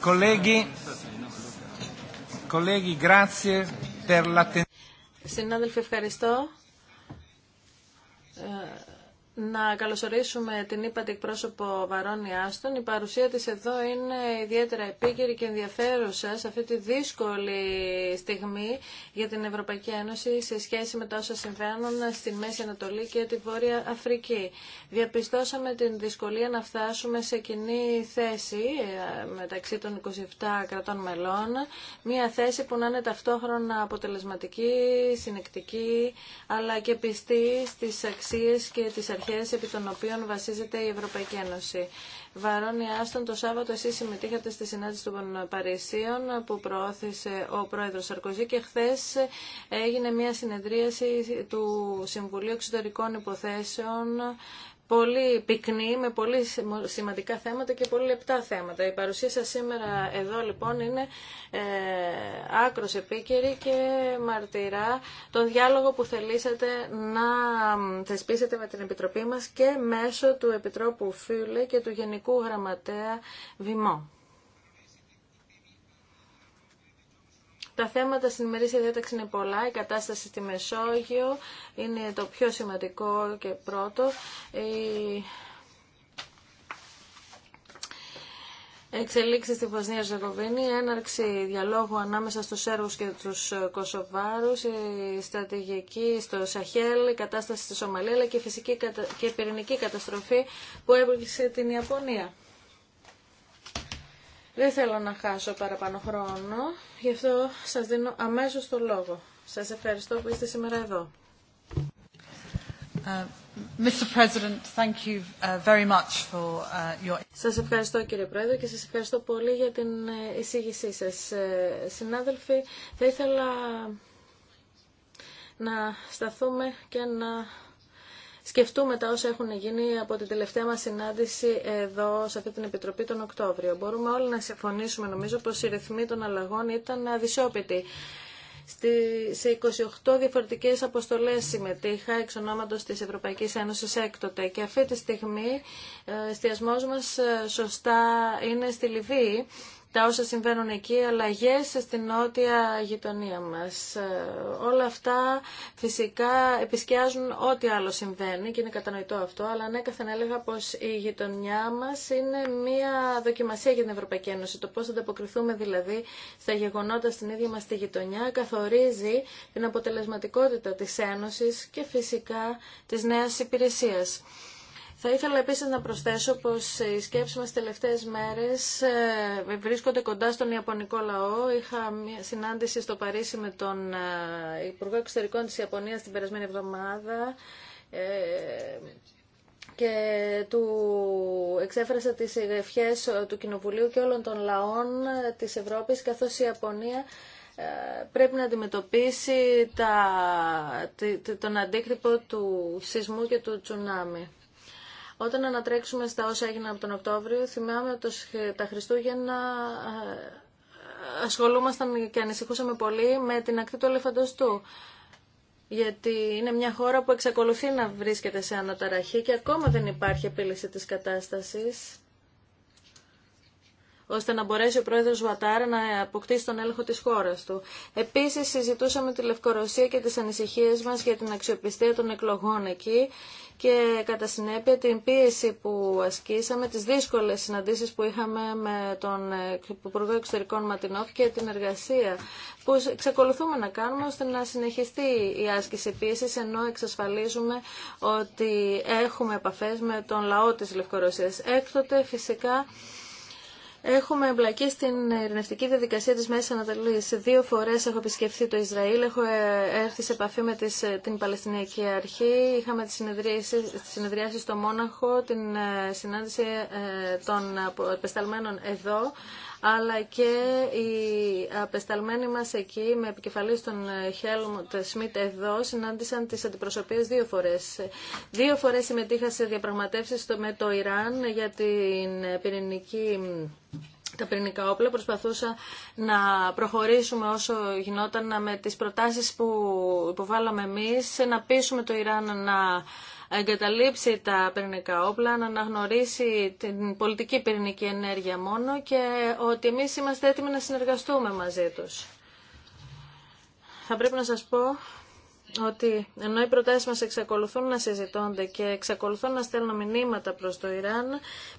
Colleghi, colleghi, grazie per l'attenzione. Συνάδελφοι, ευχαριστώ να καλωσορίσουμε την ύπατη εκπρόσωπο Βαρόνι Άστον. Η παρουσία της εδώ είναι ιδιαίτερα επίκαιρη και ενδιαφέρουσα σε αυτή τη δύσκολη στιγμή για την Ευρωπαϊκή Ένωση σε σχέση με τα όσα συμβαίνουν στη Μέση Ανατολή και τη Βόρεια Αφρική. Διαπιστώσαμε την δυσκολία να φτάσουμε σε κοινή θέση ε, μεταξύ των 27 κρατών μελών, μια θέση που να είναι ταυτόχρονα αποτελεσματική, συνεκτική, αλλά και πιστή στις αξίες και τις αρχές αρχές επί των οποίων βασίζεται η Ευρωπαϊκή Ένωση. Βαρόνι Άστον, το Σάββατο εσεί συμμετείχατε στη συνάντηση των Παρισίων που προώθησε ο πρόεδρος Σαρκοζή και χθε έγινε μια συνεδρίαση του Συμβουλίου Εξωτερικών Υποθέσεων πολύ πυκνή, με πολύ σημαντικά θέματα και πολύ λεπτά θέματα. Η παρουσία σας σήμερα εδώ λοιπόν είναι ε, άκρος επίκαιρη και μαρτυρά τον διάλογο που θελήσατε να θεσπίσετε με την Επιτροπή μας και μέσω του Επιτρόπου Φίλε και του Γενικού Γραμματέα Βημό. Τα θέματα στην ημερήσια διάταξη είναι πολλά. Η κατάσταση στη Μεσόγειο είναι το πιο σημαντικό και πρώτο. Η... Εξελίξει στη Βοσνία Ζεγοβίνη, έναρξη διαλόγου ανάμεσα στους Σέρβους και τους Κοσοβάρους, η στρατηγική στο Σαχέλ, η κατάσταση στη Σομαλία, αλλά και η φυσική και η πυρηνική καταστροφή που έπληξε την Ιαπωνία. Δεν θέλω να χάσω παραπάνω χρόνο, γι' αυτό σας δίνω αμέσως το λόγο. Σας ευχαριστώ που είστε σήμερα εδώ. Σας ευχαριστώ κύριε Πρόεδρε και σας ευχαριστώ πολύ για την ε, εισήγησή σας. Ε, συνάδελφοι, θα ήθελα να σταθούμε και να σκεφτούμε τα όσα έχουν γίνει από την τελευταία μας συνάντηση εδώ σε αυτή την Επιτροπή τον Οκτώβριο. Μπορούμε όλοι να συμφωνήσουμε νομίζω πως οι ρυθμοί των αλλαγών ήταν αδυσόπιτοι. Στη, σε 28 διαφορετικές αποστολές συμμετείχα εξ ονόματος της Ευρωπαϊκής Ένωσης έκτοτε και αυτή τη στιγμή ε, εστιασμός μας ε, σωστά είναι στη Λιβύη τα όσα συμβαίνουν εκεί, αλλαγές στην νότια γειτονία μας. Ε, όλα αυτά φυσικά επισκιάζουν ό,τι άλλο συμβαίνει και είναι κατανοητό αυτό, αλλά ανέκαθεν ναι, έλεγα πως η γειτονιά μας είναι μια δοκιμασία για την Ευρωπαϊκή Ένωση. Το πώ ανταποκριθούμε δηλαδή στα γεγονότα στην ίδια μας τη γειτονιά καθορίζει την αποτελεσματικότητα τη Ένωση και φυσικά της νέας υπηρεσίας. Θα ήθελα επίσης να προσθέσω πως οι σκέψεις μας τελευταίες μέρες ε, βρίσκονται κοντά στον Ιαπωνικό λαό. Είχα μια συνάντηση στο Παρίσι με τον ε, Υπουργό Εξωτερικών της Ιαπωνίας την περασμένη εβδομάδα ε, και του εξέφρασα τις ευχές του Κοινοβουλίου και όλων των λαών της Ευρώπης καθώς η Ιαπωνία πρέπει να αντιμετωπίσει τα, τον αντίκτυπο του σεισμού και του τσουνάμι. Όταν ανατρέξουμε στα όσα έγιναν από τον Οκτώβριο, θυμάμαι ότι τα Χριστούγεννα ε, ασχολούμασταν και ανησυχούσαμε πολύ με την ακτή του Ελεφαντοστού. Γιατί είναι μια χώρα που εξακολουθεί να βρίσκεται σε αναταραχή και ακόμα δεν υπάρχει επίλυση της κατάστασης ώστε να μπορέσει ο πρόεδρος Βατάρα να αποκτήσει τον έλεγχο της χώρας του. Επίσης συζητούσαμε τη Λευκορωσία και τις ανησυχίες μας για την αξιοπιστία των εκλογών εκεί και κατά συνέπεια την πίεση που ασκήσαμε, τις δύσκολες συναντήσεις που είχαμε με τον Υπουργό Εξωτερικών Ματινόφ και την εργασία που εξακολουθούμε να κάνουμε ώστε να συνεχιστεί η άσκηση πίεσης ενώ εξασφαλίζουμε ότι έχουμε επαφές με τον λαό της Λευκορωσίας. Έκτοτε φυσικά Έχουμε εμπλακεί στην ειρηνευτική διαδικασία τη Μέση Ανατολή. Δύο φορέ έχω επισκεφθεί το Ισραήλ, έχω ε, έρθει σε επαφή με τις, ε, την Παλαιστινιακή Αρχή, είχαμε τι συνεδριάσει στο Μόναχο, την ε, συνάντηση των επεσταλμένων εδώ αλλά και οι απεσταλμένοι μας εκεί με επικεφαλή τον ε, Χέλμουτ Σμιτ εδώ συνάντησαν τις αντιπροσωπείες δύο φορές. Δύο φορές συμμετείχα σε διαπραγματεύσεις με το Ιράν για την ε, πυρηνική τα πυρηνικά όπλα, προσπαθούσα να προχωρήσουμε όσο γινόταν με τις προτάσεις που υποβάλαμε εμείς, να πείσουμε το Ιράν να εγκαταλείψει τα πυρηνικά όπλα, να αναγνωρίσει την πολιτική πυρηνική ενέργεια μόνο και ότι εμείς είμαστε έτοιμοι να συνεργαστούμε μαζί τους. Θα πρέπει να σας πω ότι ενώ οι προτάσεις μας εξακολουθούν να συζητώνται και εξακολουθούν να στέλνουν μηνύματα προς το Ιράν,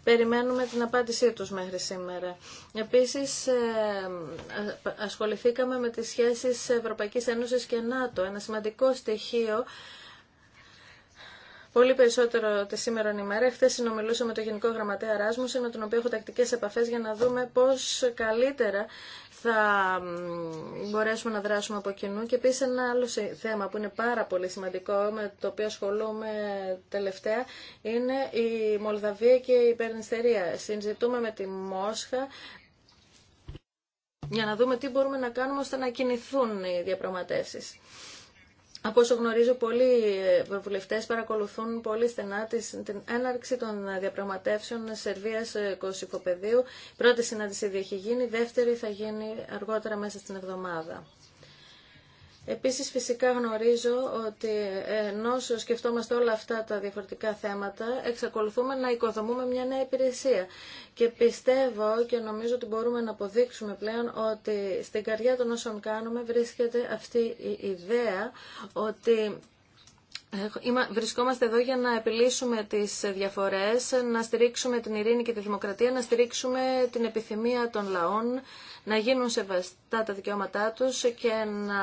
περιμένουμε την απάντησή τους μέχρι σήμερα. Επίσης, ε, ασχοληθήκαμε με τις σχέσεις Ευρωπαϊκής Ένωσης και ΝΑΤΟ, ένα σημαντικό στοιχείο Πολύ περισσότερο τη σήμερα ημέρα. Χθε συνομιλούσα με τον Γενικό Γραμματέα Ράσμου, με τον οποίο έχω τακτικέ επαφέ για να δούμε πώ καλύτερα θα μπορέσουμε να δράσουμε από κοινού. Και επίση ένα άλλο θέμα που είναι πάρα πολύ σημαντικό, με το οποίο ασχολούμαι τελευταία, είναι η Μολδαβία και η Περνιστερία. Συζητούμε με τη Μόσχα για να δούμε τι μπορούμε να κάνουμε ώστε να κινηθούν οι διαπραγματεύσεις. Από όσο γνωρίζω, πολλοί ε, βουλευτέ παρακολουθούν πολύ στενά την έναρξη των διαπραγματευσεων σερβιας Σερβία-Κωσυφοπεδίου. Πρώτη συνάντηση ήδη έχει γίνει, δεύτερη θα γίνει αργότερα μέσα στην εβδομάδα. Επίσης φυσικά γνωρίζω ότι ενώ σκεφτόμαστε όλα αυτά τα διαφορετικά θέματα, εξακολουθούμε να οικοδομούμε μια νέα υπηρεσία. Και πιστεύω και νομίζω ότι μπορούμε να αποδείξουμε πλέον ότι στην καρδιά των όσων κάνουμε βρίσκεται αυτή η ιδέα ότι Βρισκόμαστε εδώ για να επιλύσουμε τις διαφορές, να στηρίξουμε την ειρήνη και τη δημοκρατία, να στηρίξουμε την επιθυμία των λαών, να γίνουν σεβαστά τα δικαιώματά τους και να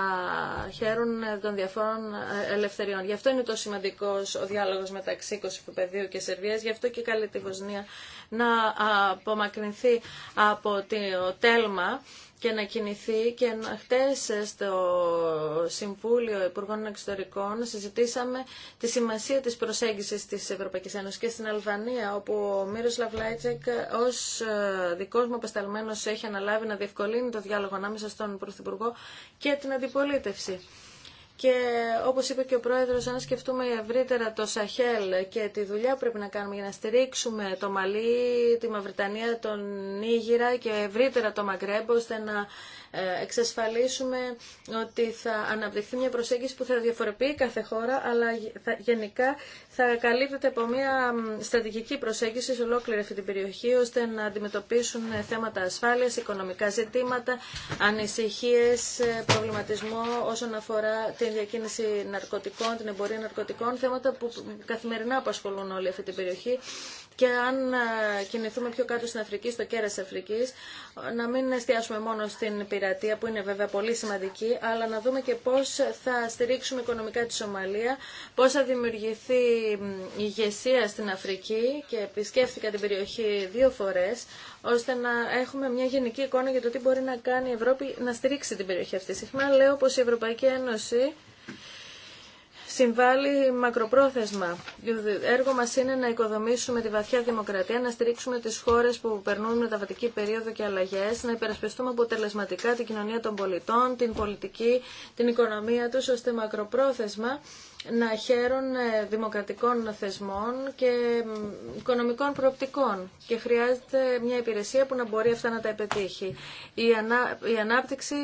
χαίρουν των διαφόρων ε, ελευθεριών. Γι' αυτό είναι το σημαντικός ο διάλογος μεταξύ Κωσυφοπεδίου και Σερβίας, γι' αυτό και καλεί τη Βοσνία να απομακρυνθεί από το τέλμα και να κινηθεί και χτες στο Συμβούλιο Υπουργών Εξωτερικών συζητήσαμε τη σημασία της προσέγγισης της Ευρωπαϊκής Ένωσης και στην Αλβανία όπου ο Μύρος Λαβλάιτσεκ ως ε, δικός μου απεσταλμένος έχει αναλάβει να διευκολύνει το διάλογο ανάμεσα στον Πρωθυπουργό και την αντιπολίτευση. Και όπως είπε και ο Πρόεδρος, αν σκεφτούμε ευρύτερα το Σαχέλ και τη δουλειά που πρέπει να κάνουμε για να στηρίξουμε το Μαλί, τη Μαυριτανία, τον Νίγηρα και ευρύτερα το Μαγκρέμπ, ώστε να ε, εξασφαλίσουμε ότι θα αναπτυχθεί μια προσέγγιση που θα διαφορεποιεί κάθε χώρα, αλλά θα, γενικά θα καλύπτεται από μια στρατηγική προσέγγιση σε ολόκληρη αυτή την περιοχή, ώστε να αντιμετωπίσουν ε, θέματα ασφάλειας, οικονομικά ζητήματα, ανησυχίες, ε, προβληματισμό όσον αφορά την διακίνηση ναρκωτικών, την εμπορία ναρκωτικών, θέματα που καθημερινά απασχολούν όλη αυτή την περιοχή και αν ε, κινηθούμε πιο κάτω στην Αφρική, στο κέρας Αφρικής, να μην εστιάσουμε μόνο στην πειρατεία που είναι βέβαια πολύ σημαντική, αλλά να δούμε και πώς θα στηρίξουμε οικονομικά τη Σομαλία, πώς θα δημιουργηθεί ηγεσία στην Αφρική και επισκέφθηκα την περιοχή δύο φορές, ώστε να έχουμε μια γενική εικόνα για το τι μπορεί να κάνει η Ευρώπη να στηρίξει την περιοχή αυτή. Συχνά λέω πως η Ευρωπαϊκή Ένωση συμβάλλει μακροπρόθεσμα. Έργο μας είναι να οικοδομήσουμε τη βαθιά δημοκρατία, να στηρίξουμε τις χώρες που περνούν μεταβατική περίοδο και αλλαγές, να υπερασπιστούμε αποτελεσματικά την κοινωνία των πολιτών, την πολιτική, την οικονομία τους, ώστε μακροπρόθεσμα να χαίρουν ε, δημοκρατικών θεσμών και οικονομικών προοπτικών και χρειάζεται μια υπηρεσία που να μπορεί αυτά να τα επιτύχει. Η, η ανάπτυξη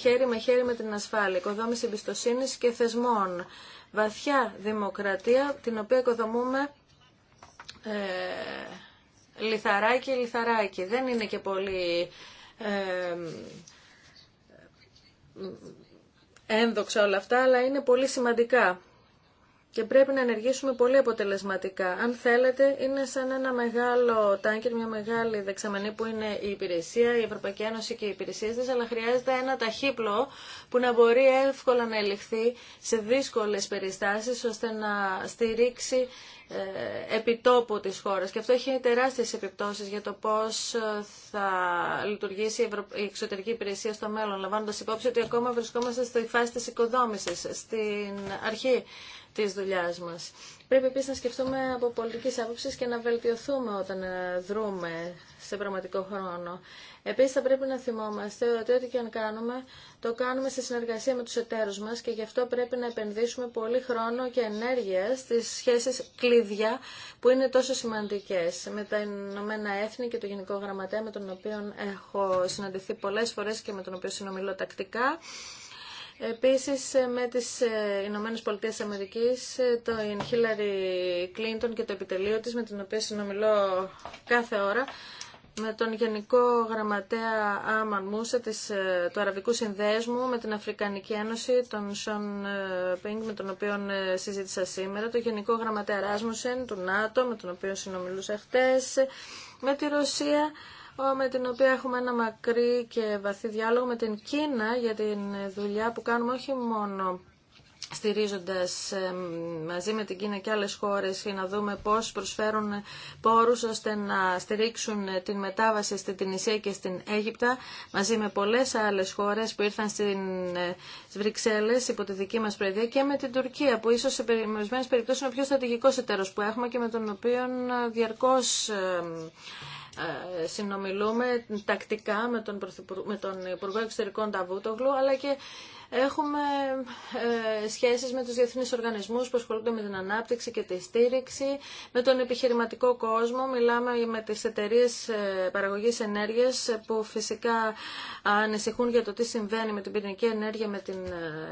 χέρι με χέρι με την ασφάλεια, οικοδόμηση εμπιστοσύνη και θεσμών βαθιά δημοκρατία την οποία οικοδομούμε ε, λιθαράκι, λιθαράκι. Δεν είναι και πολύ ε, ένδοξα όλα αυτά, αλλά είναι πολύ σημαντικά και πρέπει να ενεργήσουμε πολύ αποτελεσματικά. Αν θέλετε, είναι σαν ένα μεγάλο τάγκερ, μια μεγάλη δεξαμενή που είναι η υπηρεσία, η Ευρωπαϊκή Ένωση και οι υπηρεσίε τη, αλλά χρειάζεται ένα ταχύπλο που να μπορεί εύκολα να ελιχθεί σε δύσκολε περιστάσει, ώστε να στηρίξει ε, επιτόπου της χώρας και αυτό έχει τεράστιε επιπτώσει για το πώ ε, θα λειτουργήσει η εξωτερική υπηρεσία στο μέλλον λαμβάνοντα υπόψη ότι ακόμα βρισκόμαστε στη φάση τη οικοδόμηση, στην αρχή Τη δουλειά μα. Πρέπει επίση να σκεφτούμε από πολιτική άποψη και να βελτιωθούμε όταν ε, δρούμε σε πραγματικό χρόνο. Επίση θα πρέπει να θυμόμαστε ότι ό,τι και αν κάνουμε, το κάνουμε σε συνεργασία με του εταίρους μα και γι' αυτό πρέπει να επενδύσουμε πολύ χρόνο και ενέργεια στι σχέσει κλειδιά που είναι τόσο σημαντικέ. με τα Ηνωμένα Έθνη και το Γενικό Γραμματέα με τον οποίο έχω συναντηθεί πολλέ φορέ και με τον οποίο συνομιλώ τακτικά. Επίσης ε, με τις ε, Ηνωμένε Πολιτείες Αμερικής, ε, το Χίλαρη Κλίντον και το επιτελείο της με την οποία συνομιλώ κάθε ώρα με τον Γενικό Γραμματέα Άμαν Μούσα της, του Αραβικού Συνδέσμου, με την Αφρικανική Ένωση, τον Σον Πίνγκ, με τον οποίο συζήτησα σήμερα, τον Γενικό Γραμματέα Ράσμουσεν του ΝΑΤΟ, με τον οποίο συνομιλούσα χτες, με τη Ρωσία, με την οποία έχουμε ένα μακρύ και βαθύ διάλογο με την Κίνα για την δουλειά που κάνουμε όχι μόνο στηρίζοντας μαζί με την Κίνα και άλλες χώρες για να δούμε πώς προσφέρουν πόρους ώστε να στηρίξουν την μετάβαση στην Τινησία και στην Αίγυπτα μαζί με πολλές άλλες χώρες που ήρθαν στην ε, Βρυξέλλες υπό τη δική μας προεδρία και με την Τουρκία που ίσως σε ορισμένε περιπτώσεις είναι ο πιο στρατηγικός εταίρος που έχουμε και με τον οποίο ε, διαρκώς ε, συνομιλούμε τακτικά με τον, Υπουργό Εξωτερικών Ταβούτογλου αλλά και Έχουμε ε, σχέσεις με τους διεθνείς οργανισμούς που ασχολούνται με την ανάπτυξη και τη στήριξη, με τον επιχειρηματικό κόσμο, μιλάμε με τις εταιρείες ε, παραγωγής ενέργειας που φυσικά ανησυχούν για το τι συμβαίνει με την πυρηνική ενέργεια με την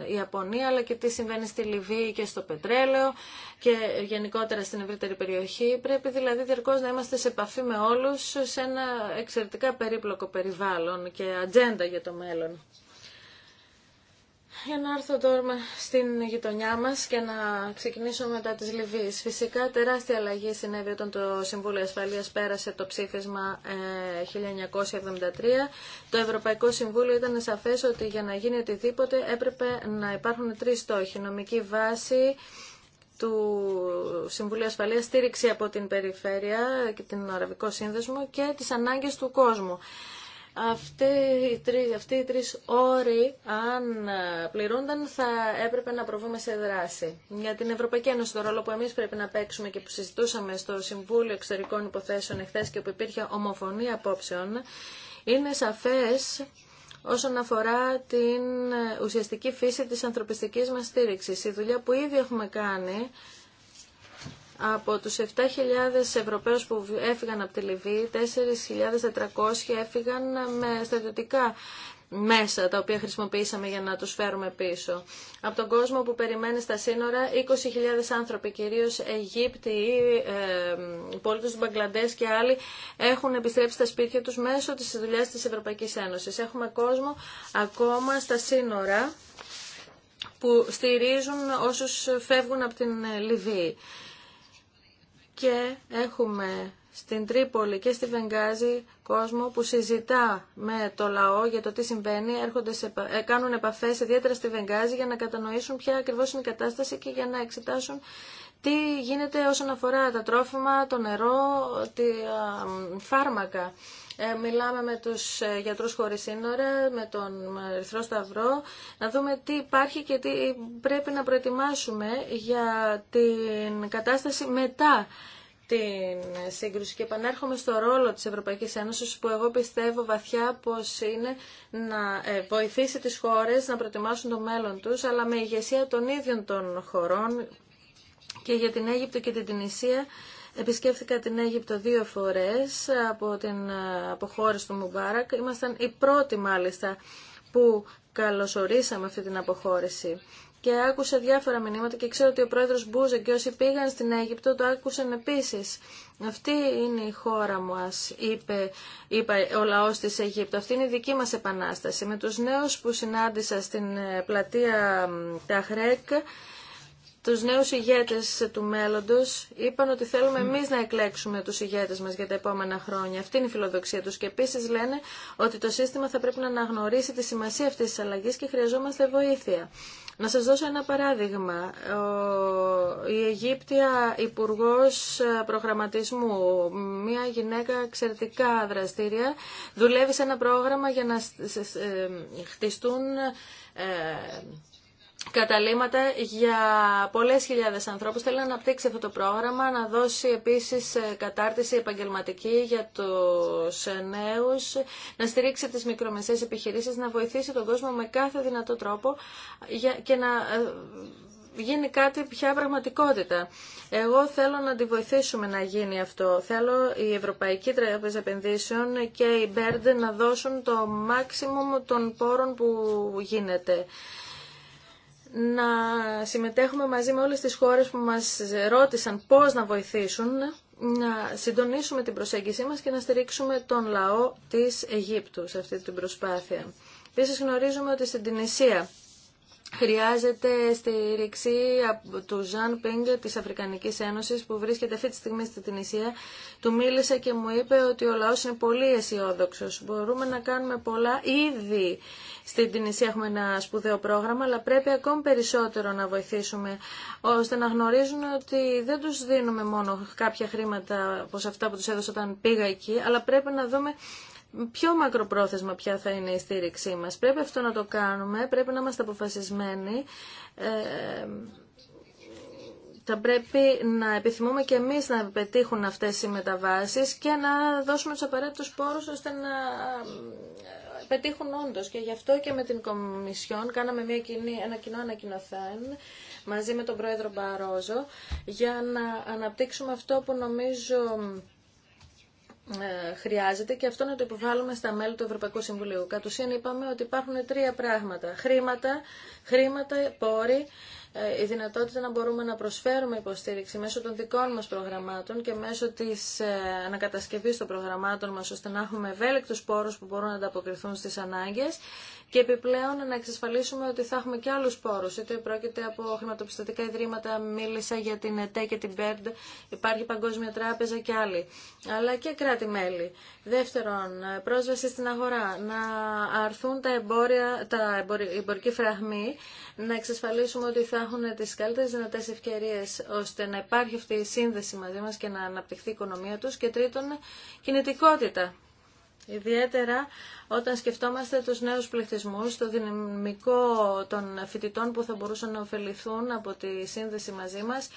ε, Ιαπωνία, αλλά και τι συμβαίνει στη Λιβύη και στο πετρέλαιο και γενικότερα στην ευρύτερη περιοχή. Πρέπει δηλαδή διαρκώ να είμαστε σε επαφή με όλου σε ένα εξαιρετικά περίπλοκο περιβάλλον και ατζέντα για το μέλλον για να έρθω τώρα στην γειτονιά μας και να ξεκινήσω μετά της Λιβύης. Φυσικά τεράστια αλλαγή συνέβη όταν το Συμβούλιο Ασφαλείας πέρασε το ψήφισμα 1973. Ε, το Ευρωπαϊκό Συμβούλιο ήταν σαφές ότι για να γίνει οτιδήποτε έπρεπε να υπάρχουν τρεις στόχοι. Νομική βάση, του Συμβουλίου Ασφαλείας στήριξη από την περιφέρεια και την Αραβικό Σύνδεσμο και τις ανάγκες του κόσμου. Αυτοί οι, τρεις, όροι, αν ε, πληρούνταν, θα έπρεπε να προβούμε σε δράση. Για την Ευρωπαϊκή Ένωση, το ρόλο που εμείς πρέπει να παίξουμε και που συζητούσαμε στο Συμβούλιο Εξωτερικών Υποθέσεων εχθές και που υπήρχε ομοφωνία απόψεων, είναι σαφές όσον αφορά την ε, ουσιαστική φύση της ανθρωπιστικής μας στήριξης. Η δουλειά που ήδη έχουμε κάνει από τους 7.000 Ευρωπαίους που έφυγαν από τη Λιβύη, 4.400 έφυγαν με στρατιωτικά μέσα τα οποία χρησιμοποιήσαμε για να τους φέρουμε πίσω. Από τον κόσμο που περιμένει στα σύνορα, 20.000 άνθρωποι, κυρίως Αιγύπτιοι, ε, πολίτες του Μπαγκλαντές και άλλοι, έχουν επιστρέψει στα σπίτια τους μέσω της δουλειά της Ευρωπαϊκής Ένωσης. Έχουμε κόσμο ακόμα στα σύνορα που στηρίζουν όσους φεύγουν από την Λιβύη και έχουμε στην Τρίπολη και στη Βενγάζη κόσμο που συζητά με το λαό για το τι συμβαίνει, έρχονται σε, ε, κάνουν επαφές ιδιαίτερα στη Βενγάζη για να κατανοήσουν ποια ακριβώς είναι η κατάσταση και για να εξετάσουν τι γίνεται όσον αφορά τα τρόφιμα, το νερό, τη φάρμακα. Ε, μιλάμε με τους ε, γιατρούς χωρίς σύνορα, με τον Ερυθρό Σταυρό, να δούμε τι υπάρχει και τι πρέπει να προετοιμάσουμε για την κατάσταση μετά την σύγκρουση και επανέρχομαι στο ρόλο της Ευρωπαϊκής Ένωσης που εγώ πιστεύω βαθιά πως είναι να ε, βοηθήσει τις χώρες να προετοιμάσουν το μέλλον τους αλλά με ηγεσία των ίδιων των χωρών και για την Αίγυπτο και την Τινησία επισκέφθηκα την Αίγυπτο δύο φορές από την αποχώρηση του Μουμπάρακ. Ήμασταν οι πρώτοι μάλιστα που καλωσορίσαμε αυτή την αποχώρηση. Και άκουσα διάφορα μηνύματα και ξέρω ότι ο πρόεδρος Μπούζε και όσοι πήγαν στην Αίγυπτο το άκουσαν επίσης. Αυτή είναι η χώρα μας, είπε, είπε ο λαός της Αιγύπτου. Αυτή είναι η δική μας επανάσταση. Με τους νέους που συνάντησα στην ε, πλατεία Ταχρέκ, τους νέους ηγέτες του μέλλοντος είπαν ότι θέλουμε εμείς να εκλέξουμε τους ηγέτες μας για τα επόμενα χρόνια. Αυτή είναι η φιλοδοξία τους και επίσης λένε ότι το σύστημα θα πρέπει να αναγνωρίσει τη σημασία αυτής της αλλαγής και χρειαζόμαστε βοήθεια. Να σας δώσω ένα παράδειγμα. Η Αιγύπτια υπουργό Προγραμματισμού, μια γυναίκα εξαιρετικά δραστήρια, δουλεύει σε ένα πρόγραμμα για να ε, χτιστούν ε, καταλήματα για πολλές χιλιάδες ανθρώπους. Θέλει να αναπτύξει αυτό το πρόγραμμα, να δώσει επίσης ε, κατάρτιση επαγγελματική για τους ε, νέους, να στηρίξει τις μικρομεσαίες επιχειρήσεις, να βοηθήσει τον κόσμο με κάθε δυνατό τρόπο και να ε, γίνει κάτι πια πραγματικότητα. Εγώ θέλω να τη βοηθήσουμε να γίνει αυτό. Θέλω η Ευρωπαϊκή Τράπεζα Επενδύσεων και η BERD να δώσουν το μάξιμουμ των πόρων που γίνεται να συμμετέχουμε μαζί με όλες τις χώρες που μας ρώτησαν πώς να βοηθήσουν, να συντονίσουμε την προσέγγιση μας και να στηρίξουμε τον λαό της Αιγύπτου σε αυτή την προσπάθεια. Επίση γνωρίζουμε ότι στην Τινησία χρειάζεται στήριξη του Ζαν Πίνγκ της Αφρικανικής Ένωσης που βρίσκεται αυτή τη στιγμή στη Τινησία. Του μίλησα και μου είπε ότι ο λαός είναι πολύ αισιόδοξο. Μπορούμε να κάνουμε πολλά. Ήδη στην Τινησία έχουμε ένα σπουδαίο πρόγραμμα, αλλά πρέπει ακόμη περισσότερο να βοηθήσουμε ώστε να γνωρίζουν ότι δεν τους δίνουμε μόνο κάποια χρήματα όπως αυτά που τους έδωσα όταν πήγα εκεί, αλλά πρέπει να δούμε πιο μακροπρόθεσμα ποια θα είναι η στήριξή μας. Πρέπει αυτό να το κάνουμε, πρέπει να είμαστε αποφασισμένοι. Ε, θα πρέπει να επιθυμούμε και εμείς να πετύχουν αυτές οι μεταβάσεις και να δώσουμε τους απαραίτητους πόρους ώστε να ε, πετύχουν όντω. Και γι' αυτό και με την Κομισιόν κάναμε μια κοινή, ένα κοινό ανακοινοθέν μαζί με τον Πρόεδρο Μπαρόζο για να αναπτύξουμε αυτό που νομίζω ε, χρειάζεται και αυτό να το υποβάλουμε στα μέλη του Ευρωπαϊκού Συμβουλίου. Κατ' ουσίαν είπαμε ότι υπάρχουν τρία πράγματα. Χρήματα, χρήματα, πόροι ε, η δυνατότητα να μπορούμε να προσφέρουμε υποστήριξη μέσω των δικών μας προγραμμάτων και μέσω της ε, ανακατασκευής των προγραμμάτων μας ώστε να έχουμε ευέλικτους πόρους που μπορούν να ανταποκριθούν στις ανάγκες και επιπλέον να εξασφαλίσουμε ότι θα έχουμε και άλλους πόρους, είτε πρόκειται από χρηματοπιστωτικά ιδρύματα, μίλησα για την ΕΤΕ και την ΠΕΡΔ, υπάρχει Παγκόσμια Τράπεζα και άλλοι, αλλά και κράτη-μέλη. Δεύτερον, ε, πρόσβαση στην αγορά, να αρθούν τα εμπόρια, τα εμπορική φραγμή, να εξασφαλίσουμε ότι θα έχουν τις καλύτερες δυνατές ευκαιρίες ώστε να υπάρχει αυτή η σύνδεση μαζί μας και να αναπτυχθεί η οικονομία τους και τρίτον κινητικότητα. Ιδιαίτερα όταν σκεφτόμαστε τους νέους πληθυσμούς, το δυναμικό των φοιτητών που θα μπορούσαν να ωφεληθούν από τη σύνδεση μαζί μας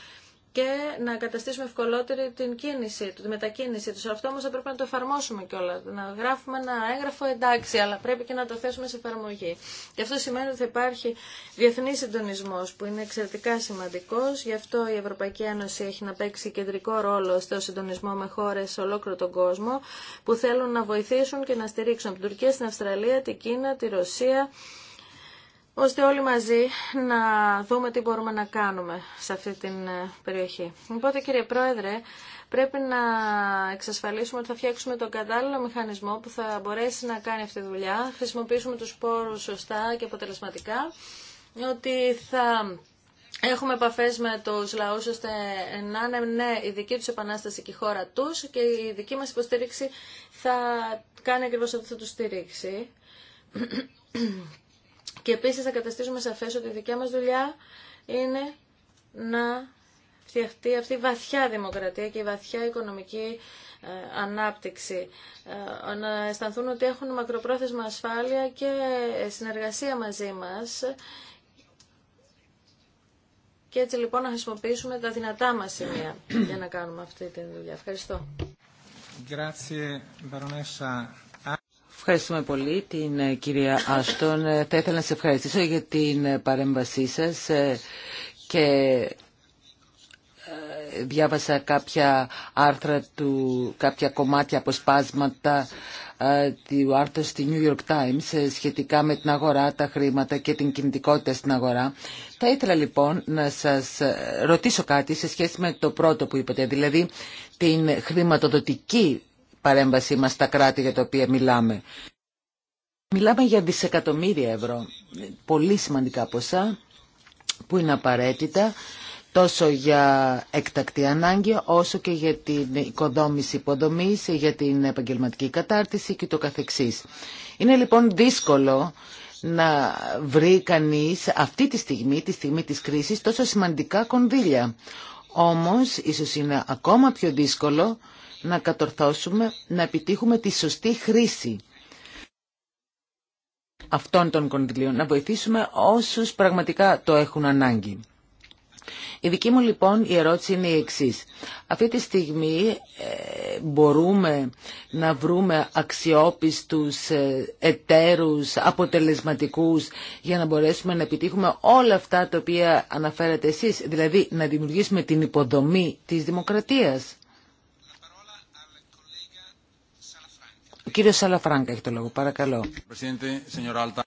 και να καταστήσουμε ευκολότερη την κίνηση του, τη μετακίνηση του. Αυτό όμω θα πρέπει να το εφαρμόσουμε κιόλα. Να γράφουμε ένα έγγραφο εντάξει, αλλά πρέπει και να το θέσουμε σε εφαρμογή. Γι' αυτό σημαίνει ότι θα υπάρχει διεθνή συντονισμό που είναι εξαιρετικά σημαντικό. Γι' αυτό η Ευρωπαϊκή Ένωση έχει να παίξει κεντρικό ρόλο στο συντονισμό με χώρε σε ολόκληρο τον κόσμο που θέλουν να βοηθήσουν και να στηρίξουν από την Τουρκία στην Αυστραλία, την Κίνα, τη Ρωσία ώστε όλοι μαζί να δούμε τι μπορούμε να κάνουμε σε αυτή την ε, περιοχή. Οπότε κύριε Πρόεδρε, πρέπει να εξασφαλίσουμε ότι θα φτιάξουμε τον κατάλληλο μηχανισμό που θα μπορέσει να κάνει αυτή τη δουλειά, χρησιμοποιήσουμε τους πόρους σωστά και αποτελεσματικά, ότι θα Έχουμε επαφέ με του λαού ώστε να είναι ναι, η δική του επανάσταση και η χώρα του και η δική μα υποστήριξη θα κάνει ακριβώ αυτό θα του στηρίξει. Και επίσης θα καταστήσουμε σαφές ότι η δικιά μας δουλειά είναι να φτιαχτεί αυτή η βαθιά δημοκρατία και η βαθιά οικονομική ε, ανάπτυξη. Ε, να αισθανθούν ότι έχουν μακροπρόθεσμα ασφάλεια και ε, συνεργασία μαζί μας. Και έτσι λοιπόν να χρησιμοποιήσουμε τα δυνατά μας σημεία για να κάνουμε αυτή τη δουλειά. Ευχαριστώ. Grazie, Ευχαριστούμε πολύ την ε, κυρία Άστον. Ε, θα ήθελα να σε ευχαριστήσω για την ε, παρέμβασή σας και διάβασα κάποια άρθρα του, κάποια κομμάτια αποσπάσματα του άρθρου στη New York Times σχετικά με την αγορά, τα χρήματα και την κινητικότητα στην αγορά. Θα ήθελα λοιπόν να σας ρωτήσω κάτι σε σχέση με το πρώτο που είπατε, δηλαδή την χρηματοδοτική παρέμβασή μας στα κράτη για τα οποία μιλάμε. Μιλάμε για δισεκατομμύρια ευρώ, πολύ σημαντικά ποσά που είναι απαραίτητα τόσο για εκτακτή ανάγκη όσο και για την οικοδόμηση υποδομής, για την επαγγελματική κατάρτιση και το καθεξής. Είναι λοιπόν δύσκολο να βρει κανείς αυτή τη στιγμή, τη στιγμή της κρίσης, τόσο σημαντικά κονδύλια. Όμως, ίσως είναι ακόμα πιο δύσκολο να κατορθώσουμε να επιτύχουμε τη σωστή χρήση αυτών των κονδυλίων, να βοηθήσουμε όσους πραγματικά το έχουν ανάγκη. Η δική μου λοιπόν η ερώτηση είναι η εξής. Αυτή τη στιγμή ε, μπορούμε να βρούμε αξιόπιστους ε, εταίρους, αποτελεσματικούς για να μπορέσουμε να επιτύχουμε όλα αυτά τα οποία αναφέρατε εσείς, δηλαδή να δημιουργήσουμε την υποδομή της δημοκρατίας. Ο κύριος Σαλαφράγκα έχει το λόγο, παρακαλώ.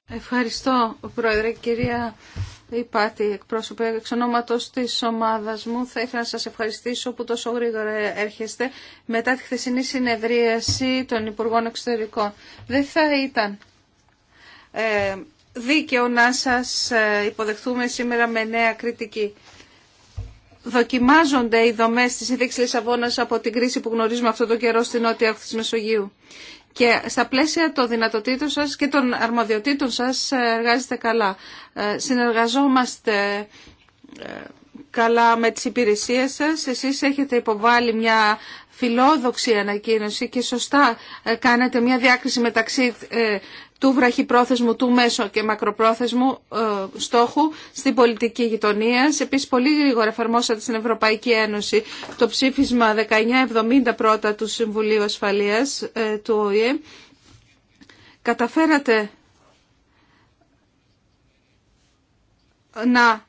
Ευχαριστώ, Πρόεδρε. Κυρία Υπάτη, εκπρόσωπε εξ ονόματος της ομάδας μου, θα ήθελα να σας ευχαριστήσω που τόσο γρήγορα έρχεστε μετά τη χθεσινή συνεδρίαση των Υπουργών Εξωτερικών. Δεν θα ήταν ε, δίκαιο να σας ε, υποδεχθούμε σήμερα με νέα κριτική δοκιμάζονται οι δομέ τη συνδέξη Λισαβόνα από την κρίση που γνωρίζουμε αυτό το καιρό στην νότια όχθη τη Μεσογείου και στα πλαίσια των δυνατοτήτων σας και των αρμοδιοτήτων σας ε, εργάζεστε καλά. Ε, συνεργαζόμαστε ε, καλά με τις υπηρεσίες σας. Εσείς έχετε υποβάλει μια φιλόδοξη ανακοίνωση και σωστά κάνετε μια διάκριση μεταξύ του βραχυπρόθεσμου, του μέσο και μακροπρόθεσμου ε, στόχου στην πολιτική γειτονία. Επίση, πολύ γρήγορα εφαρμόσατε στην Ευρωπαϊκή Ένωση το ψήφισμα 1970 πρώτα του Συμβουλίου Ασφαλείας ε, του ΟΗΕ. Καταφέρατε να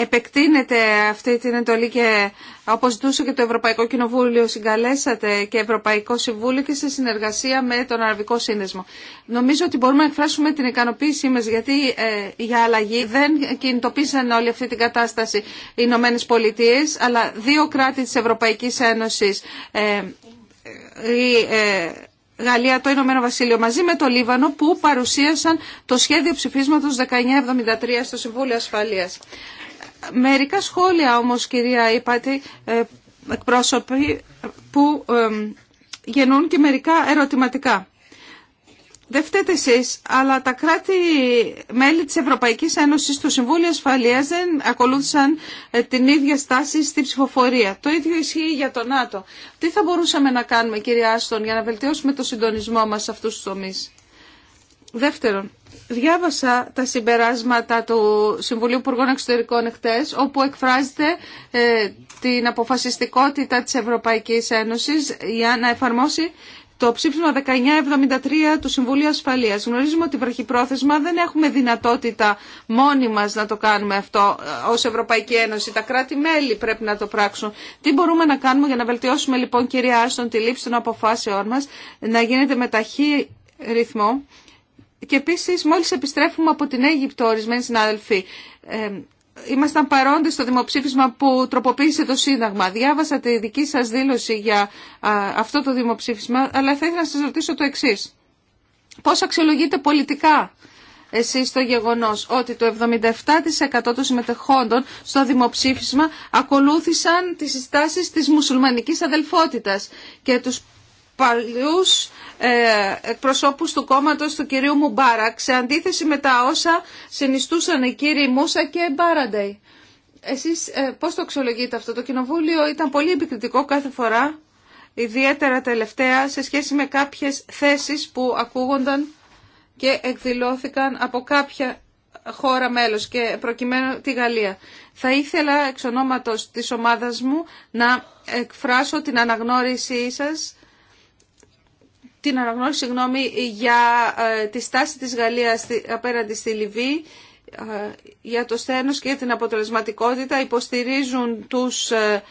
Επεκτείνεται αυτή την εντολή και όπως ζητούσε και το Ευρωπαϊκό Κοινοβούλιο συγκαλέσατε και Ευρωπαϊκό Συμβούλιο και σε συνεργασία με τον Αραβικό Σύνδεσμο. Νομίζω ότι μπορούμε να εκφράσουμε την ικανοποίησή μας γιατί ε, για αλλαγή δεν κινητοποίησαν όλη αυτή την κατάσταση οι Ηνωμένε Πολιτείε, αλλά δύο κράτη της Ευρωπαϊκής Ένωσης ε, η ε, Γαλλία, το Ηνωμένο Βασίλειο μαζί με το Λίβανο που παρουσίασαν το σχέδιο ψηφίσματος 1973 στο Συμβούλιο Ασφαλείας. Μερικά σχόλια όμως κυρία Ήπατη, ε, εκπρόσωποι που ε, γεννούν και μερικά ερωτηματικά. Δεν φταίτε εσείς, αλλά τα κράτη-μέλη της Ευρωπαϊκής Ένωσης του Συμβούλιο Ασφαλείας δεν ακολούθησαν ε, την ίδια στάση στη ψηφοφορία. Το ίδιο ισχύει για το ΝΑΤΟ. Τι θα μπορούσαμε να κάνουμε, κυρία Άστον, για να βελτιώσουμε το συντονισμό μας σε αυτούς τους τομείς. Δεύτερον, Διάβασα τα συμπεράσματα του Συμβουλίου Υπουργών Εξωτερικών εχθές, όπου εκφράζεται ε, την αποφασιστικότητα της Ευρωπαϊκής Ένωσης για να εφαρμόσει το ψήφισμα 1973 του Συμβουλίου Ασφαλείας. Γνωρίζουμε ότι βραχυπρόθεσμα δεν έχουμε δυνατότητα μόνοι μας να το κάνουμε αυτό ε, ως Ευρωπαϊκή Ένωση. Τα κράτη-μέλη πρέπει να το πράξουν. Τι μπορούμε να κάνουμε για να βελτιώσουμε λοιπόν κυρία Άστον τη λήψη των αποφάσεών μας, να γίνεται με ταχύ ρυθμό και επίση, μόλι επιστρέφουμε από την Αίγυπτο, ορισμένοι συνάδελφοι, ε, ήμασταν παρόντες στο δημοψήφισμα που τροποποίησε το Σύνταγμα. Διάβασα τη δική σα δήλωση για αυτό το δημοψήφισμα, αλλά θα ήθελα να σα ρωτήσω το εξή. Πώ αξιολογείτε πολιτικά εσεί το γεγονό ότι το 77% των συμμετεχόντων στο δημοψήφισμα ακολούθησαν τι συστάσεις τη μουσουλμανικής αδελφότητα και του παλιού. Ε, εκπροσώπους του κόμματος του κυρίου Μουμπάρακ σε αντίθεση με τα όσα συνιστούσαν οι κύριοι Μούσα και Μπάραντεϊ. Εσείς ε, πώς το αξιολογείτε αυτό. Το κοινοβούλιο ήταν πολύ επικριτικό κάθε φορά, ιδιαίτερα τελευταία, σε σχέση με κάποιες θέσεις που ακούγονταν και εκδηλώθηκαν από κάποια χώρα μέλος και προκειμένου τη Γαλλία. Θα ήθελα εξ ονόματος της ομάδας μου να εκφράσω την αναγνώρισή σας την αναγνώριση γνώμη για ε, τη στάση της Γαλλίας απέναντι στη Λιβύη ε, για το στένος και την αποτελεσματικότητα υποστηρίζουν τους ε,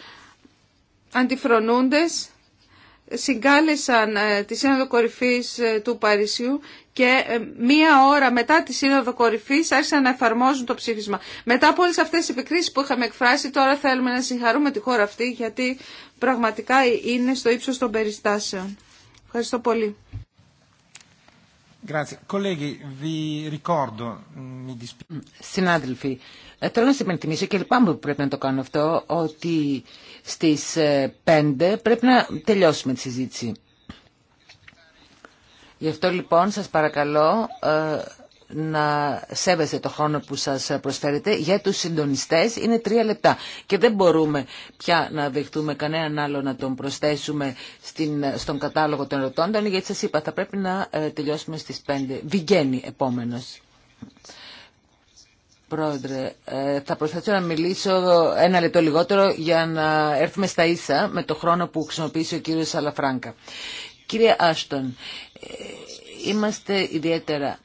αντιφρονούντες συγκάλεσαν τη Σύνοδο Κορυφής του Παρισιού και μία ώρα μετά τη Σύνοδο Κορυφής άρχισαν να εφαρμόζουν το ψήφισμα. Μετά από όλες αυτές τις επικρίσεις που είχαμε εκφράσει τώρα θέλουμε να συγχαρούμε τη χώρα αυτή γιατί πραγματικά είναι στο ύψος των περιστάσεων. Ευχαριστώ πολύ. Mm, mm, συνάδελφοι, ε, θέλω να σας υπενθυμίσω και λυπάμαι που πρέπει να το κάνω αυτό, ότι στις 5 ε, πρέπει να τελειώσουμε τη συζήτηση. Γι' αυτό λοιπόν σας παρακαλώ ε, να σέβεστε το χρόνο που σας προσφέρετε. Για τους συντονιστές είναι τρία λεπτά και δεν μπορούμε πια να δεχτούμε κανέναν άλλο να τον προσθέσουμε στην, στον κατάλογο των ερωτώντων γιατί σας είπα θα πρέπει να ε, τελειώσουμε στις πέντε. βηγαίνει επόμενος. Πρόεδρε, ε, θα προσπαθήσω να μιλήσω ένα λεπτό λιγότερο για να έρθουμε στα ίσα με το χρόνο που χρησιμοποιήσει ο κύριος Σαλαφράγκα. Κύριε Άστον, ε, είμαστε ιδιαίτερα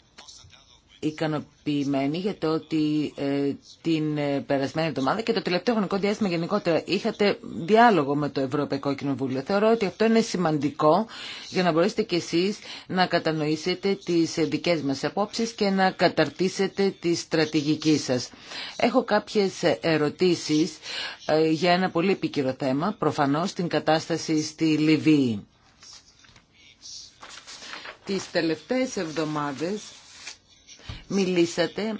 ικανοποιημένη για το ότι ε, την ε, περασμένη εβδομάδα και το τελευταίο χρονικό διάστημα γενικότερα είχατε διάλογο με το Ευρωπαϊκό Κοινοβούλιο. Θεωρώ ότι αυτό είναι σημαντικό για να μπορέσετε κι εσείς να κατανοήσετε τις δικές μας απόψεις και να καταρτήσετε τη στρατηγική σας. Έχω κάποιες ερωτήσεις ε, για ένα πολύ επίκυρο θέμα, προφανώς την κατάσταση στη Λιβύη. Τις τελευταίες εβδομάδες μιλήσατε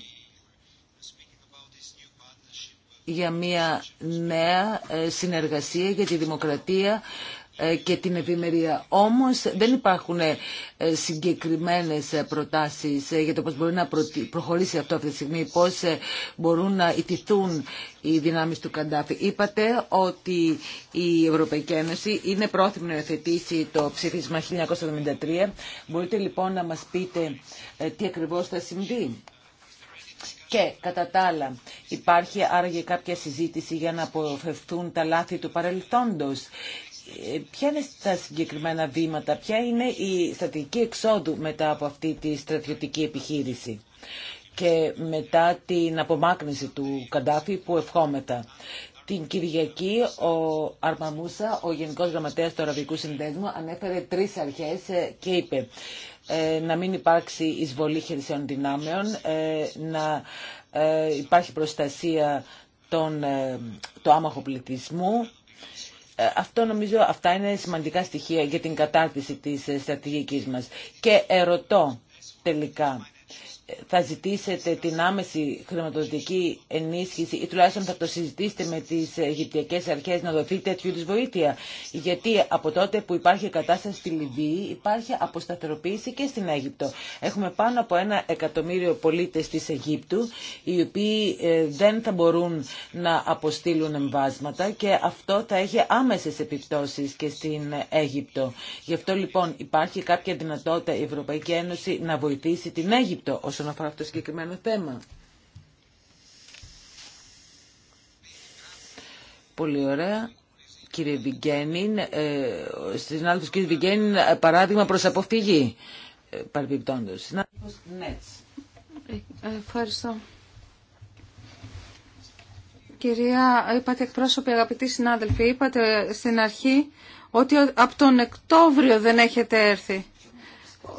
για μια νέα ε, συνεργασία για τη δημοκρατία ε, και την ευημερία. Όμως δεν υπάρχουν ε, συγκεκριμένες ε, προτάσεις για το πώς μπορεί να προχωρήσει αυτό αυτή τη στιγμή, πώς μπορούν να ιτηθούν οι δυνάμεις του Καντάφη. Είπατε ότι η Ευρωπαϊκή Ένωση είναι πρόθυμη να υιοθετήσει το ψήφισμα 1973. Μπορείτε λοιπόν να μας πείτε τι ακριβώς θα συμβεί. Και κατά τα άλλα, υπάρχει άραγε κάποια συζήτηση για να αποφευθούν τα λάθη του παρελθόντος ε, ποια είναι τα συγκεκριμένα βήματα, ποια είναι η στρατηγική εξόδου μετά από αυτή τη στρατιωτική επιχείρηση και μετά την απομάκρυνση του Καντάφη που ευχόμετα. Την Κυριακή ο Αρμαμούσα, ο Γενικός Γραμματέας του Αραβικού Συνδέσμου, ανέφερε τρεις αρχές ε, και είπε ε, να μην υπάρξει εισβολή χερσαίων δυνάμεων, να υπάρχει προστασία του άμαχο πληθυσμού αυτό νομίζω αυτά είναι σημαντικά στοιχεία για την κατάρτιση της ε, στρατηγικής μας. Και ερωτώ τελικά, θα ζητήσετε την άμεση χρηματοδοτική ενίσχυση ή τουλάχιστον θα το συζητήσετε με τις Αιγυπτιακές Αρχές να δοθεί τέτοιου της βοήθεια. Γιατί από τότε που υπάρχει κατάσταση στη Λιβύη υπάρχει αποσταθεροποίηση και στην Αίγυπτο. Έχουμε πάνω από ένα εκατομμύριο πολίτες της Αιγύπτου οι οποίοι ε, δεν θα μπορούν να αποστείλουν εμβάσματα και αυτό θα έχει άμεσες επιπτώσεις και στην Αίγυπτο. Γι' αυτό λοιπόν υπάρχει κάποια δυνατότητα η Ευρωπαϊκή Ένωση να βοηθήσει την Αίγυπτο όσον αφορά αυτό το συγκεκριμένο θέμα. Πολύ ωραία. Κύριε Βιγγένιν, ε, στην άλλη κύριε Βιγγένιν, παράδειγμα προς αποφυγή, ε, Νέτς. Ευχαριστώ. Κυρία, είπατε εκπρόσωποι, αγαπητοί συνάδελφοι, είπατε στην αρχή ότι από τον Οκτώβριο δεν έχετε έρθει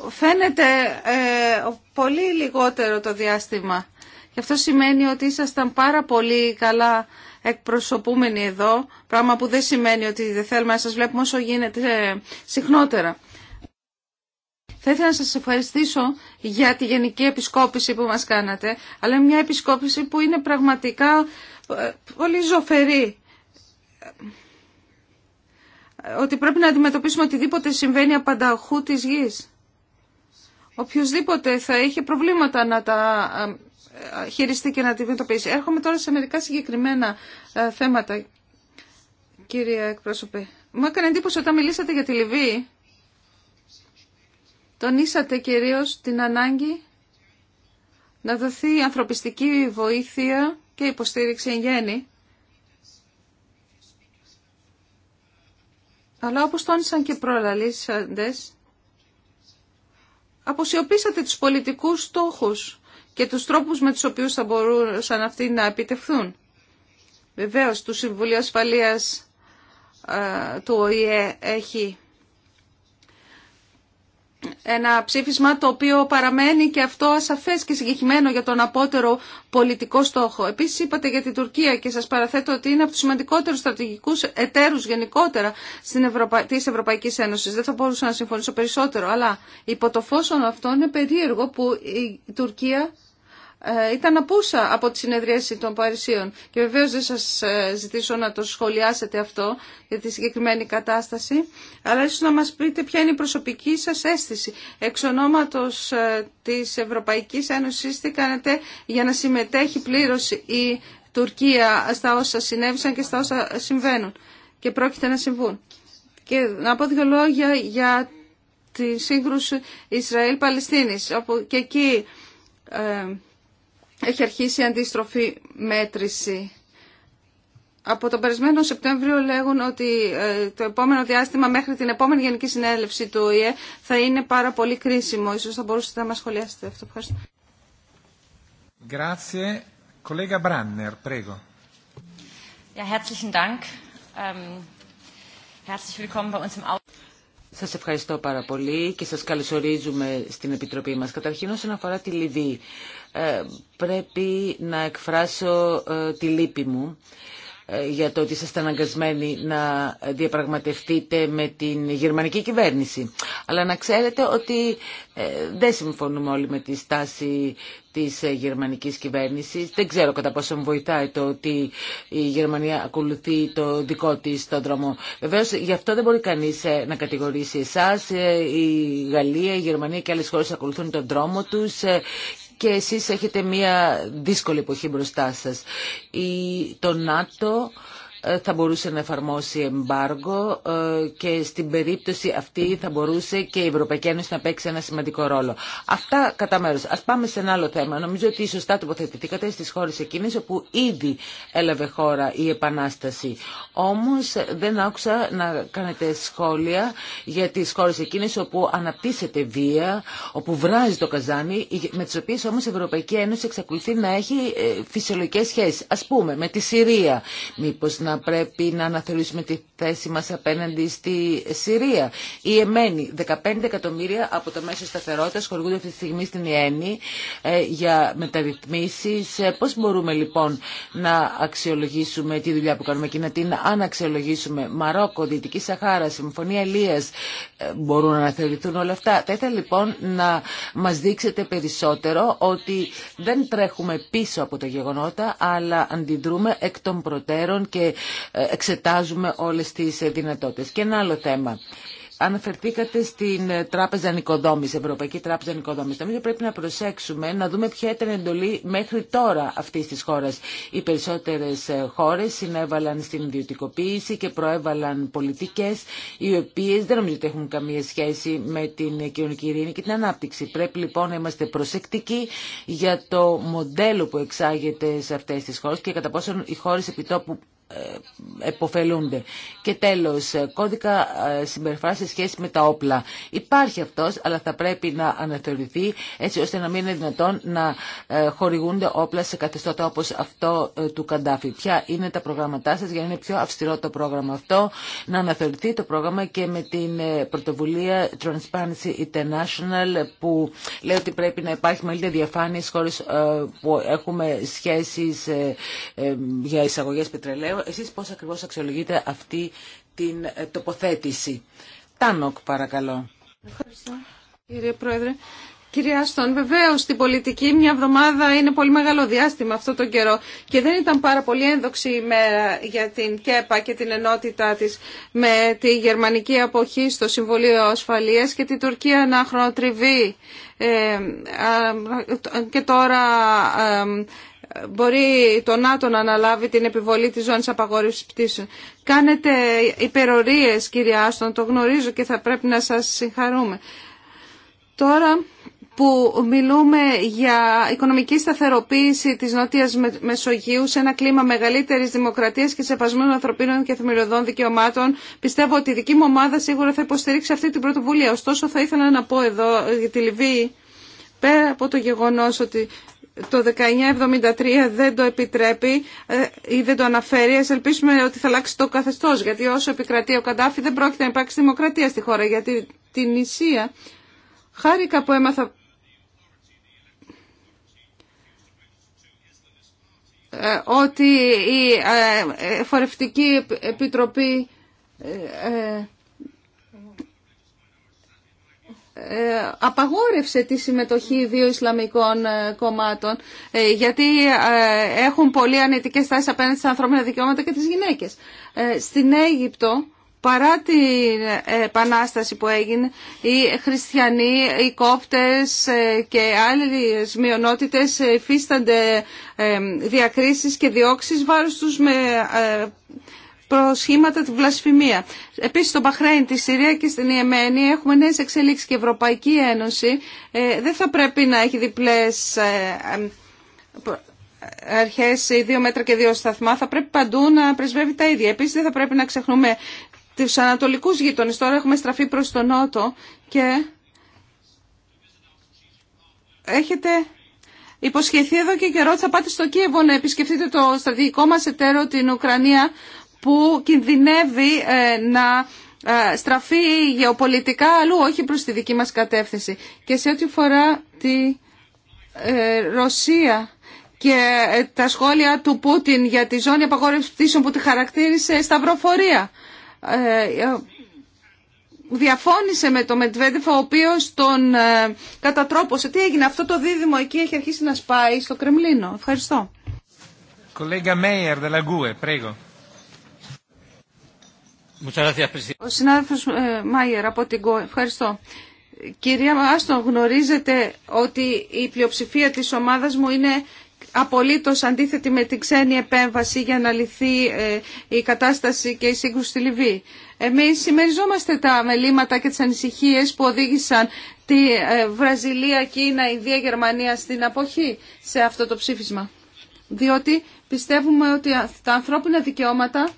φαίνεται ε, πολύ λιγότερο το διάστημα. Γι' αυτό σημαίνει ότι ήσασταν πάρα πολύ καλά εκπροσωπούμενοι εδώ, πράγμα που δεν σημαίνει ότι δεν θέλουμε να σας βλέπουμε όσο γίνεται συχνότερα. Θα ήθελα να σας ευχαριστήσω για τη γενική επισκόπηση που μας κάνατε, αλλά μια επισκόπηση που είναι πραγματικά ε, πολύ ζωφερή. Ότι πρέπει να αντιμετωπίσουμε οτιδήποτε συμβαίνει απανταχού της γης οποιοδήποτε θα είχε προβλήματα να τα ε, χειριστεί και να αντιμετωπίσει. Έρχομαι τώρα σε μερικά συγκεκριμένα ε, θέματα, κύριε εκπρόσωπε. Μου έκανε εντύπωση όταν μιλήσατε για τη Λιβύη. Τονίσατε κυρίως την ανάγκη να δοθεί ανθρωπιστική βοήθεια και υποστήριξη εν γέννη. Αλλά όπως τόνισαν και προλαλήσαντες, αποσιωπήσατε τους πολιτικούς στόχους και τους τρόπους με τους οποίους θα μπορούσαν αυτοί να επιτευχθούν. Βεβαίως, το Συμβουλίο Ασφαλείας ε, του ΟΗΕ έχει ένα ψήφισμα το οποίο παραμένει και αυτό ασαφές και συγκεκριμένο για τον απότερο πολιτικό στόχο. Επίσης είπατε για την Τουρκία και σας παραθέτω ότι είναι από τους σημαντικότερους στρατηγικούς εταίρους γενικότερα στην ευρωπαϊκή της Δεν θα μπορούσα να συμφωνήσω περισσότερο, αλλά υπό το φως αυτό είναι περίεργο που η Τουρκία ε, ήταν απούσα από τη συνεδρίαση των Παρισίων. Και βεβαίως δεν σας ε, ζητήσω να το σχολιάσετε αυτό για τη συγκεκριμένη κατάσταση, αλλά ίσως να μας πείτε ποια είναι η προσωπική σας αίσθηση. Εξ ονόματος ε, της Ευρωπαϊκής Ένωσης τι κάνετε για να συμμετέχει πλήρως η Τουρκία στα όσα συνέβησαν και στα όσα συμβαίνουν και πρόκειται να συμβούν. Και να πω δύο λόγια για τη σύγκρουση Ισραήλ-Παλαιστίνης, και εκεί έχει αρχίσει η αντίστροφη μέτρηση. Από τον περασμένο Σεπτέμβριο λέγουν ότι ε, το επόμενο διάστημα μέχρι την επόμενη Γενική Συνέλευση του ΟΗΕ θα είναι πάρα πολύ κρίσιμο. Ίσως θα μπορούσατε να μας σχολιάσετε αυτό. Ευχαριστώ. Grazie. Collega Branner, prego. Ja, herzlichen Dank. Ähm, herzlich willkommen bei uns im σας ευχαριστώ πάρα πολύ και σας καλωσορίζουμε στην Επιτροπή μας. Καταρχήν όσον αφορά τη Λιβύη. Ε, πρέπει να εκφράσω ε, τη λύπη μου ε, για το ότι είστε αναγκασμένοι να διαπραγματευτείτε με την γερμανική κυβέρνηση. Αλλά να ξέρετε ότι δεν συμφωνούμε όλοι με τη στάση της γερμανικής κυβέρνησης. Δεν ξέρω κατά πόσο βοηθάει το ότι η Γερμανία ακολουθεί το δικό της τον δρόμο. Βεβαίως γι' αυτό δεν μπορεί κανείς να κατηγορήσει εσάς. Η Γαλλία, η Γερμανία και άλλες χώρες ακολουθούν τον δρόμο τους και εσείς έχετε μία δύσκολη εποχή μπροστά σας. Η, το ΝΑΤΟ θα μπορούσε να εφαρμόσει εμπάργο ε, και στην περίπτωση αυτή θα μπορούσε και η Ευρωπαϊκή Ένωση να παίξει ένα σημαντικό ρόλο. Αυτά κατά μέρο. Α πάμε σε ένα άλλο θέμα. Νομίζω ότι σωστά τοποθετηθήκατε στι χώρε εκείνε όπου ήδη έλαβε χώρα η Επανάσταση. Όμω δεν άκουσα να κάνετε σχόλια για τι χώρε εκείνε όπου αναπτύσσεται βία, όπου βράζει το καζάνι, με τι οποίε όμω η Ευρωπαϊκή Ένωση εξακολουθεί να έχει ε, φυσιολογικέ σχέσει. Α πούμε, με τη Συρία. μήπω να να πρέπει να αναθεωρήσουμε τη θέση μας απέναντι στη Συρία. Η Εμένη, 15 εκατομμύρια από το μέσο σταθερότητας χορηγούνται αυτή τη στιγμή στην Ιέννη ε, για μεταρρυθμίσεις. Ε, πώς μπορούμε λοιπόν να αξιολογήσουμε τη δουλειά που κάνουμε και να την αναξιολογήσουμε. Μαρόκο, Δυτική Σαχάρα, Συμφωνία Ελίας, ε, μπορούν να αναθεωρηθούν όλα αυτά. Θα ήθελα λοιπόν να μας δείξετε περισσότερο ότι δεν τρέχουμε πίσω από τα γεγονότα, αλλά αντιδρούμε εκ των προτέρων και ε, εξετάζουμε όλες τις ε, δυνατότητες. Και ένα άλλο θέμα. Αναφερθήκατε στην ε, Τράπεζα Νοικοδόμηση, Ευρωπαϊκή Τράπεζα Νοικοδόμηση. Νομίζω πρέπει να προσέξουμε να δούμε ποια ήταν η εντολή μέχρι τώρα αυτή τη χώρα. Οι περισσότερε ε, χώρε συνέβαλαν στην ιδιωτικοποίηση και προέβαλαν πολιτικέ οι οποίε δεν νομίζω ότι έχουν καμία σχέση με την κοινωνική ειρήνη και την ανάπτυξη. Πρέπει λοιπόν να είμαστε προσεκτικοί για το μοντέλο που εξάγεται σε αυτέ τι χώρε και κατά πόσον οι χώρε επιτόπου ε, εποφελούνται. Και τέλος, ε, κώδικα ε, συμπεριφοράς σε σχέση με τα όπλα. Υπάρχει αυτός, αλλά θα πρέπει να αναθεωρηθεί έτσι ώστε να μην είναι δυνατόν να χορηγούνται όπλα σε καθεστώτα όπως αυτό του Καντάφη. Ποια είναι τα προγράμματά σας για να είναι πιο αυστηρό το πρόγραμμα αυτό, να αναθεωρηθεί το πρόγραμμα και με την πρωτοβουλία Transparency International που λέει ότι πρέπει να υπάρχει μεγαλύτερη διαφάνειες χώρες που έχουμε σχέσεις για εισαγωγές πετρελαίου εσείς πώς ακριβώς αξιολογείτε αυτή την ε, τοποθέτηση. Τάνοκ, παρακαλώ. Ευχαριστώ, κύριε Πρόεδρε. Κυρία Άστον, βεβαίω στην πολιτική μια εβδομάδα είναι πολύ μεγάλο διάστημα αυτό τον καιρό και δεν ήταν πάρα πολύ ένδοξη η για την ΚΕΠΑ και την ενότητά τη με τη γερμανική αποχή στο Συμβουλίο Ασφαλεία και την Τουρκία να χρονοτριβεί. Ε, και τώρα ε, μπορεί το ΝΑΤΟ να αναλάβει την επιβολή της ζώνης απαγόρευσης πτήσεων. Κάνετε υπερορίες κυρία Άστον, το γνωρίζω και θα πρέπει να σας συγχαρούμε. Τώρα που μιλούμε για οικονομική σταθεροποίηση της Νότιας Μεσογείου σε ένα κλίμα μεγαλύτερης δημοκρατίας και των ανθρωπίνων και θεμελιωδών δικαιωμάτων, πιστεύω ότι η δική μου ομάδα σίγουρα θα υποστηρίξει αυτή την πρωτοβουλία. Ωστόσο θα ήθελα να πω εδώ για τη Λιβύη, πέρα από το γεγονός ότι το 1973 δεν το επιτρέπει ε, ή δεν το αναφέρει. Ας ελπίσουμε ότι θα αλλάξει το καθεστώς, γιατί όσο επικρατεί ο Καντάφη δεν πρόκειται να υπάρξει δημοκρατία στη χώρα, γιατί την νησία... χάρηκα που έμαθα ε, ότι η ε, Φορευτική Επιτροπή ε, απαγόρευσε τη συμμετοχή δύο Ισλαμικών ε, κομμάτων ε, γιατί έχουν πολύ ανετικές τάσεις απέναντι στα ανθρώπινα δικαιώματα και τις γυναίκες. Στην Αίγυπτο παρά την επανάσταση που έγινε οι χριστιανοί, οι κόπτες και άλλες μειονότητες υφίστανται διακρίσεις και διώξεις βάρος τους με προσχήματα τη βλασφημία. Επίση, στο Μπαχρέιν, τη Συρία και στην Ιεμένη έχουμε νέε εξελίξει και η Ευρωπαϊκή Ένωση ε, δεν θα πρέπει να έχει διπλέ ε, ε, Αρχέ, δύο μέτρα και δύο σταθμά, θα πρέπει παντού να πρεσβεύει τα ίδια. Επίση δεν θα πρέπει να ξεχνούμε του ανατολικού γείτονε. Τώρα έχουμε στραφεί προ τον νότο και έχετε υποσχεθεί εδώ και καιρό ότι θα πάτε στο Κίεβο να επισκεφτείτε το στρατηγικό μας εταίρο την Ουκρανία που κινδυνεύει ε, να ε, στραφεί γεωπολιτικά αλλού, όχι προς τη δική μας κατεύθυνση. Και σε ό,τι φορά τη ε, Ρωσία και τα σχόλια του Πούτιν για τη ζώνη απαγόρευσης πτήσεων που τη χαρακτήρισε σταυροφορία. Διαφώνησε με τον Μετβέντεφ, ο οποίος τον κατατρόπωσε. Τι έγινε αυτό το δίδυμο εκεί, έχει αρχίσει να σπάει στο Κρεμλίνο. Ευχαριστώ. Κολέγα Μέιερ, ο συνάδελφος ε, Μάιερ από την ΚΟΕ. Ευχαριστώ. Κυρία Άστον, γνωρίζετε ότι η πλειοψηφία τη ομάδα μου είναι απολύτω αντίθετη με την ξένη επέμβαση για να λυθεί ε, η κατάσταση και η σύγκρουση στη Λιβύη. Εμεί συμμεριζόμαστε τα μελήματα και τι ανησυχίε που οδήγησαν τη ε, Βραζιλία, Κίνα, Ινδία, Γερμανία στην αποχή σε αυτό το ψήφισμα. Διότι πιστεύουμε ότι τα ανθρώπινα δικαιώματα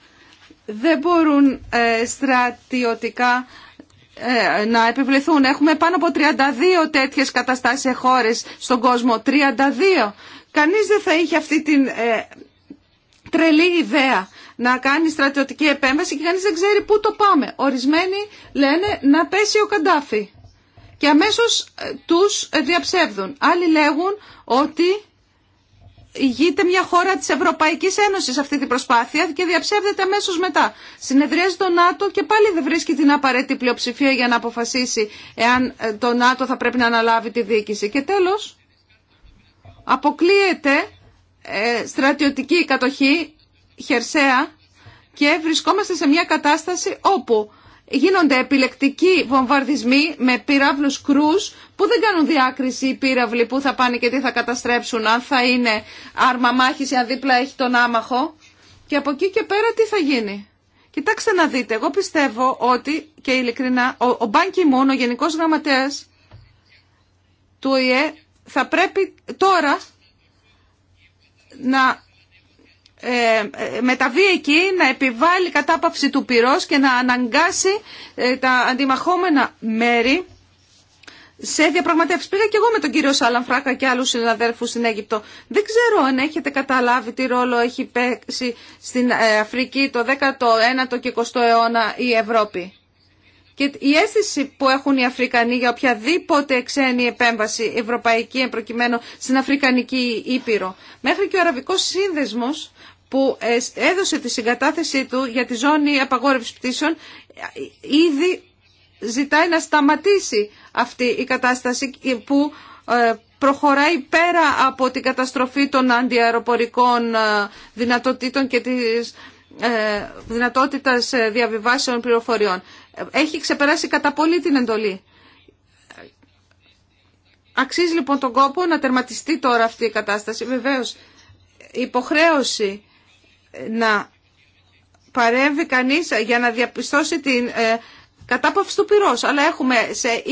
δεν μπορούν ε, στρατιωτικά ε, να επιβληθούν. Έχουμε πάνω από 32 τέτοιες καταστάσεις σε χώρες στον κόσμο. 32. Κανείς δεν θα είχε αυτή την ε, τρελή ιδέα να κάνει στρατιωτική επέμβαση και κανείς δεν ξέρει πού το πάμε. Ορισμένοι λένε να πέσει ο Καντάφη και αμέσως τους διαψεύδουν. Άλλοι λέγουν ότι ηγείται μια χώρα της Ευρωπαϊκής Ένωσης αυτή την προσπάθεια και διαψεύδεται αμέσω μετά. Συνεδριάζει το ΝΑΤΟ και πάλι δεν βρίσκει την απαραίτητη πλειοψηφία για να αποφασίσει εάν ε, το ΝΑΤΟ θα πρέπει να αναλάβει τη διοίκηση. Και τέλος, αποκλείεται ε, στρατιωτική κατοχή χερσαία και βρισκόμαστε σε μια κατάσταση όπου γίνονται επιλεκτικοί βομβαρδισμοί με πυράβλου κρού που δεν κάνουν διάκριση οι πύραυλοι που θα πάνε και τι θα καταστρέψουν, αν θα είναι άρμα μάχη ή αν δίπλα έχει τον άμαχο. Και από εκεί και πέρα τι θα γίνει. Κοιτάξτε να δείτε, εγώ πιστεύω ότι και ειλικρινά ο, ο Μπάνκι Μουν, ο Γενικός Γραμματέας του ΟΗΕ, θα πρέπει τώρα να ε, μεταβεί εκεί να επιβάλλει κατάπαυση του πυρός και να αναγκάσει ε, τα αντιμαχόμενα μέρη σε διαπραγματεύσει. Πήγα και εγώ με τον κύριο Σαλανφράκα και άλλου συναδέρφου στην Αίγυπτο. Δεν ξέρω αν έχετε καταλάβει τι ρόλο έχει παίξει στην ε, Αφρική το 19ο και 20ο αιώνα η Ευρώπη. Και η αίσθηση που έχουν οι Αφρικανοί για οποιαδήποτε ξένη επέμβαση ευρωπαϊκή, προκειμένου στην Αφρικανική Ήπειρο. Μέχρι και ο Αραβικός Σύνδεσμος που έδωσε τη συγκατάθεσή του για τη ζώνη απαγόρευσης πτήσεων ήδη ζητάει να σταματήσει αυτή η κατάσταση που ε, προχωράει πέρα από την καταστροφή των αντιαεροπορικών ε, δυνατοτήτων και της ε, δυνατότητας διαβιβάσεων πληροφοριών. Έχει ξεπεράσει κατά πολύ την εντολή. Αξίζει λοιπόν τον κόπο να τερματιστεί τώρα αυτή η κατάσταση. Βεβαίως, η υποχρέωση να παρέμβει κανείς για να διαπιστώσει την ε, κατάπαυση του πυρός. Αλλά έχουμε σε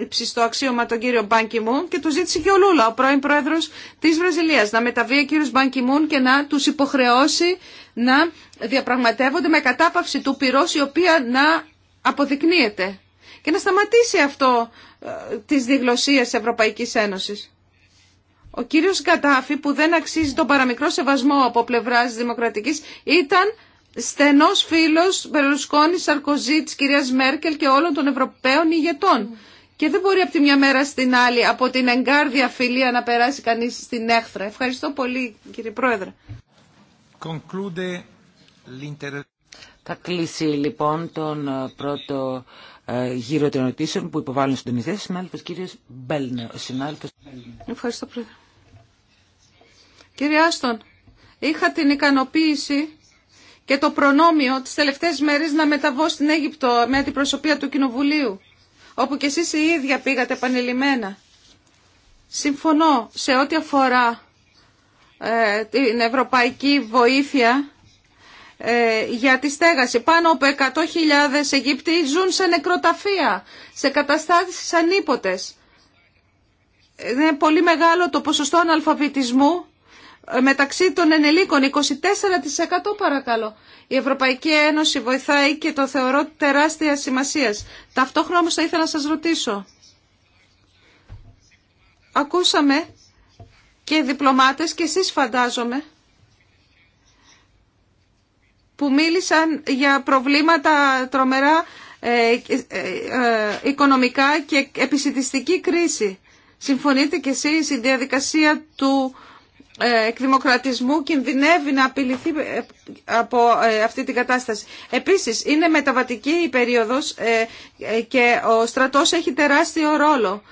ύψιστο αξίωμα τον κύριο Μπάνκι Μουν και του ζήτησε και ο Λούλα, ο πρώην πρόεδρος της Βραζιλίας, να μεταβεί ο κύριος Μπάνκι Μουν και να τους υποχρεώσει να διαπραγματεύονται με κατάπαυση του πυρός η οποία να αποδεικνύεται. Και να σταματήσει αυτό ε, της διγλωσίας Ευρωπαϊκής Ένωσης. Ο κύριος Γκατάφη που δεν αξίζει τον παραμικρό σεβασμό από τη Δημοκρατική ήταν στενό φίλο Μπερλουσκόνη Σαρκοζή τη κυρία Μέρκελ και όλων των Ευρωπαίων ηγετών. Και δεν μπορεί από τη μια μέρα στην άλλη από την εγκάρδια φιλία να περάσει κανείς στην έχθρα. Ευχαριστώ πολύ κύριε Πρόεδρε. Θα κλείσει λοιπόν τον ε, πρώτο ε, γύρο των ερωτήσεων που υποβάλλουν στον Ιδέα, συνάδελφος κύριος Μπέλνε. Ο Ευχαριστώ πρόεδρε. Κύριε Άστον, είχα την ικανοποίηση και το προνόμιο τις τελευταίες μέρες να μεταβώ στην Αίγυπτο με την προσωπία του Κοινοβουλίου, όπου και εσείς οι ίδια πήγατε επανειλημμένα. Συμφωνώ σε ό,τι αφορά ε, την ευρωπαϊκή βοήθεια ε, για τη στέγαση. Πάνω από 100.000 Αιγύπτιοι ζουν σε νεκροταφεία, σε καταστάσεις ανίποτες. Είναι πολύ μεγάλο το ποσοστό αναλφαβητισμού ε, μεταξύ των ενελίκων 24% παρακαλώ. Η Ευρωπαϊκή Ένωση βοηθάει και το θεωρώ τεράστια σημασία. Ταυτόχρονα όμως θα ήθελα να σας ρωτήσω. Ακούσαμε και διπλωμάτες και εσείς φαντάζομαι που μίλησαν για προβλήματα τρομερά ε, ε, οικονομικά και επισητιστική κρίση. Συμφωνείτε και εσείς η διαδικασία του ε, εκδημοκρατισμού κινδυνεύει να απειληθεί ε, από ε, αυτή την κατάσταση. Επίσης, είναι μεταβατική η περίοδος και ο στρατός έχει τεράστιο ρόλο.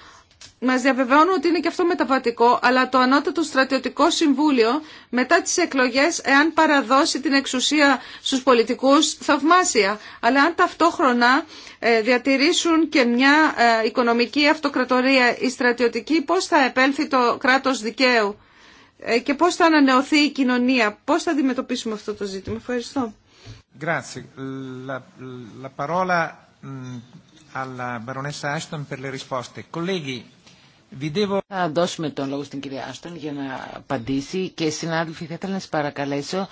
Μας διαβεβαιώνουν ότι είναι και αυτό μεταβατικό, αλλά το Ανώτατο Στρατιωτικό Συμβούλιο μετά τις εκλογές, εάν παραδώσει την εξουσία στους πολιτικούς, θαυμάσια. Αλλά αν ταυτόχρονα διατηρήσουν και μια οικονομική αυτοκρατορία ή στρατιωτική, πώς θα επέλθει το κράτος δικαίου ε, και πώς θα ανανεωθεί η κοινωνία. Πώς θα αντιμετωπίσουμε αυτό το ζήτημα. Ευχαριστώ. Grazie. La, la parola mh, mm, alla baronessa Ashton per le risposte. Colleghi, θα δώσουμε τον λόγο στην κυρία Άστον για να απαντήσει και συνάδελφοι θα ήθελα να σας παρακαλέσω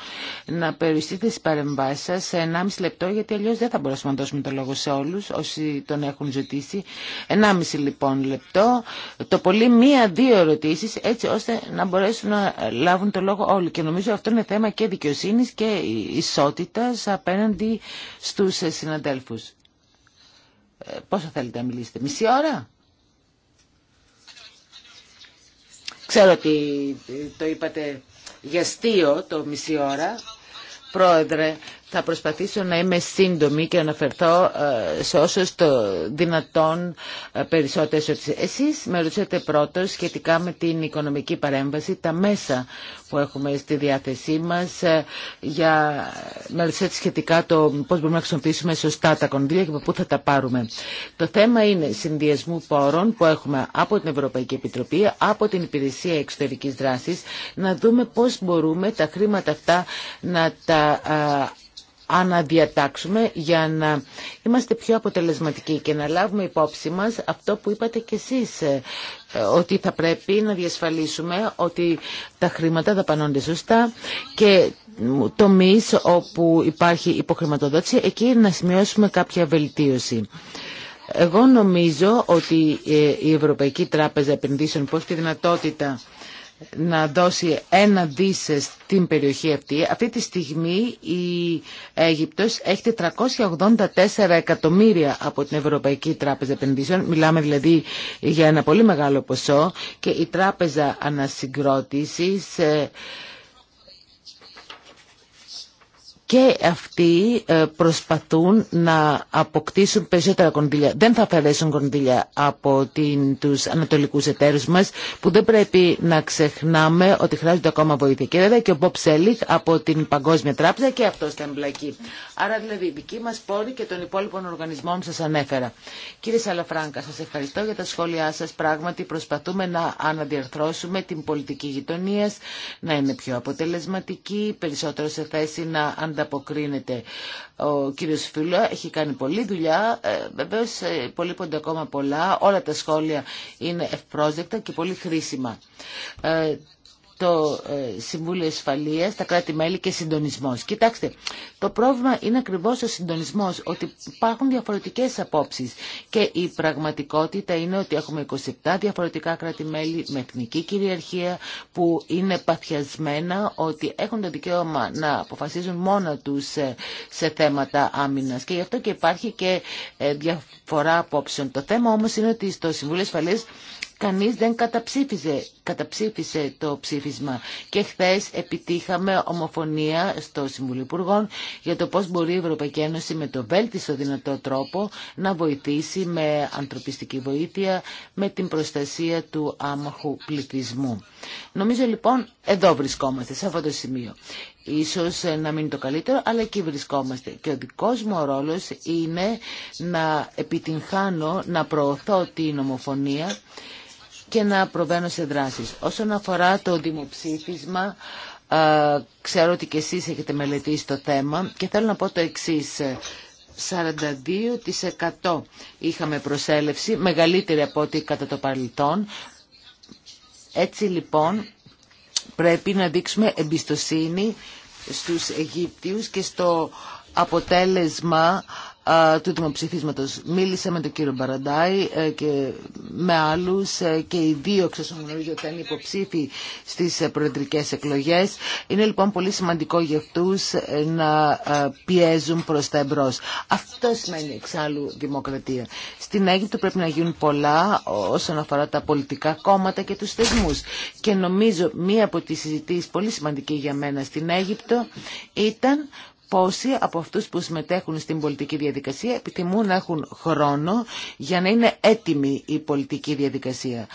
να περιοριστείτε στις παρεμβάσεις σας σε 1,5 λεπτό γιατί αλλιώς δεν θα μπορέσουμε να δώσουμε τον λόγο σε όλους όσοι τον έχουν ζητήσει. 1,5 λοιπόν λεπτό, το πολύ μία-δύο ερωτήσεις έτσι ώστε να μπορέσουν να λάβουν τον λόγο όλοι και νομίζω αυτό είναι θέμα και δικαιοσύνης και ισότητας απέναντι στους συναδέλφους. Ε, πόσο θέλετε να μιλήσετε, μισή ώρα? Ξέρω ότι το είπατε για στείο το μισή ώρα. Πρόεδρε, θα προσπαθήσω να είμαι σύντομη και αναφερθώ ε, σε όσο το δυνατόν ε, περισσότερες ερωτήσεις. Εσείς με ρωτήσατε πρώτος σχετικά με την οικονομική παρέμβαση, τα μέσα που έχουμε στη διάθεσή μας ε, για με ρωτήσατε σχετικά το πώς μπορούμε να χρησιμοποιήσουμε σωστά τα κονδύλια και από πού θα τα πάρουμε. Το θέμα είναι συνδυασμού πόρων που έχουμε από την Ευρωπαϊκή Επιτροπή, από την Υπηρεσία Εξωτερικής Δράσης, να δούμε πώς μπορούμε τα χρήματα αυτά να τα αναδιατάξουμε για να είμαστε πιο αποτελεσματικοί και να λάβουμε υπόψη μας αυτό που είπατε κι εσείς ε, ότι θα πρέπει να διασφαλίσουμε ότι τα χρήματα δαπανώνται σωστά και τομείς όπου υπάρχει υποχρηματοδότηση εκεί να σημειώσουμε κάποια βελτίωση. Εγώ νομίζω ότι ε, η Ευρωπαϊκή Τράπεζα Επενδύσεων που έχει τη δυνατότητα να δώσει ένα δις στην περιοχή αυτή. Αυτή τη στιγμή η Αίγυπτος έχει 484 εκατομμύρια από την Ευρωπαϊκή Τράπεζα Επενδύσεων. Μιλάμε δηλαδή για ένα πολύ μεγάλο ποσό και η Τράπεζα Ανασυγκρότησης ε, και αυτοί ε, προσπαθούν να αποκτήσουν περισσότερα κονδύλια. Δεν θα αφαιρέσουν κονδύλια από την, τους ανατολικούς εταίρους μας που δεν πρέπει να ξεχνάμε ότι χρειάζονται ακόμα βοήθεια. Και βέβαια και ο Μποπ Σέλιχ από την Παγκόσμια Τράπεζα και αυτό θα εμπλακεί. Άρα δηλαδή η δική μας πόρη και των υπόλοιπων οργανισμών σας ανέφερα. Κύριε Σαλαφράγκα, σας ευχαριστώ για τα σχόλιά σας. Πράγματι προσπαθούμε να αναδιαρθρώσουμε την πολιτική γειτονία, να είναι πιο αποτελεσματική, περισσότερο σε θέση να ανταποκρίνεται. Ο κύριος Φίλου. έχει κάνει πολλή δουλειά, ε, βεβαίω ε, υπολείπονται ακόμα πολλά, όλα τα σχόλια είναι ευπρόσδεκτα και πολύ χρήσιμα. Ε, το ε, Συμβούλιο Ασφαλείας, τα κράτη-μέλη και συντονισμός. Κοιτάξτε, το πρόβλημα είναι ακριβώς ο συντονισμός, ότι υπάρχουν διαφορετικές απόψεις και η πραγματικότητα είναι ότι έχουμε 27 διαφορετικά κράτη-μέλη με εθνική κυριαρχία που είναι παθιασμένα ότι έχουν το δικαίωμα να αποφασίζουν μόνο τους ε, σε θέματα άμυνας και γι' αυτό και υπάρχει και ε, διαφορά απόψεων. Το θέμα όμως είναι ότι στο Συμβούλιο Ασφαλείας κανείς δεν καταψήφισε το ψήφισμα. Και χθε επιτύχαμε ομοφωνία στο Συμβουλίο Υπουργών για το πώς μπορεί η Ευρωπαϊκή Ένωση με το βέλτιστο δυνατό τρόπο να βοηθήσει με ανθρωπιστική βοήθεια, με την προστασία του άμαχου πληθυσμού. Νομίζω λοιπόν εδώ βρισκόμαστε, σε αυτό το σημείο. Ίσως ε, να μην είναι το καλύτερο, αλλά εκεί βρισκόμαστε. Και ο δικός μου ρόλος είναι να επιτυγχάνω, να προωθώ την ομοφωνία και να προβαίνω σε δράσεις. Όσον αφορά το δημοψήφισμα, ξέρω ότι και εσείς έχετε μελετήσει το θέμα και θέλω να πω το εξής. 42% είχαμε προσέλευση, μεγαλύτερη από ό,τι κατά το παρελθόν. Έτσι λοιπόν πρέπει να δείξουμε εμπιστοσύνη στους Αιγύπτιους και στο αποτέλεσμα του μίλησε Μίλησα με τον κύριο Μπαραντάη ε, και με άλλου ε, και οι δύο γνωρίζουν ότι είναι υποψήφοι στις ε, προεδρικές εκλογές. Είναι λοιπόν πολύ σημαντικό για αυτούς να πιέζουν προ τα εμπρό. Αυτό σημαίνει εξάλλου δημοκρατία. Στην Αίγυπτο πρέπει να γίνουν πολλά όσον αφορά τα πολιτικά κόμματα και του θεσμού. Και νομίζω μία από τι συζητήσει πολύ σημαντική για μένα στην Αίγυπτο ήταν πόσοι από αυτούς που συμμετέχουν στην πολιτική διαδικασία επιθυμούν να έχουν χρόνο για να είναι έτοιμη η πολιτική διαδικασία.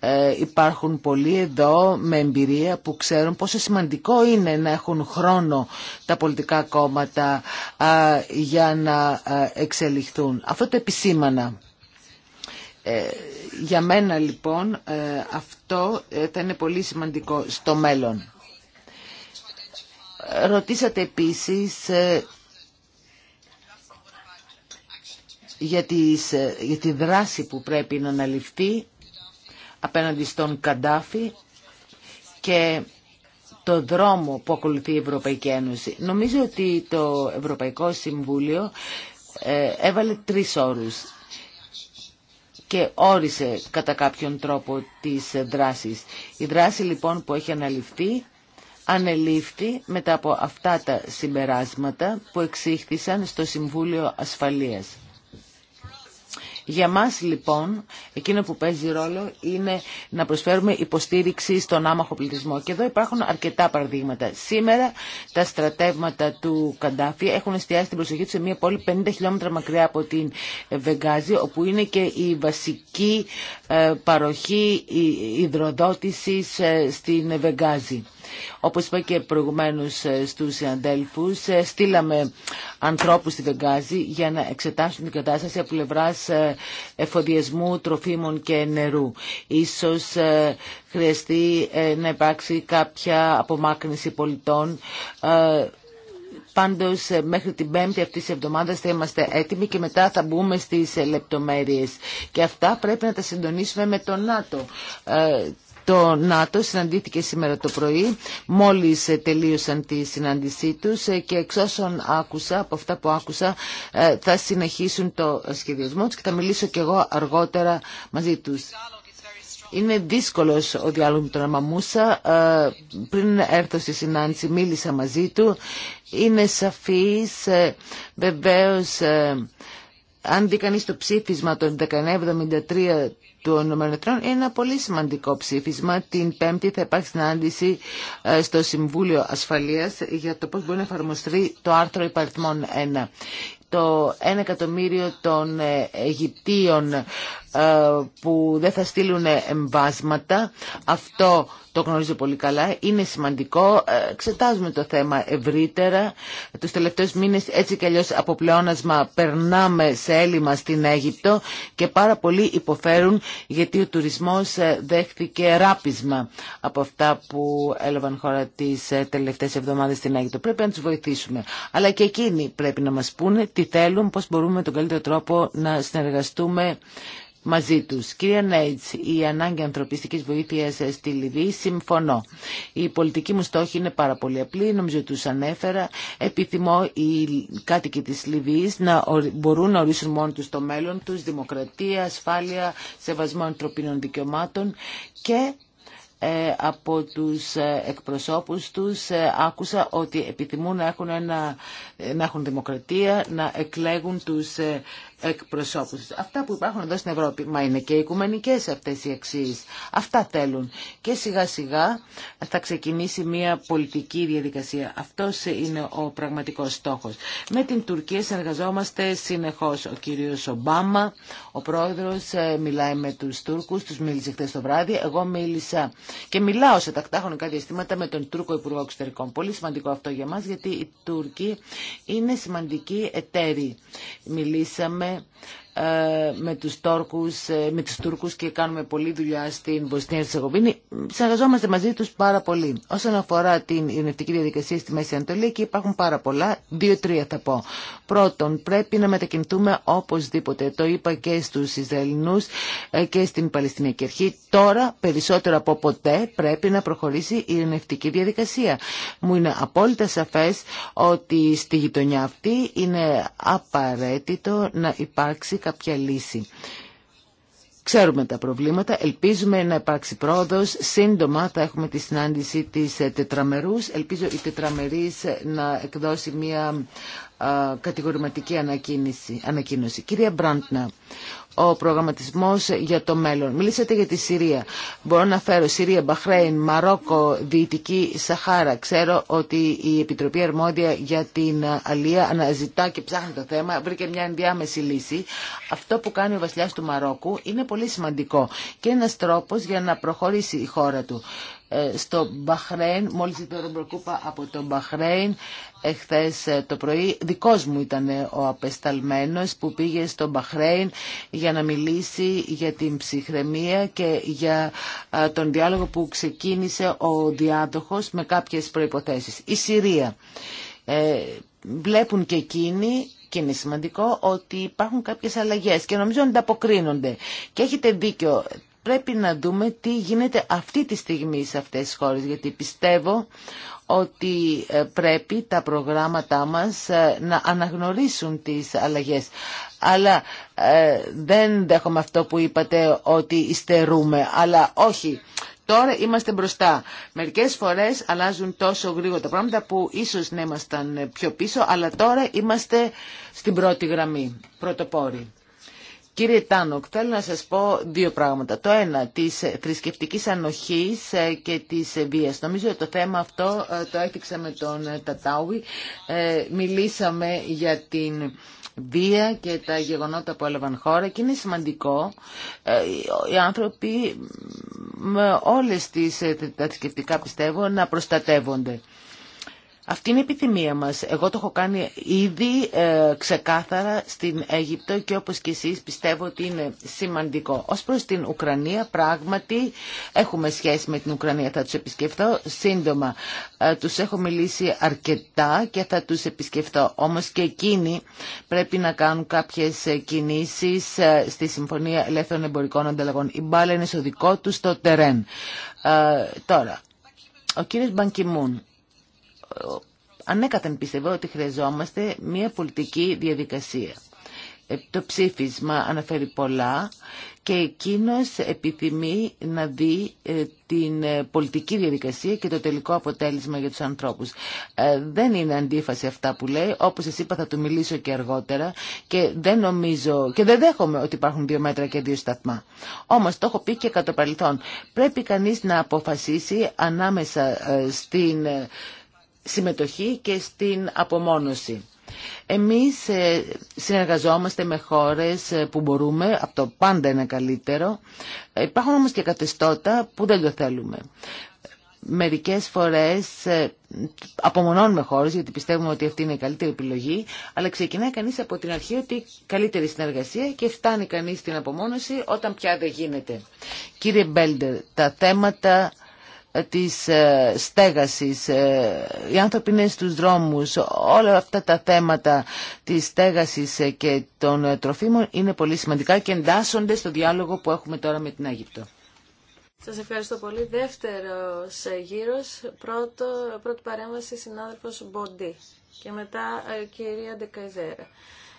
Ε, υπάρχουν πολλοί εδώ με εμπειρία που ξέρουν πόσο σημαντικό είναι να έχουν χρόνο τα πολιτικά κόμματα για να εξελιχθούν. Αυτό το επισήμανα. Ε, για μένα λοιπόν ε, αυτό θα είναι πολύ σημαντικό στο μέλλον. Ρωτήσατε επίσης ε, για, τις, ε, για τη δράση που πρέπει να αναλυφθεί απέναντι στον Καντάφη και το δρόμο που ακολουθεί η Ευρωπαϊκή Ένωση. Νομίζω ότι το Ευρωπαϊκό Συμβούλιο ε, έβαλε τρεις όρους και όρισε κατά κάποιον τρόπο τις δράσεις. Η δράση λοιπόν που έχει αναλυφθεί ανελήφθη μετά από αυτά τα συμπεράσματα που εξήχθησαν στο Συμβούλιο Ασφαλείας. Για μας λοιπόν, εκείνο που παίζει ρόλο είναι να προσφέρουμε υποστήριξη στον άμαχο πληθυσμό. Και εδώ υπάρχουν αρκετά παραδείγματα. Σήμερα τα στρατεύματα του Καντάφη έχουν εστιάσει την προσοχή του σε μια πόλη 50 χιλιόμετρα μακριά από την Βεγγάζη, όπου είναι και η βασική ε, παροχή υδροδότησης ε, στην Βεγγάζη. Όπως είπα και προηγουμένως ε, στους αντέλφους, ε, στείλαμε ανθρώπους στη Βεγγάζη για να εξετάσουν την κατάσταση από πλευρά ε, εφοδιασμού τροφίμων και νερού. Ίσως χρειαστεί να υπάρξει κάποια απομάκρυνση πολιτών Πάντως μέχρι την πέμπτη αυτής της εβδομάδας θα είμαστε έτοιμοι και μετά θα μπούμε στις λεπτομέρειες. Και αυτά πρέπει να τα συντονίσουμε με το ΝΑΤΟ. Το ΝΑΤΟ συναντήθηκε σήμερα το πρωί, μόλις ε, τελείωσαν τη συνάντησή τους ε, και εξ όσων άκουσα, από αυτά που άκουσα, ε, θα συνεχίσουν το σχεδιασμό τους και θα μιλήσω κι εγώ αργότερα μαζί τους. Είναι δύσκολος ο διάλογος με τον Αμαμούσα. Πριν έρθω στη συνάντηση μίλησα μαζί του. Είναι σαφής, βεβαίως, αν δει κανείς το ψήφισμα των 1973 των ΗΠΑ είναι ένα πολύ σημαντικό ψήφισμα. Την Πέμπτη θα υπάρχει συνάντηση ε, στο Συμβούλιο Ασφαλείας για το πώς μπορεί να εφαρμοστεί το άρθρο υπαριθμών 1 το 1 εκατομμύριο των ε, Αιγυπτίων ε, που δεν θα στείλουν εμβάσματα. Αυτό το γνωρίζω πολύ καλά. Είναι σημαντικό. Ε, εξετάζουμε το θέμα ευρύτερα. Τους τελευταίους μήνες έτσι κι αλλιώς από πλεόνασμα περνάμε σε έλλειμμα στην Αίγυπτο και πάρα πολλοί υποφέρουν γιατί ο τουρισμός ε, δέχθηκε ράπισμα από αυτά που έλαβαν χώρα τις τελευταίες εβδομάδες στην Αίγυπτο. Πρέπει να τους βοηθήσουμε. Αλλά και εκείνοι πρέπει να μας πούνε τι θέλουν, πώς μπορούμε με τον καλύτερο τρόπο να συνεργαστούμε μαζί τους. Κυρία Νέιτς, η ανάγκη ανθρωπιστικής βοήθειας στη Λιβύη, συμφωνώ. Η πολιτική μου στόχη είναι πάρα πολύ απλή, νομίζω τους ανέφερα. Επιθυμώ οι κάτοικοι της Λιβύης να μπορούν να ορίσουν μόνο τους το μέλλον τους, δημοκρατία, ασφάλεια, σεβασμό ανθρωπίνων δικαιωμάτων και ε, από τους ε, εκπροσώπους τους ε, άκουσα ότι επιθυμούν να έχουν, έχουν δημοκρατία, να εκλέγουν τους εκπροσώπους. Αυτά που υπάρχουν εδώ στην Ευρώπη, μα είναι και οικουμενικές αυτές οι αξίες. Αυτά θέλουν. Και σιγά σιγά θα ξεκινήσει μια πολιτική διαδικασία. Αυτός είναι ο πραγματικός στόχος. Με την Τουρκία συνεργαζόμαστε συνεχώς. Ο κύριος Ομπάμα, ο πρόεδρος, ε, μιλάει με τους Τούρκους, τους μίλησε χθε το βράδυ. Εγώ μίλησα και μιλάω σε τακτά χρονικά διαστήματα με τον Τούρκο Υπουργό Εξωτερικών. Πολύ σημαντικό αυτό για μας γιατί οι Τούρκοι είναι σημαντικοί εταίροι. Μιλήσαμε με ε, με τους, Τόρκους, ε, με τους Τούρκους και κάνουμε πολλή δουλειά στην Βοσνία και Σεγοβίνη. Συνεργαζόμαστε μαζί τους πάρα πολύ. Όσον αφορά την ειρηνευτική διαδικασία στη Μέση Ανατολή και υπάρχουν πάρα πολλά, δύο-τρία θα πω. Πρώτον, πρέπει να μετακινηθούμε οπωσδήποτε. Το είπα και στους Ισραηλινούς ε, και στην Παλαιστινιακή Αρχή. Τώρα, περισσότερο από ποτέ, πρέπει να προχωρήσει η ειρηνευτική διαδικασία. Μου είναι απόλυτα σαφές ότι στη γειτονιά αυτή είναι απαραίτητο να υπάρξει κάποια λύση. Ξέρουμε τα προβλήματα, ελπίζουμε να υπάρξει πρόοδος. Σύντομα θα έχουμε τη συνάντηση της ε, τετραμερούς. Ελπίζω η τετραμερής ε, να εκδώσει μια κατηγορηματική ανακοίνωση. Κυρία Μπραντνα, ο προγραμματισμός για το μέλλον. Μιλήσατε για τη Συρία. Μπορώ να φέρω Συρία, Μπαχρέιν, Μαρόκο, Δυτική Σαχάρα. Ξέρω ότι η Επιτροπή Αρμόδια για την Αλία αναζητά και ψάχνει το θέμα, βρήκε μια ενδιάμεση λύση. Αυτό που κάνει ο βασιλιάς του Μαρόκου είναι πολύ σημαντικό και ένας τρόπος για να προχωρήσει η χώρα του. Ε, στο Μπαχρέιν, μόλις είπε τον Προκούπα από το Μπαχρέιν εχθές ε, το πρωί. Δικός μου ήταν ε, ο απεσταλμένος που πήγε στο Μπαχρέιν για να μιλήσει για την ψυχραιμία και για τον διάλογο που ξεκίνησε ο διάδοχος με κάποιες προϋποθέσεις. Η Συρία. βλέπουν και εκείνοι και είναι σημαντικό ότι υπάρχουν κάποιες αλλαγές και νομίζω αποκρίνονται Και έχετε δίκιο, πρέπει να δούμε τι γίνεται αυτή τη στιγμή σε αυτές τις χώρες, γιατί πιστεύω ότι ε, πρέπει τα προγράμματά μας ε, να αναγνωρίσουν τις αλλαγές. Αλλά ε, δεν δέχομαι αυτό που είπατε ότι υστερούμε, αλλά όχι. Τώρα είμαστε μπροστά. Μερικές φορές αλλάζουν τόσο γρήγορα τα πράγματα που ίσως να ήμασταν πιο πίσω, αλλά τώρα είμαστε στην πρώτη γραμμή, πρωτοπόροι. Κύριε Τάνοκ, θέλω να σας πω δύο πράγματα. Το ένα, της θρησκευτικής ανοχής ε, και της βίας. Νομίζω ότι το θέμα αυτό ε, το έφτιαξα με τον ε, Τατάουι. Μιλήσαμε για την βία και τα γεγονότα που έλαβαν χώρα και είναι σημαντικό οι άνθρωποι με όλες τις τα θρησκευτικά πιστεύω να προστατεύονται. Αυτή είναι η επιθυμία μας. Εγώ το έχω κάνει ήδη ε, ξεκάθαρα στην Αίγυπτο και όπως και εσείς πιστεύω ότι είναι σημαντικό. Ως προς την Ουκρανία πράγματι έχουμε σχέση με την Ουκρανία. Θα τους επισκεφτώ σύντομα. Ε, τους έχω μιλήσει αρκετά και θα τους επισκεφτώ. Όμως και εκείνοι πρέπει να κάνουν κάποιες κινήσεις ε, στη Συμφωνία Ελεύθερων Εμπορικών Ανταλλαγών. Η μπάλα είναι στο δικό τους το τερέν. τώρα, ο κύριος Μπανκιμούν ανέκαθεν πιστεύω ότι χρειαζόμαστε μια πολιτική διαδικασία. Ε, το ψήφισμα αναφέρει πολλά και εκείνος επιθυμεί να δει ε, την ε, πολιτική διαδικασία και το τελικό αποτέλεσμα για τους ανθρώπους. Δεν είναι αντίφαση αυτά που λέει, όπως σας είπα θα του μιλήσω και αργότερα και δεν νομίζω και δεν δέχομαι ότι υπάρχουν δύο μέτρα και δύο σταθμά. Όμως το έχω πει και κατά παρελθόν. Πρέπει κανείς να αποφασίσει ανάμεσα στην συμμετοχή και στην απομόνωση. Εμείς ε, συνεργαζόμαστε με χώρες ε, που μπορούμε, από το πάντα είναι καλύτερο. Ε, υπάρχουν όμως και καθεστώτα που δεν το θέλουμε. Μερικές φορές απομονώνουμε χώρες γιατί πιστεύουμε ότι αυτή είναι η καλύτερη επιλογή, αλλά ξεκινάει κανείς από την αρχή ότι καλύτερη συνεργασία και φτάνει κανείς στην απομόνωση όταν πια δεν γίνεται. Κύριε Μπέλντερ, τα θέματα της ε, στέγασης, ε, οι άνθρωποι είναι στους δρόμους, όλα αυτά τα θέματα της στέγασης ε, και των τροφίμων είναι πολύ σημαντικά και εντάσσονται στο διάλογο που έχουμε τώρα με την Αίγυπτο. Σας ευχαριστώ πολύ. Δεύτερος γύρος, πρώτο, πρώτη παρέμβαση συνάδελφος Μποντή και μετά κυρία Ντεκαϊδέρα.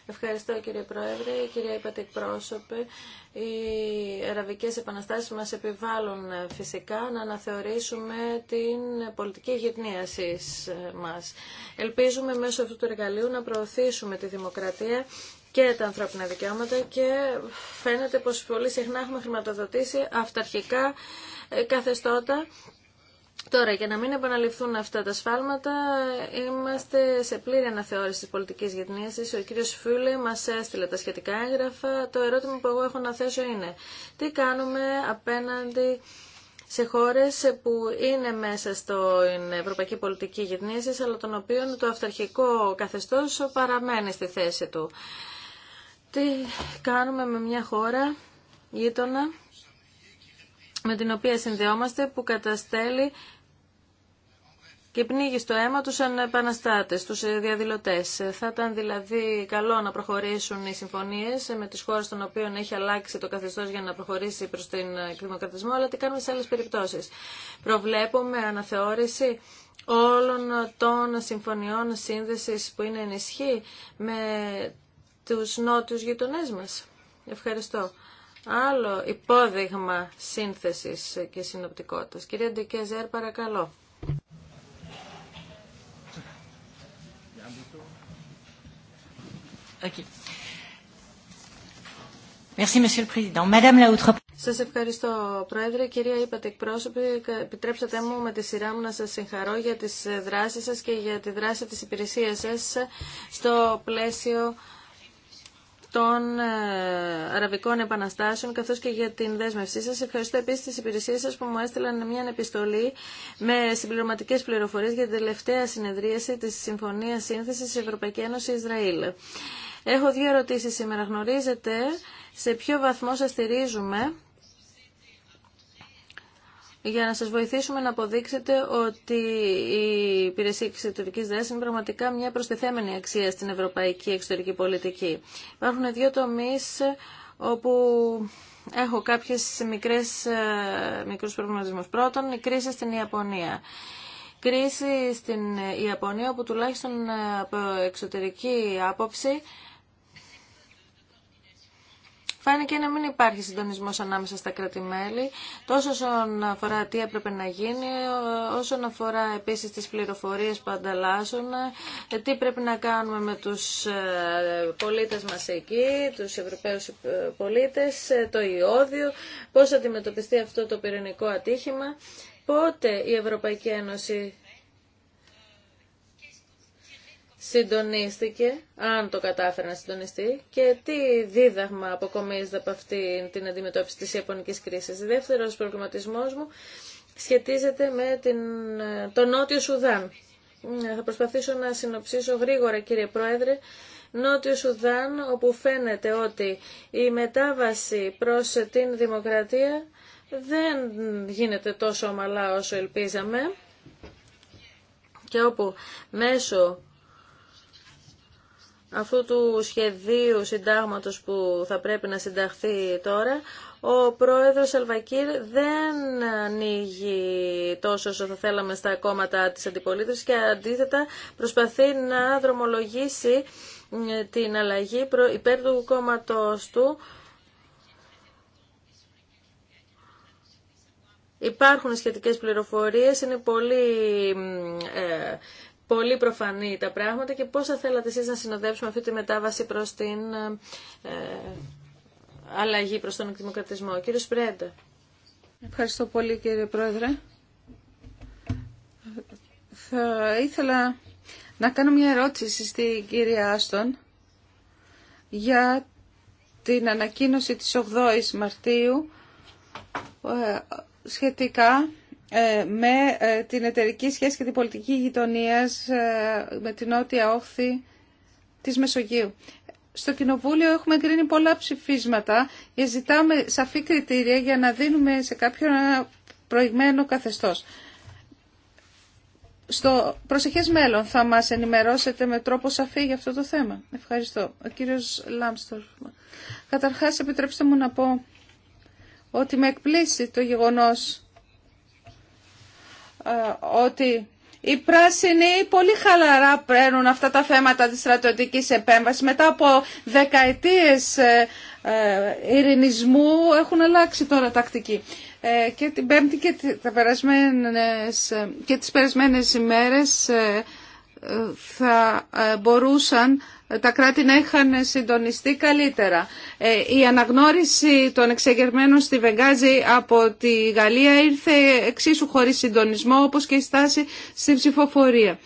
Ευχαριστώ κύριε Πρόεδρε, κυρία Υπατικπρόσωπε. Οι αραβικές επαναστάσεις μας επιβάλλουν ε, φυσικά να αναθεωρήσουμε την πολιτική γυρνίαση ε, μας. Ελπίζουμε μέσω αυτού του εργαλείου να προωθήσουμε τη δημοκρατία και τα ανθρώπινα δικαιώματα και φαίνεται πως πολύ συχνά έχουμε χρηματοδοτήσει αυταρχικά ε, καθεστώτα Τώρα, για να μην επαναληφθούν αυτά τα σφάλματα, είμαστε σε πλήρη αναθεώρηση της πολιτικής γετνίασης. Ο κύριος Φούλε μας έστειλε τα σχετικά έγγραφα. Το ερώτημα που εγώ έχω να θέσω είναι, τι κάνουμε απέναντι σε χώρες που είναι μέσα στην ευρωπαϊκή πολιτική γετνίασης, αλλά των οποίων το αυταρχικό καθεστώς παραμένει στη θέση του. Τι κάνουμε με μια χώρα γείτονα με την οποία συνδεόμαστε που καταστέλει και πνίγει στο αίμα τους επαναστάτες, τους διαδηλωτές. Θα ήταν δηλαδή καλό να προχωρήσουν οι συμφωνίες με τις χώρες των οποίων έχει αλλάξει το καθεστώς για να προχωρήσει προς τον ε, εκδημοκρατισμό, αλλά τι κάνουμε σε άλλες περιπτώσεις. Προβλέπουμε αναθεώρηση όλων των συμφωνιών σύνδεσης που είναι ενισχύ με τους νότιους γειτονές μας. Ευχαριστώ. Άλλο υπόδειγμα σύνθεσης και συνοπτικότητας. Κυρία Ντικέζερ, παρακαλώ. Σα ευχαριστώ, Πρόεδρε. Κυρία είπατε εκπρόσωποι, επιτρέψατε μου με τη σειρά μου να σα συγχαρώ για τι ε, δράσει σα και για τη δράση τη υπηρεσία σα στο πλαίσιο των ε, Αραβικών Επαναστάσεων καθώ και για την δέσμευσή σα, Ευχαριστώ επίση τι υπηρεσίε σα που μου έστειλαν μια επιστολή με συμπληρωματικέ πληροφορίε για την τελευταία συνεδρίαση τη Συμφωνία Σύνθεση Ευρωπαϊκή Ένωση Ισραήλ. Έχω δύο ερωτήσεις σήμερα. Γνωρίζετε σε ποιο βαθμό σας στηρίζουμε για να σας βοηθήσουμε να αποδείξετε ότι η υπηρεσία εξωτερικής δράσης είναι πραγματικά μια προστιθέμενη αξία στην ευρωπαϊκή εξωτερική πολιτική. Υπάρχουν δύο τομείς όπου έχω κάποιες μικρές, ε, μικρούς προβληματισμούς. Πρώτον, η κρίση στην Ιαπωνία. Κρίση στην Ιαπωνία όπου τουλάχιστον ε, από εξωτερική άποψη φάνηκε να μην υπάρχει συντονισμό ανάμεσα στα κρατη τόσο όσον αφορά τι έπρεπε να γίνει, όσον αφορά επίσης τις πληροφορίες που ανταλλάσσουν, ε, τι πρέπει να κάνουμε με τους ε, πολίτες μας εκεί, τους Ευρωπαίους ε, πολίτες, το ιόδιο, πώς θα αντιμετωπιστεί αυτό το πυρηνικό ατύχημα, πότε η Ευρωπαϊκή Ένωση συντονίστηκε, αν το κατάφερε να συντονιστεί, και τι δίδαγμα αποκομίζεται από αυτή την αντιμετώπιση της ιαπωνικής κρίσης. Δεύτερος προβληματισμός μου σχετίζεται με την, το Νότιο Σουδάν. Ε, θα προσπαθήσω να συνοψίσω γρήγορα, κύριε Πρόεδρε, Νότιο Σουδάν, όπου φαίνεται ότι η μετάβαση προς την δημοκρατία δεν γίνεται τόσο ομαλά όσο ελπίζαμε και όπου μέσω αυτού του σχεδίου συντάγματος που θα πρέπει να συνταχθεί τώρα, ο πρόεδρος Αλβακύρ δεν ανοίγει τόσο όσο θα θέλαμε στα κόμματα της αντιπολίτευσης και αντίθετα προσπαθεί να δρομολογήσει ε, την αλλαγή υπέρ του κόμματος του. Υπάρχουν σχετικές πληροφορίες, είναι πολύ ε, πολύ προφανή τα πράγματα και πώς θα θέλατε εσείς να συνοδεύσουμε αυτή τη μετάβαση προς την ε, ε, αλλαγή προς τον εκδημοκρατισμό. Κύριε Σπρέντα. Ευχαριστώ πολύ κύριε Πρόεδρε. Θα ήθελα να κάνω μια ερώτηση στην κυρία Άστον για την ανακοίνωση της 8ης Μαρτίου ε, σχετικά ε, με ε, την εταιρική σχέση και την πολιτική γειτονία ε, με την νότια όχθη της Μεσογείου. Στο Κοινοβούλιο έχουμε εγκρίνει πολλά ψηφίσματα και ζητάμε σαφή κριτήρια για να δίνουμε σε κάποιον ένα προηγμένο καθεστώς. Στο προσεχές μέλλον θα μας ενημερώσετε με τρόπο σαφή για αυτό το θέμα. Ευχαριστώ. Ο κύριος Λάμστορ. Καταρχάς επιτρέψτε μου να πω ότι με εκπλήσει το γεγονός ε, ότι οι πράσινοι πολύ χαλαρά παίρνουν αυτά τα θέματα της στρατιωτικής επέμβασης. Μετά από δεκαετίες ε, ε, ειρηνισμού έχουν αλλάξει τώρα τακτική. Και την Πέμπτη και, τα περασμένες, και τις περασμένες ημέρες θα μπορούσαν τα κράτη να είχαν συντονιστεί καλύτερα. Ε, η αναγνώριση των εξεγερμένων στη Βεγγάζη από τη Γαλλία ήρθε εξίσου χωρίς συντονισμό, όπως και η στάση στην ψηφοφορία.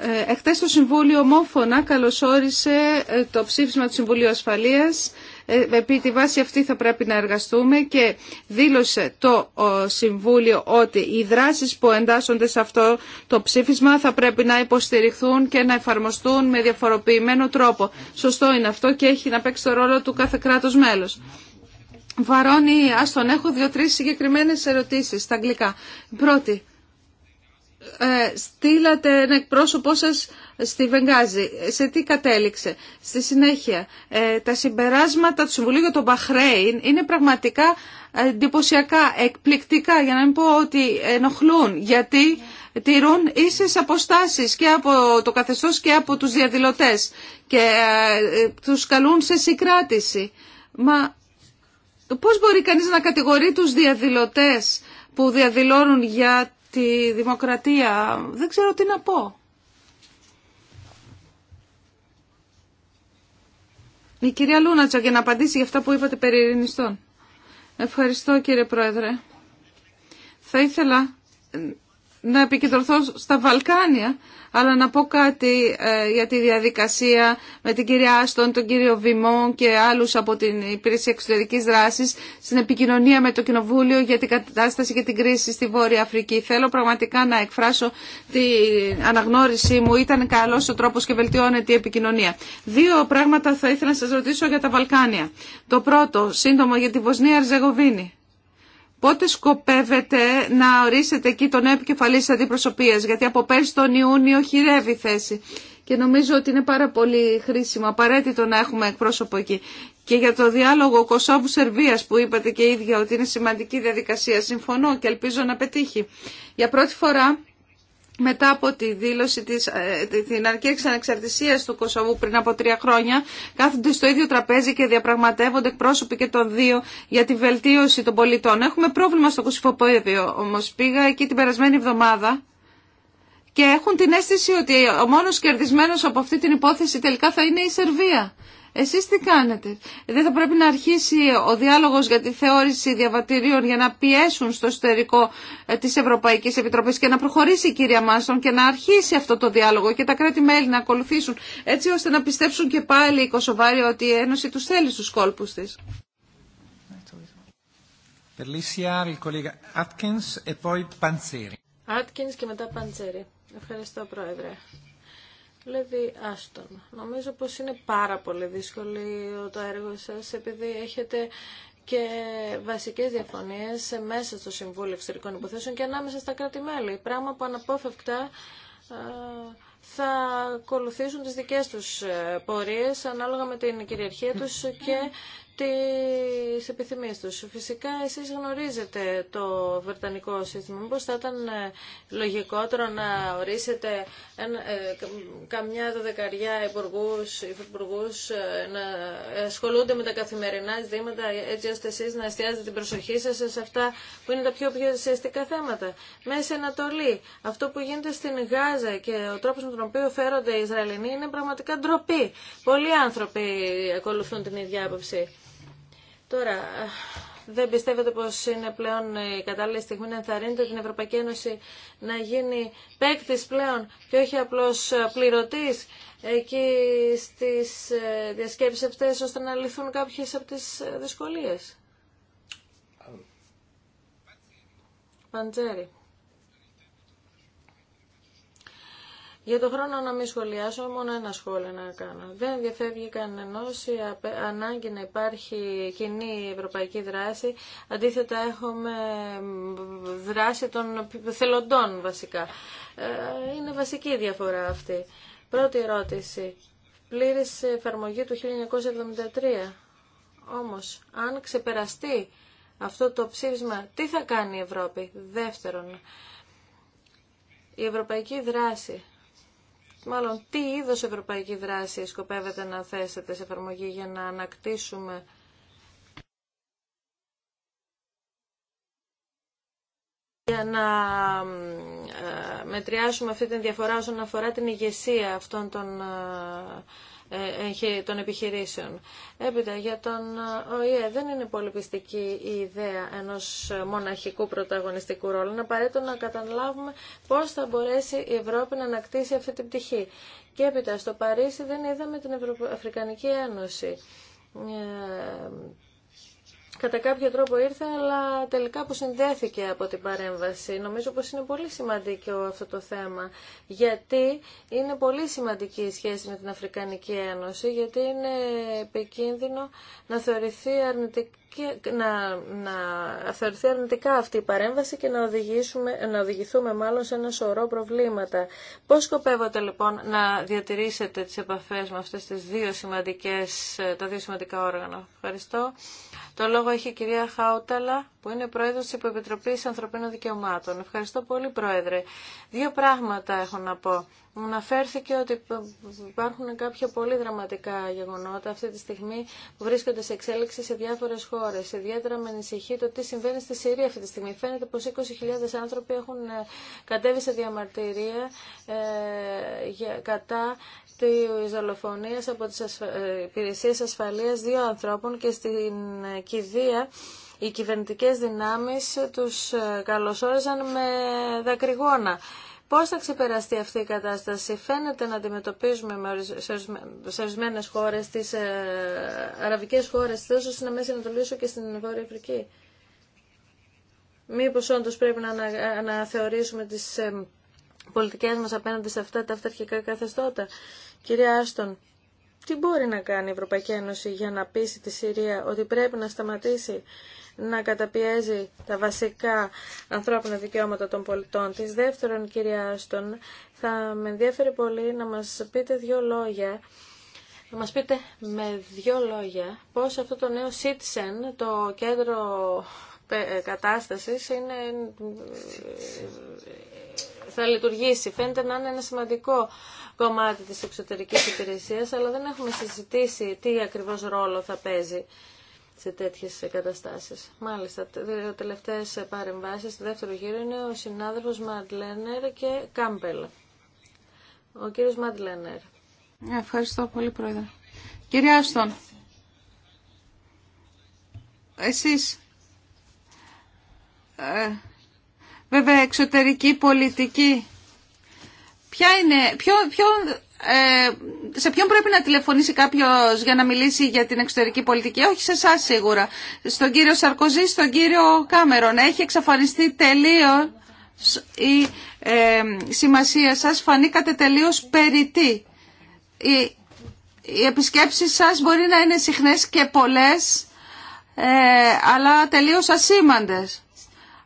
Ε, εχθές το Συμβούλιο ομόφωνα καλωσόρισε ε, το ψήφισμα του Συμβουλίου Ασφαλείας ε, επί τη βάση αυτή θα πρέπει να εργαστούμε και δήλωσε το Συμβούλιο ότι οι δράσεις που εντάσσονται σε αυτό το ψήφισμα θα πρέπει να υποστηριχθούν και να εφαρμοστούν με διαφοροποιημένο τρόπο. Σωστό είναι αυτό και έχει να παίξει το ρόλο του κάθε κράτος μέλος. Βαρώνει, ας τον έχω δύο-τρεις συγκεκριμένες ερωτήσεις στα αγγλικά. Πρώτη, ε, στείλατε ένα εκπρόσωπό σας στη Βενγάζη. Σε τι κατέληξε. Στη συνέχεια, ε, τα συμπεράσματα του Συμβουλίου για τον Μπαχρέιν είναι πραγματικά εντυπωσιακά, εκπληκτικά, για να μην πω ότι ενοχλούν, γιατί τηρούν ίσες αποστάσεις και από το καθεστώς και από τους διαδηλωτές και ε, τους καλούν σε συγκράτηση. Μα πώς μπορεί κανείς να κατηγορεί τους διαδηλωτές που διαδηλώνουν για τη δημοκρατία. Δεν ξέρω τι να πω. Η κυρία Λούνατσα για να απαντήσει για αυτά που είπατε περί ειρηνιστών. Ευχαριστώ κύριε Πρόεδρε. Θα ήθελα να επικεντρωθώ στα Βαλκάνια, αλλά να πω κάτι ε, για τη διαδικασία με την κυρία Άστον, τον κύριο Βημό και άλλους από την Υπηρεσία Εξωτερικής Δράσης στην επικοινωνία με το Κοινοβούλιο για την κατάσταση και την κρίση στη Βόρεια Αφρική. Θέλω πραγματικά να εκφράσω την αναγνώρισή μου. Ήταν καλός ο τρόπος και βελτιώνεται η επικοινωνία. Δύο πράγματα θα ήθελα να σας ρωτήσω για τα Βαλκάνια. Το πρώτο, σύντομο για τη Βοσνία Πότε σκοπεύετε να ορίσετε εκεί τον νέο επικεφαλή τη αντιπροσωπεία, γιατί από πέρσι τον Ιούνιο χειρεύει η θέση. Και νομίζω ότι είναι πάρα πολύ χρήσιμο, απαραίτητο να έχουμε εκπρόσωπο εκεί. Και για το διάλογο Κωσόβου-Σερβία που είπατε και ίδια ότι είναι σημαντική διαδικασία, συμφωνώ και ελπίζω να πετύχει. Για πρώτη φορά μετά από τη δήλωση της, ε, την αρκή εξαρτησίας του Κωσοβού πριν από τρία χρόνια, κάθονται στο ίδιο τραπέζι και διαπραγματεύονται εκπρόσωποι και των δύο για τη βελτίωση των πολιτών. Έχουμε πρόβλημα στο Κωσυφοπέδιο, όμως πήγα εκεί την περασμένη εβδομάδα και έχουν την αίσθηση ότι ο μόνος κερδισμένος από αυτή την υπόθεση τελικά θα είναι η Σερβία. Εσείς τι κάνετε. Δεν θα πρέπει να αρχίσει ο διάλογος για τη θεώρηση διαβατηρίων για να πιέσουν στο εσωτερικό ε, της Ευρωπαϊκής Επιτροπής και να προχωρήσει η κυρία Μάστον και να αρχίσει αυτό το διάλογο και τα κράτη-μέλη να ακολουθήσουν έτσι ώστε να πιστέψουν και πάλι οι Κωσοβάροι ότι η Ένωση τους θέλει στους κόλπους της. E Ευχαριστώ Πρόεδρε. Δηλαδή, Άστον, νομίζω πως είναι πάρα πολύ δύσκολο το έργο σας επειδή έχετε και βασικές διαφωνίες μέσα στο Συμβούλιο Εξωτερικών Υποθέσεων και ανάμεσα στα κράτη-μέλη, πράγμα που αναπόφευκτα θα ακολουθήσουν τις δικές τους ε, πορείες ανάλογα με την κυριαρχία τους και τις επιθυμίες τους. Φυσικά εσείς γνωρίζετε το βρετανικό σύστημα. Μήπως θα ήταν ε, λογικότερο να ορίσετε ε, καμιά δεκαριά υπουργούς, υπουργούς ε, να ασχολούνται με τα καθημερινά ζητήματα έτσι ώστε εσείς να εστιάζετε την προσοχή σας σε αυτά που είναι τα πιο πιο ουσιαστικά θέματα. Μέση Ανατολή, αυτό που γίνεται στην Γάζα και ο τρόπος με τον οποίο φέρονται οι Ισραηλινοί είναι πραγματικά ντροπή. Πολλοί άνθρωποι ακολουθούν την ίδια άποψη. Τώρα, δεν πιστεύετε πως είναι πλέον η κατάλληλη στιγμή να ενθαρρύνετε την Ευρωπαϊκή Ένωση να γίνει παίκτη πλέον και όχι απλώς πληρωτής εκεί στις ε, διασκέψεις αυτές ώστε να λυθούν κάποιες από τις ε, δυσκολίες. Παντζέρη. Για τον χρόνο να μην σχολιάσω, μόνο ένα σχόλιο να κάνω. Δεν διαφεύγει κανένα η ανάγκη να υπάρχει κοινή ευρωπαϊκή δράση. Αντίθετα, έχουμε δράση των θελοντών βασικά. Ε, είναι βασική η διαφορά αυτή. Πρώτη ερώτηση. Πλήρης εφαρμογή του 1973. Όμως, αν ξεπεραστεί αυτό το ψήφισμα, τι θα κάνει η Ευρώπη. Δεύτερον, η ευρωπαϊκή δράση μάλλον τι είδος ευρωπαϊκή δράση σκοπεύετε να θέσετε σε εφαρμογή για να ανακτήσουμε για να ε, μετριάσουμε αυτή την διαφορά όσον αφορά την ηγεσία αυτών των ε, ε, των επιχειρήσεων. Έπειτα, για τον ΟΗΕ δεν είναι πολύ πιστική η ιδέα ενός μοναχικού πρωταγωνιστικού ρόλου. Είναι απαραίτητο να καταλάβουμε πώς θα μπορέσει η Ευρώπη να ανακτήσει αυτή την πτυχή. Και έπειτα, στο Παρίσι δεν είδαμε την Αφρικανική Ένωση ε, κατά κάποιο τρόπο ήρθε, αλλά τελικά αποσυνδέθηκε από την παρέμβαση. Νομίζω πως είναι πολύ σημαντικό αυτό το θέμα, γιατί είναι πολύ σημαντική η σχέση με την Αφρικανική Ένωση, γιατί είναι επικίνδυνο να θεωρηθεί αρνητική και να, να θεωρηθεί αρνητικά αυτή η παρέμβαση και να, οδηγήσουμε, να οδηγηθούμε μάλλον σε ένα σωρό προβλήματα. Πώς σκοπεύετε λοιπόν να διατηρήσετε τις επαφές με αυτές τις δύο σημαντικές, τα δύο σημαντικά όργανα. Ευχαριστώ. Το λόγο έχει η κυρία Χάουταλα που είναι πρόεδρος της Υποεπιτροπής Ανθρωπίνων Δικαιωμάτων. Ευχαριστώ πολύ πρόεδρε. Δύο πράγματα έχω να πω. Μου αναφέρθηκε ότι υπάρχουν κάποια πολύ δραματικά γεγονότα αυτή τη στιγμή που βρίσκονται σε εξέλιξη σε διάφορε χώρε. Ιδιαίτερα με ανησυχεί το τι συμβαίνει στη Συρία αυτή τη στιγμή. Φαίνεται πω 20.000 άνθρωποι έχουν ε, κατέβει σε διαμαρτυρία ε, κατά τη δολοφονία από τι ε, υπηρεσίε ασφαλεία δύο ανθρώπων και στην κηδεία οι κυβερνητικέ δυνάμει του καλωσόριζαν με δακρυγόνα. Πώς θα ξεπεραστεί αυτή η κατάσταση. Φαίνεται να αντιμετωπίζουμε σε ορισμένε χώρες, τις ε, αραβικές χώρες, τόσο στην Αμέση Ανατολή και στην Βόρεια Αφρική. Μήπως όντως πρέπει να αναθεωρήσουμε τις ε, πολιτικές μας απέναντι σε αυτά τα αυταρχικά καθεστώτα. Κυρία Άστον, τι μπορεί να κάνει η Ευρωπαϊκή Ένωση για να πείσει τη Συρία ότι πρέπει να σταματήσει να καταπιέζει τα βασικά ανθρώπινα δικαιώματα των πολιτών της. Δεύτερον, κυρία Άστον, θα με ενδιαφέρει πολύ να μας πείτε δύο λόγια να μας πείτε με δύο λόγια πώς αυτό το νέο Citizen, το κέντρο ε, κατάστασης είναι, ε, θα λειτουργήσει. Φαίνεται να είναι ένα σημαντικό κομμάτι της εξωτερικής υπηρεσίας, αλλά δεν έχουμε συζητήσει τι ακριβώς ρόλο θα παίζει σε τέτοιες καταστάσεις. Μάλιστα, δύο τελευταίες παρεμβάσεις στο δεύτερο γύρο είναι ο συνάδελφος Μαντλένερ και Κάμπελ. Ο κύριος Μαντλένερ. Ευχαριστώ πολύ, Πρόεδρε. Κύριε Άστον, εσείς ε, βέβαια εξωτερική πολιτική. Ποια είναι, ποιο, ε, σε ποιον πρέπει να τηλεφωνήσει κάποιος για να μιλήσει για την εξωτερική πολιτική, όχι σε εσά σίγουρα. Στον κύριο Σαρκοζή, στον κύριο Κάμερον. Έχει εξαφανιστεί τελείως η ε, σημασία σας, φανήκατε τελείως περιττή. Οι, οι επισκέψεις σας μπορεί να είναι συχνές και πολλές, ε, αλλά τελείως ασήμαντες.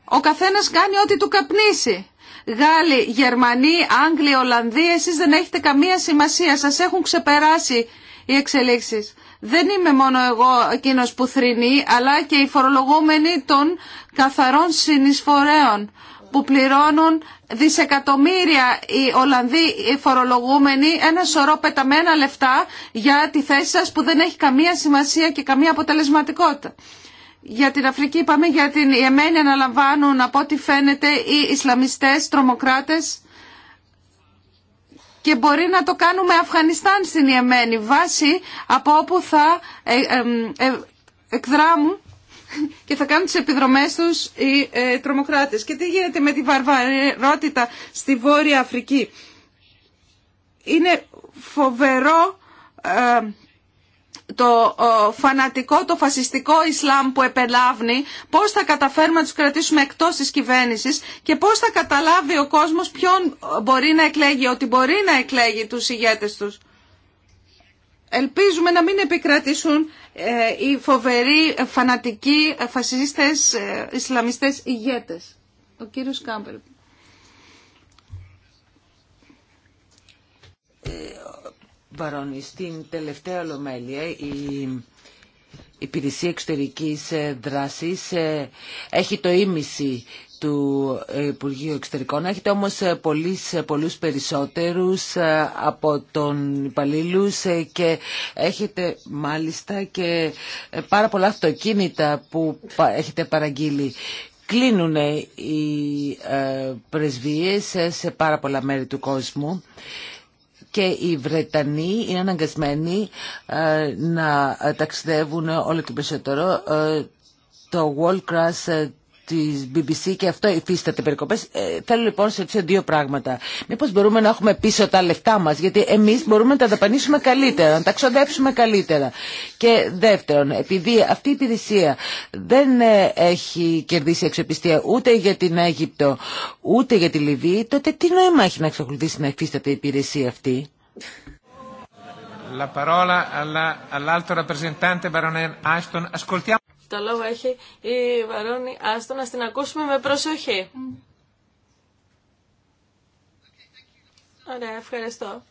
Ο καθένας κάνει ό,τι του καπνίσει. Γάλλοι, Γερμανοί, Άγγλοι, Ολλανδοί, εσείς δεν έχετε καμία σημασία. Σας έχουν ξεπεράσει οι εξελίξεις. Δεν είμαι μόνο εγώ εκείνο που θρυνεί, αλλά και οι φορολογούμενοι των καθαρών συνεισφορέων που πληρώνουν δισεκατομμύρια οι Ολλανδοί οι φορολογούμενοι ένα σωρό πεταμένα λεφτά για τη θέση σας που δεν έχει καμία σημασία και καμία αποτελεσματικότητα. Για την Αφρική είπαμε, για την Ιεμένη αναλαμβάνουν από ό,τι φαίνεται οι Ισλαμιστές, τρομοκράτες και μπορεί να το κάνουμε Αφγανιστάν στην Ιεμένη βάση από όπου θα ε, ε, ε, εκδράμουν και θα κάνουν τις επιδρομές τους οι τρομοκράτες. Και τι γίνεται με τη βαρβαρότητα στη Βόρεια Αφρική. Είναι φοβερό το φανατικό, το φασιστικό Ισλάμ που επελάβνει, πώς θα καταφέρουμε να τους κρατήσουμε εκτός της κυβέρνησης και πώς θα καταλάβει ο κόσμος ποιον μπορεί να εκλέγει, ότι μπορεί να εκλέγει τους ηγέτες τους. Ελπίζουμε να μην επικρατήσουν ε, οι φοβεροί, ε, φανατικοί, ε, φασιστές, Ισλαμιστές ηγέτες. Ο κύριος Κάμπελ στην τελευταία ολομέλεια η υπηρεσία εξωτερικής ε, δράσης ε, έχει το ίμιση του ε, Υπουργείου Εξωτερικών. Έχετε όμως πολλούς, πολλούς περισσότερους από τον υπαλλήλου και έχετε μάλιστα και πάρα πολλά αυτοκίνητα που έχετε παραγγείλει. Κλείνουν οι πρεσβείες σε πάρα πολλά μέρη του κόσμου και οι Βρετανοί είναι αναγκασμένοι ε, να ταξιδεύουν όλο και περισσότερο ε, το World ε, της BBC και αυτό υφίσταται περικοπές. Ε, θέλω λοιπόν σε έτσι δύο πράγματα. Μήπως μπορούμε να έχουμε πίσω τα λεφτά μας, γιατί εμείς μπορούμε να τα δαπανίσουμε καλύτερα, να τα ξοδέψουμε καλύτερα. Και δεύτερον, επειδή αυτή η υπηρεσία δεν ε, έχει κερδίσει εξοπιστία ούτε για την Αίγυπτο, ούτε για τη Λιβύη, τότε τι νόημα έχει να εξακολουθήσει να υφίσταται η υπηρεσία αυτή. La parola το λόγο έχει η Βαρόνη Άστο να την ακούσουμε με προσοχή. Ωραία, ευχαριστώ.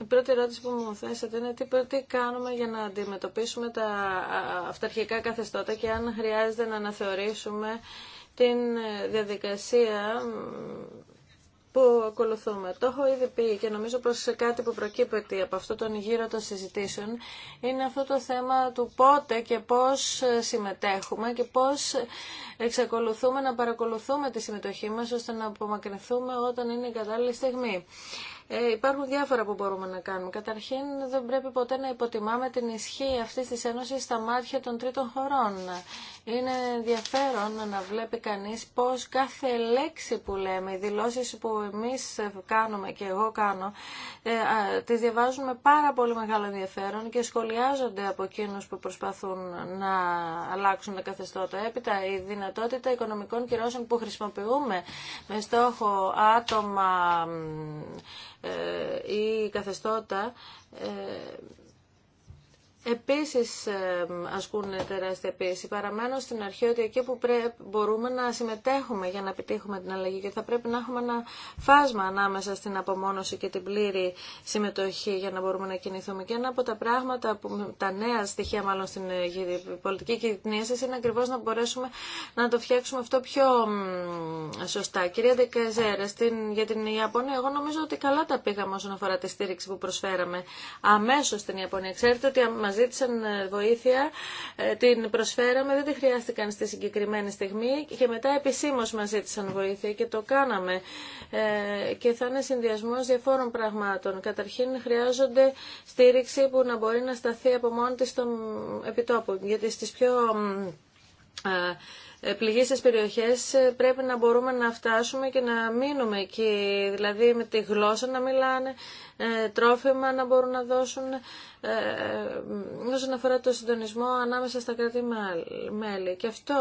Η πρώτη ερώτηση που μου θέσατε είναι τι, τι κάνουμε για να αντιμετωπίσουμε τα αυταρχικά καθεστώτα και αν χρειάζεται να αναθεωρήσουμε την διαδικασία που ακολουθούμε. Το έχω ήδη πει και νομίζω πως κάτι που προκύπτει από αυτόν τον γύρο των συζητήσεων είναι αυτό το θέμα του πότε και πώς συμμετέχουμε και πώς εξακολουθούμε να παρακολουθούμε τη συμμετοχή μας ώστε να απομακρυνθούμε όταν είναι η κατάλληλη στιγμή. Ε, υπάρχουν διάφορα που μπορούμε να κάνουμε. Καταρχήν δεν πρέπει ποτέ να υποτιμάμε την ισχύ αυτής της Ένωσης στα μάτια των τρίτων χωρών. Είναι ενδιαφέρον να βλέπει κανείς πώς κάθε λέξη που λέμε, οι δηλώσεις που εμείς κάνουμε και εγώ κάνω, ε, α, τις διαβάζουν με πάρα πολύ μεγάλο ενδιαφέρον και σχολιάζονται από εκείνους που προσπαθούν να αλλάξουν τα καθεστώτα. Έπειτα η δυνατότητα δυνατότητα οικονομικών κυρώσεων που χρησιμοποιούμε με στόχο άτομα ε, ή καθεστώτα ε, επίσης ε, ασκούν τεράστια πίεση. Παραμένω στην αρχή ότι εκεί που μπορούμε να συμμετέχουμε για να επιτύχουμε την αλλαγή και θα πρέπει να έχουμε ένα φάσμα ανάμεσα στην απομόνωση και την πλήρη συμμετοχή για να μπορούμε να κινηθούμε. Και ένα από τα πράγματα, που, τα νέα στοιχεία μάλλον στην ε, πολιτική κοινωνία είναι ακριβώ να μπορέσουμε να το φτιάξουμε αυτό πιο σωστά. Κυρία Δεκαζέρα, για την Ιαπωνία, εγώ νομίζω ότι καλά τα πήγαμε όσον αφορά τη στήριξη που προσφέραμε αμέσω στην Ιαπωνία. Ξέρετε ότι μας ζήτησαν ε, βοήθεια, ε, την προσφέραμε, δεν τη χρειάστηκαν στη συγκεκριμένη στιγμή και μετά επισήμως μας ζήτησαν βοήθεια και το κάναμε. Ε, και θα είναι συνδυασμό διαφόρων πραγμάτων. Καταρχήν χρειάζονται στήριξη που να μπορεί να σταθεί από μόνη της στο επιτόπου, γιατί στις πιο ε, πληγεί στι περιοχές ε, πρέπει να μπορούμε να φτάσουμε και να μείνουμε εκεί, δηλαδή με τη γλώσσα να μιλάνε, ε, τρόφιμα να μπορούν να δώσουν όσον αφορά το συντονισμό ανάμεσα στα κράτη-μέλη. Και αυτό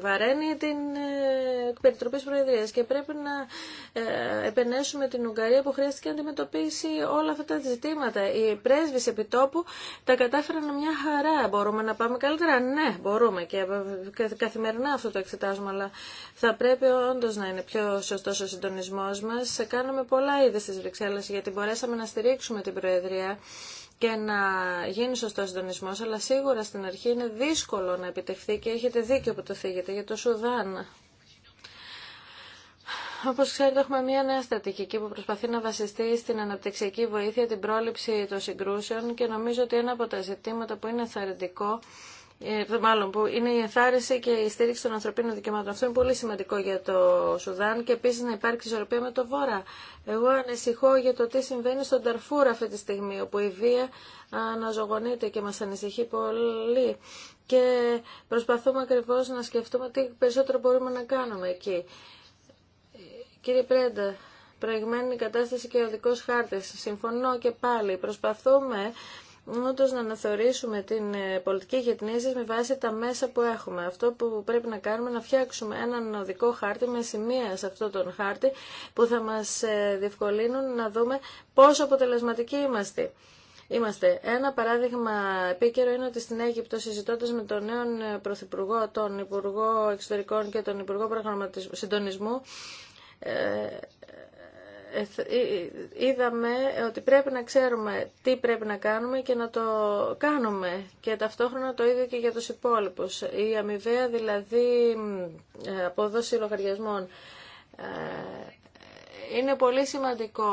βαραίνει την περιτροπή προεδρία και πρέπει να επενέσουμε την Ουγγαρία που χρειάστηκε να αντιμετωπίσει όλα αυτά τα ζητήματα. Οι πρέσβεις επιτόπου τα κατάφεραν μια χαρά. Μπορούμε να πάμε καλύτερα. Ναι, μπορούμε και καθημερινά αυτό το εξετάζουμε, αλλά θα πρέπει όντω να είναι πιο σωστό ο συντονισμό μα. Κάνουμε πολλά είδη στι Βρυξέλλε γιατί μπορέσαμε να στηρίξουμε την Προεδρία και να γίνει σωστό συντονισμό, αλλά σίγουρα στην αρχή είναι δύσκολο να επιτευχθεί και έχετε δίκιο που το θίγετε για το Σουδάν. Όπω ξέρετε, έχουμε μια νέα στρατηγική που προσπαθεί να βασιστεί στην αναπτυξιακή βοήθεια, την πρόληψη των συγκρούσεων και νομίζω ότι ένα από τα ζητήματα που είναι θαρρυντικό ε, μάλλον που είναι η ενθάρρυνση και η στήριξη των ανθρωπίνων δικαιωμάτων. Αυτό είναι πολύ σημαντικό για το Σουδάν και επίση να υπάρξει ισορροπία με το Βόρα. Εγώ ανησυχώ για το τι συμβαίνει στον Ταρφούρ αυτή τη στιγμή, όπου η βία αναζωογονείται και μα ανησυχεί πολύ. Και προσπαθούμε ακριβώ να σκεφτούμε τι περισσότερο μπορούμε να κάνουμε εκεί. Κύριε Πρέντα, προηγμένη κατάσταση και ο δικό χάρτη. Συμφωνώ και πάλι. Προσπαθούμε όντως να αναθεωρήσουμε την ε, πολιτική γετνήσεις με βάση τα μέσα που έχουμε. Αυτό που πρέπει να κάνουμε είναι να φτιάξουμε έναν οδικό χάρτη με σημεία σε αυτόν τον χάρτη που θα μας ε, διευκολύνουν να δούμε πόσο αποτελεσματικοί είμαστε. Είμαστε. Ένα παράδειγμα επίκαιρο είναι ότι στην Αίγυπτο, συζητώντα με τον νέο ε, Πρωθυπουργό, τον Υπουργό Εξωτερικών και τον Υπουργό Συντονισμού, ε, ε, είδαμε ότι πρέπει να ξέρουμε τι πρέπει να κάνουμε και να το κάνουμε και ταυτόχρονα το ίδιο και για τους υπόλοιπους. Η αμοιβαία δηλαδή ε, αποδόση λογαριασμών είναι πολύ σημαντικό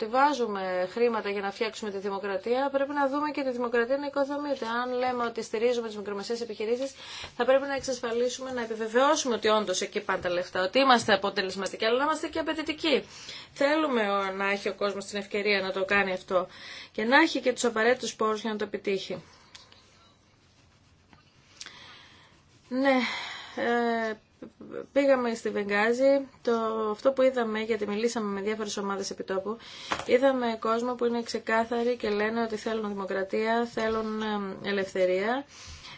να βάζουμε χρήματα για να φτιάξουμε τη δημοκρατία. Πρέπει να δούμε και τη δημοκρατία να οικοδομείται. Αν λέμε ότι στηρίζουμε τι μικρομεσαίε επιχειρήσει, θα πρέπει να εξασφαλίσουμε, να επιβεβαιώσουμε ότι όντω εκεί πάντα λεφτά, ότι είμαστε αποτελεσματικοί, αλλά να είμαστε και απαιτητικοί. Θέλουμε να έχει ο κόσμο την ευκαιρία να το κάνει αυτό και να έχει και του απαραίτητου πόρου για να το επιτύχει. Ναι, ε, πήγαμε στη Βενγάζη, το, αυτό που είδαμε, γιατί μιλήσαμε με διάφορες ομάδες επιτόπου, είδαμε κόσμο που είναι ξεκάθαροι και λένε ότι θέλουν δημοκρατία, θέλουν ελευθερία.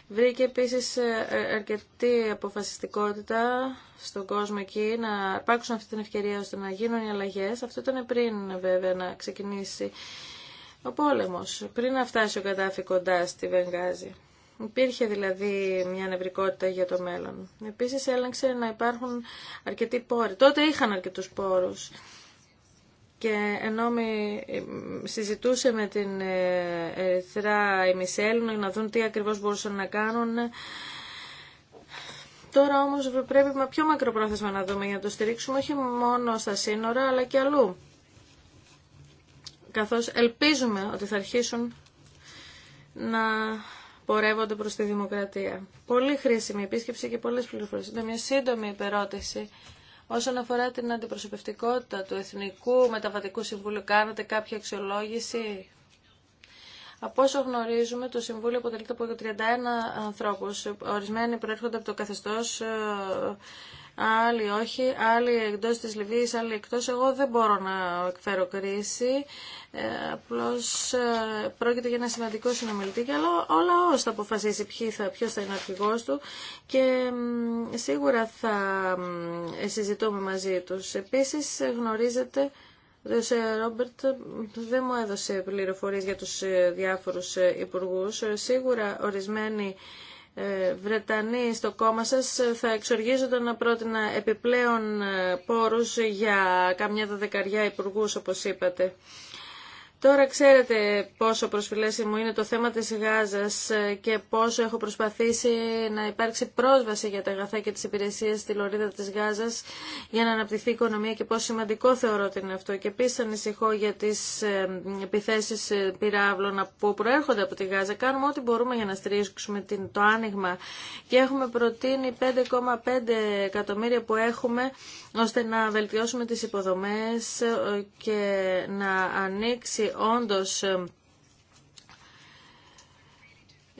Βρήκε επίσης ε, αρκετή αποφασιστικότητα στον κόσμο εκεί να αρπάξουν αυτή την ευκαιρία ώστε να γίνουν οι αλλαγέ. Αυτό ήταν πριν βέβαια να ξεκινήσει ο πόλεμος, πριν να φτάσει ο κατάφη κοντά στη Βενγάζη. Υπήρχε δηλαδή μια νευρικότητα για το μέλλον. Επίσης έλεγξε να υπάρχουν αρκετοί πόροι. Τότε είχαν αρκετούς πόρους. Και ενώ συζητούσε με την ε, Ερυθρά η Μισελνο να δουν τι ακριβώς μπορούσαν να κάνουν, τώρα όμως πρέπει με πιο μακροπρόθεσμα να δούμε για να το στηρίξουμε όχι μόνο στα σύνορα αλλά και αλλού. Καθώς ελπίζουμε ότι θα αρχίσουν να πορεύονται προς τη δημοκρατία. Πολύ χρήσιμη επίσκεψη και πολλές πληροφορίες. Είναι μια σύντομη υπερώτηση. Όσον αφορά την αντιπροσωπευτικότητα του Εθνικού Μεταβατικού Συμβούλου, κάνετε κάποια αξιολόγηση. Από όσο γνωρίζουμε, το Συμβούλιο αποτελείται από 31 ανθρώπους. Ορισμένοι προέρχονται από το καθεστώς ε, άλλοι όχι, άλλοι εκτός της Λιβύης, άλλοι εκτός. Εγώ δεν μπορώ να εκφέρω κρίση, ε, απλώς ε, πρόκειται για ένα σημαντικό συνομιλητή και αλλά ο λαός θα αποφασίσει ποιο θα, ποιος θα είναι ο του και σίγουρα θα συζητούμε μαζί τους. Επίσης γνωρίζετε... Ο Ρόμπερτ δεν μου έδωσε πληροφορίες για τους ε, διάφορους ε, υπουργούς. Σίγουρα ορισμένοι ε, Βρετανοί στο κόμμα σας ε, θα εξοργίζονταν να πρότεινα επιπλέον ε, πόρους για καμιά δεκαριά υπουργούς όπως είπατε. Τώρα ξέρετε πόσο μου είναι το θέμα της Γάζας ε, και πόσο έχω προσπαθήσει να υπάρξει πρόσβαση για τα αγαθά και τις υπηρεσίες στη λωρίδα της Γάζας για να αναπτυχθεί η οικονομία και πόσο σημαντικό θεωρώ ότι είναι αυτό. Και επίσης ανησυχώ για τις ε, επιθέσεις ε, πυράβλων που προέρχονται από τη Γάζα. Κάνουμε ό,τι μπορούμε για να στηρίξουμε το άνοιγμα και έχουμε προτείνει 5,5 εκατομμύρια που έχουμε ώστε να βελτιώσουμε τις υποδομές και να ανοίξει όντως ε,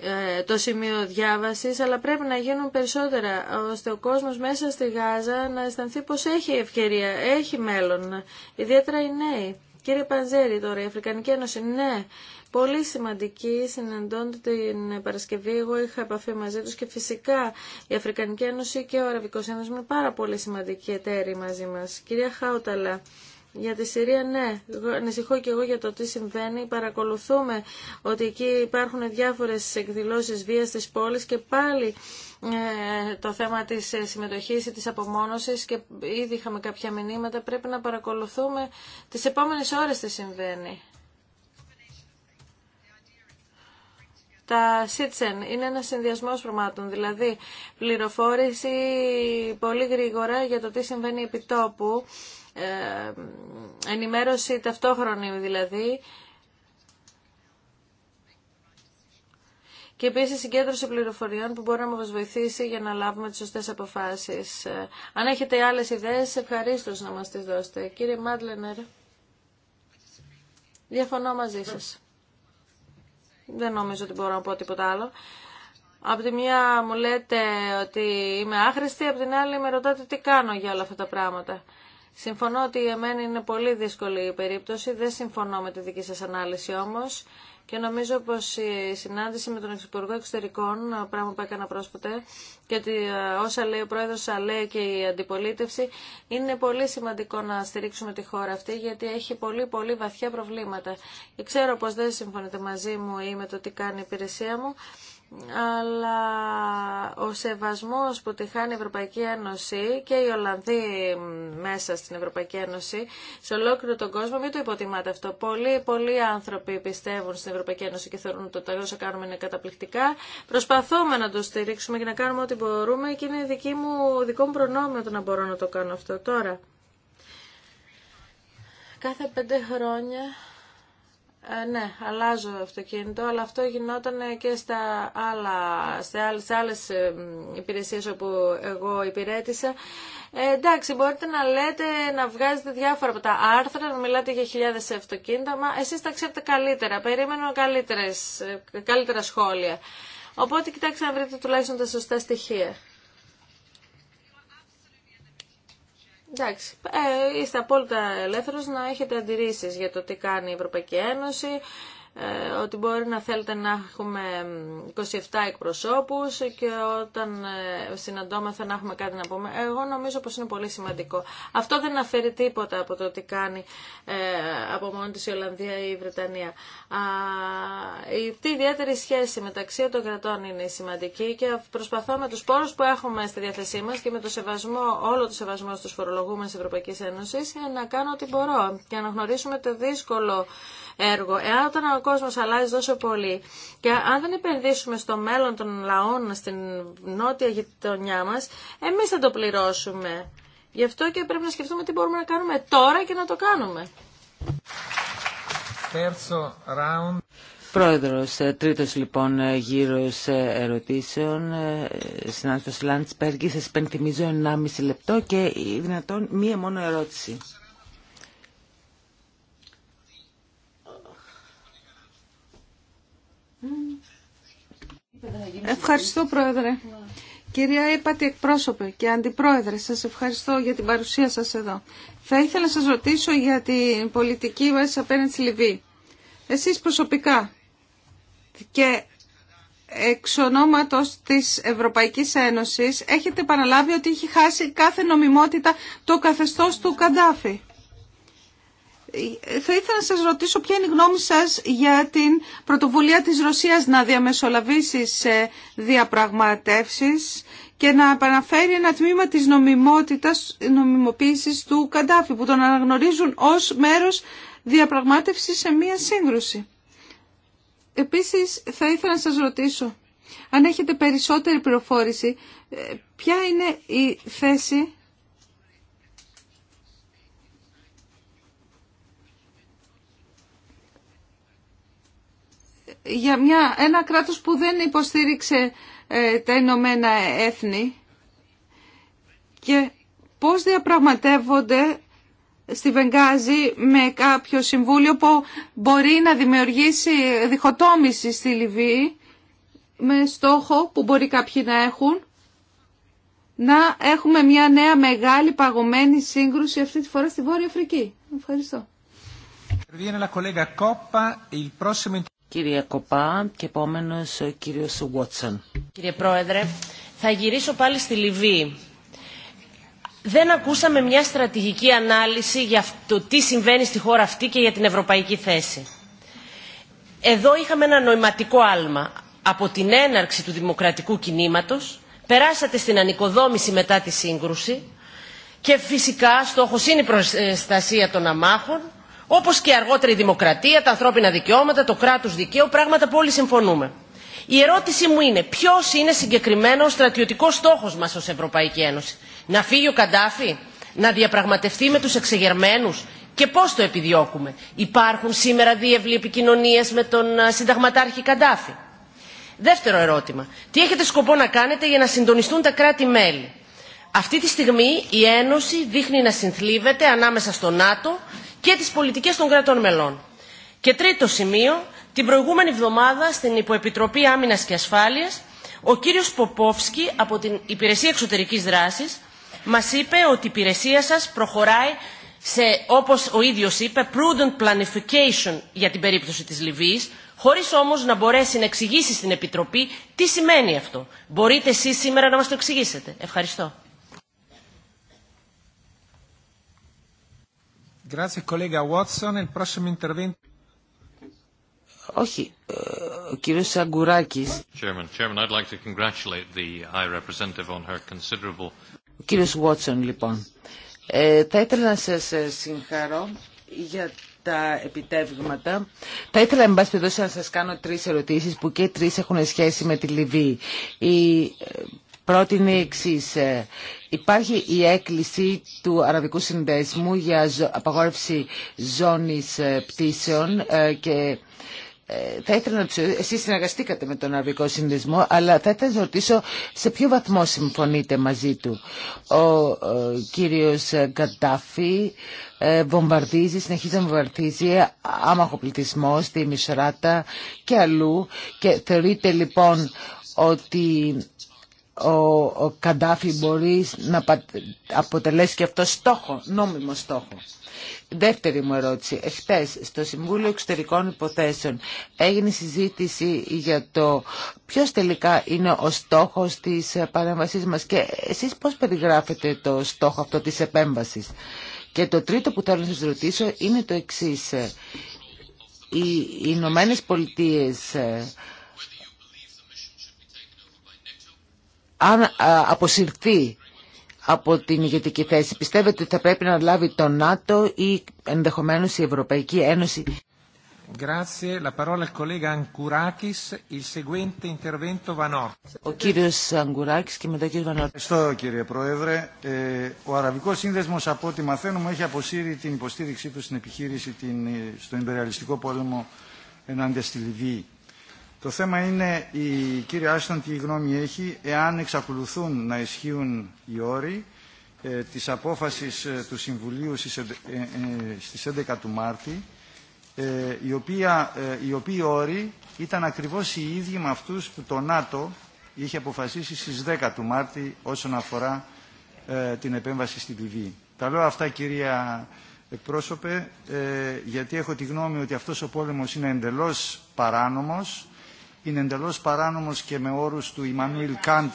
ε, το σημείο διάβασης, αλλά πρέπει να γίνουν περισσότερα, ώστε ο κόσμος μέσα στη Γάζα να αισθανθεί πως έχει ευκαιρία, έχει μέλλον, ιδιαίτερα οι νέοι. Κύριε Παντζέρη τώρα, η Αφρικανική Ένωση, ναι, πολύ σημαντική, συναντώνται την Παρασκευή, εγώ είχα επαφή μαζί τους και φυσικά η Αφρικανική Ένωση και ο Αραβικός Ένωση είναι πάρα πολύ σημαντική εταίροι μαζί μας. Κυρία Χάουταλα, για τη Συρία, ναι, ανησυχώ και εγώ για το τι συμβαίνει. Παρακολουθούμε ότι εκεί υπάρχουν διάφορες εκδηλώσεις βίας στις πόλεις και πάλι ε, το θέμα της ε, συμμετοχής ή της απομόνωσης και ήδη είχαμε κάποια μηνύματα. Πρέπει να παρακολουθούμε τις επόμενες ώρες τι συμβαίνει. τα Citizen είναι ένα συνδυασμό πραγμάτων, δηλαδή πληροφόρηση πολύ γρήγορα για το τι συμβαίνει επί τόπου ε, ενημέρωση ταυτόχρονη δηλαδή, Και επίση συγκέντρωση πληροφοριών που μπορεί να μας βοηθήσει για να λάβουμε τις σωστές αποφάσεις ε, Αν έχετε άλλες ιδέες ευχαρίστω να μας τις δώσετε. Κύριε Μάντλενερ, διαφωνώ μαζί σας Δεν νομίζω ότι μπορώ να πω τίποτα άλλο. Από τη μια μου λέτε ότι είμαι άχρηστη, από την άλλη με ρωτάτε τι κάνω για όλα αυτά τα πράγματα. Συμφωνώ ότι εμένα είναι πολύ δύσκολη η περίπτωση, δεν συμφωνώ με τη δική σας ανάλυση όμως και νομίζω πως η συνάντηση με τον Εξυπουργό Εξωτερικών, πράγμα που έκανα πρόσφατα, και ότι ε, όσα λέει ο Πρόεδρος, αλλά λέει και η αντιπολίτευση, είναι πολύ σημαντικό να στηρίξουμε τη χώρα αυτή, γιατί έχει πολύ πολύ βαθιά προβλήματα. Και ξέρω πως δεν συμφωνείτε μαζί μου ή με το τι κάνει η υπηρεσία μου, αλλά ο σεβασμός που τη χάνει η Ευρωπαϊκή Ένωση και οι Ολλανδοί μέσα στην Ευρωπαϊκή Ένωση σε ολόκληρο τον κόσμο, μην το υποτιμάτε αυτό. Πολλοί, πολλοί άνθρωποι πιστεύουν στην Ευρωπαϊκή Ένωση και θεωρούν ότι τα όσα κάνουμε είναι καταπληκτικά. Προσπαθούμε να το στηρίξουμε και να κάνουμε ό,τι μπορούμε και είναι δική μου, δικό μου προνόμιο το να μπορώ να το κάνω αυτό τώρα. Κάθε πέντε χρόνια ε, ναι, αλλάζω αυτοκίνητο, αλλά αυτό γινόταν ε, και στα άλλα, σε άλλες, άλλες υπηρεσίες όπου εγώ υπηρέτησα. Ε, εντάξει, μπορείτε να λέτε, να βγάζετε διάφορα από τα άρθρα, να μιλάτε για χιλιάδες αυτοκίνητα, μα εσείς τα ξέρετε καλύτερα, περίμενω καλύτερες, ε, καλύτερα σχόλια. Οπότε κοιτάξτε να βρείτε τουλάχιστον τα σωστά στοιχεία. Εντάξει, ε, είστε απόλυτα ελεύθερος να έχετε αντιρρήσεις για το τι κάνει η Ευρωπαϊκή Ένωση, ε, ότι μπορεί να θέλετε να έχουμε 27 εκπροσώπους και όταν ε, συναντώμεθα να έχουμε κάτι να πούμε. Εγώ νομίζω πως είναι πολύ σημαντικό. Αυτό δεν αφαιρεί τίποτα από το τι κάνει ε, από μόνη της η Ολλανδία ή η Βρετανία. Αυτή η βρετανια Α, σχέση μεταξύ των κρατών είναι σημαντική και προσπαθώ με τους πόρους που έχουμε στη διάθεσή μας και με το σεβασμό, όλο το σεβασμό στους φορολογούμενους Ευρωπαϊκής Ένωσης να κάνω ό,τι μπορώ και να γνωρίσουμε το δύσκολο έργο. Εάν όταν ο κόσμο αλλάζει τόσο πολύ και αν δεν επενδύσουμε στο μέλλον των λαών στην νότια γειτονιά μα, εμεί θα το πληρώσουμε. Γι' αυτό και πρέπει να σκεφτούμε τι μπορούμε να κάνουμε τώρα και να το κάνουμε. Πρόεδρος, ε, τρίτος λοιπόν ε, γύρος ε, ερωτήσεων, συνάδελφος Λάντσπεργκη, σας υπενθυμίζω 1,5 λεπτό και δυνατόν μία μόνο ερώτηση. Ευχαριστώ Πρόεδρε. Κυρία Ήπατη εκπρόσωπε και αντιπρόεδρε, σας ευχαριστώ για την παρουσία σας εδώ. Θα ήθελα να σας ρωτήσω για την πολιτική μας απέναντι στη Λιβύη. Εσείς προσωπικά και εξ ονόματος της Ευρωπαϊκής Ένωσης έχετε παραλάβει ότι έχει χάσει κάθε νομιμότητα το καθεστώς του Καντάφη θα ήθελα να σας ρωτήσω ποια είναι η γνώμη σας για την πρωτοβουλία της Ρωσίας να διαμεσολαβήσει σε διαπραγματεύσεις και να επαναφέρει ένα τμήμα της νομιμότητας, νομιμοποίησης του Καντάφη που τον αναγνωρίζουν ως μέρος διαπραγμάτευσης σε μία σύγκρουση. Επίσης θα ήθελα να σας ρωτήσω, αν έχετε περισσότερη πληροφόρηση, ε, ποια είναι η θέση για μια, ένα κράτος που δεν υποστήριξε ε, τα Ηνωμένα Έθνη και πώς διαπραγματεύονται στη Βενγάζη με κάποιο συμβούλιο που μπορεί να δημιουργήσει διχοτόμηση στη Λιβύη με στόχο που μπορεί κάποιοι να έχουν να έχουμε μια νέα μεγάλη παγωμένη σύγκρουση αυτή τη φορά στη Βόρεια Αφρική. Ευχαριστώ κυρία Κοπά και ο ε, Κύριε Πρόεδρε, θα γυρίσω πάλι στη Λιβύη. Δεν ακούσαμε μια στρατηγική ανάλυση για το τι συμβαίνει στη χώρα αυτή και για την ευρωπαϊκή θέση. Εδώ είχαμε ένα νοηματικό άλμα. Από την έναρξη του δημοκρατικού κινήματος περάσατε στην ανοικοδόμηση μετά τη σύγκρουση και φυσικά στόχος είναι η προστασία των αμάχων Όπω και αργότερη η δημοκρατία, τα ανθρώπινα δικαιώματα, το κράτο δικαίου, πράγματα που όλοι συμφωνούμε. Η ερώτησή μου είναι ποιο είναι συγκεκριμένο ο στρατιωτικό στόχο μα ω Ευρωπαϊκή Ένωση. Να φύγει ο Καντάφη, να διαπραγματευτεί με του εξεγερμένου και πώ το επιδιώκουμε. Υπάρχουν σήμερα διεύλοι επικοινωνίε με τον συνταγματάρχη Καντάφη. Δεύτερο ερώτημα. Τι έχετε σκοπό να κάνετε για να συντονιστούν τα κράτη-μέλη αυτή τη στιγμή η Ένωση δείχνει να συνθλίβεται ανάμεσα στο ΝΑΤΟ και τις πολιτικές των κρατών μελών. Και τρίτο σημείο, την προηγούμενη εβδομάδα στην Υποεπιτροπή Άμυνας και Ασφάλειας, ο κύριος Ποπόφσκι από την Υπηρεσία Εξωτερικής Δράσης μας είπε ότι η υπηρεσία σας προχωράει σε, όπως ο ίδιος είπε, prudent planification για την περίπτωση της Λιβύης, χωρίς όμως να μπορέσει να εξηγήσει στην Επιτροπή τι σημαίνει αυτό. Μπορείτε εσείς σήμερα να μας το εξηγήσετε. Ευχαριστώ. Grazie, collega Watson. Όχι, ε, ο κύριο Αγκουράκης. λοιπόν. Ε, θα ήθελα να σα ε, συγχαρώ για τα επιτεύγματα. Θα ήθελα, εν πάση περιπτώσει, να σα κάνω τρει ερωτήσει που και τρει έχουν σχέση με τη Λιβύη. Ε, πρότεινε εξή. Ε, υπάρχει η έκκληση του Αραβικού Συνδέσμου για απαγόρευση ζώνης ε, πτήσεων ε, και θα ήθελα να ρωτήσω. εσείς συνεργαστήκατε με τον Αραβικό Συνδεσμό, αλλά θα ήθελα να ρωτήσω σε ποιο βαθμό συμφωνείτε μαζί του. Ο, ο κύριος Γκαντάφη βομβαρδίζει, συνεχίζει να βομβαρδίζει άμαχο πληθυσμό στη Μισράτα και αλλού και θεωρείται λοιπόν ότι ο Καντάφη μπορεί να αποτελέσει και αυτό στόχο, νόμιμο στόχο. Δεύτερη μου ερώτηση. Εχθές στο Συμβούλιο Εξωτερικών Υποθέσεων έγινε συζήτηση για το ποιος τελικά είναι ο στόχος της παρέμβασής μας και εσείς πώς περιγράφετε το στόχο αυτό της επέμβασης. Και το τρίτο που θέλω να σας ρωτήσω είναι το εξής. Οι Ηνωμένε Πολιτείες ε, αν αποσυρθεί από την ηγετική θέση, πιστεύετε ότι θα πρέπει να λάβει το ΝΑΤΟ ή ενδεχομένως η Ευρωπαϊκή Ένωση. Ο κύριος Αγκουράκης και μετά κύριος Ευχαριστώ κύριε Πρόεδρε. Ε, ο Αραβικός Σύνδεσμος από ό,τι μαθαίνουμε έχει αποσύρει την υποστήριξή του στην επιχείρηση την, ε, στον Ιμπεριαλιστικό πόλεμο ενάντια στη Λιβύη. Το θέμα είναι, η κύριε Άστον, τι γνώμη έχει εάν εξακολουθούν να ισχύουν οι όροι ε, της απόφασης ε, του Συμβουλίου στις, ε, στις 11 του Μάρτη, η οποία, οι οποίοι όροι ήταν ακριβώς οι ίδιοι με αυτούς που το ΝΑΤΟ είχε αποφασίσει στις 10 του Μάρτη όσον αφορά την επέμβαση στην Λιβύη. Τα λέω αυτά, κυρία εκπρόσωπε, γιατί έχω τη γνώμη ότι αυτός ο πόλεμος είναι εντελώς παράνομος, είναι εντελώς παράνομος και με όρους του Ιμανουήλ Καντ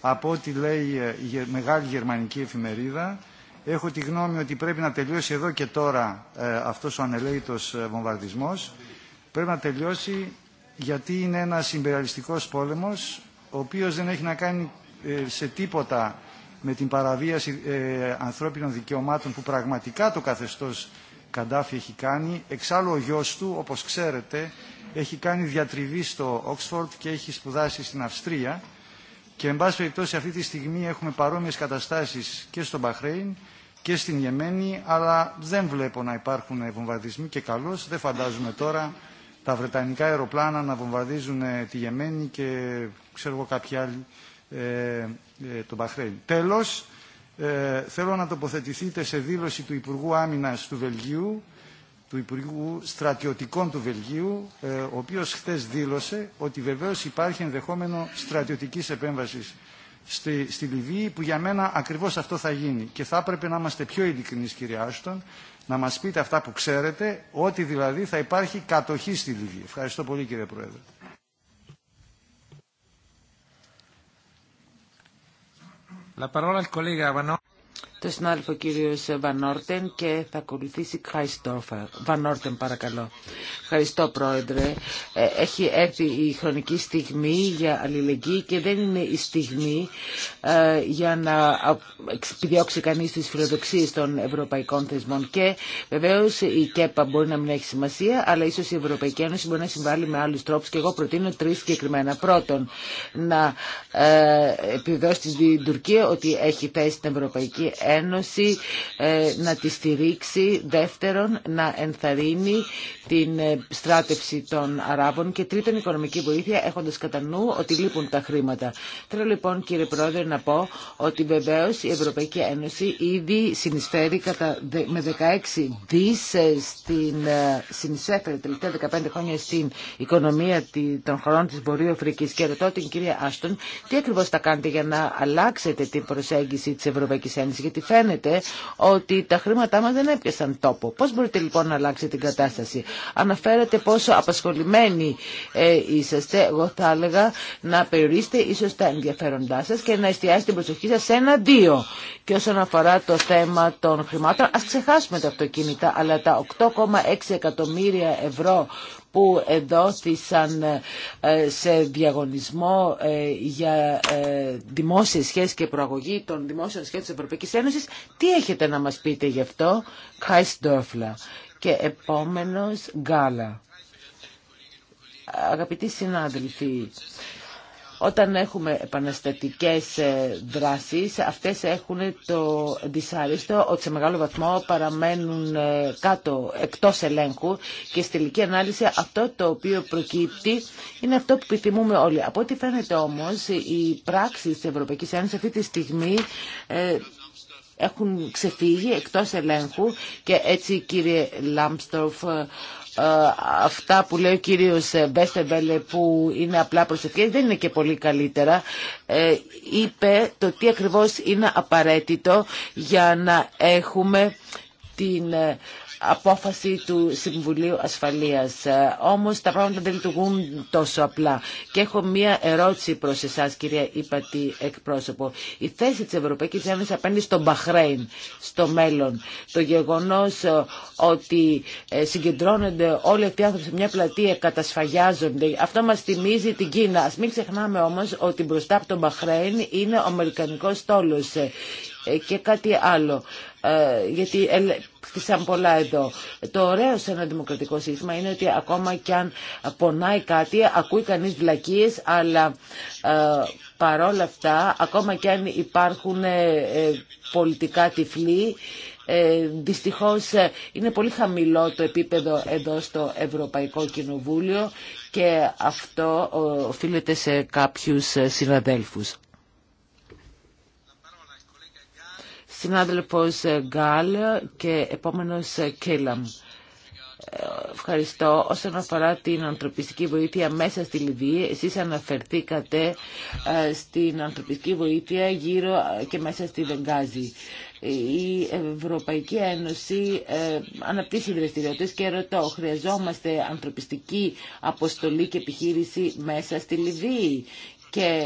από ό,τι λέει ε, η μεγάλη γερμανική εφημερίδα. Έχω τη γνώμη ότι πρέπει να τελειώσει εδώ και τώρα ε, αυτός ο ανελέητος ε, βομβαρδισμός. Πρέπει να τελειώσει γιατί είναι ένας συμπεριαλιστικός πόλεμος ο οποίος δεν έχει να κάνει ε, σε τίποτα με την παραβίαση ε, ανθρώπινων δικαιωμάτων που πραγματικά το καθεστώς Καντάφη έχει κάνει. Εξάλλου ο γιος του, όπως ξέρετε, έχει κάνει διατριβή στο Oxford και έχει σπουδάσει στην Αυστρία και εν πάση περιπτώσει αυτή τη στιγμή έχουμε παρόμοιες καταστάσεις και στο Μπαχρέιν και στην Γεμένη αλλά δεν βλέπω να υπάρχουν βομβαρδισμοί και καλώς δεν φαντάζομαι τώρα τα βρετανικά αεροπλάνα να βομβαρδίζουν ε, τη Γεμένη και ξέρω εγώ κάποια άλλοι ε, ε, τον Μπαχρέιν. Τέλος, ε, θέλω να τοποθετηθείτε σε δήλωση του Υπουργού Άμυνας του Βελγίου του Υπουργού Στρατιωτικών του Βελγίου, ε, ο οποίος χθες δήλωσε ότι βεβαίως υπάρχει ενδεχόμενο στρατιωτικής επέμβασης στη, στη Λιβύη, που για μένα ακριβώς αυτό θα γίνει. Και θα έπρεπε να είμαστε πιο ειλικρινεί κύριε Άστον, να μας πείτε αυτά που ξέρετε, ότι δηλαδή θα υπάρχει κατοχή στη Λιβύη. Ευχαριστώ πολύ, κύριε Πρόεδρε. La parola al collega το συνάδελφο κύριο Βανόρτεν και θα ακολουθήσει Βανόρτεν παρακαλώ. Ευχαριστώ πρόεδρε. Ε, έχει έρθει η χρονική στιγμή για αλληλεγγύη και δεν είναι η στιγμή ε, για να επιδιώξει κανεί τι φιλοδοξίε των ευρωπαϊκών θεσμών και βεβαίω η ΚΕΠΑ μπορεί να μην έχει σημασία αλλά ίσω η Ευρωπαϊκή Ένωση μπορεί να συμβάλλει με άλλου τρόπου και εγώ προτείνω τρει συγκεκριμένα. Πρώτον, να ε, επιβεβαιώσει την Τουρκία ότι έχει θέσει την Ευρωπαϊκή Ένωση ε, να τη στηρίξει, δεύτερον να ενθαρρύνει την ε, στράτευση των Αράβων και τρίτον οικονομική βοήθεια έχοντας κατά νου ότι λείπουν τα χρήματα. Θέλω λοιπόν κύριε Πρόεδρε να πω ότι βεβαίως η Ευρωπαϊκή Ένωση ήδη συνεισφέρει κατά, με 16 δις ε, στην, συνεισέφερε τελευταία 15 χρόνια στην οικονομία των χωρών της Βορείου Αφρικής και ρωτώ την κυρία Άστον τι ακριβώς θα κάνετε για να αλλάξετε την προσέγγιση της Ευρωπαϊκής Ένωσης γιατί φαίνεται ότι τα χρήματά μα δεν έπιασαν τόπο. Πώς μπορείτε λοιπόν να αλλάξετε την κατάσταση. Αναφέρατε πόσο απασχολημένοι ε, είσαστε, εγώ θα έλεγα να περιορίσετε ίσως τα ενδιαφέροντά σας και να εστιάσετε την προσοχή σα σε ένα δύο. Και όσον αφορά το θέμα των χρημάτων, Α ξεχάσουμε τα αυτοκίνητα, αλλά τα 8,6 εκατομμύρια ευρώ που εδόθησαν ε, σε διαγωνισμό ε, για ε, δημόσιες σχέσεις και προαγωγή των δημόσιων σχέσεων της Ευρωπαϊκής Ένωσης. Τι έχετε να μας πείτε γι' αυτό, Χάις Ντόφλα και επόμενος Γκάλα. Αγαπητοί συνάδελφοι, όταν έχουμε επαναστατικές ε, δράσεις, αυτές έχουν το δυσάριστο ότι σε μεγάλο βαθμό παραμένουν ε, κάτω, εκτός ελέγχου και στη τελική ανάλυση αυτό το οποίο προκύπτει είναι αυτό που επιθυμούμε όλοι. Από ό,τι φαίνεται όμως, οι πράξεις της Ευρωπαϊκής Ένωσης αυτή τη στιγμή ε, έχουν ξεφύγει εκτός ελέγχου και έτσι κύριε Λάμπστορφ ε, αυτά που λέει ο κύριος ε, Μπέστεμπελε που είναι απλά προσευχές δεν είναι και πολύ καλύτερα ε, είπε το τι ακριβώς είναι απαραίτητο για να έχουμε την απόφαση του Συμβουλίου Ασφαλείας. Ε, όμως τα πράγματα δεν λειτουργούν τόσο απλά. Και έχω μία ερώτηση προς εσάς κυρία Ήπατη εκπρόσωπο. Η θέση της Ευρωπαϊκής Ένωσης απέναντι στο Μπαχρέιν στο μέλλον. Το γεγονός ε, ότι ε, συγκεντρώνονται όλοι αυτοί οι άνθρωποι σε μια πλατεία, κατασφαγιάζονται. Αυτό μας θυμίζει την Κίνα. Ας μην ξεχνάμε όμως ότι μπροστά από τον Μπαχρέιν είναι ο Αμερικανικός στόλος και κάτι άλλο. Ε, γιατί χτίσαν πολλά εδώ. Το ωραίο σε ένα δημοκρατικό σύστημα είναι ότι ακόμα κι αν πονάει κάτι, ακούει κανείς βλακίες, αλλά ε, παρόλα αυτά, ακόμα κι αν υπάρχουν ε, πολιτικά τυφλοί, ε, δυστυχώς είναι πολύ χαμηλό το επίπεδο εδώ στο Ευρωπαϊκό Κοινοβούλιο και αυτό οφείλεται σε κάποιους συναδέλφους. συνάδελφος Γκάλ και επόμενος Κέλαμ. Ευχαριστώ. Όσον αφορά την ανθρωπιστική βοήθεια μέσα στη Λιβύη, εσείς αναφερθήκατε ε, στην ανθρωπιστική βοήθεια γύρω ε, και μέσα στη Βεγγάζη. Η Ευρωπαϊκή Ένωση ε, αναπτύσσει δραστηριότητε και ρωτώ, χρειαζόμαστε ανθρωπιστική αποστολή και επιχείρηση μέσα στη Λιβύη και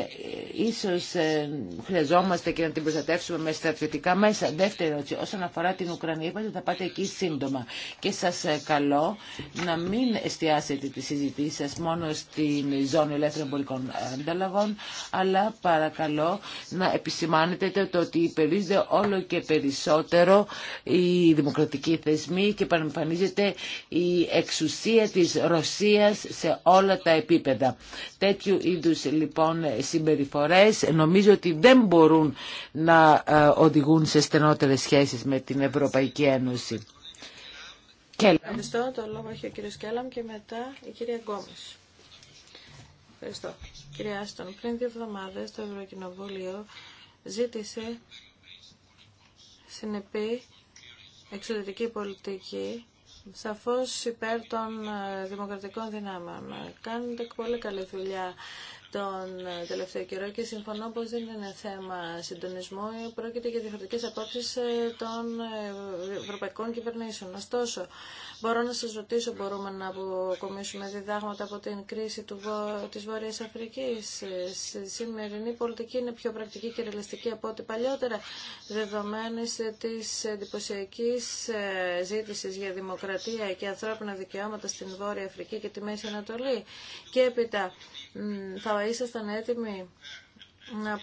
ίσως ε, χρειαζόμαστε και να την προστατεύσουμε με στρατιωτικά μέσα. Δεύτερη ερώτηση, όσον αφορά την Ουκρανία, είπατε θα πάτε εκεί σύντομα και σας ε, καλώ να μην εστιάσετε τη συζητή σας μόνο στην ζώνη ελεύθερων πολιτικών ανταλλαγών, αλλά παρακαλώ να επισημάνετε το ότι υπερίζεται όλο και περισσότερο η δημοκρατική θεσμή και παρεμφανίζεται η εξουσία της Ρωσίας σε όλα τα επίπεδα. Τέτοιου είδους λοιπόν Συμπεριφορέ. συμπεριφορές νομίζω ότι δεν μπορούν να ε, οδηγούν σε στενότερες σχέσεις με την Ευρωπαϊκή Ένωση. Ευχαριστώ. Το λόγο έχει ο κύριος και μετά η κυρία Γκόμης. Ευχαριστώ. Κυρία Άστον, πριν δύο εβδομάδες το Ευρωκοινοβούλιο ζήτησε συνεπή εξωτερική πολιτική σαφώς υπέρ των ε, δημοκρατικών δυνάμεων. Κάνετε πολύ καλή δουλειά τον ε, τελευταίο καιρό και συμφωνώ πως δεν είναι θέμα συντονισμού, πρόκειται για διαφορετικές απόψεις ε, των ε, ευρωπαϊκών κυβερνήσεων. Ωστόσο, μπορώ να σας ρωτήσω, μπορούμε να αποκομίσουμε διδάγματα από την κρίση του, της Βόρειας Αφρικής. Η σημερινή πολιτική είναι πιο πρακτική και ρελαστική από ό,τι παλιότερα, δεδομένη της εντυπωσιακή ζήτηση για δημοκρατία και ανθρώπινα δικαιώματα στην Βόρεια Αφρική και τη Μέση Ανατολή. Και έπειτα, θα ήσασταν έτοιμοι να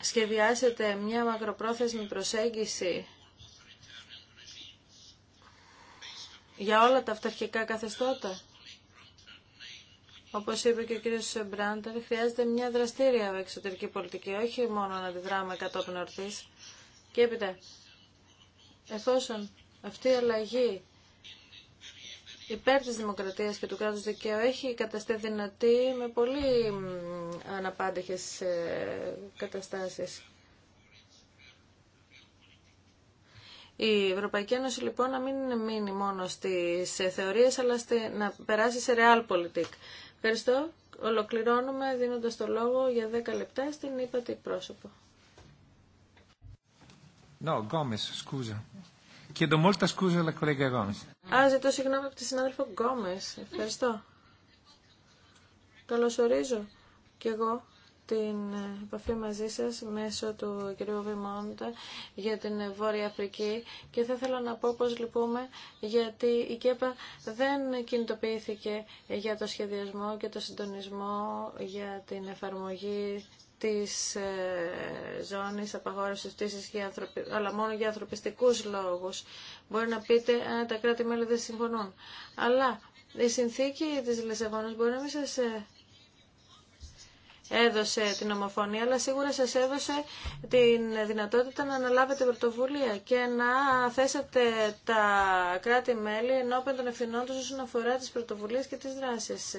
σχεδιάσετε μια μακροπρόθεσμη προσέγγιση για όλα τα αυταρχικά καθεστώτα. Όπως είπε και ο κύριος Μπράντερ, χρειάζεται μια δραστήρια εξωτερική πολιτική, όχι μόνο να τη δράμε κατόπιν ορθής. Και έπειτα, εφόσον αυτή η αλλαγή υπέρ της δημοκρατίας και του κράτους δικαίου έχει καταστεί δυνατή με πολύ αναπάντεχες ε, καταστάσεις. Η Ευρωπαϊκή Ένωση λοιπόν να μην μείνει μόνο στις ε, θεωρίες αλλά να περάσει σε realpolitik. Ευχαριστώ. Ολοκληρώνουμε δίνοντας το λόγο για 10 λεπτά στην ύπατη πρόσωπο. No, Gomez, scusa. Και το μόλι τα σκούζα, αλλά κολέγγα εγώ. Α, ζητώ συγγνώμη από τη συνάδελφο Γκόμε. Ευχαριστώ. Καλωσορίζω και εγώ την επαφή μαζί σα μέσω του κ. Βημόντα για την Βόρεια Αφρική και θα ήθελα να πω πω λυπούμε γιατί η ΚΕΠΑ δεν κινητοποιήθηκε για το σχεδιασμό και το συντονισμό για την εφαρμογή της ε, ζώνης απαγόρευσης πτήσης, αλλά μόνο για ανθρωπιστικούς λόγους. Μπορεί να πείτε αν τα κράτη-μέλη δεν συμφωνούν. Αλλά η συνθήκη της Λισαβόνας μπορεί να μην σας ε, έδωσε την ομοφωνία, αλλά σίγουρα σας έδωσε την δυνατότητα να αναλάβετε πρωτοβουλία και να θέσετε τα κράτη-μέλη ενώπιον των ευθυνών τους όσον αφορά τις πρωτοβουλίες και τις δράσεις.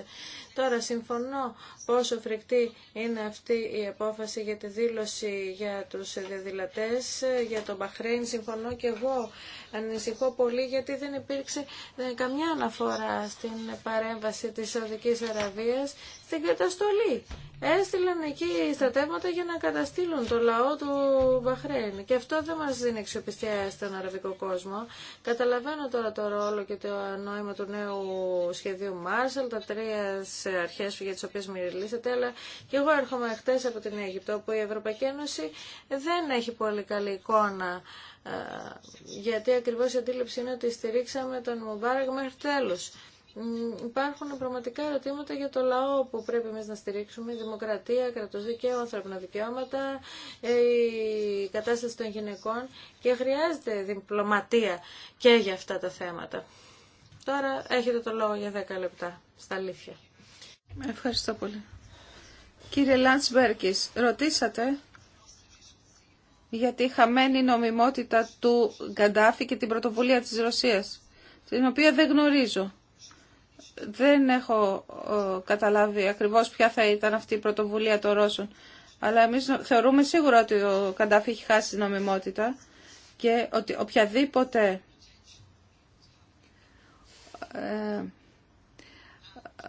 Τώρα συμφωνώ πόσο φρικτή είναι αυτή η απόφαση για τη δήλωση για τους διαδηλατές, για τον Μπαχρέιν. Συμφωνώ και εγώ. Ανησυχώ πολύ γιατί δεν υπήρξε ε, καμιά αναφορά στην παρέμβαση της Σαουδικής Αραβίας στην καταστολή. Έστειλαν εκεί στρατεύματα για να καταστήλουν το λαό του Μπαχρέιν. Και αυτό δεν μας δίνει αξιοπιστία στον αραβικό κόσμο. Καταλαβαίνω τώρα το ρόλο και το νόημα του νέου σχεδίου Μάρσαλ, τα τρία αρχές για τι οποίε μιλήσατε, αλλά και εγώ έρχομαι χτε από την Αίγυπτο, όπου η Ευρωπαϊκή Ένωση δεν έχει πολύ καλή εικόνα, ε, γιατί ακριβώ η αντίληψη είναι ότι στηρίξαμε τον Μουμπάραγκ μέχρι τέλους. Υπάρχουν πραγματικά ερωτήματα για το λαό που πρέπει εμείς να στηρίξουμε, η δημοκρατία, κρατός δικαίου, ανθρώπινα δικαιώματα, ε, η κατάσταση των γυναικών και χρειάζεται διπλωματία και για αυτά τα θέματα. Τώρα έχετε το λόγο για 10 λεπτά, στα αλήθεια. Ευχαριστώ πολύ. Κύριε Λαντσμπέρκης, ρωτήσατε για τη χαμένη νομιμότητα του Γκαντάφη και την πρωτοβουλία της Ρωσίας, την οποία δεν γνωρίζω. Δεν έχω ε, καταλάβει ακριβώς ποια θα ήταν αυτή η πρωτοβουλία των Ρώσων. Αλλά εμείς θεωρούμε σίγουρα ότι ο Καντάφη έχει χάσει την νομιμότητα και ότι οποιαδήποτε ε,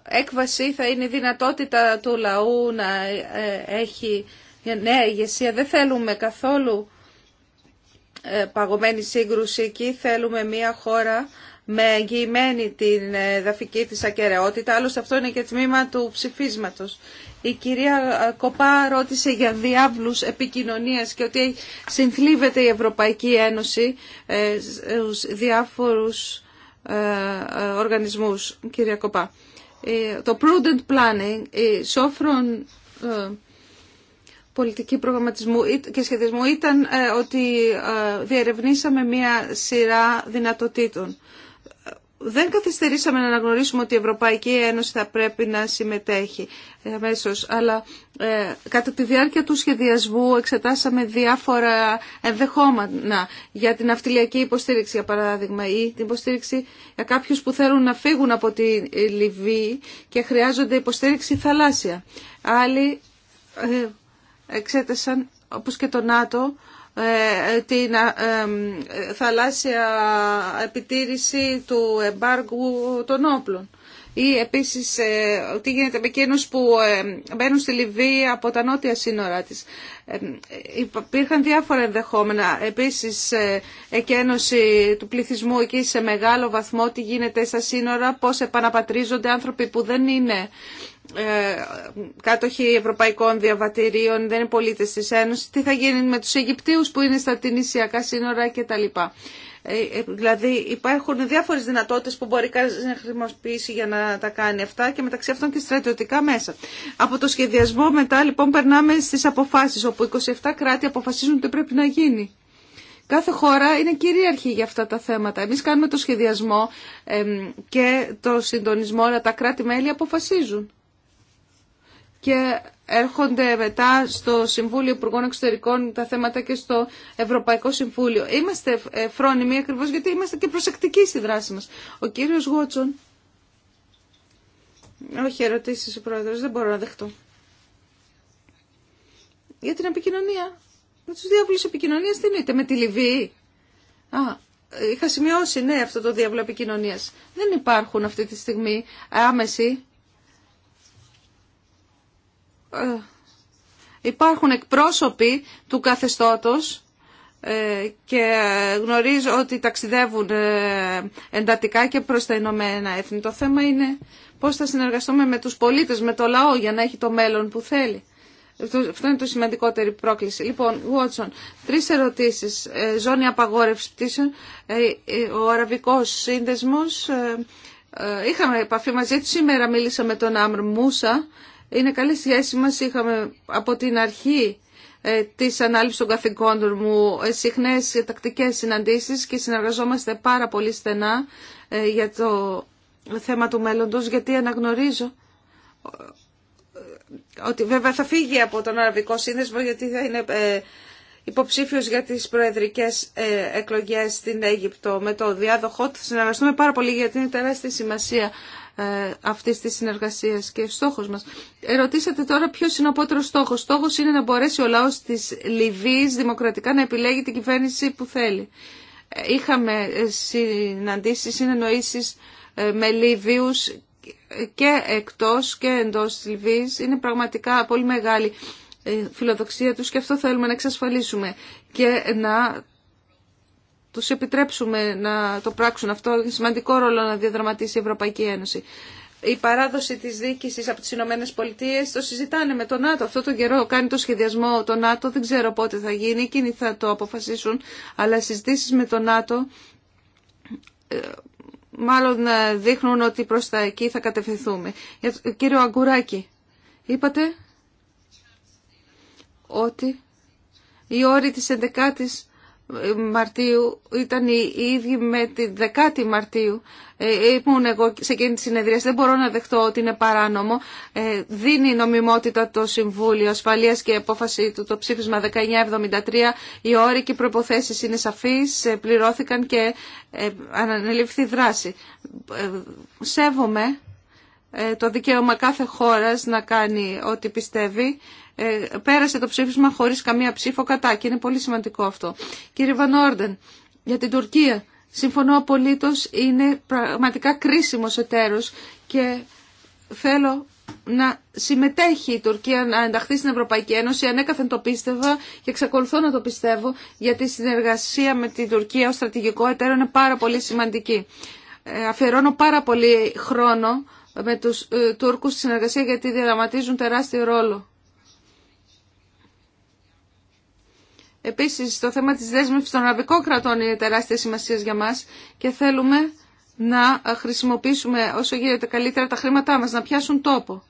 έκβαση θα είναι η δυνατότητα του λαού να ε, έχει νέα ηγεσία. Δεν θέλουμε καθόλου ε, παγωμένη σύγκρουση εκεί. Θέλουμε μια χώρα με εγγυημένη την ε, δαφική της ακαιρεότητα. Άλλωστε αυτό είναι και τμήμα του ψηφίσματος. Η κυρία Κοπά ρώτησε για διάβλους επικοινωνίας και ότι συνθλίβεται η Ευρωπαϊκή Ένωση στους διάφορους οργανισμούς, κυρία Κοπά. Ε, το prudent planning, η σόφρον ε, πολιτική προγραμματισμού και σχεδιασμού ήταν ε, ότι διερευνήσαμε μία σειρά δυνατοτήτων δεν καθυστερήσαμε να αναγνωρίσουμε ότι η Ευρωπαϊκή Ένωση θα πρέπει να συμμετέχει ε, αμέσω, αλλά ε, κατά τη διάρκεια του σχεδιασμού εξετάσαμε διάφορα ενδεχόμενα για την αυτιλιακή υποστήριξη, για παράδειγμα, ή την υποστήριξη για καποιου που θέλουν να φύγουν από τη ε, Λιβύη και χρειάζονται υποστήριξη θαλάσσια. Άλλοι εξέτασαν, όπως και το ΝΑΤΟ, ε, την ε, θαλάσσια επιτήρηση του εμπάργου των όπλων. Ή επίσης ε, τι γίνεται με εκείνους που μπαίνουν στη Λιβύη από τα νότια σύνορα της. Υπήρχαν διάφορα ενδεχόμενα. Επίσης εκένωση του πληθυσμού εκεί σε μεγάλο βαθμό, τι γίνεται στα σύνορα, πώς επαναπατρίζονται άνθρωποι που δεν είναι ε, κάτοχοι ευρωπαϊκών διαβατηρίων, δεν είναι πολίτες της Ένωσης, τι θα γίνει με τους Αιγυπτίους που είναι στα τινησιακά σύνορα κτλ. Ε, ε, δηλαδή υπάρχουν διάφορες δυνατότητες που μπορεί κανείς να χρησιμοποιήσει για να τα κάνει αυτά και μεταξύ αυτών και στρατιωτικά μέσα. Από το σχεδιασμό μετά λοιπόν περνάμε στις αποφάσεις όπου 27 κράτη αποφασίζουν τι πρέπει να γίνει. Κάθε χώρα είναι κυρίαρχη για αυτά τα θέματα. Εμείς κάνουμε το σχεδιασμό και το συντονισμό, αλλά τα κράτη-μέλη αποφασίζουν και έρχονται μετά στο Συμβούλιο Υπουργών Εξωτερικών τα θέματα και στο Ευρωπαϊκό Συμβούλιο. Είμαστε ε, φρόνιμοι ακριβώ γιατί είμαστε και προσεκτικοί στη δράση μα. Ο κύριο Γότσον. Όχι ερωτήσει, ο πρόεδρο, δεν μπορώ να δεχτώ. Για την επικοινωνία. Με του διάβολου επικοινωνία τι εννοείται, με τη Λιβύη. Α, είχα σημειώσει, ναι, αυτό το διάβολο επικοινωνία. Δεν υπάρχουν αυτή τη στιγμή άμεση ε, υπάρχουν εκπρόσωποι του καθεστώτος ε, και γνωρίζω ότι ταξιδεύουν ε, εντατικά και προς τα Ηνωμένα Έθνη. Το θέμα είναι πώς θα συνεργαστούμε με τους πολίτες, με το λαό για να έχει το μέλλον που θέλει. Αυτό είναι το σημαντικότερη πρόκληση. Λοιπόν, Βότσον, τρεις ερωτήσεις. Ζώνη απαγόρευση ο αραβικός σύνδεσμος. Είχαμε επαφή μαζί του. Σήμερα μίλησα με τον Άμρ Μούσα είναι καλή σχέση μας, είχαμε από την αρχή ε, της ανάληψης των καθηκόντων μου ε, συχνές ε, τακτικές συναντήσεις και συνεργαζόμαστε πάρα πολύ στενά ε, για το θέμα του μέλλοντος, γιατί αναγνωρίζω ε, ότι βέβαια θα φύγει από τον Αραβικό Σύνδεσμο γιατί θα είναι ε, υποψήφιος για τις προεδρικές εκλογές στην Αίγυπτο με το διάδοχό του. Συνεργαστούμε πάρα πολύ γιατί είναι τεράστια σημασία ε, αυτής της συνεργασίας και στόχος μας. Ερωτήσατε τώρα ποιος είναι ο απότερος στόχος. Στόχος είναι να μπορέσει ο λαός της Λιβύης δημοκρατικά να επιλέγει την κυβέρνηση που θέλει. Ε, είχαμε ε, συναντήσεις, συνεννοήσεις με Λιβύους και εκτός και εντός της Λιβύης. Είναι πραγματικά πολύ μεγάλη φιλοδοξία τους και αυτό θέλουμε να εξασφαλίσουμε και να τους επιτρέψουμε να το πράξουν αυτό. Είναι σημαντικό ρόλο να διαδραματίσει η Ευρωπαϊκή Ένωση. Η παράδοση της διοίκηση από τις Ηνωμένε Πολιτείες το συζητάνε με το ΝΑΤΟ. Αυτό τον καιρό κάνει το σχεδιασμό το ΝΑΤΟ. Δεν ξέρω πότε θα γίνει. Εκείνοι θα το αποφασίσουν. Αλλά συζητήσεις με το ΝΑΤΟ ε, μάλλον ε, δείχνουν ότι προς τα εκεί θα κατευθυνθούμε. Κύριο Αγκουράκη, είπατε ότι οι όροι τη 11 Μαρτίου ήταν οι ίδιοι με τη 10η Μαρτίου ε, ήμουν εγώ σε εκείνη τη συνεδρία δεν μπορώ να δεχτώ ότι είναι παράνομο ε, δίνει νομιμότητα το Συμβούλιο ασφαλεία και απόφαση του το ψήφισμα 1973 οι όροι και οι προποθέσει είναι σαφείς ε, πληρώθηκαν και ανανελήφθη δράση σέβομαι το δικαίωμα κάθε χώρας να κάνει ό,τι πιστεύει ε, πέρασε το ψήφισμα χωρίς καμία ψήφο κατά και είναι πολύ σημαντικό αυτό. Κύριε Βανόρντεν, για την Τουρκία, συμφωνώ απολύτως, είναι πραγματικά κρίσιμος εταίρος και θέλω να συμμετέχει η Τουρκία να ενταχθεί στην Ευρωπαϊκή Ένωση. Ανέκαθεν το πίστευα και εξακολουθώ να το πιστεύω γιατί η συνεργασία με την Τουρκία ως στρατηγικό εταίρο είναι πάρα πολύ σημαντική. Ε, αφιερώνω πάρα πολύ χρόνο με τους ε, Τούρκους στη συνεργασία γιατί διαδραματίζουν τεράστιο ρόλο. Επίσης, το θέμα της δέσμευσης των αραβικών κρατών είναι τεράστια σημασία για μα, και θέλουμε να χρησιμοποιήσουμε όσο γίνεται καλύτερα τα χρήματά μας, να πιάσουν τόπο.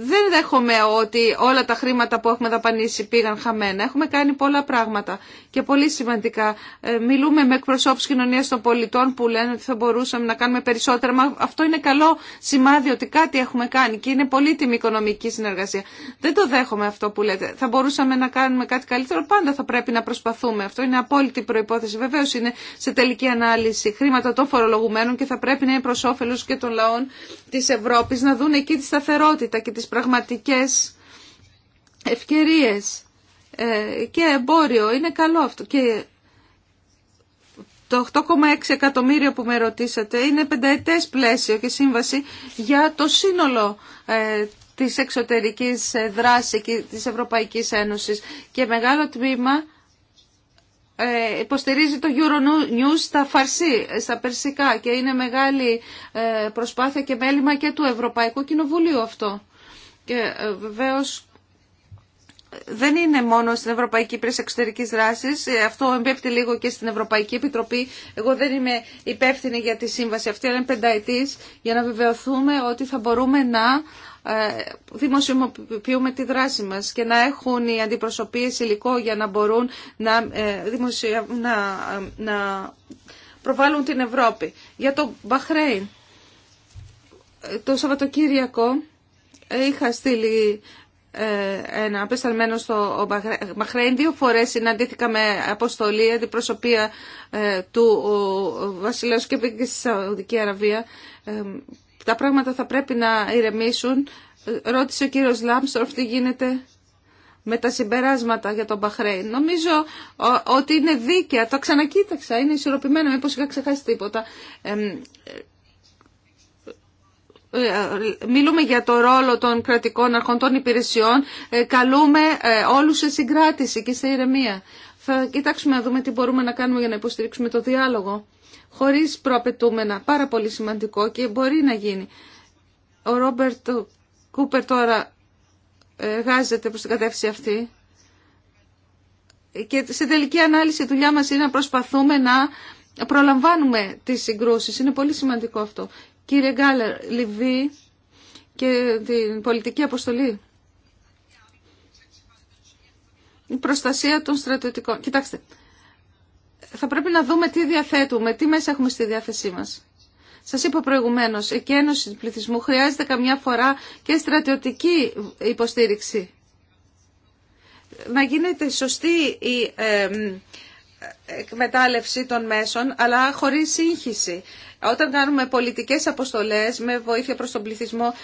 Δεν δέχομαι ότι όλα τα χρήματα που έχουμε δαπανίσει πήγαν χαμένα. Έχουμε κάνει πολλά πράγματα και πολύ σημαντικά. Ε, μιλούμε με εκπροσώπους κοινωνίας των πολιτών που λένε ότι θα μπορούσαμε να κάνουμε περισσότερα. Μα αυτό είναι καλό σημάδι ότι κάτι έχουμε κάνει και είναι πολύτιμη οικονομική συνεργασία. Δεν το δέχομαι αυτό που λέτε. Θα μπορούσαμε να κάνουμε κάτι καλύτερο. Πάντα θα πρέπει να προσπαθούμε. Αυτό είναι απόλυτη προπόθεση. Βεβαίω είναι σε τελική ανάλυση χρήματα των φορολογουμένων και θα πρέπει να είναι προ όφελο και των λαών τη Ευρώπη να δουν εκεί τη σταθερότητα και τι πραγματικές ευκαιρίες ε, και εμπόριο. Είναι καλό αυτό. Και το 8,6 εκατομμύριο που με ρωτήσατε είναι πενταετές πλαίσιο και σύμβαση για το σύνολο ε, της εξωτερικής ε, δράσης και της Ευρωπαϊκής Ένωσης και μεγάλο τμήμα υποστηρίζει το Euronews στα φαρσί, στα περσικά και είναι μεγάλη προσπάθεια και μέλημα και του Ευρωπαϊκού Κοινοβουλίου αυτό. Και ε, βεβαίω δεν είναι μόνο στην Ευρωπαϊκή Υπηρεσία Εξωτερική Δράση, ε, αυτό εμπέπτει λίγο και στην Ευρωπαϊκή Επιτροπή. Εγώ δεν είμαι υπεύθυνη για τη σύμβαση αυτή, αλλά είναι πενταετή για να βεβαιωθούμε ότι θα μπορούμε να ε, δημοσιοποιούμε τη δράση μας και να έχουν οι αντιπροσωπείες υλικό για να μπορούν να, να προβάλλουν την Ευρώπη. Για το Μπαχρέιν, το Σαββατοκύριακο Είχα στείλει ε, ένα απεσταλμένο στο Μπαχρέιν. Δύο φορές συναντήθηκα με αποστολή, αντιπροσωπεία ε, του βασιλέως και πήγε στη Σαουδική Αραβία. Ε, τα πράγματα θα πρέπει να ηρεμήσουν. Ρώτησε ο κύριος Λάμστροφ τι γίνεται με τα συμπεράσματα για τον Μπαχρέιν. Νομίζω ότι είναι δίκαια. Το ξανακοίταξα, είναι ισορροπημένο. μήπως είχα ξεχάσει τίποτα. Ε, μιλούμε για το ρόλο των κρατικών αρχών των υπηρεσιών, ε, καλούμε ε, όλους σε συγκράτηση και σε ηρεμία. Θα κοιτάξουμε να δούμε τι μπορούμε να κάνουμε για να υποστηρίξουμε το διάλογο, χωρίς προαπαιτούμενα, πάρα πολύ σημαντικό και μπορεί να γίνει. Ο Ρόμπερτ Κούπερ τώρα εργάζεται προς την κατεύθυνση αυτή και σε τελική ανάλυση η δουλειά μας είναι να προσπαθούμε να προλαμβάνουμε τις συγκρούσεις. Είναι πολύ σημαντικό αυτό. Κύριε Γκάλερ, Λιβύη και την πολιτική αποστολή. Η προστασία των στρατιωτικών. Κοιτάξτε, θα πρέπει να δούμε τι διαθέτουμε, τι μέσα έχουμε στη διάθεσή μας. Σας είπα προηγουμένως, η κένωση του πληθυσμού χρειάζεται καμιά φορά και στρατιωτική υποστήριξη. Να γίνεται σωστή η εκμετάλλευση των μέσων, αλλά χωρίς σύγχυση. Όταν κάνουμε πολιτικές αποστολές με βοήθεια προς τον πληθυσμό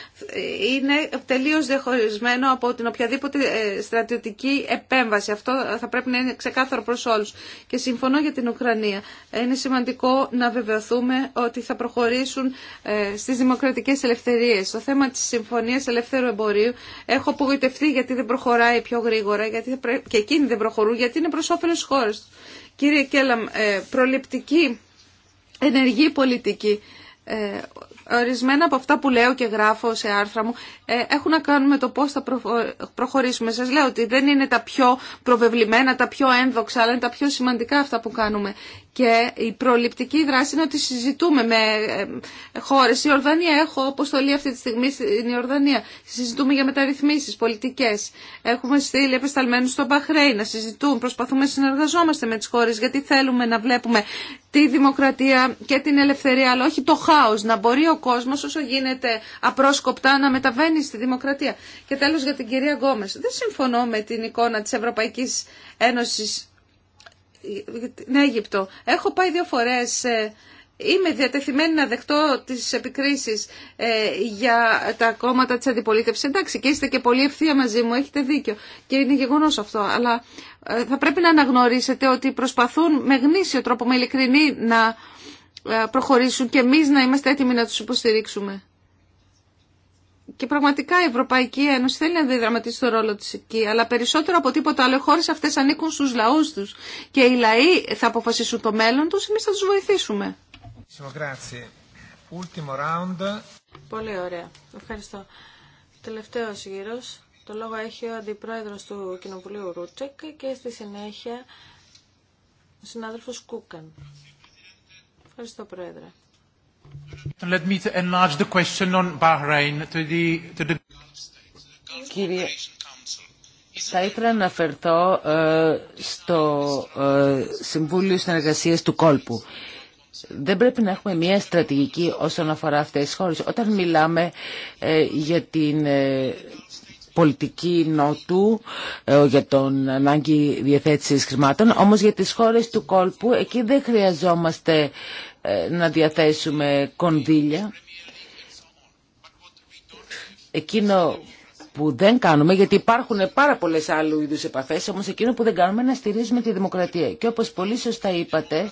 είναι τελείως διαχωρισμένο από την οποιαδήποτε ε, στρατιωτική επέμβαση. Αυτό θα πρέπει να είναι ξεκάθαρο προς όλους. Και συμφωνώ για την Ουκρανία. Είναι σημαντικό να βεβαιωθούμε ότι θα προχωρήσουν ε, στις δημοκρατικές ελευθερίες. Στο θέμα της Συμφωνίας Ελευθέρου Εμπορίου έχω απογοητευτεί γιατί δεν προχωράει πιο γρήγορα γιατί και εκείνοι δεν προχωρούν γιατί είναι προς όφελος χώρες. Κύριε Κέλαμ, ε, προληπτική ενεργή πολιτική. Ε, ορισμένα από αυτά που λέω και γράφω σε άρθρα μου ε, έχουν να κάνουν με το πώς θα προχωρήσουμε. Σας λέω ότι δεν είναι τα πιο προβεβλημένα, τα πιο ένδοξα, αλλά είναι τα πιο σημαντικά αυτά που κάνουμε. Και η προληπτική δράση είναι ότι συζητούμε με ε, χώρες. Η Ορδανία, έχω αποστολή αυτή τη στιγμή στην Ιορδανία. Συζητούμε για μεταρρυθμίσεις πολιτικές. Έχουμε στείλει επεσταλμένους στον Μπαχρέι να συζητούν. Προσπαθούμε να συνεργαζόμαστε με τις χώρες γιατί θέλουμε να βλέπουμε τη δημοκρατία και την ελευθερία, αλλά όχι το χάος. Να μπορεί ο κόσμος όσο γίνεται απρόσκοπτα να μεταβαίνει στη δημοκρατία. Και τέλος για την κυρία Γκόμες. Δεν συμφωνώ με την εικόνα της Ευρωπαϊκής Ένωσης την Αίγυπτο. Έχω πάει δύο φορές ε, Είμαι διατεθειμένη να δεχτώ τις επικρίσεις ε, για τα κόμματα της αντιπολίτευσης. Εντάξει, και είστε και πολύ ευθεία μαζί μου, έχετε δίκιο. Και είναι γεγονός αυτό. Αλλά ε, θα πρέπει να αναγνωρίσετε ότι προσπαθούν με γνήσιο τρόπο, με ειλικρινή, να ε, προχωρήσουν και εμείς να είμαστε έτοιμοι να τους υποστηρίξουμε. Και πραγματικά η Ευρωπαϊκή Ένωση θέλει να διδραματίσει το ρόλο της εκεί, αλλά περισσότερο από τίποτα άλλο οι χώρες αυτές ανήκουν στους λαούς τους και οι λαοί θα αποφασίσουν το μέλλον τους, εμείς θα τους βοηθήσουμε. Πολύ ωραία. Ευχαριστώ. Τελευταίος γύρος. Το λόγο έχει ο αντιπρόεδρο του Κοινοβουλίου Ρούτσεκ και στη συνέχεια ο συνάδελφο Κούκαν. Ευχαριστώ, Πρόεδρε. Κύριε, θα ήθελα να αναφερθώ ε, στο ε, Συμβούλιο Συνεργασίας του Κόλπου. Δεν πρέπει να έχουμε μια στρατηγική όσον αφορά αυτές τις χώρες. Όταν μιλάμε ε, για την ε, πολιτική νότου για τον ανάγκη διαθέτησης χρημάτων, όμως για τις χώρες του κόλπου εκεί δεν χρειαζόμαστε ε, να διαθέσουμε κονδύλια. Εκείνο που δεν κάνουμε, γιατί υπάρχουν πάρα πολλέ άλλου είδου επαφέ, όμω εκείνο που δεν κάνουμε είναι να στηρίζουμε τη δημοκρατία. Και όπω πολύ σωστά είπατε,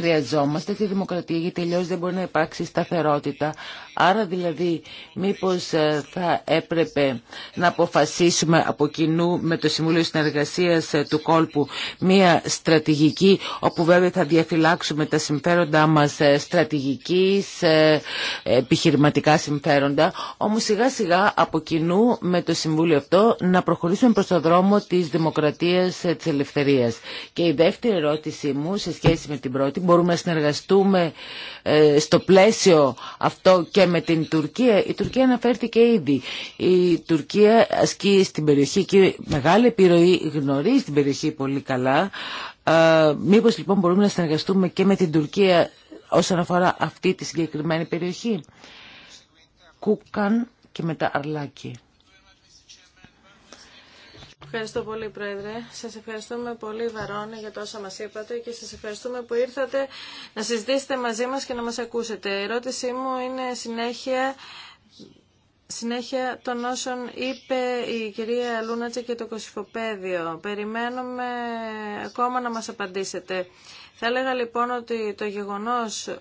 Χρειαζόμαστε τη δημοκρατία γιατί τελειώ δεν μπορεί να υπάρξει σταθερότητα. Άρα δηλαδή μήπως ε, θα έπρεπε να αποφασίσουμε από κοινού με το Συμβούλιο Συνεργασίας ε, του Κόλπου μια στρατηγική όπου βέβαια θα διαφυλάξουμε τα συμφέροντά μας ε, στρατηγικής, επιχειρηματικά συμφέροντα όμως σιγά σιγά από κοινού με το Συμβούλιο αυτό να προχωρήσουμε προς το δρόμο της δημοκρατίας της ελευθερίας. Και η δεύτερη ερώτησή μου σε σχέση με την πρώτη μπορούμε να συνεργαστούμε ε, στο πλαίσιο αυτό και με την Τουρκία. Η Τουρκία αναφέρθηκε ήδη. Η Τουρκία ασκεί στην περιοχή και μεγάλη επιρροή γνωρίζει την περιοχή πολύ καλά. Ε, μήπως λοιπόν μπορούμε να συνεργαστούμε και με την Τουρκία όσον αφορά αυτή τη συγκεκριμένη περιοχή. Κούκαν και μετά Αρλάκη. Ευχαριστώ πολύ, Πρόεδρε. Σας ευχαριστούμε πολύ, Βαρόνη, για το όσα μας είπατε και σας ευχαριστούμε που ήρθατε να συζητήσετε μαζί μας και να μας ακούσετε. Η ερώτησή μου είναι συνέχεια συνέχεια των όσων είπε η κυρία Λούνατσα και το Κωσυφοπαίδιο. Περιμένουμε ακόμα να μας απαντήσετε. Θα έλεγα λοιπόν ότι το γεγονός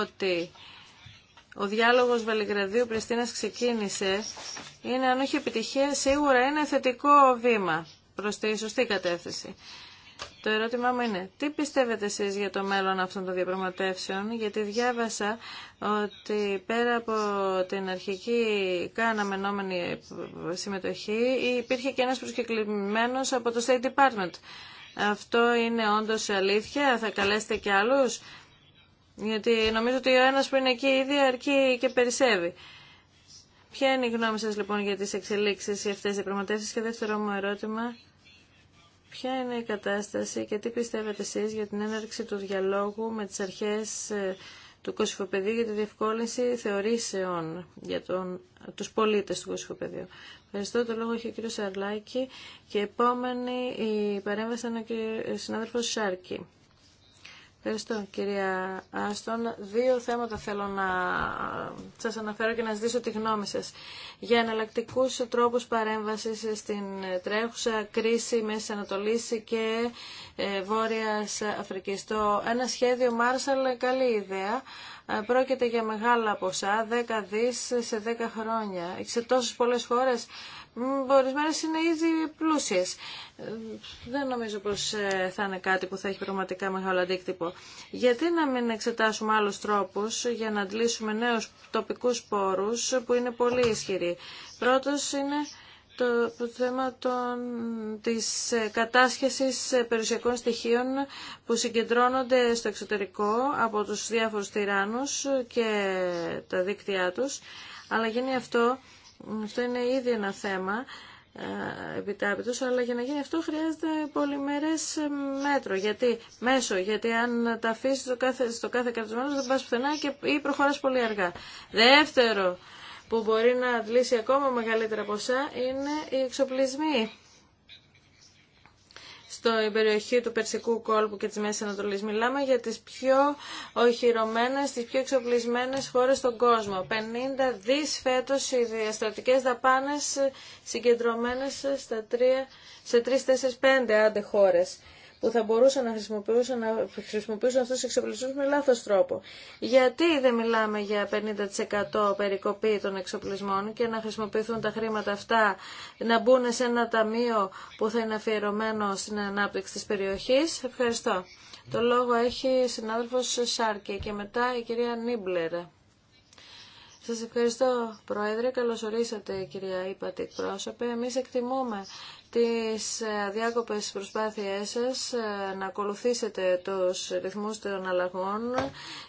ότι ο διάλογος Βελιγραδίου Βελιγραδίου-Πριστίνα ξεκίνησε είναι αν όχι επιτυχία σίγουρα είναι θετικό βήμα προ τη σωστή κατεύθυνση. Το ερώτημά μου είναι, τι πιστεύετε εσεί για το μέλλον αυτών των διαπραγματεύσεων, γιατί διάβασα ότι πέρα από την αρχική καναμενόμενη συμμετοχή υπήρχε και ένας προσκεκλημένος από το State Department. Αυτό είναι όντω αλήθεια, θα καλέσετε και άλλου. Γιατί νομίζω ότι ο ένας που είναι εκεί ήδη αρκεί και περισσεύει. Ποια είναι η γνώμη σας λοιπόν για τις εξελίξεις ή αυτές τις διαπραγματεύσεις και δεύτερο μου ερώτημα. Ποια είναι η κατάσταση και τι πιστεύετε εσείς για την έναρξη του διαλόγου με τις αρχές ε, του Κωσυφοπεδίου για τη διευκόλυνση θεωρήσεων για τον, τους πολίτες του Κωσυφοπεδίου. Ευχαριστώ. Το λόγο έχει ο κύριος Σαρλάκη και επόμενη η παρέμβαση ο συνάδελφος Σάρκη. Ευχαριστώ κυρία Άστον. Δύο θέματα θέλω να σας αναφέρω και να ζητήσω τη γνώμη σας. Για εναλλακτικού τρόπους παρέμβασης στην τρέχουσα κρίση Μέση Ανατολής και ε, Βόρειας Αφρικής. Το ένα σχέδιο Μάρσαλ, καλή ιδέα. Ε, πρόκειται για μεγάλα ποσά, 10 δις σε 10 χρόνια. Σε τόσες πολλές χώρες ορισμένες είναι ήδη πλούσιες. Δεν νομίζω πως ε, θα είναι κάτι που θα έχει πραγματικά μεγάλο αντίκτυπο. Γιατί να μην εξετάσουμε άλλους τρόπους για να αντλήσουμε νέους τοπικούς πόρους που είναι πολύ ισχυροί. Πρώτος είναι το θέμα των, της ε, κατάσχεσης περιουσιακών στοιχείων που συγκεντρώνονται στο εξωτερικό από τους διάφορους τυράννους και τα δίκτυά τους, αλλά γίνει αυτό αυτό είναι ήδη ένα θέμα ε, επιτάπητος, αλλά για να γίνει αυτό χρειάζεται πολυμερές ε, μέτρο. Γιατί, μέσο, γιατί αν τα αφήσει στο κάθε, στο κάθε δεν πας πουθενά και, ή προχωράς πολύ αργά. Δεύτερο που μπορεί να αντλήσει ακόμα μεγαλύτερα ποσά είναι οι εξοπλισμοί στο περιοχή του Περσικού κόλπου και της Μέσης Ανατολής. Μιλάμε για τις πιο οχυρωμένες, τις πιο εξοπλισμένες χώρες στον κόσμο. 50 δις φέτος οι διαστρατικές δαπάνες συγκεντρωμένες στα 3, σε 3, 4, 5 άντε χώρες που θα μπορούσαν να χρησιμοποιούσαν, να χρησιμοποιούσαν αυτούς τους εξοπλισμούς με λάθος τρόπο. Γιατί δεν μιλάμε για 50% περικοπή των εξοπλισμών και να χρησιμοποιηθούν τα χρήματα αυτά να μπουν σε ένα ταμείο που θα είναι αφιερωμένο στην ανάπτυξη της περιοχής. Ευχαριστώ. Το λόγο έχει η συνάδελφος Σάρκη και μετά η κυρία Νίμπλερ. Σας ευχαριστώ Πρόεδρε, καλώς ορίσατε κυρία Ήπατη εκπρόσωπε. Εμείς εκτιμούμε τις ε, διάκοπες προσπάθειές σας ε, να ακολουθήσετε τους ρυθμούς των αλλαγών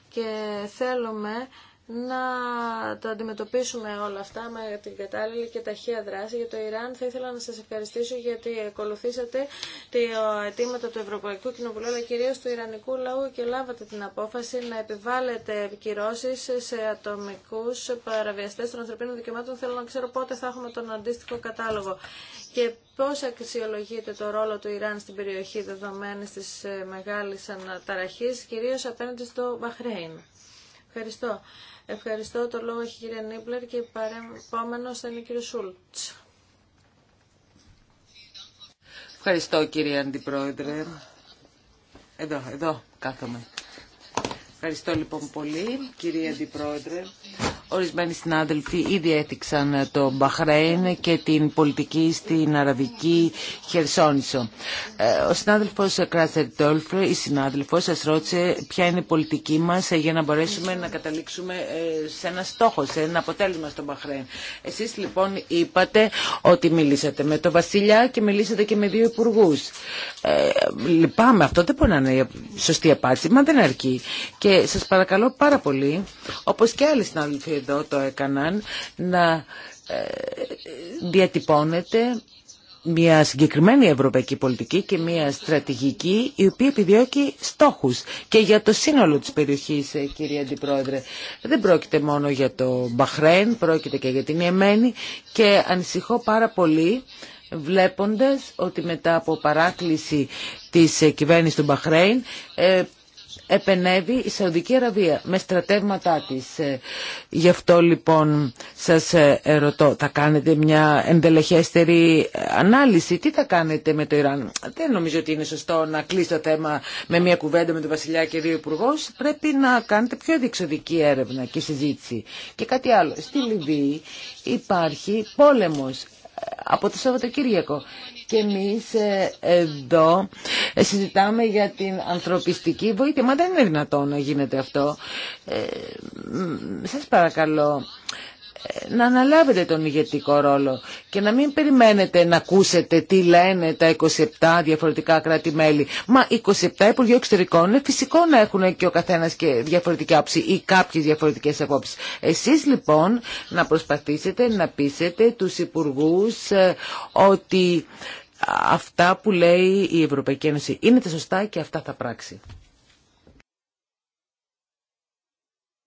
και θέλουμε να τα αντιμετωπίσουμε όλα αυτά με την κατάλληλη και ταχεία δράση. Για το Ιράν θα ήθελα να σας ευχαριστήσω γιατί ακολουθήσατε τα ε, αιτήματα του Ευρωπαϊκού Κοινοβουλίου αλλά κυρίως του Ιρανικού λαού και λάβατε την απόφαση να επιβάλλετε επικυρώσεις σε ατομικούς παραβιαστές των ανθρωπίνων δικαιωμάτων. Θέλω να ξέρω πότε θα έχουμε τον αντίστοιχο κατάλογο και πώς αξιολογείται το ρόλο του Ιράν στην περιοχή δεδομένης της ε, μεγάλης αναταραχής, κυρίως απέναντι στο Μπαχρέιν. Ευχαριστώ. Ευχαριστώ. Το λόγο έχει η κυρία Νίπλερ και παρεμπόμενο θα είναι η Σούλτς. Ευχαριστώ κύριε Αντιπρόεδρε. Εδώ, εδώ κάθομαι. Ευχαριστώ λοιπόν πολύ κύριε Αντιπρόεδρε. Ορισμένοι συνάδελφοι ήδη έτυξαν το Μπαχρέιν και την πολιτική στην Αραβική Χερσόνησο. Ε, ο συνάδελφος Κράτσερ Τόλφρε, η συνάδελφος, σας ρώτησε ποια είναι η πολιτική μας για να μπορέσουμε να καταλήξουμε ε, σε ένα στόχο, σε ένα αποτέλεσμα στο Μπαχρέιν. Εσείς λοιπόν είπατε ότι μιλήσατε με τον Βασιλιά και μιλήσατε και με δύο υπουργού. Ε, λυπάμαι, αυτό δεν μπορεί να είναι σωστή απάντηση, μα δεν αρκεί. Και σα παρακαλώ πάρα πολύ, όπω και άλλοι συνάδελφοι εδώ το έκαναν, να ε, διατυπώνεται μια συγκεκριμένη ευρωπαϊκή πολιτική και μια στρατηγική η οποία επιδιώκει στόχους και για το σύνολο της περιοχής ε, κύριε Αντιπρόεδρε δεν πρόκειται μόνο για το Μπαχρέν πρόκειται και για την Ιεμένη και ανησυχώ πάρα πολύ βλέποντας ότι μετά από παράκληση της ε, κυβέρνησης του Μπαχρέν επενεύει η Σαουδική Αραβία με στρατεύματά της. Ε, γι' αυτό λοιπόν σας ε, ερωτώ, θα κάνετε μια εντελεχέστερη ανάλυση. Τι θα κάνετε με το Ιράν. Δεν νομίζω ότι είναι σωστό να κλείσει το θέμα με μια κουβέντα με τον Βασιλιά και δύο υπουργό. Πρέπει να κάνετε πιο διεξοδική έρευνα και συζήτηση. Και κάτι άλλο. Στη Λιβύη υπάρχει πόλεμος ε, από το Σαββατοκύριακο και εμείς ε, εδώ ε, συζητάμε για την ανθρωπιστική βοήθεια. Μα δεν είναι δυνατόν να γίνεται αυτό. Ε, σας παρακαλώ ε, να αναλάβετε τον ηγετικό ρόλο και να μην περιμένετε να ακούσετε τι λένε τα 27 διαφορετικά κράτη-μέλη. Μα 27 Υπουργοί Εξωτερικών είναι φυσικό να έχουν και ο καθένας και διαφορετική άποψη ή κάποιες διαφορετικές απόψεις. Εσείς λοιπόν να προσπαθήσετε να πείσετε τους υπουργούς ότι αυτά που λέει η Ευρωπαϊκή Ένωση είναι τα σωστά και αυτά θα πράξει.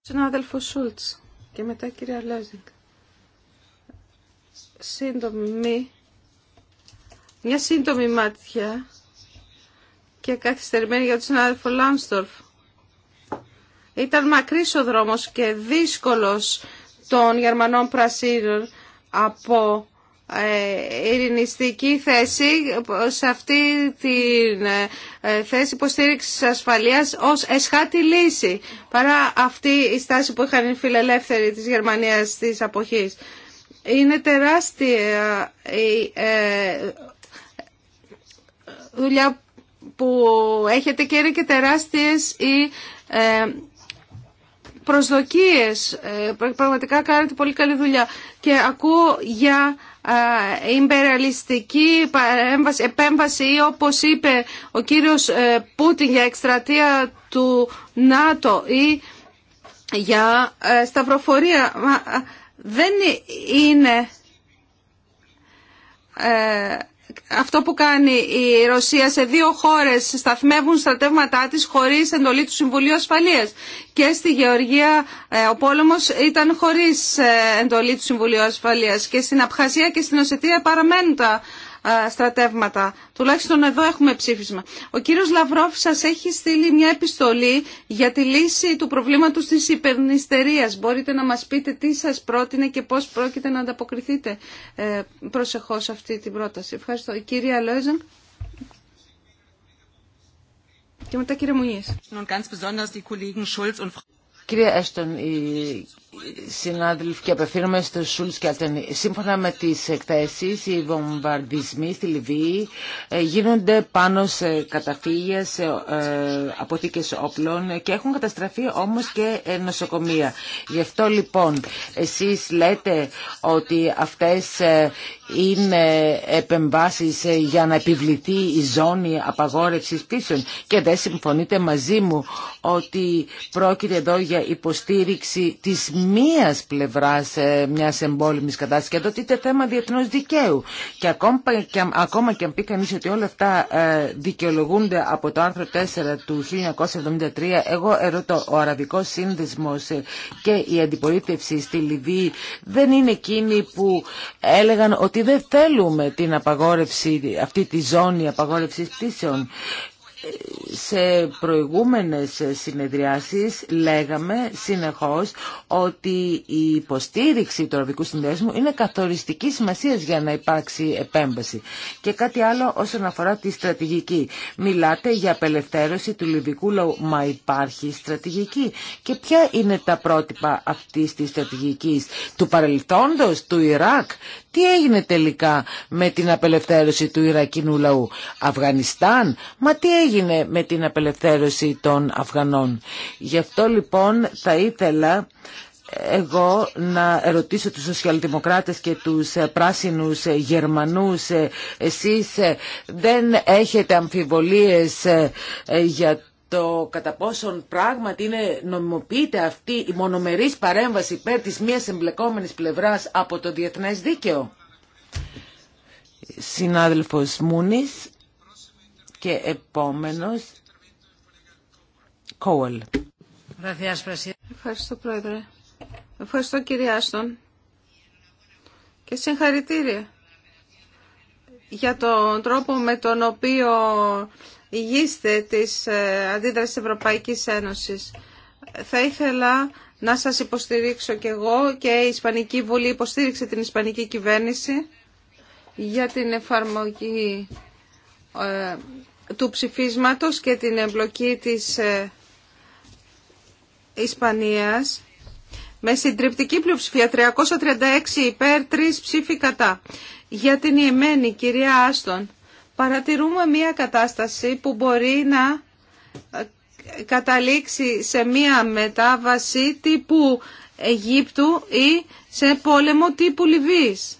Συνάδελφο Σούλτς και μετά κυρία Λέζινγκ. Σύντομη, μια σύντομη μάτια και καθυστερημένη για τον συνάδελφο Λάμστορφ. Ήταν μακρύς ο δρόμος και δύσκολος των Γερμανών Πρασίνων από ε, ειρηνιστική θέση σε αυτή τη ε, θέση υποστήριξης ασφαλείας ως εσχάτη λύση παρά αυτή η στάση που είχαν οι φιλελεύθεροι της Γερμανίας της αποχής. Είναι τεράστια η ε, δουλειά που έχετε και είναι και τεράστιες οι προσδοκίες. Πραγματικά κάνετε πολύ καλή δουλειά και ακούω για παρέμβαση, επέμβαση ή όπως είπε ο κύριος ε, Πούτιν για εκστρατεία του ΝΑΤΟ ή για ε, σταυροφορία ε, δεν είναι αυτό που κάνει η Ρωσία σε δύο χώρες σταθμεύουν στρατεύματά της χωρίς εντολή του Συμβουλίου Ασφαλείας. Και στη Γεωργία ε, ο πόλεμος ήταν χωρίς ε, εντολή του Συμβουλίου Ασφαλείας και στην Απχασία και στην Οσετία παραμένουν τα στρατεύματα. Τουλάχιστον εδώ έχουμε ψήφισμα. Ο κύριος Λαυρόφ σας έχει στείλει μια επιστολή για τη λύση του προβλήματος της υπερνηστερίας. Μπορείτε να μας πείτε τι σας πρότεινε και πώς πρόκειται να ανταποκριθείτε ε, προσεχώς αυτή την πρόταση. Ευχαριστώ. Η κυρία Λόιζα. Και μετά κύριε Κυρία Έστον, η συνάδελφοι, και απευθύνομαι στο Σούλτ και Σύμφωνα με τις εκθέσεις, οι βομβαρδισμοί στη Λιβύη ε, γίνονται πάνω σε καταφύγια, σε ε, αποθήκες όπλων και έχουν καταστραφεί όμως και ε, νοσοκομεία. Γι' αυτό λοιπόν εσείς λέτε ότι αυτές είναι επεμβάσεις για να επιβληθεί η ζώνη απαγόρευσης πίσω και δεν συμφωνείτε μαζί μου ότι πρόκειται εδώ για υποστήριξη της μίας πλευράς ε, μιας εμπόλυμης κατάστασης και εδώ θέμα διεθνούς δικαίου και ακόμα και, ακόμα και αν πει κανείς ότι όλα αυτά ε, δικαιολογούνται από το άρθρο 4 του 1973 εγώ ερωτώ ο Αραβικός Σύνδεσμος ε, και η αντιπολίτευση στη Λιβύη δεν είναι εκείνοι που έλεγαν ότι δεν θέλουμε την απαγόρευση αυτή τη ζώνη απαγόρευσης πτήσεων σε προηγούμενες συνεδριάσεις λέγαμε συνεχώς ότι η υποστήριξη του Αραβικού Συνδέσμου είναι καθοριστική σημασία για να υπάρξει επέμβαση. Και κάτι άλλο όσον αφορά τη στρατηγική. Μιλάτε για απελευθέρωση του Λιβικού λαού, μα υπάρχει στρατηγική. Και ποια είναι τα πρότυπα αυτής της στρατηγικής του παρελθόντος, του Ιράκ, τι έγινε τελικά με την απελευθέρωση του Ιρακινού λαού. Αφγανιστάν. Μα τι έγινε με την απελευθέρωση των Αφγανών. Γι' αυτό λοιπόν θα ήθελα ε, εγώ να ρωτήσω τους σοσιαλδημοκράτες και τους ε, πράσινους ε, Γερμανούς εσείς δεν έχετε αμφιβολίες για το κατά πόσον πράγματι είναι, νομιμοποιείται αυτή η μονομερής παρέμβαση υπέρ της μίας εμπλεκόμενης πλευράς από το διεθνές δίκαιο. Συνάδελφος Μούνης και επόμενος Κόουελ. Ευχαριστώ Πρόεδρε. Ευχαριστώ κυρία Άστον. Και συγχαρητήρια για τον τρόπο με τον οποίο Υγίστε της ε, αντίδρασης Ευρωπαϊκής Ένωσης. Θα ήθελα να σας υποστηρίξω κι εγώ και η Ισπανική Βουλή υποστήριξε την Ισπανική Κυβέρνηση για την εφαρμογή ε, του ψηφίσματος και την εμπλοκή της ε, Ισπανίας με συντριπτική πλειοψηφία 336 υπέρ 3 ψήφοι κατά. Για την Ιεμένη, κυρία Άστον, παρατηρούμε μια κατάσταση που μπορεί να ε, καταλήξει σε μια μετάβαση τύπου Αιγύπτου ή σε πόλεμο τύπου Λιβύης.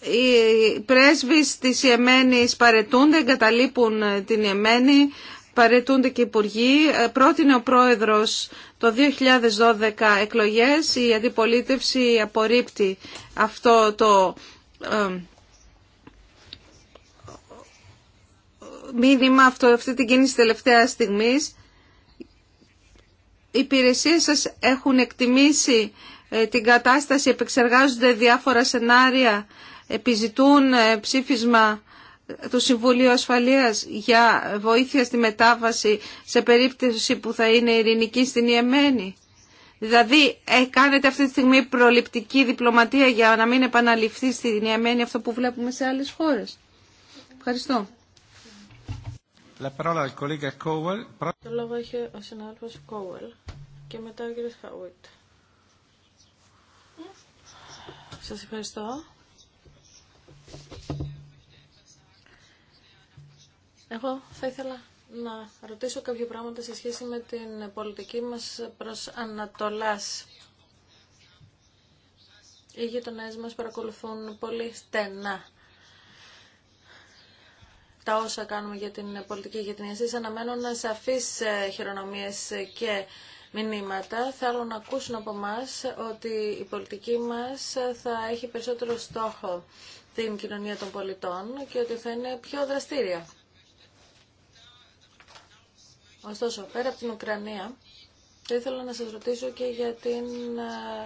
Οι πρέσβεις της Ιεμένης παρετούνται, εγκαταλείπουν ε, την Ιεμένη, παρετούνται και οι υπουργοί. Ε, πρότεινε ο πρόεδρος το 2012 εκλογές, η αντιπολίτευση απορρίπτει αυτό το μήνυμα αυτό, αυτή την κίνηση τελευταία στιγμή. Οι υπηρεσίες σας έχουν εκτιμήσει ε, την κατάσταση, επεξεργάζονται διάφορα σενάρια, επιζητούν ε, ψήφισμα του Συμβουλίου Ασφαλείας για βοήθεια στη μετάβαση σε περίπτωση που θα είναι ειρηνική στην Ιεμένη. Δηλαδή, ε, κάνετε αυτή τη στιγμή προληπτική διπλωματία για να μην επαναληφθεί στην Ιεμένη αυτό που βλέπουμε σε άλλες χώρες. Ευχαριστώ. Το λόγο έχει ο συνάδελφος Κόουελ και μετά ο κύριος Χαουίτ. Σας ευχαριστώ. Εγώ θα ήθελα να ρωτήσω κάποια πράγματα σε σχέση με την πολιτική μας προς Ανατολάς. Οι γειτονές μας παρακολουθούν πολύ στενά τα όσα κάνουμε για την πολιτική γειτονία. Αναμένουν σαφείς ε, χειρονομίες και μηνύματα. Θέλω να ακούσουν από εμά ότι η πολιτική μας θα έχει περισσότερο στόχο την κοινωνία των πολιτών και ότι θα είναι πιο δραστήρια. Ωστόσο, πέρα από την Ουκρανία, θα ήθελα να σας ρωτήσω και για την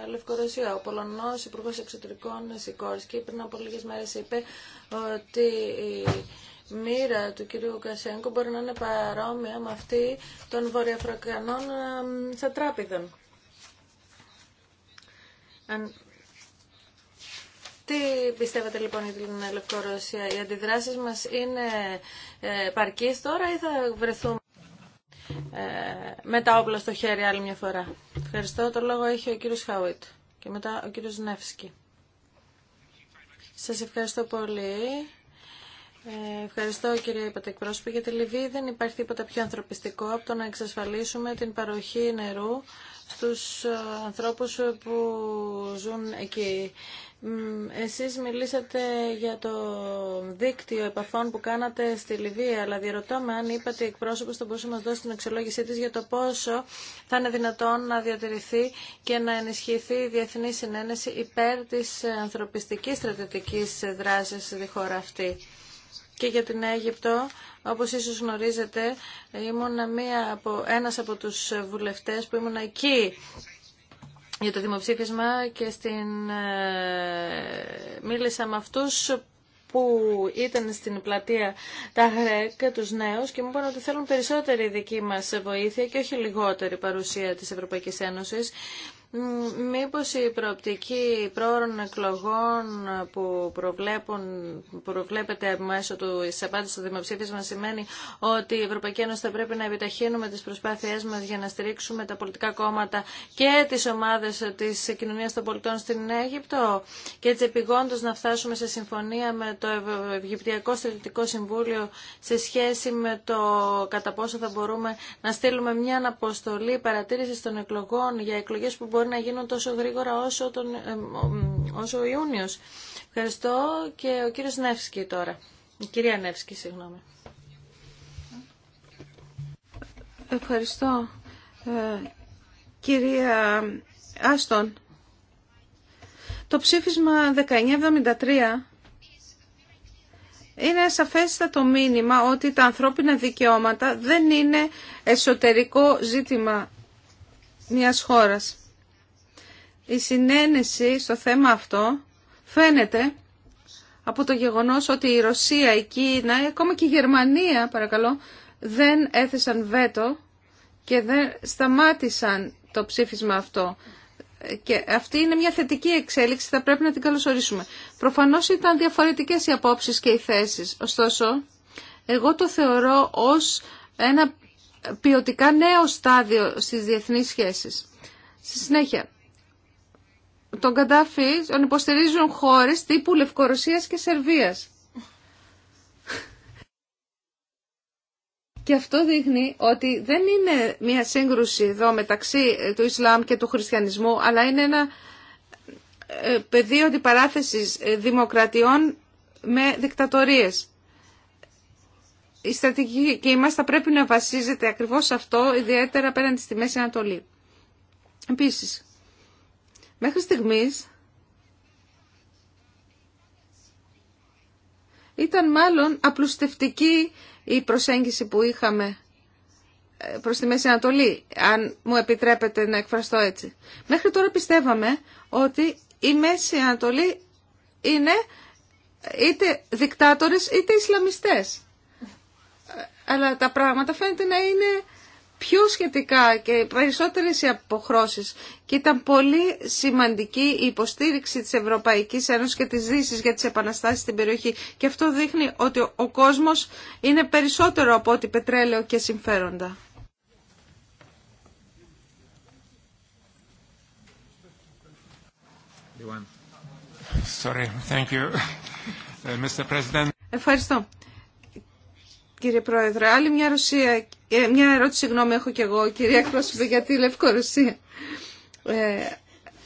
ε, Λευκορωσία. Ο Πολωνός Υπουργός Εξωτερικών Σικόρσκι πριν από λίγες μέρες είπε ότι μοίρα του κ. Κασιάνκου μπορεί να είναι παρόμοια με αυτή των βορειοαφρικανών σατράπηδων. Αν... Τι πιστεύετε λοιπόν για την Λευκορωσία, οι αντιδράσεις μας είναι ε, τώρα ή θα βρεθούμε ε, με τα όπλα στο χέρι άλλη μια φορά. Ευχαριστώ. Το λόγο έχει ο κύριος Χαουίτ και μετά ο κύριος Νεύσκι. Σας ευχαριστώ πολύ. Ε, ευχαριστώ κύριε Υπατεκπρόσωπη. Για τη Λιβύη δεν υπάρχει τίποτα πιο ανθρωπιστικό από το να εξασφαλίσουμε την παροχή νερού στους ε, ανθρώπους που ζουν εκεί. Εσείς μιλήσατε για το δίκτυο επαφών που κάνατε στη Λιβύη, αλλά διαρωτώ με αν είπατε εκπρόσωπος θα μπορούσε να μας δώσει την αξιολόγησή της για το πόσο θα είναι δυνατόν να διατηρηθεί και να ενισχυθεί η διεθνή συνένεση υπέρ της ανθρωπιστικής στρατιωτικής δράσης στη χώρα αυτή και για την Αίγυπτο. Όπως ίσως γνωρίζετε, ήμουν μία από, ένας από τους βουλευτές που ήμουν εκεί για το δημοψήφισμα και στην, ε, μίλησα με αυτούς που ήταν στην πλατεία τα ΓΡΕΚ, τους νέους, και μου είπαν ότι θέλουν περισσότερη δική μας βοήθεια και όχι λιγότερη παρουσία της Ευρωπαϊκής Ένωσης. Μήπως η προοπτική πρόωρων εκλογών που προβλέπουν, προβλέπεται μέσω του απάντηση στο δημοψήφισμα σημαίνει ότι η Ευρωπαϊκή Ένωση θα πρέπει να επιταχύνουμε τις προσπάθειές μας για να στηρίξουμε τα πολιτικά κόμματα και τις ομάδες της κοινωνίας των πολιτών στην Αίγυπτο και έτσι επιγόντως να φτάσουμε σε συμφωνία με το Αιγυπτιακό Στρατιωτικό Συμβούλιο σε σχέση με το κατά πόσο θα μπορούμε να στείλουμε μια αναποστολή παρατήρησης των εκλογών για εκλογές μπορεί να γίνουν τόσο γρήγορα όσο, τον, ε, όσο ο Ιούνιος. Ευχαριστώ και ο κύριος Νεύσκη τώρα. Η κυρία Νεύσκη, συγγνώμη. Ευχαριστώ. Ε, κυρία Άστον, το ψήφισμα 1973 είναι σαφέστατο μήνυμα ότι τα ανθρώπινα δικαιώματα δεν είναι εσωτερικό ζήτημα μιας χώρας. Η συνένεση στο θέμα αυτό φαίνεται από το γεγονός ότι η Ρωσία, η Κίνα, ακόμα και η Γερμανία, παρακαλώ, δεν έθεσαν βέτο και δεν σταμάτησαν το ψήφισμα αυτό. Και αυτή είναι μια θετική εξέλιξη, θα πρέπει να την καλωσορίσουμε. Προφανώς ήταν διαφορετικές οι απόψεις και οι θέσεις. Ωστόσο, εγώ το θεωρώ ως ένα ποιοτικά νέο στάδιο στις διεθνείς σχέσεις. Στη συνέχεια, τον Καντάφη τον υποστηρίζουν χώρες τύπου Λευκορωσίας και Σερβίας. Και αυτό δείχνει ότι δεν είναι μια σύγκρουση εδώ μεταξύ του Ισλάμ και του χριστιανισμού, αλλά είναι ένα ε, πεδίο αντιπαράθεση ε, δημοκρατιών με δικτατορίε. Η στρατηγική μας θα πρέπει να βασίζεται ακριβώς σε αυτό, ιδιαίτερα απέναντι στη Μέση Ανατολή. Επίσης, Μέχρι στιγμής ήταν μάλλον απλουστευτική η προσέγγιση που είχαμε ε, προς τη Μέση Ανατολή, αν μου επιτρέπετε να εκφραστώ έτσι. Μέχρι τώρα πιστεύαμε ότι η Μέση Ανατολή είναι είτε δικτάτορες είτε Ισλαμιστές. Ε, αλλά τα πράγματα φαίνεται να είναι πιο σχετικά και περισσότερες οι αποχρώσεις και ήταν πολύ σημαντική η υποστήριξη της Ευρωπαϊκής Ένωσης και της Δύσης για τις επαναστάσεις στην περιοχή και αυτό δείχνει ότι ο κόσμος είναι περισσότερο από ό,τι πετρέλαιο και συμφέροντα. Sorry, thank you. Mr. President. Ευχαριστώ κύριε Πρόεδρε. Άλλη μια, Ρωσία, ε, μια ερώτηση, γνώμη έχω και εγώ, κυρία Εκπρόσωπη, για τη Λευκορωσία. Ε,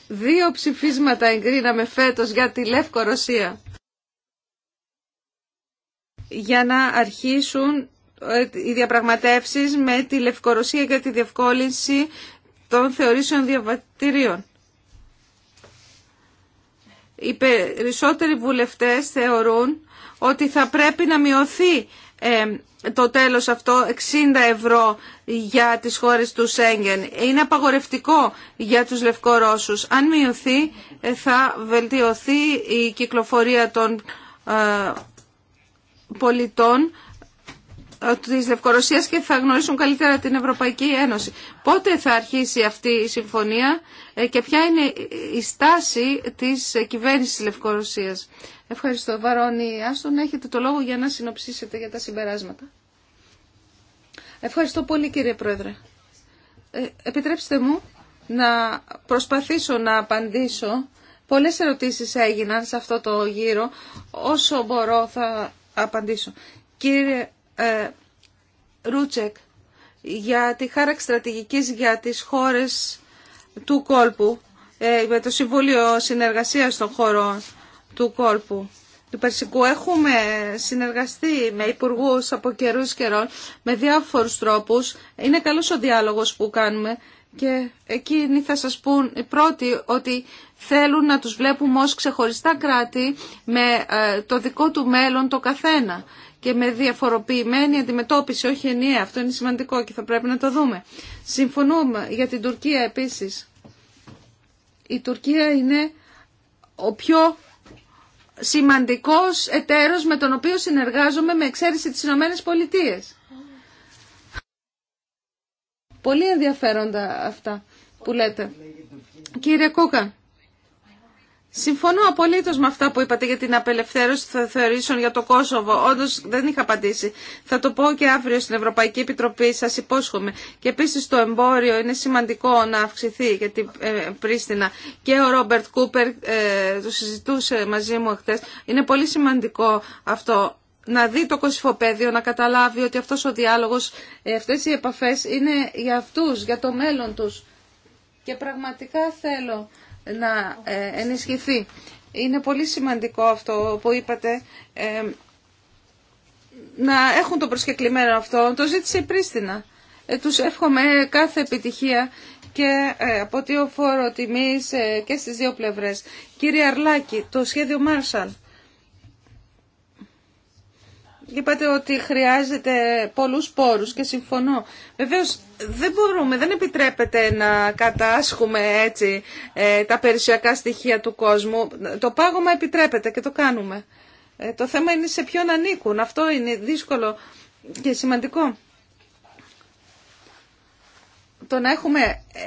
δύο ψηφίσματα εγκρίναμε φέτος για τη Λευκορωσία. Για να αρχίσουν ε, οι διαπραγματεύσεις με τη Λευκορωσία για τη διευκόλυνση των θεωρήσεων διαβατηρίων. Οι περισσότεροι βουλευτές θεωρούν ότι θα πρέπει να μειωθεί ε, το τέλος αυτό 60 ευρώ για τις χώρες του Σέγγεν. Είναι απαγορευτικό για τους Λευκορώσους. Αν μειωθεί ε, θα βελτιωθεί η κυκλοφορία των ε, πολιτών της Λευκορωσίας και θα γνωρίσουν καλύτερα την Ευρωπαϊκή Ένωση. Πότε θα αρχίσει αυτή η συμφωνία και ποια είναι η στάση της κυβέρνησης της Λευκορωσίας. Ευχαριστώ. Βαρόνι Άστον, έχετε το λόγο για να συνοψίσετε για τα συμπεράσματα. Ευχαριστώ πολύ κύριε Πρόεδρε. Ε, επιτρέψτε μου να προσπαθήσω να απαντήσω. Πολλές ερωτήσεις έγιναν σε αυτό το γύρο. Όσο μπορώ θα απαντήσω. Κύριε ε, Ρούτσεκ, για τη χάραξη στρατηγικής για τις χώρες του κόλπου, ε, με το Συμβούλιο Συνεργασίας των Χωρών, του κόλπου του Περσικού. Έχουμε συνεργαστεί με υπουργού από καιρού καιρών με διάφορους τρόπους. Είναι καλός ο διάλογος που κάνουμε και εκείνοι θα σας πούν πρώτοι ότι θέλουν να τους βλέπουμε ως ξεχωριστά κράτη με ε, το δικό του μέλλον το καθένα και με διαφοροποιημένη αντιμετώπιση, όχι ενιαία. Αυτό είναι σημαντικό και θα πρέπει να το δούμε. Συμφωνούμε για την Τουρκία επίσης. Η Τουρκία είναι ο πιο σημαντικός εταίρος με τον οποίο συνεργάζομαι με εξαίρεση τις Ηνωμένες Πολιτείες. Πολύ ενδιαφέροντα αυτά που λέτε. Κύριε Κούκα, Συμφωνώ απολύτω με αυτά που είπατε για την απελευθέρωση των θεωρήσεων για το Κόσοβο. Όντω δεν είχα απαντήσει. Θα το πω και αύριο στην Ευρωπαϊκή Επιτροπή, σα υπόσχομαι. Και επίση το εμπόριο είναι σημαντικό να αυξηθεί για την ε, Πρίστινα. Και ο Ρόμπερτ Κούπερ ε, το συζητούσε μαζί μου χτε. Είναι πολύ σημαντικό αυτό να δει το κοσυφοπαίδιο, να καταλάβει ότι αυτός ο διάλογος, ε, αυτές οι επαφές είναι για αυτούς, για το μέλλον τους. Και πραγματικά θέλω να ε, ενισχυθεί. Είναι πολύ σημαντικό αυτό που είπατε, ε, να έχουν το προσκεκλημένο αυτό. Το ζήτησε η Πρίστινα. Ε, τους εύχομαι κάθε επιτυχία και από τι οφόρο τιμής και στις δύο πλευρές. Κύριε Αρλάκη, το σχέδιο Μάρσαλ. Είπατε ότι χρειάζεται πολλούς πόρους και συμφωνώ. Βεβαίως δεν μπορούμε, δεν επιτρέπεται να κατάσχουμε έτσι ε, τα περιουσιακά στοιχεία του κόσμου. Το πάγωμα επιτρέπεται και το κάνουμε. Ε, το θέμα είναι σε ποιον ανήκουν. Αυτό είναι δύσκολο και σημαντικό. Το να έχουμε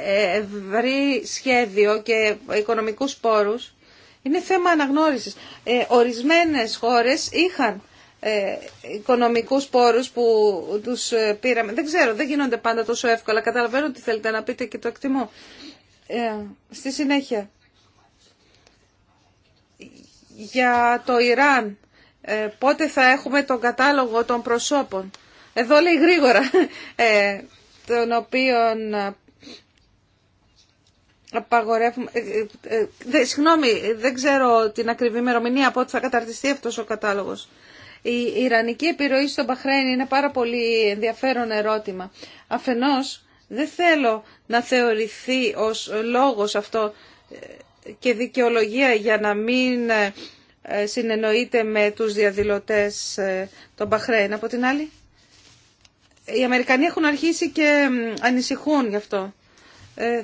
ε, ευρύ σχέδιο και οικονομικούς πόρους είναι θέμα αναγνώρισης. Ορισμένες χώρες είχαν ε, οικονομικούς πόρους που τους ε, πήραμε. Δεν ξέρω, δεν γίνονται πάντα τόσο εύκολα. Καταλαβαίνω τι θέλετε να πείτε και το εκτιμώ. Ε, στη συνέχεια, για το Ιράν, πότε θα έχουμε τον κατάλογο των προσώπων. Εδώ λέει γρήγορα, τον οποίον απαγορεύουμε. Συγγνώμη, δεν ξέρω την ακριβή ημερομηνία από ότι θα καταρτιστεί αυτός ο κατάλογος. Η Ιρανική επιρροή στον Μπαχρέιν είναι πάρα πολύ ενδιαφέρον ερώτημα. Αφενός, δεν θέλω να θεωρηθεί ως λόγος αυτό ε, και δικαιολογία για να μην ε, συνεννοείται με τους διαδηλωτές ε, των Παχρέν. Από την άλλη, οι Αμερικανοί έχουν αρχίσει και ανησυχούν γι' αυτό.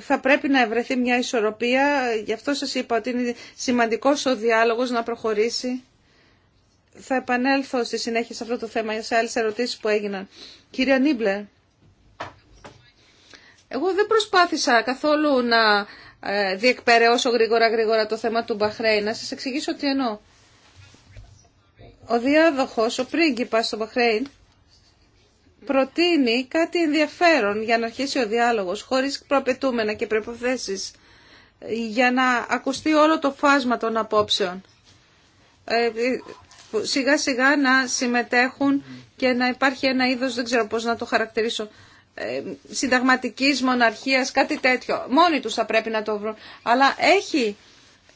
Θα πρέπει να ευρεθεί μια ισορροπία, γι' αυτό σας είπα ότι είναι σημαντικός ο διάλογος να προχωρήσει θα επανέλθω στη συνέχεια σε αυτό το θέμα σε άλλες ερωτήσεις που έγιναν. Κυρία Νίμπλε, εγώ δεν προσπάθησα καθόλου να ε, διεκπαιρεώσω γρήγορα γρήγορα το θέμα του Μπαχρέιν. Να σας εξηγήσω τι εννοώ. Ο διάδοχος, ο πρίγκιπας του Μπαχρέιν, προτείνει κάτι ενδιαφέρον για να αρχίσει ο διάλογος, χωρίς προαπαιτούμενα και προϋποθέσεις, για να ακουστεί όλο το φάσμα των απόψεων. Ε, σιγά σιγά να συμμετέχουν και να υπάρχει ένα είδος, δεν ξέρω πώς να το χαρακτηρίσω, ε, συνταγματικής μοναρχίας, κάτι τέτοιο. Μόνοι τους θα πρέπει να το βρουν. Αλλά έχει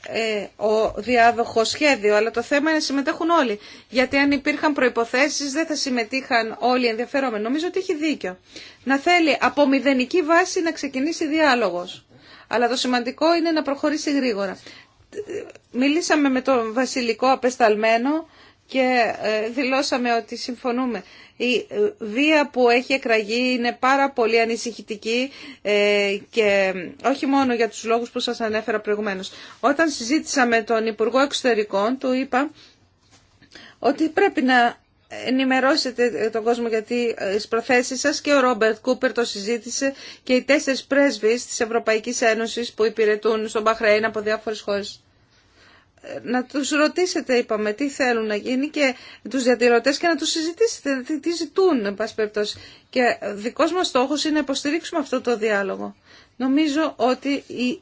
ε, ο διάδοχο σχέδιο, αλλά το θέμα είναι να συμμετέχουν όλοι. Γιατί αν υπήρχαν προϋποθέσεις δεν θα συμμετείχαν όλοι οι ενδιαφερόμενοι. Νομίζω ότι έχει δίκιο. Να θέλει από μηδενική βάση να ξεκινήσει διάλογος. Αλλά το σημαντικό είναι να προχωρήσει γρήγορα. Μιλήσαμε με τον βασιλικό απεσταλμένο και ε, δηλώσαμε ότι συμφωνούμε. Η ε, βία που έχει εκραγεί είναι πάρα πολύ ανησυχητική ε, και όχι μόνο για τους λόγους που σας ανέφερα προηγουμένως. Όταν συζήτησα με τον Υπουργό Εξωτερικών του είπα ότι πρέπει να ενημερώσετε τον κόσμο γιατί τι προθέσεις σας και ο Ρόμπερτ Κούπερ το συζήτησε και οι τέσσερις πρέσβεις της Ευρωπαϊκής Ένωσης που υπηρετούν στον Μπαχρέιν από διάφορες χώρες να τους ρωτήσετε, είπαμε, τι θέλουν να γίνει και τους διατηρωτές και να τους συζητήσετε, τι, τι ζητούν, εν πάση περιπτώσει. Και δικός μας στόχος είναι να υποστηρίξουμε αυτό το διάλογο. Νομίζω ότι η,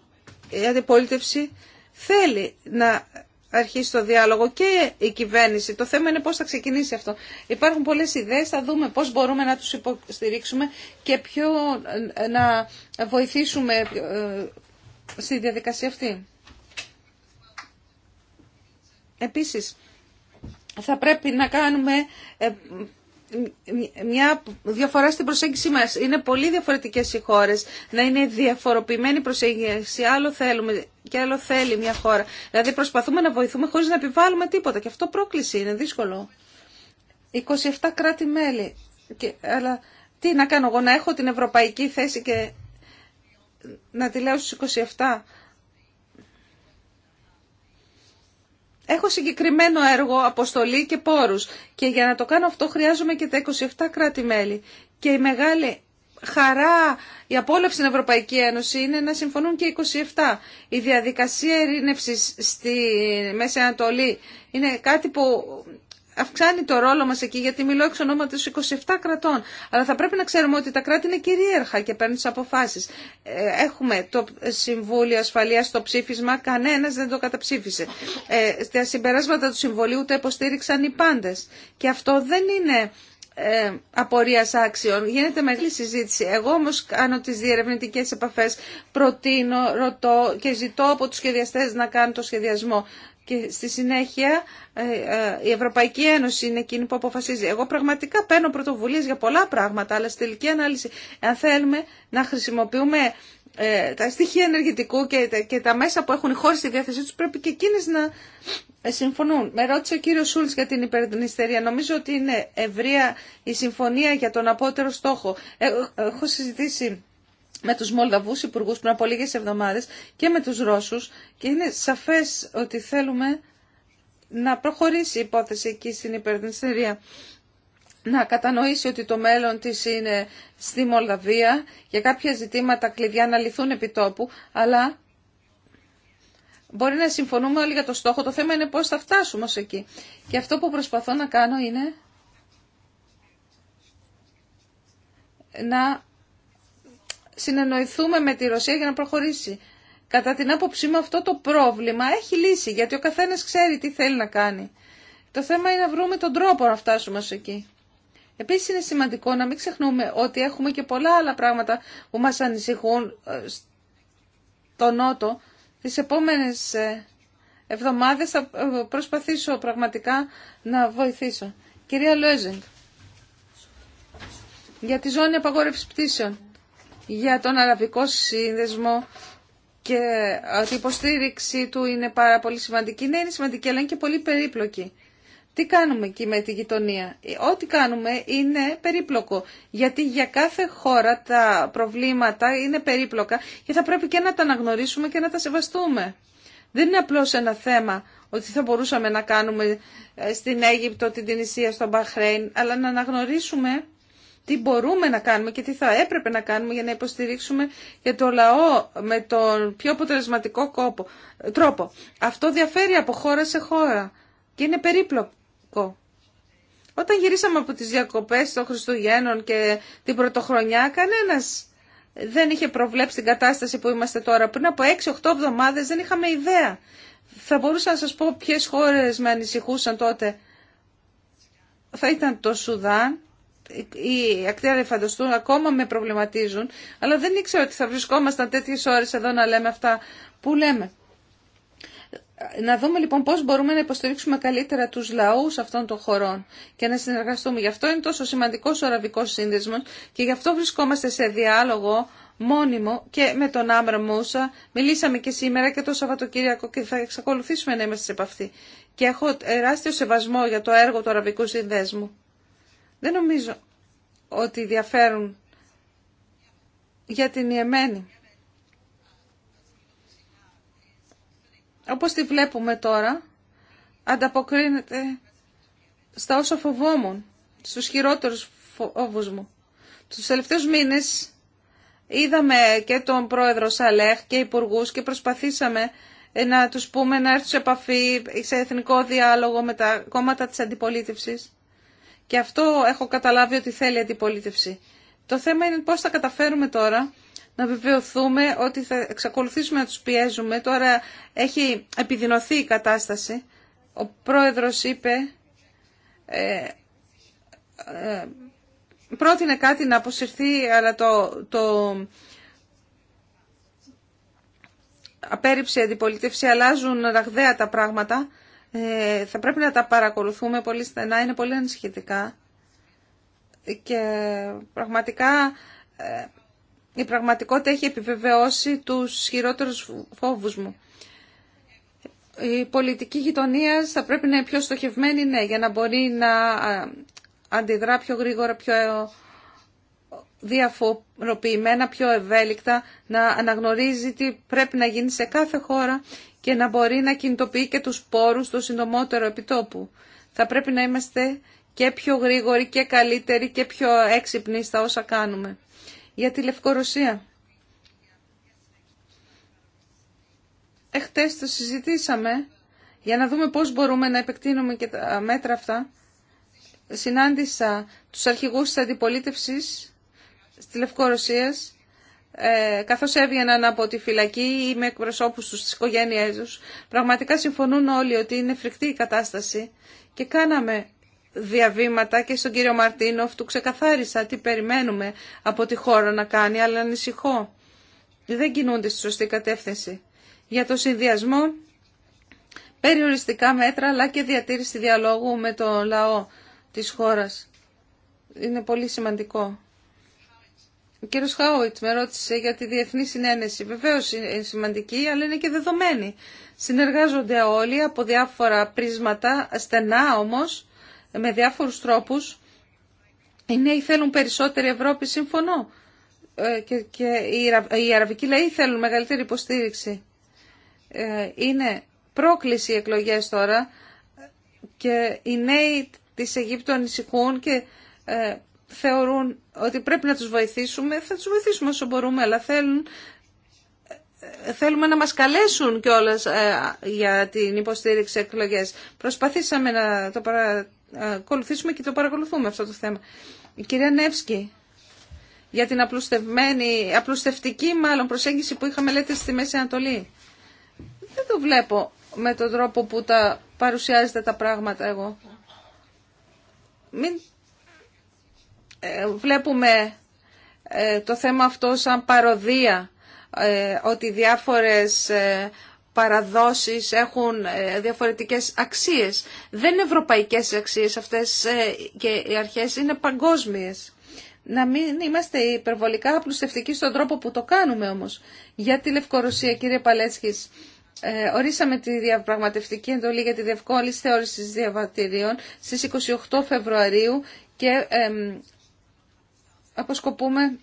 η αντιπολίτευση θέλει να αρχίσει το διάλογο και η κυβέρνηση. Το θέμα είναι πώς θα ξεκινήσει αυτό. Υπάρχουν πολλές ιδέες, θα δούμε πώς μπορούμε να τους υποστηρίξουμε και ποιο ε, να βοηθήσουμε ε, στη διαδικασία αυτή. Επίσης, θα πρέπει να κάνουμε ε, μια διαφορά στην προσέγγιση μας. Είναι πολύ διαφορετικές οι χώρες, να είναι διαφοροποιημένη προσέγγιση. Άλλο θέλουμε και άλλο θέλει μια χώρα. Δηλαδή προσπαθούμε να βοηθούμε χωρίς να επιβάλλουμε τίποτα. Και αυτό πρόκληση είναι δύσκολο. 27 κράτη-μέλη. Αλλά τι να κάνω εγώ, να έχω την ευρωπαϊκή θέση και να τη λέω στους 27. Έχω συγκεκριμένο έργο, αποστολή και πόρους και για να το κάνω αυτό χρειάζομαι και τα 27 κράτη-μέλη. Και η μεγάλη χαρά, η απόλαυση στην Ευρωπαϊκή Ένωση είναι να συμφωνούν και 27. Η διαδικασία ειρήνευσης στη Μέση Ανατολή είναι κάτι που αυξάνει το ρόλο μας εκεί, γιατί μιλώ εξ ονόματος 27 κρατών. Αλλά θα πρέπει να ξέρουμε ότι τα κράτη είναι κυρίαρχα και παίρνουν τις αποφάσεις. Ε, έχουμε το Συμβούλιο Ασφαλείας στο ψήφισμα, κανένας δεν το καταψήφισε. Ε, στα συμπεράσματα του Συμβολίου τα υποστήριξαν οι πάντες. Και αυτό δεν είναι ε, απορία άξιων. Γίνεται μεγάλη συζήτηση. Εγώ όμω κάνω τι διερευνητικέ επαφέ, προτείνω, ρωτώ και ζητώ από του σχεδιαστέ να κάνουν το σχεδιασμό και στη συνέχεια ε, ε, η Ευρωπαϊκή Ένωση είναι εκείνη που αποφασίζει. Εγώ πραγματικά παίρνω πρωτοβουλίες για πολλά πράγματα, αλλά στη τελική ανάλυση, αν θέλουμε να χρησιμοποιούμε ε, τα στοιχεία ενεργητικού και τα μέσα που έχουν οι χώρε στη διάθεσή του πρέπει και εκείνες να συμφωνούν. Με ρώτησε ο κύριο Σούλτ για την υπερδνηστερία. Νομίζω ότι είναι ευρεία η συμφωνία για τον απότερο στόχο. Έχω συζητήσει με τους Μολδαβούς υπουργούς πριν από λίγες εβδομάδες και με τους Ρώσους και είναι σαφές ότι θέλουμε να προχωρήσει η υπόθεση εκεί στην υπερδυνστερία. Να κατανοήσει ότι το μέλλον της είναι στη Μολδαβία για κάποια ζητήματα κλειδιά να λυθούν επί τόπου, αλλά μπορεί να συμφωνούμε όλοι για το στόχο. Το θέμα είναι πώς θα φτάσουμε ως εκεί. Και αυτό που προσπαθώ να κάνω είναι να συνεννοηθούμε με τη Ρωσία για να προχωρήσει. Κατά την άποψή μου αυτό το πρόβλημα έχει λύση, γιατί ο καθένας ξέρει τι θέλει να κάνει. Το θέμα είναι να βρούμε τον τρόπο να φτάσουμε ως εκεί. Επίσης είναι σημαντικό να μην ξεχνούμε ότι έχουμε και πολλά άλλα πράγματα που μας ανησυχούν ε, στο Νότο. Τις επόμενες ε, εβδομάδες θα ε, προσπαθήσω πραγματικά να βοηθήσω. Κυρία Λόιζινγκ, για τη ζώνη απαγόρευσης πτήσεων για τον Αραβικό Σύνδεσμο και ότι η υποστήριξή του είναι πάρα πολύ σημαντική. Ναι, είναι σημαντική, αλλά είναι και πολύ περίπλοκη. Τι κάνουμε εκεί με τη γειτονία. Ό,τι κάνουμε είναι περίπλοκο. Γιατί για κάθε χώρα τα προβλήματα είναι περίπλοκα και θα πρέπει και να τα αναγνωρίσουμε και να τα σεβαστούμε. Δεν είναι απλώς ένα θέμα ότι θα μπορούσαμε να κάνουμε ε, στην Αίγυπτο, την Τινησία, στον Μπαχρέιν, αλλά να αναγνωρίσουμε τι μπορούμε να κάνουμε και τι θα έπρεπε να κάνουμε για να υποστηρίξουμε για το λαό με τον πιο αποτελεσματικό κόπο, τρόπο. Αυτό διαφέρει από χώρα σε χώρα και είναι περίπλοκο. Όταν γυρίσαμε από τις διακοπές των Χριστουγέννων και την Πρωτοχρονιά, κανένας δεν είχε προβλέψει την κατάσταση που είμαστε τώρα. Πριν από 6-8 εβδομάδες δεν είχαμε ιδέα. Θα μπορούσα να σας πω ποιες χώρες με ανησυχούσαν τότε. Θα ήταν το Σουδάν, οι ακτέρα φανταστούν ακόμα με προβληματίζουν, αλλά δεν ήξερα ότι θα βρισκόμασταν τέτοιες ώρες εδώ να λέμε αυτά που λέμε. Να δούμε λοιπόν πώς μπορούμε να υποστηρίξουμε καλύτερα τους λαούς αυτών των χωρών και να συνεργαστούμε. Γι' αυτό είναι τόσο σημαντικός ο αραβικός σύνδεσμος και γι' αυτό βρισκόμαστε σε διάλογο μόνιμο και με τον Άμρα Μούσα. Μιλήσαμε και σήμερα και το Σαββατοκύριακο και θα εξακολουθήσουμε να είμαστε σε επαφή. Και έχω τεράστιο σεβασμό για το έργο του αραβικού συνδέσμου. Δεν νομίζω ότι διαφέρουν για την Ιεμένη. Όπως τη βλέπουμε τώρα, ανταποκρίνεται στα όσα φοβόμουν, στους χειρότερους φόβους μου. Τους τελευταίους μήνες είδαμε και τον πρόεδρο Σαλέχ και υπουργού και προσπαθήσαμε να τους πούμε να έρθουν σε επαφή σε εθνικό διάλογο με τα κόμματα της αντιπολίτευσης. Και αυτό έχω καταλάβει ότι θέλει αντιπολίτευση. Το θέμα είναι πώς θα καταφέρουμε τώρα να βεβαιωθούμε ότι θα εξακολουθήσουμε να τους πιέζουμε. Τώρα έχει επιδεινωθεί η κατάσταση. Ο πρόεδρος είπε, ε, ε, πρότεινε κάτι να αποσυρθεί, αλλά το, το απέρριψε η αντιπολίτευση, αλλάζουν ραγδαία τα πράγματα. Ε, θα πρέπει να τα παρακολουθούμε πολύ στενά, είναι πολύ ανησυχητικά και πραγματικά ε, η πραγματικότητα έχει επιβεβαιώσει τους χειρότερους φόβους μου. Η πολιτική γειτονία θα πρέπει να είναι πιο στοχευμένη, ναι, για να μπορεί να αντιδρά πιο γρήγορα, πιο διαφοροποιημένα, πιο ευέλικτα, να αναγνωρίζει τι πρέπει να γίνει σε κάθε χώρα και να μπορεί να κινητοποιεί και τους πόρους το συντομότερο επιτόπου. Θα πρέπει να είμαστε και πιο γρήγοροι και καλύτεροι και πιο έξυπνοι στα όσα κάνουμε. Για τη Λευκορωσία. Εχθές το συζητήσαμε για να δούμε πώς μπορούμε να επεκτείνουμε και τα μέτρα αυτά. Συνάντησα τους αρχηγούς της αντιπολίτευσης στη Λευκορωσίας ε, καθώς έβγαιναν από τη φυλακή ή με εκπροσώπους τους της οικογένειάς τους, πραγματικά συμφωνούν όλοι ότι είναι φρικτή η κατάσταση και κάναμε διαβήματα και στον κύριο Μαρτίνοφ του ξεκαθάρισα τι περιμένουμε από τη χώρα να κάνει, αλλά ανησυχώ. Δεν κινούνται στη σωστή κατεύθυνση. Για το συνδυασμό, περιοριστικά μέτρα, αλλά και διατήρηση διαλόγου με το λαό της χώρας. Είναι πολύ σημαντικό. Ο κύριος Χάουιτ με ρώτησε για τη διεθνή συνένεση. Βεβαίως είναι σημαντική, αλλά είναι και δεδομένη. Συνεργάζονται όλοι από διάφορα πρίσματα, στενά όμως, με διάφορους τρόπους. Οι νέοι θέλουν περισσότερη Ευρώπη, συμφωνώ. Ε, και, και οι αραβικοί λαοί θέλουν μεγαλύτερη υποστήριξη. Ε, είναι πρόκληση οι εκλογές τώρα και οι νέοι της Αιγύπτου ανησυχούν και ε, θεωρούν ότι πρέπει να τους βοηθήσουμε, θα τους βοηθήσουμε όσο μπορούμε, αλλά θέλουν, ε, θέλουμε να μας καλέσουν κιόλας ε, για την υποστήριξη εκλογές. Προσπαθήσαμε να το παρακολουθήσουμε ε, και το παρακολουθούμε αυτό το θέμα. Η κυρία Νεύσκη, για την απλουστευμένη, απλουστευτική μάλλον προσέγγιση που είχαμε λέτε στη Μέση Ανατολή. Δεν το βλέπω με τον τρόπο που τα παρουσιάζετε τα πράγματα εγώ. Ε, βλέπουμε ε, το θέμα αυτό σαν παροδία ε, ότι διάφορες παραδόσεις έχουν διαφορετικές αξίες. Δεν είναι ευρωπαϊκές αξίες αυτές και οι αρχές είναι παγκόσμιες. Να μην είμαστε υπερβολικά απλουστευτικοί στον τρόπο που το κάνουμε όμως. Για τη Λευκορωσία, κύριε Παλέσχης, ορίσαμε τη διαπραγματευτική εντολή για τη διευκόλυνση θεώρηση διαβατηρίων στις 28 Φεβρουαρίου και αποσκοπούμε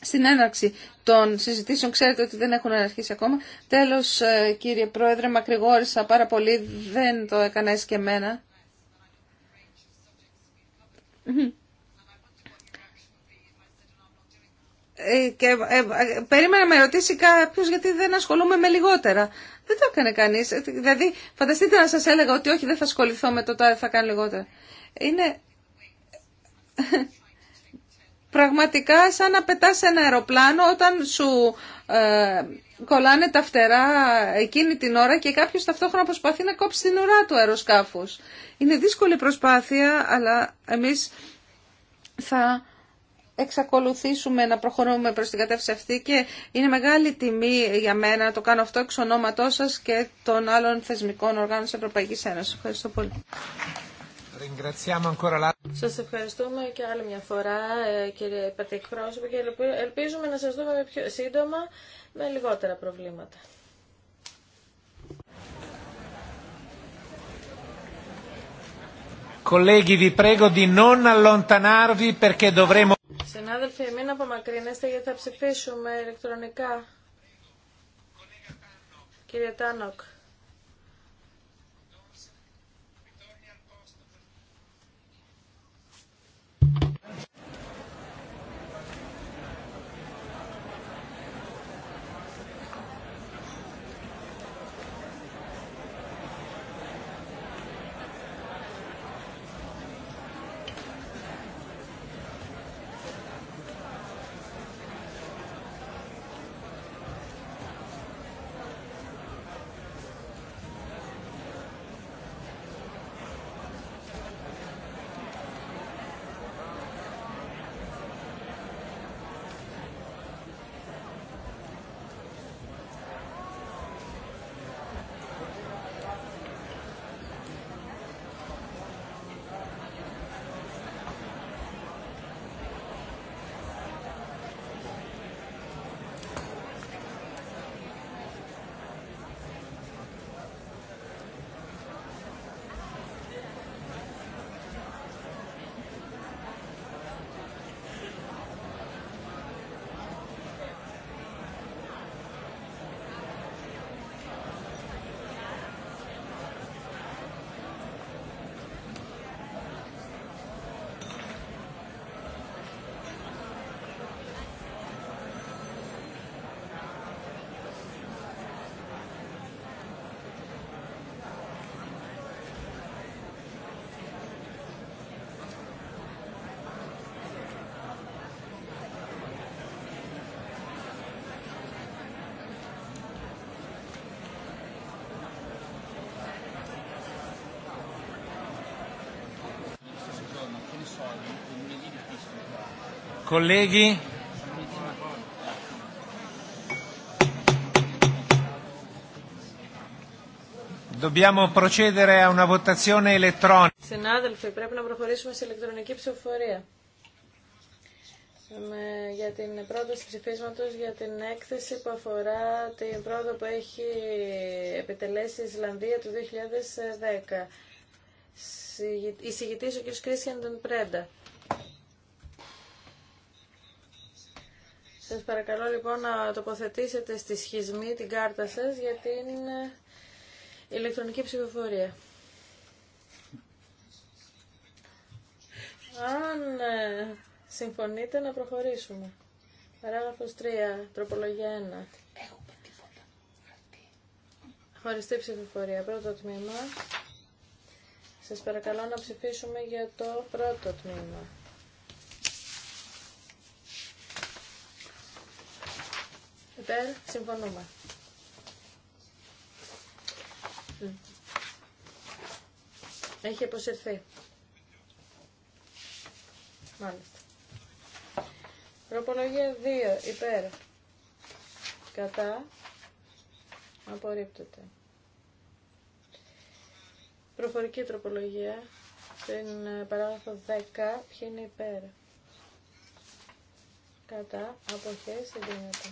στην έναρξη των συζητήσεων. Ξέρετε ότι δεν έχουν αρχίσει ακόμα. Τέλος, ε, κύριε Πρόεδρε, μακρηγόρησα πάρα πολύ. Δεν το έκανα και εμένα. Ε, και ε, περίμενα να με ρωτήσει κάποιος γιατί δεν ασχολούμαι με λιγότερα. Δεν το έκανε κανείς. Δηλαδή, φανταστείτε να σας έλεγα ότι όχι, δεν θα ασχοληθώ με το τώρα, θα κάνω λιγότερα. Είναι πραγματικά σαν να πετάς ένα αεροπλάνο όταν σου ε, κολλάνε τα φτερά εκείνη την ώρα και κάποιος ταυτόχρονα προσπαθεί να κόψει την ουρά του αεροσκάφους. Είναι δύσκολη προσπάθεια, αλλά εμείς θα εξακολουθήσουμε να προχωρούμε προς την κατεύθυνση αυτή και είναι μεγάλη τιμή για μένα να το κάνω αυτό εξ ονόματός σας και των άλλων θεσμικών οργάνων της Ευρωπαϊκής Ένωσης. Ευχαριστώ πολύ. Σα ευχαριστούμε και άλλη μια φορά ε, κύριε Πατεκπρόσωπο και ελπίζουμε να σα δούμε πιο σύντομα με λιγότερα προβλήματα. Συνάδελφοι, μην απομακρύνεστε γιατί θα ψηφίσουμε ηλεκτρονικά. Κύριε Τάνοκ. Colleghi, Συνάδελφοι, πρέπει να προχωρήσουμε σε ηλεκτρονική ψηφοφορία. για την πρόταση ψηφίσματο για την έκθεση που αφορά την πρόοδο που έχει επιτελέσει η Ισλανδία του 2010. Η ο κ. Κρίστιαν Πρέντα. παρακαλώ λοιπόν να τοποθετήσετε στη σχισμή την κάρτα σας για την ηλεκτρονική ψηφοφορία. Αν ε, συμφωνείτε να προχωρήσουμε. Παράγραφος 3, τροπολογία 1. Χωριστή ψηφοφορία. Πρώτο τμήμα. Σας παρακαλώ να ψηφίσουμε για το πρώτο τμήμα. Υπέρ. Συμφωνούμε. Έχει αποσυρθεί. Μάλιστα. Προπολογία 2. Υπέρ. Κατά. Απορρίπτεται. Προφορική τροπολογία. Στην ε, παράγραφο 10. Ποιοι είναι υπέρ. Κατά. Αποχές. Εγκρίνεται.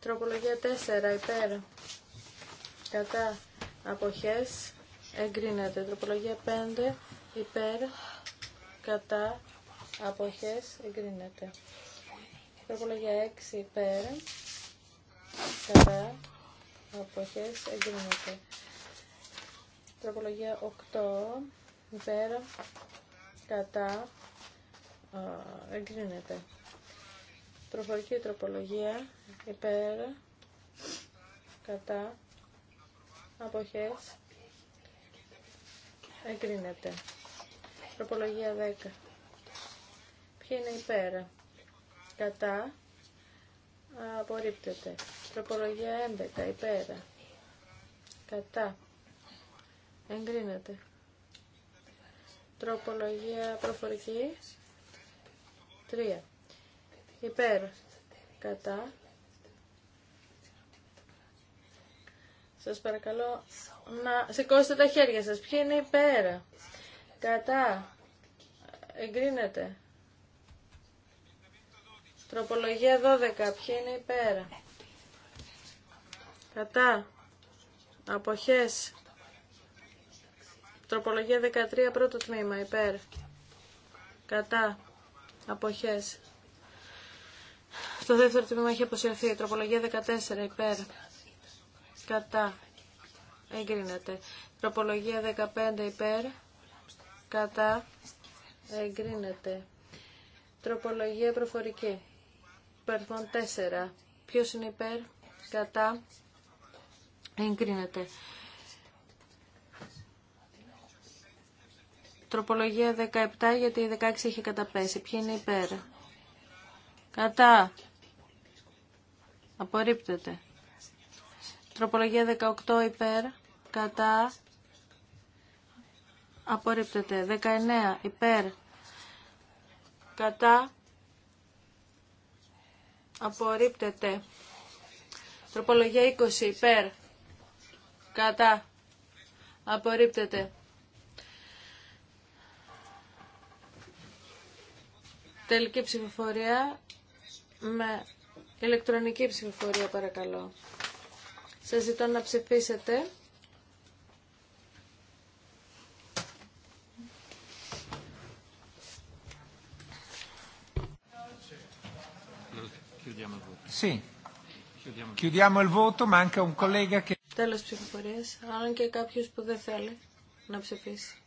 Τροπολογία 4 υπέρ κατά αποχές εγκρίνεται. Τροπολογία 5 υπέρ κατά αποχές εγκρίνεται. Τροπολογία 6 υπέρ κατά αποχές εγκρίνεται. Τροπολογία 8 υπέρ κατά εγκρίνεται. Προφορική τροπολογία υπέρ κατά αποχές εγκρίνεται. Τροπολογία 10. Ποιοι είναι υπέρ κατά απορρίπτεται. Τροπολογία 11 υπέρ κατά εγκρίνεται. Τροπολογία προφορική 3 υπέρ κατά. Σας παρακαλώ να σηκώσετε τα χέρια σας. Ποιοι είναι υπέρ κατά. Εγκρίνεται. Τροπολογία 12. Ποιοι είναι υπέρ. Κατά. Αποχές. Τροπολογία 13, πρώτο τμήμα, υπέρ. Κατά. Αποχές. Στο δεύτερο τμήμα έχει αποσυρθεί. Τροπολογία 14 υπέρ. Κατά. Εγκρίνεται. Τροπολογία 15 υπέρ. Κατά. Εγκρίνεται. Τροπολογία προφορική. Περθών 4. Ποιος είναι υπέρ. Κατά. Εγκρίνεται. Τροπολογία 17 γιατί η 16 έχει καταπέσει. Ποιοι είναι υπέρ. Κατά. Απορρίπτεται. Τροπολογία 18 υπέρ. Κατά. Απορρίπτεται. 19 υπέρ. Κατά. Απορρίπτεται. Τροπολογία 20 υπέρ. Κατά. Απορρίπτεται. Τελική ψηφοφορία με Ηλεκτρονική ψηφοφορία παρακαλώ. Σας ζητώ να ψηφίσετε. Sì. Chiudiamo Τέλος ψηφοφορίας, αν και κάποιος που δεν θέλει να ψηφίσει.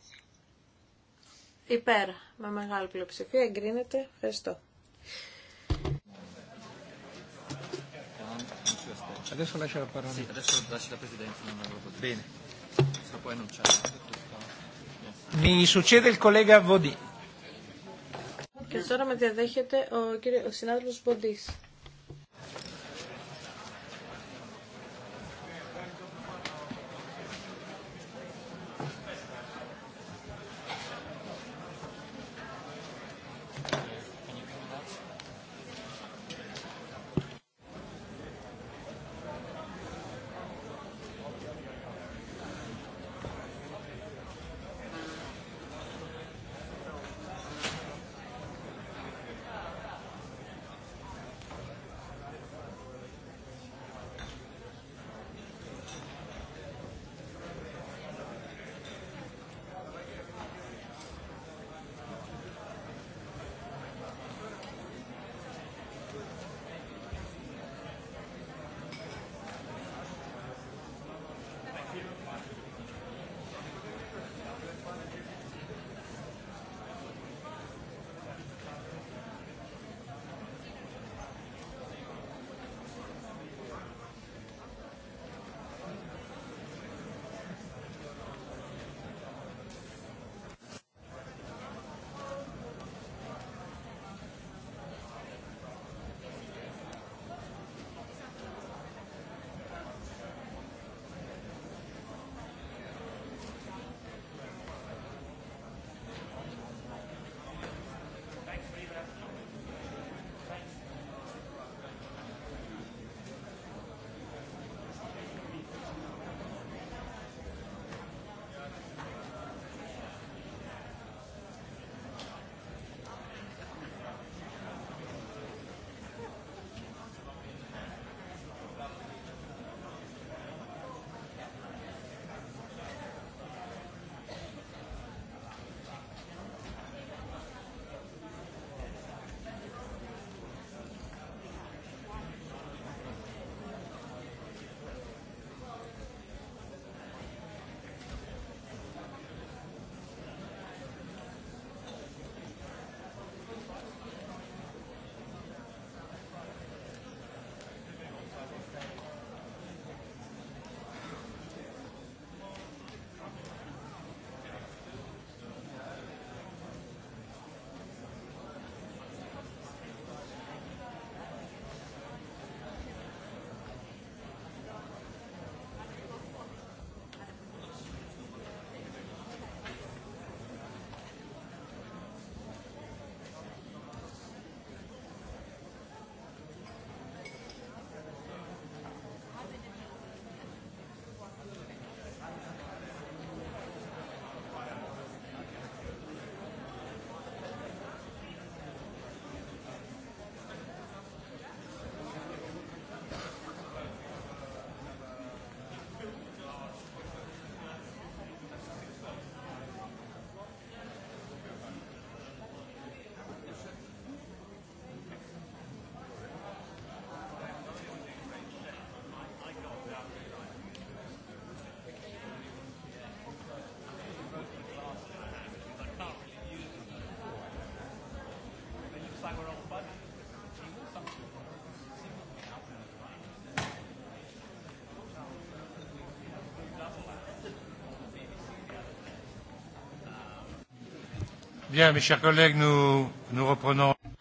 Υπέρα. με μεγάλη πλειοψηφία, εγκρίνεται. Ευχαριστώ. Adesso lascia la parola. Sì, adesso lascia la Presidenza. non Bene. se poi annunciare. Mi succede il collega Vodì.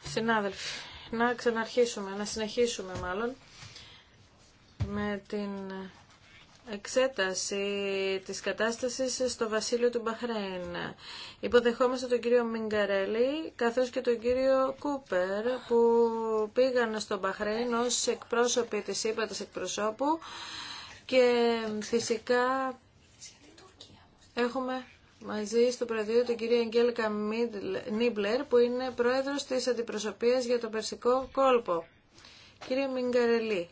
Συνάδελφοι, να ξαναρχίσουμε, να συνεχίσουμε μάλλον με την εξέταση της κατάστασης στο βασίλειο του Μπαχρέιν. Υποδεχόμαστε τον κύριο Μιγκαρέλη καθώς και τον κύριο Κούπερ που πήγαν στο Μπαχρέιν ως εκπρόσωποι της ύπατας εκπροσώπου και φυσικά έχουμε μαζί στο Πραδείο του κυρία Αγγέλικα Νίμπλερ που είναι πρόεδρος της Αντιπροσωπείας για το Περσικό Κόλπο. Κύριε Μιγκαρελή.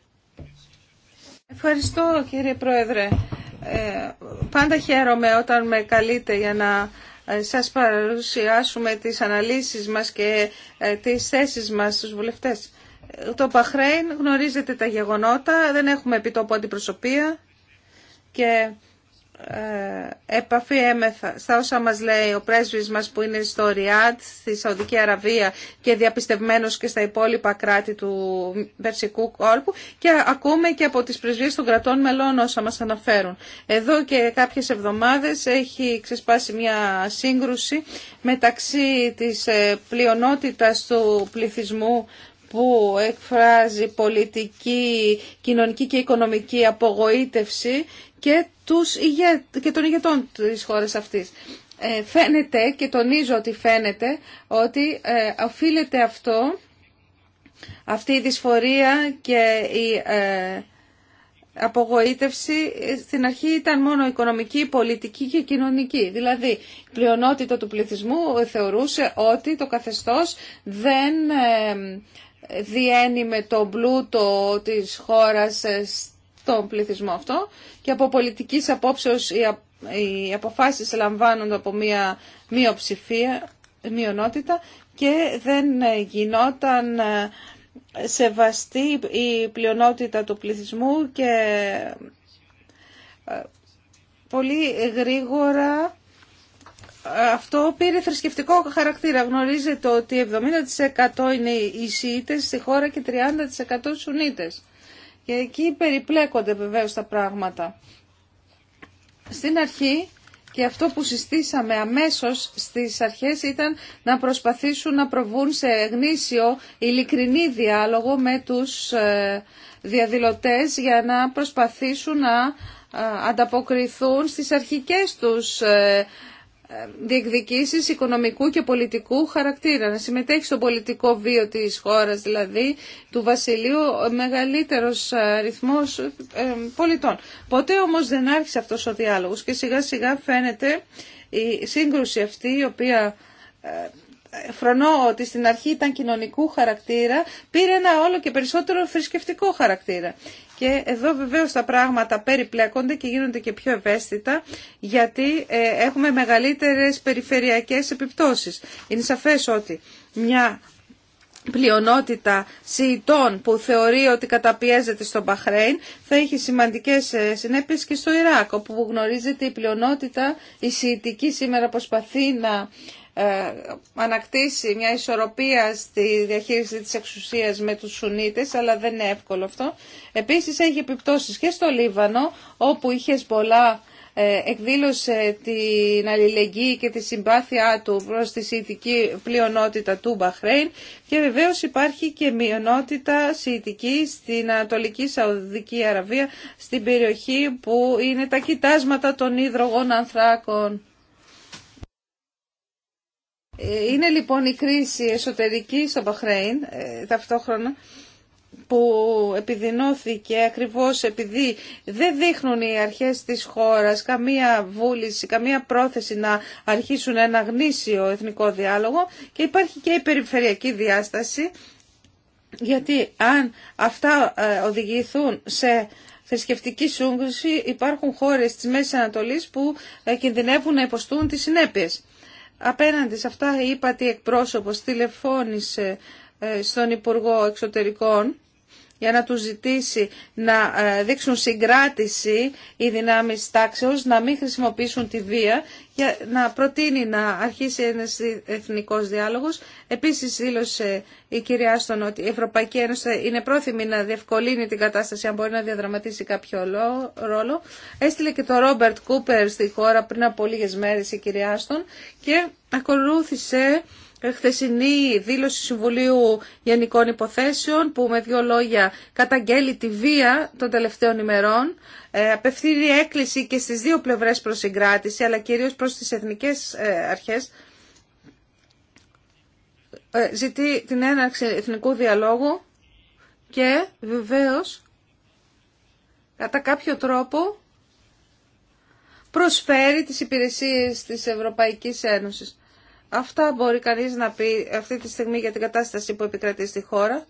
Ευχαριστώ κύριε Πρόεδρε. Ε, πάντα χαίρομαι όταν με καλείτε για να ε, σας παρουσιάσουμε τις αναλύσεις μας και ε, τις θέσεις μας στους βουλευτές. Το Παχρέιν γνωρίζετε τα γεγονότα, δεν έχουμε επιτόπου αντιπροσωπεία και ε, επαφή έμεθα στα όσα μας λέει ο πρέσβης μας που είναι στο Ριάτ, στη Σαουδική Αραβία και διαπιστευμένος και στα υπόλοιπα κράτη του Περσικού Κόρπου και ακούμε και από τις πρεσβείες των κρατών μελών όσα μας αναφέρουν. Εδώ και κάποιες εβδομάδες έχει ξεσπάσει μια σύγκρουση μεταξύ της ε, πλειονότητας του πληθυσμού που εκφράζει πολιτική, κοινωνική και οικονομική απογοήτευση και, τους και των ηγετών της χώρας αυτής. Ε, φαίνεται και τονίζω ότι φαίνεται ότι ε, οφείλεται αυτό, αυτή η δυσφορία και η ε, απογοήτευση στην αρχή ήταν μόνο οικονομική, πολιτική και κοινωνική. Δηλαδή η πλειονότητα του πληθυσμού θεωρούσε ότι το καθεστώς δεν ε, διένει με τον πλούτο της χώρας ε, τον πληθυσμό αυτό και από πολιτικής απόψεως οι αποφάσεις λαμβάνονται από μία μειοψηφία, μειονότητα και δεν γινόταν ε, σεβαστή η πλειονότητα του πληθυσμού και ε, πολύ γρήγορα ε, αυτό πήρε θρησκευτικό χαρακτήρα. Γνωρίζετε ότι 70% είναι οι Σιήτες στη χώρα και 30% Σουνίτες. Και εκεί περιπλέκονται βεβαίως τα πράγματα. Στην αρχή και αυτό που συστήσαμε αμέσως στις αρχές ήταν να προσπαθήσουν να προβούν σε γνήσιο ειλικρινή διάλογο με τους ε, διαδηλωτές για να προσπαθήσουν να ε, ανταποκριθούν στις αρχικές τους ε, διεκδικήσεις οικονομικού και πολιτικού χαρακτήρα. Να συμμετέχει στον πολιτικό βίο της χώρας, δηλαδή του βασιλείου, μεγαλύτερος ε, αριθμός ε, πολιτών. Ποτέ όμως δεν άρχισε αυτός ο διάλογος και σιγά σιγά φαίνεται η σύγκρουση αυτή η οποία ε, φρονώ ότι στην αρχή ήταν κοινωνικού χαρακτήρα, πήρε ένα όλο και περισσότερο θρησκευτικό χαρακτήρα. Και εδώ βεβαίως τα πράγματα περιπλέκονται και γίνονται και πιο ευαίσθητα γιατί ε, έχουμε μεγαλύτερες περιφερειακές επιπτώσεις. Είναι σαφές ότι μια πλειονότητα Σιητών που θεωρεί ότι καταπιέζεται στο Μπαχρέιν θα έχει σημαντικές ε, συνέπειες και στο Ιράκ όπου γνωρίζεται η πλειονότητα η Σιητική σήμερα προσπαθεί να ε, ανακτήσει μια ισορροπία στη διαχείριση της εξουσίας με τους Σουνίτες, αλλά δεν είναι εύκολο αυτό. Επίσης έχει επιπτώσεις και στο Λίβανο, όπου είχε πολλά ε, εκδήλωσε την αλληλεγγύη και τη συμπάθειά του προς τη σιητική πλειονότητα του Μπαχρέιν και βεβαίως υπάρχει και μειονότητα σιητική στην Ανατολική Σαουδική Αραβία στην περιοχή που είναι τα κοιτάσματα των υδρογών ανθράκων. Είναι λοιπόν η κρίση εσωτερική στο Μπαχρέιν ε, ταυτόχρονα που επιδεινώθηκε ακριβώς επειδή δεν δείχνουν οι αρχές της χώρας καμία βούληση, καμία πρόθεση να αρχίσουν ένα γνήσιο εθνικό διάλογο και υπάρχει και η περιφερειακή διάσταση γιατί αν αυτά ε, οδηγηθούν σε θρησκευτική σύγκριση, υπάρχουν χώρες της Μέσης Ανατολής που ε, κινδυνεύουν να υποστούν τις συνέπειες. Απέναντι σε αυτά είπα τι εκπρόσωπος τηλεφώνησε ε, στον Υπουργό Εξωτερικών για να τους ζητήσει να ε, δείξουν συγκράτηση οι δυνάμεις τάξεως, να μην χρησιμοποιήσουν τη βία, για να προτείνει να αρχίσει ένας εθνικός διάλογος. Επίσης δήλωσε η κυρία Στον ότι η Ευρωπαϊκή Ένωση είναι πρόθυμη να διευκολύνει την κατάσταση αν μπορεί να διαδραματίσει κάποιο ρόλο. Έστειλε και το Ρόμπερτ Κούπερ στη χώρα πριν από λίγες μέρες η κυρία Στον και ακολούθησε χθεσινή δήλωση Συμβουλίου Γενικών Υποθέσεων που με δύο λόγια καταγγέλει τη βία των τελευταίων ημερών, ε, απευθύνει έκκληση και στις δύο πλευρές προς συγκράτηση αλλά κυρίως προς τις εθνικές ε, αρχές, ε, ζητεί την έναρξη εθνικού διαλόγου και βεβαίως κατά κάποιο τρόπο προσφέρει τις υπηρεσίες της Ευρωπαϊκής Ένωσης. Αυτά μπορεί κανείς να πει αυτή τη στιγμή για την κατάσταση που επικρατεί στη χώρα.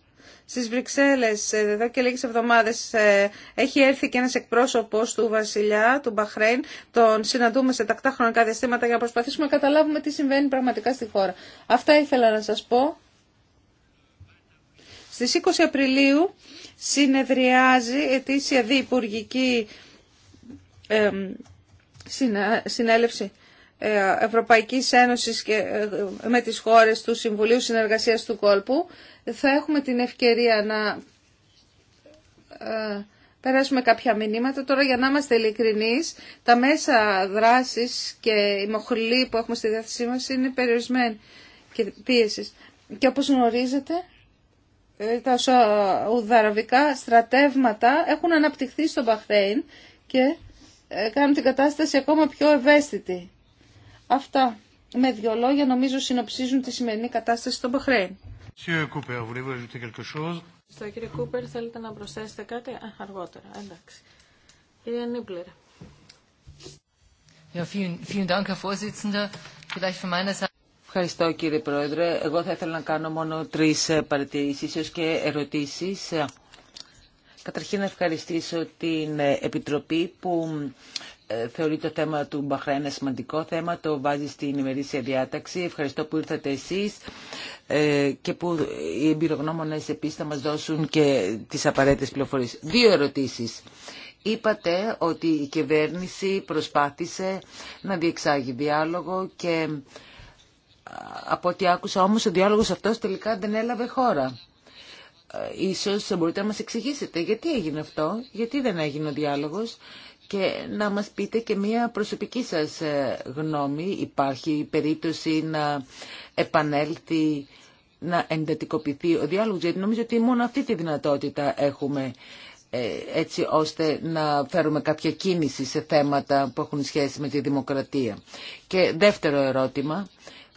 Στις Βρυξέλλες ε, εδώ και λίγες εβδομάδες ε, έχει έρθει και ένας εκπρόσωπος του βασιλιά, του Μπαχρέν. Τον συναντούμε σε τακτά χρονικά διαστήματα για να προσπαθήσουμε να καταλάβουμε τι συμβαίνει πραγματικά στη χώρα. Αυτά ήθελα να σας πω. Στις 20 Απριλίου συνεδριάζει ετήσια διυπουργική συνέλευση ε, Ευρωπαϊκής Ένωσης και ε, με τις χώρες του Συμβουλίου Συνεργασίας του Κόλπου θα έχουμε την ευκαιρία να ε, περάσουμε κάποια μηνύματα. Τώρα για να είμαστε ειλικρινεί, τα μέσα δράσης και η μοχλή που έχουμε στη διάθεσή μας είναι περιορισμένη και πίεσης. Και όπως γνωρίζετε, τα ουδαραβικά στρατεύματα έχουν αναπτυχθεί στο Μπαχρέιν και κάνουν την κατάσταση ακόμα πιο ευαίσθητη. Αυτά με δύο λόγια νομίζω συνοψίζουν τη σημερινή κατάσταση στον Παχρέιν. Στο κύριε Κούπερ θέλετε να προσθέσετε κάτι Α, αργότερα. Εντάξει. Νίπλερ. Ευχαριστώ κύριε Πρόεδρε. Εγώ θα ήθελα να κάνω μόνο τρεις ε, παρατηρήσεις και ερωτήσεις. Καταρχήν να ευχαριστήσω την ε, Επιτροπή που ε, θεωρεί το θέμα του Μπαχρά ένα σημαντικό θέμα, το βάζει στην ημερήσια διάταξη. Ευχαριστώ που ήρθατε εσείς ε, και που οι εμπειρογνώμονες επίσης θα μας δώσουν και τις απαραίτητες πληροφορίες. Δύο ερωτήσεις. Είπατε ότι η κυβέρνηση προσπάθησε να διεξάγει διάλογο και από ό,τι άκουσα όμως ο διάλογος αυτός τελικά δεν έλαβε χώρα. Ε, ίσως μπορείτε να μας εξηγήσετε γιατί έγινε αυτό, γιατί δεν έγινε ο διάλογος και να μας πείτε και μία προσωπική σας ε, γνώμη. Υπάρχει περίπτωση να επανέλθει, να εντατικοποιηθεί ο διάλογος, γιατί νομίζω ότι μόνο αυτή τη δυνατότητα έχουμε ε, έτσι ώστε να φέρουμε κάποια κίνηση σε θέματα που έχουν σχέση με τη δημοκρατία. Και δεύτερο ερώτημα,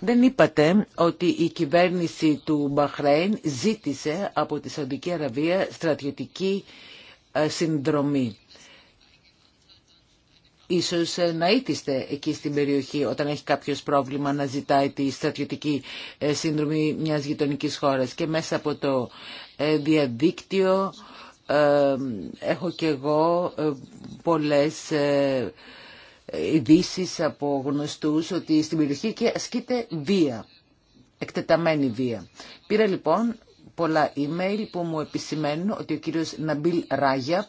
δεν είπατε ότι η κυβέρνηση του Μπαχρέιν ζήτησε από τη Σαουδική Αραβία στρατιωτική ε, συνδρομή. Ίσως ε, να ήτιστε εκεί στην περιοχή όταν έχει κάποιος πρόβλημα να ζητάει τη στρατιωτική ε, σύνδρομη μιας γειτονικής χώρας. Και μέσα από το ε, διαδίκτυο έχω και εγώ πολλές ειδήσει από γνωστούς ότι στην περιοχή και ασκείται βία, εκτεταμένη βία. Πήρα λοιπόν πολλά email που μου επισημαίνουν ότι ο κύριος Ναμπίλ Ράγιαπ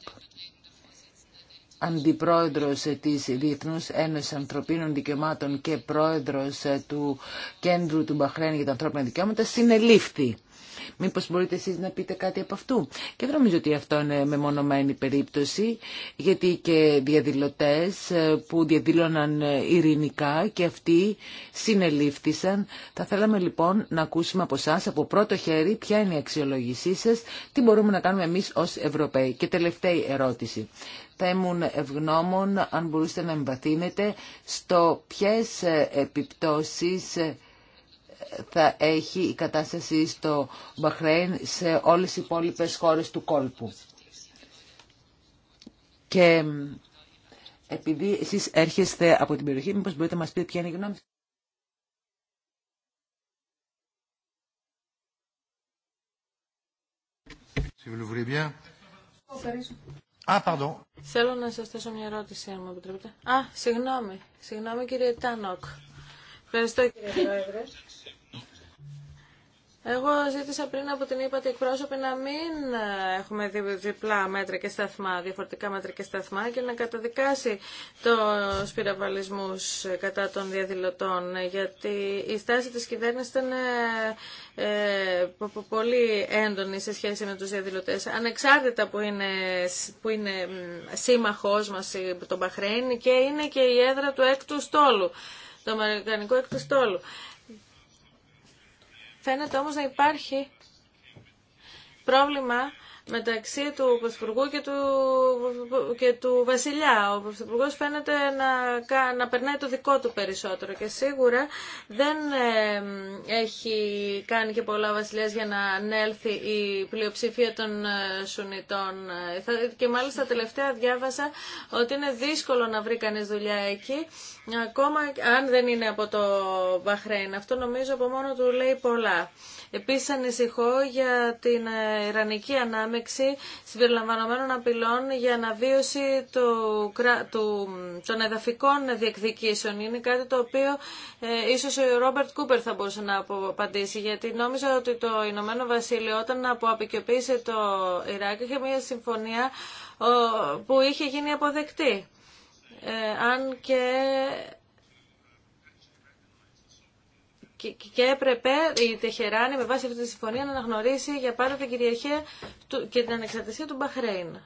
αντιπρόεδρος της Διεθνούς Ένωσης Ανθρωπίνων Δικαιωμάτων και πρόεδρος ε, του Κέντρου του Μπαχρέν για τα ανθρώπινα δικαιώματα, συνελήφθη. Μήπω μπορείτε εσεί να πείτε κάτι από αυτού. Και δεν νομίζω ότι αυτό είναι μεμονωμένη περίπτωση, γιατί και διαδηλωτέ ε, που διαδήλωναν ε, ειρηνικά και αυτοί συνελήφθησαν. Θα θέλαμε λοιπόν να ακούσουμε από εσά από πρώτο χέρι ποια είναι η αξιολογησή σα, τι μπορούμε να κάνουμε εμείς ως Ευρωπαίοι. Και τελευταία ερώτηση. Θα ήμουν ευγνώμων αν μπορούσατε να εμβαθύνετε στο ποιες ε, επιπτώσεις θα έχει η κατάσταση στο Μπαχρέιν σε όλες οι υπόλοιπες χώρες του κόλπου. Και επειδή εσείς έρχεστε από την περιοχή, μήπως μπορείτε να μας πείτε ποια είναι η γνώμη σας. Ah, Θέλω να σας θέσω μια ερώτηση, αν μου επιτρέπετε. Α, συγγνώμη. Συγγνώμη κύριε Τάνοκ. Ευχαριστώ κύριε Πρόεδρε. Εγώ ζήτησα πριν από την είπατε εκπρόσωπη να μην ε, έχουμε διπλά μέτρα και σταθμά, διαφορετικά μέτρα και σταθμά και να καταδικάσει το σπυραβαλισμούς ε, κατά των διαδηλωτών ε, γιατί η στάση της κυβέρνησης ήταν ε, πολύ έντονη σε σχέση με τους διαδηλωτές ανεξάρτητα που είναι, που είναι σύμμαχός μας τον Παχρέιν και είναι και η έδρα του έκτου στόλου το Αμερικανικό εκτοστόλου. Φαίνεται όμως να υπάρχει πρόβλημα μεταξύ του Πρωθυπουργού και του, και του Βασιλιά. Ο Πρωθυπουργό φαίνεται να, να περνάει το δικό του περισσότερο και σίγουρα δεν έχει κάνει και πολλά ο για να ανέλθει η πλειοψηφία των ε, Σουνιτών. Ε, και μάλιστα τελευταία διάβασα ότι είναι δύσκολο να βρει κανείς δουλειά εκεί Ακόμα αν δεν είναι από το Βαχρέν. αυτό νομίζω από μόνο του λέει πολλά. Επίσης ανησυχώ για την ε, ιρανική ανάμεξη συμπεριλαμβανομένων απειλών για αναβίωση του, του, των εδαφικών διεκδικήσεων. Είναι κάτι το οποίο ε, ίσως ο Ρόμπερτ Κούπερ θα μπορούσε να απαντήσει, γιατί νόμιζα ότι το Ηνωμένο Βασίλειο όταν αποαπικιοποίησε το Ιράκ είχε μια συμφωνία που είχε γίνει αποδεκτή. Ε, αν και και έπρεπε η Τεχεράνη με βάση αυτή τη συμφωνία να αναγνωρίσει για πάντα την κυριαρχία και την ανεξαρτησία του Μπαχρέιν.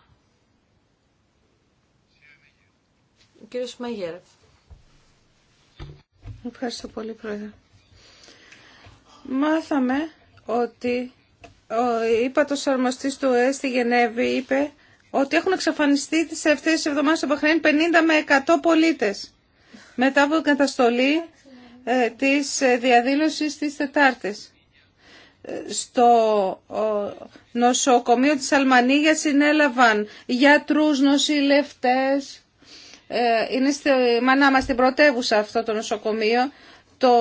Κύριο κύριος Ευχαριστώ πολύ, Πρόεδρε. Μάθαμε ότι ο υπατοσαρμοστής του ΕΣ ΕΕ στη Γενέβη είπε ότι έχουν εξαφανιστεί τις τις εβδομάδες στο Παχρέν 50 με 100 πολίτες μετά από την καταστολή ε, της ε, διαδήλωσης της Τετάρτης. Ε, στο νοσοκομείο της Αλμανίγιας συνέλαβαν γιατρούς, νοσηλευτές. Ε, είναι στη μανά μας την πρωτεύουσα αυτό το νοσοκομείο, το,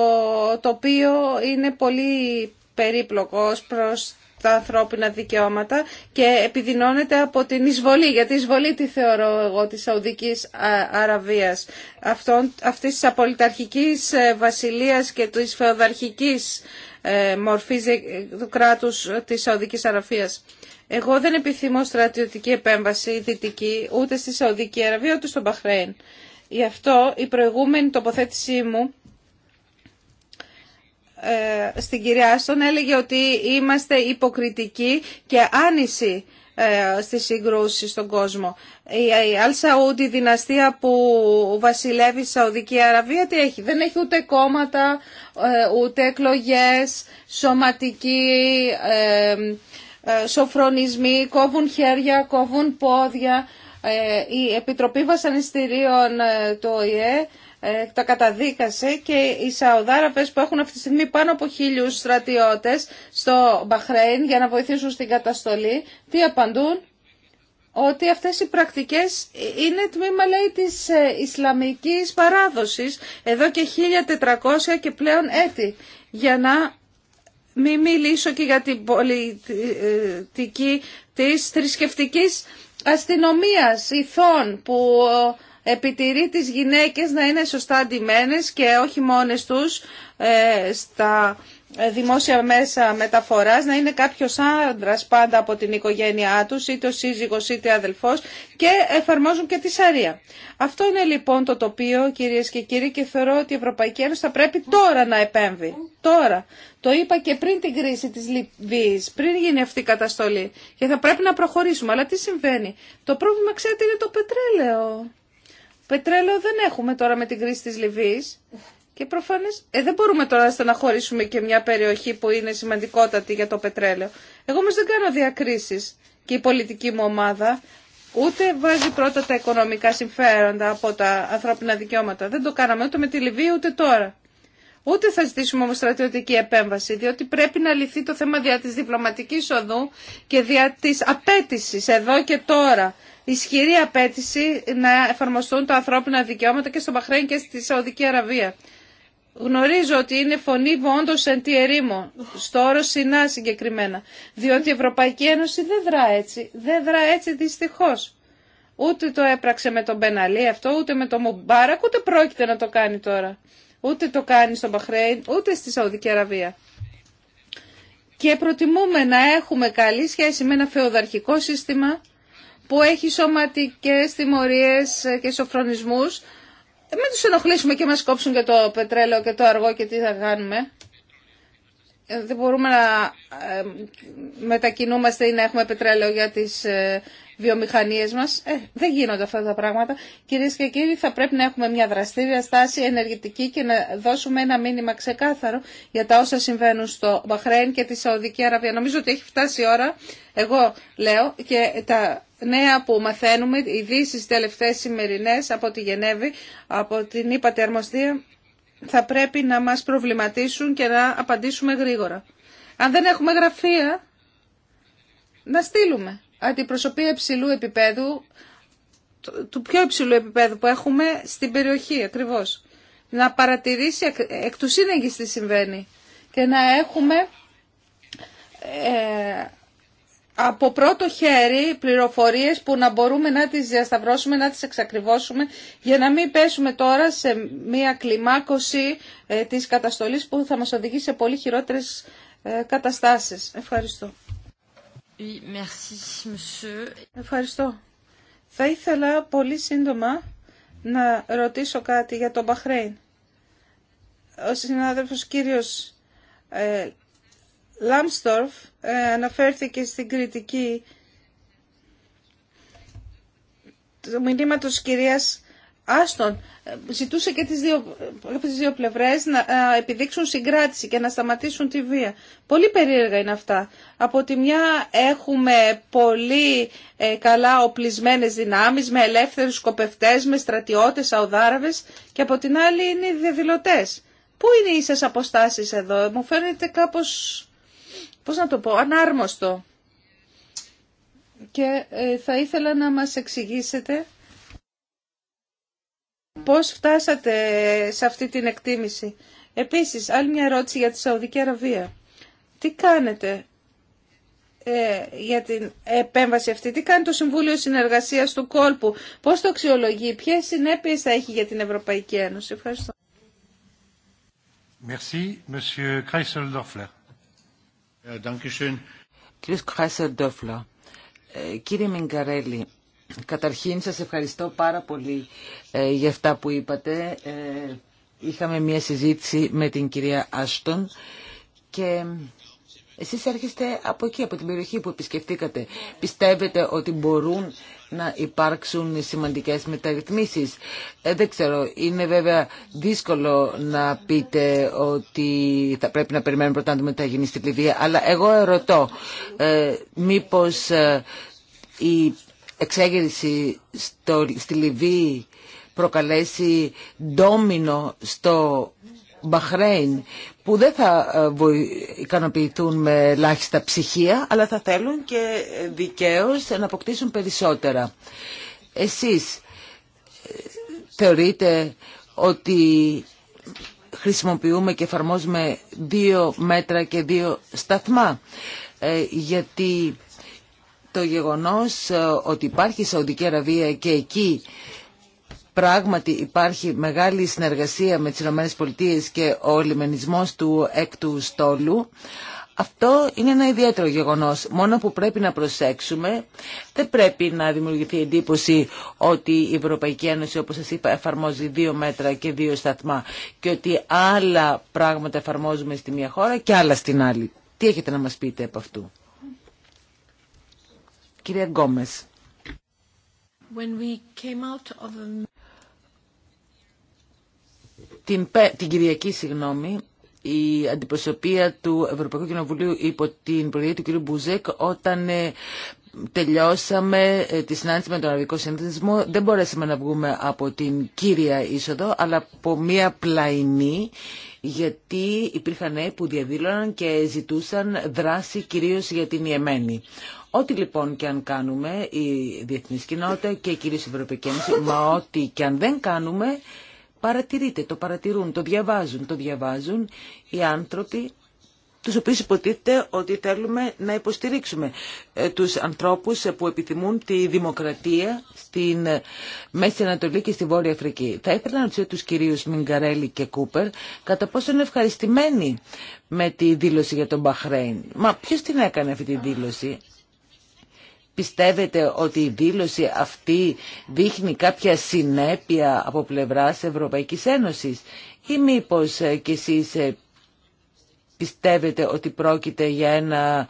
το οποίο είναι πολύ περίπλοκος προς τα ανθρώπινα δικαιώματα και επιδεινώνεται από την εισβολή, γιατί εισβολή τη θεωρώ εγώ της Σαουδικής Αραβίας, Αυτόν αυτής της απολυταρχικής ε, βασιλείας και της φεοδαρχικής ε, μορφής ε, του κράτους της Σαουδικής Αραβίας. Εγώ δεν επιθυμώ στρατιωτική επέμβαση δυτική ούτε στη Σαουδική Αραβία ούτε στον Μπαχρέιν. Γι' αυτό η προηγούμενη τοποθέτησή μου ε, στην κυρία Άστον έλεγε ότι είμαστε υποκριτικοί και άνηση ε, στις συγκρούσεις στον κόσμο. Η Αλ-Σαούντι δυναστεία που βασιλεύει η Σαουδική Αραβία τι έχει. Δεν έχει ούτε κόμματα, ε, ούτε εκλογές, σωματική σοφρονισμοί, κόβουν χέρια, κόβουν πόδια. Η Επιτροπή Βασανιστήριων του ΟΗΕ ε, τα καταδίκασε και οι Σαουδάραβες που έχουν αυτή τη στιγμή πάνω από χίλιους στρατιώτες στο Μπαχρέιν για να βοηθήσουν στην καταστολή, τι απαντούν ότι αυτές οι πρακτικές είναι τμήμα λέει της ε, Ισλαμικής παράδοσης εδώ και 1400 και πλέον έτη για να μην μιλήσω και για την πολιτική της θρησκευτικής αστυνομίας ηθών που επιτηρεί τις γυναίκες να είναι σωστά αντιμένες και όχι μόνες τους ε, στα ε, δημόσια μέσα μεταφοράς να είναι κάποιος άντρας πάντα από την οικογένειά τους είτε ο σύζυγος είτε αδελφός και εφαρμόζουν και τη σαρία. Αυτό είναι λοιπόν το τοπίο κυρίες και κύριοι και θεωρώ ότι η Ευρωπαϊκή Ένωση θα πρέπει τώρα να επέμβει. Τώρα. Το είπα και πριν την κρίση της Λιβύης, πριν γίνει αυτή η καταστολή και θα πρέπει να προχωρήσουμε. Αλλά τι συμβαίνει. Το πρόβλημα ξέρετε είναι το πετρέλαιο. Πετρέλαιο δεν έχουμε τώρα με την κρίση τη Λιβύη. Και προφανώ ε, δεν μπορούμε τώρα να στεναχωρήσουμε και μια περιοχή που είναι σημαντικότατη για το πετρέλαιο. Εγώ όμω δεν κάνω διακρίσει και η πολιτική μου ομάδα ούτε βάζει πρώτα τα οικονομικά συμφέροντα από τα ανθρώπινα δικαιώματα. Δεν το κάναμε ούτε με τη Λιβύη ούτε τώρα. Ούτε θα ζητήσουμε όμω στρατιωτική επέμβαση, διότι πρέπει να λυθεί το θέμα δια της διπλωματικής οδού και δια της απέτηση εδώ και τώρα ισχυρή απέτηση να εφαρμοστούν τα ανθρώπινα δικαιώματα και στο Μπαχρέν και στη Σαουδική Αραβία. Γνωρίζω ότι είναι φωνή όντω εν τη ερήμο, στο όρο Σινά συγκεκριμένα. Διότι η Ευρωπαϊκή Ένωση δεν δρά έτσι. Δεν δρά έτσι δυστυχώ. Ούτε το έπραξε με τον Μπεναλή αυτό, ούτε με τον Μουμπάρακ, ούτε πρόκειται να το κάνει τώρα. Ούτε το κάνει στον Μπαχρέιν, ούτε στη Σαουδική Αραβία. Και προτιμούμε να έχουμε καλή σχέση με ένα φεοδαρχικό σύστημα που έχει σωματικές τιμωρίες και σοφρονισμούς. Μην τους ενοχλήσουμε και μας κόψουν και το πετρέλαιο και το αργό και τι θα κάνουμε. Δεν μπορούμε να ε, μετακινούμαστε ή να έχουμε πετρέλαιο για τις ε, Βιομηχανίε μας. Ε, δεν γίνονται αυτά τα πράγματα. Κυρίε και κύριοι, θα πρέπει να έχουμε μια δραστήρια στάση ενεργητική και να δώσουμε ένα μήνυμα ξεκάθαρο για τα όσα συμβαίνουν στο Μπαχρέν και τη Σαουδική Αραβία. Νομίζω ότι έχει φτάσει η ώρα, εγώ λέω, και τα νέα που μαθαίνουμε, ειδήσει τελευταίε σημερινέ από τη Γενέβη, από την Υπατερμοστία, θα πρέπει να μας προβληματίσουν και να απαντήσουμε γρήγορα. Αν δεν έχουμε γραφεία, να στείλουμε αντιπροσωπεία υψηλού επίπεδου, του πιο υψηλού επίπεδου που έχουμε στην περιοχή ακριβώς. Να παρατηρήσει εκ του σύνεγγυς τι συμβαίνει και να έχουμε ε, από πρώτο χέρι πληροφορίες που να μπορούμε να τις διασταυρώσουμε, να τις εξακριβώσουμε για να μην πέσουμε τώρα σε μια κλιμάκωση ε, της καταστολής που θα μας οδηγήσει σε πολύ χειρότερες ε, καταστάσεις. Ευχαριστώ. Ευχαριστώ. Θα ήθελα πολύ σύντομα να ρωτήσω κάτι για τον Μπαχρέιν. Ο συνάδελφος κύριος ε, Λάμστορφ ε, αναφέρθηκε στην κριτική του μηνύματος κυρίας Άστον ε, ζητούσε και τις δύο, ε, τις δύο πλευρές να ε, επιδείξουν συγκράτηση και να σταματήσουν τη βία. Πολύ περίεργα είναι αυτά. Από τη μια έχουμε πολύ καλά οπλισμένες δυνάμεις με ελεύθερους σκοπευτές, με στρατιώτες, αοδάραβες και από την άλλη είναι οι διαδηλωτές. Πού είναι οι ίσες αποστάσεις εδώ. Μου φαίνεται κάπως, πώς να το πω, ανάρμοστο. Και θα ήθελα να μας εξηγήσετε Πώς φτάσατε σε αυτή την εκτίμηση. Επίσης, άλλη μια ερώτηση για τη Σαουδική Αραβία. Τι κάνετε ε, για την επέμβαση αυτή. Τι κάνει το Συμβούλιο Συνεργασίας του Κόλπου, πώς το αξιολογεί, ποιες συνέπειες θα έχει για την Ευρωπαϊκή Ένωση. Ευχαριστώ. Merci, Monsieur Chris Kreisel Dörfler, κύριε Μιγκαρέλη, Καταρχήν σας ευχαριστώ πάρα πολύ ε, για αυτά που είπατε. Ε, είχαμε μια συζήτηση με την κυρία Άστον και εσείς έρχεστε από εκεί, από την περιοχή που επισκεφτήκατε. Πιστεύετε ότι μπορούν να υπάρξουν σημαντικές μεταρρυθμίσεις. Ε, δεν ξέρω, είναι βέβαια δύσκολο να πείτε ότι θα πρέπει να περιμένουμε πρώτα να το μεταγίνει στη Λιβύη, αλλά εγώ ερωτώ, ε, μήπως ε, η εξέγερση στο, στη Λιβύη προκαλέσει ντόμινο στο Μπαχρέιν που δεν θα ε, ικανοποιηθούν με ελάχιστα ψυχία αλλά θα θέλουν και δικαίως να αποκτήσουν περισσότερα. Εσείς ε, θεωρείτε ότι χρησιμοποιούμε και εφαρμόζουμε δύο μέτρα και δύο σταθμά ε, γιατί το γεγονός ε, ότι υπάρχει η Σαουδική Αραβία και εκεί πράγματι υπάρχει μεγάλη συνεργασία με τις ΗΠΑ και ο λιμενισμός του έκτου στόλου. Αυτό είναι ένα ιδιαίτερο γεγονός, μόνο που πρέπει να προσέξουμε. Δεν πρέπει να δημιουργηθεί εντύπωση ότι η Ευρωπαϊκή Ένωση, όπως σας είπα, εφαρμόζει δύο μέτρα και δύο σταθμά και ότι άλλα πράγματα εφαρμόζουμε στη μία χώρα και άλλα στην άλλη. Τι έχετε να μας πείτε από αυτού. Κυρία Γκόμες. την, Κυριακή, συγγνώμη, η αντιπροσωπεία του Ευρωπαϊκού Κοινοβουλίου υπό την προεδρία του κ. Μπουζέκ όταν ε, τελειώσαμε ε, τη συνάντηση με τον Αραβικό Σύνδεσμο. Δεν μπορέσαμε να βγούμε από την κύρια είσοδο, αλλά από μία πλαϊνή, γιατί υπήρχαν νέοι ε, που διαδήλωναν και ζητούσαν δράση κυρίως για την Ιεμένη. Ό,τι λοιπόν και αν κάνουμε η διεθνής κοινότητα και οι κύριε Ευρωπαϊκή Ένωση, μα ό,τι και αν δεν κάνουμε, παρατηρείται, το παρατηρούν, το διαβάζουν, το διαβάζουν οι άνθρωποι τους οποίους υποτίθεται ότι θέλουμε να υποστηρίξουμε ε, τους ανθρώπους ε, που επιθυμούν τη δημοκρατία στην ε, Μέση Ανατολή και στη Βόρεια Αφρική. Θα ήθελα να ρωτήσω τους κυρίους Μιγκαρέλη και Κούπερ κατά πόσο είναι ευχαριστημένοι με τη δήλωση για τον Μπαχρέιν. Μα ποιος την έκανε αυτή τη δήλωση. Πιστεύετε ότι η δήλωση αυτή δείχνει κάποια συνέπεια από πλευράς Ευρωπαϊκής Ένωσης ή μήπως ε, κι εσείς ε, πιστεύετε ότι πρόκειται για ένα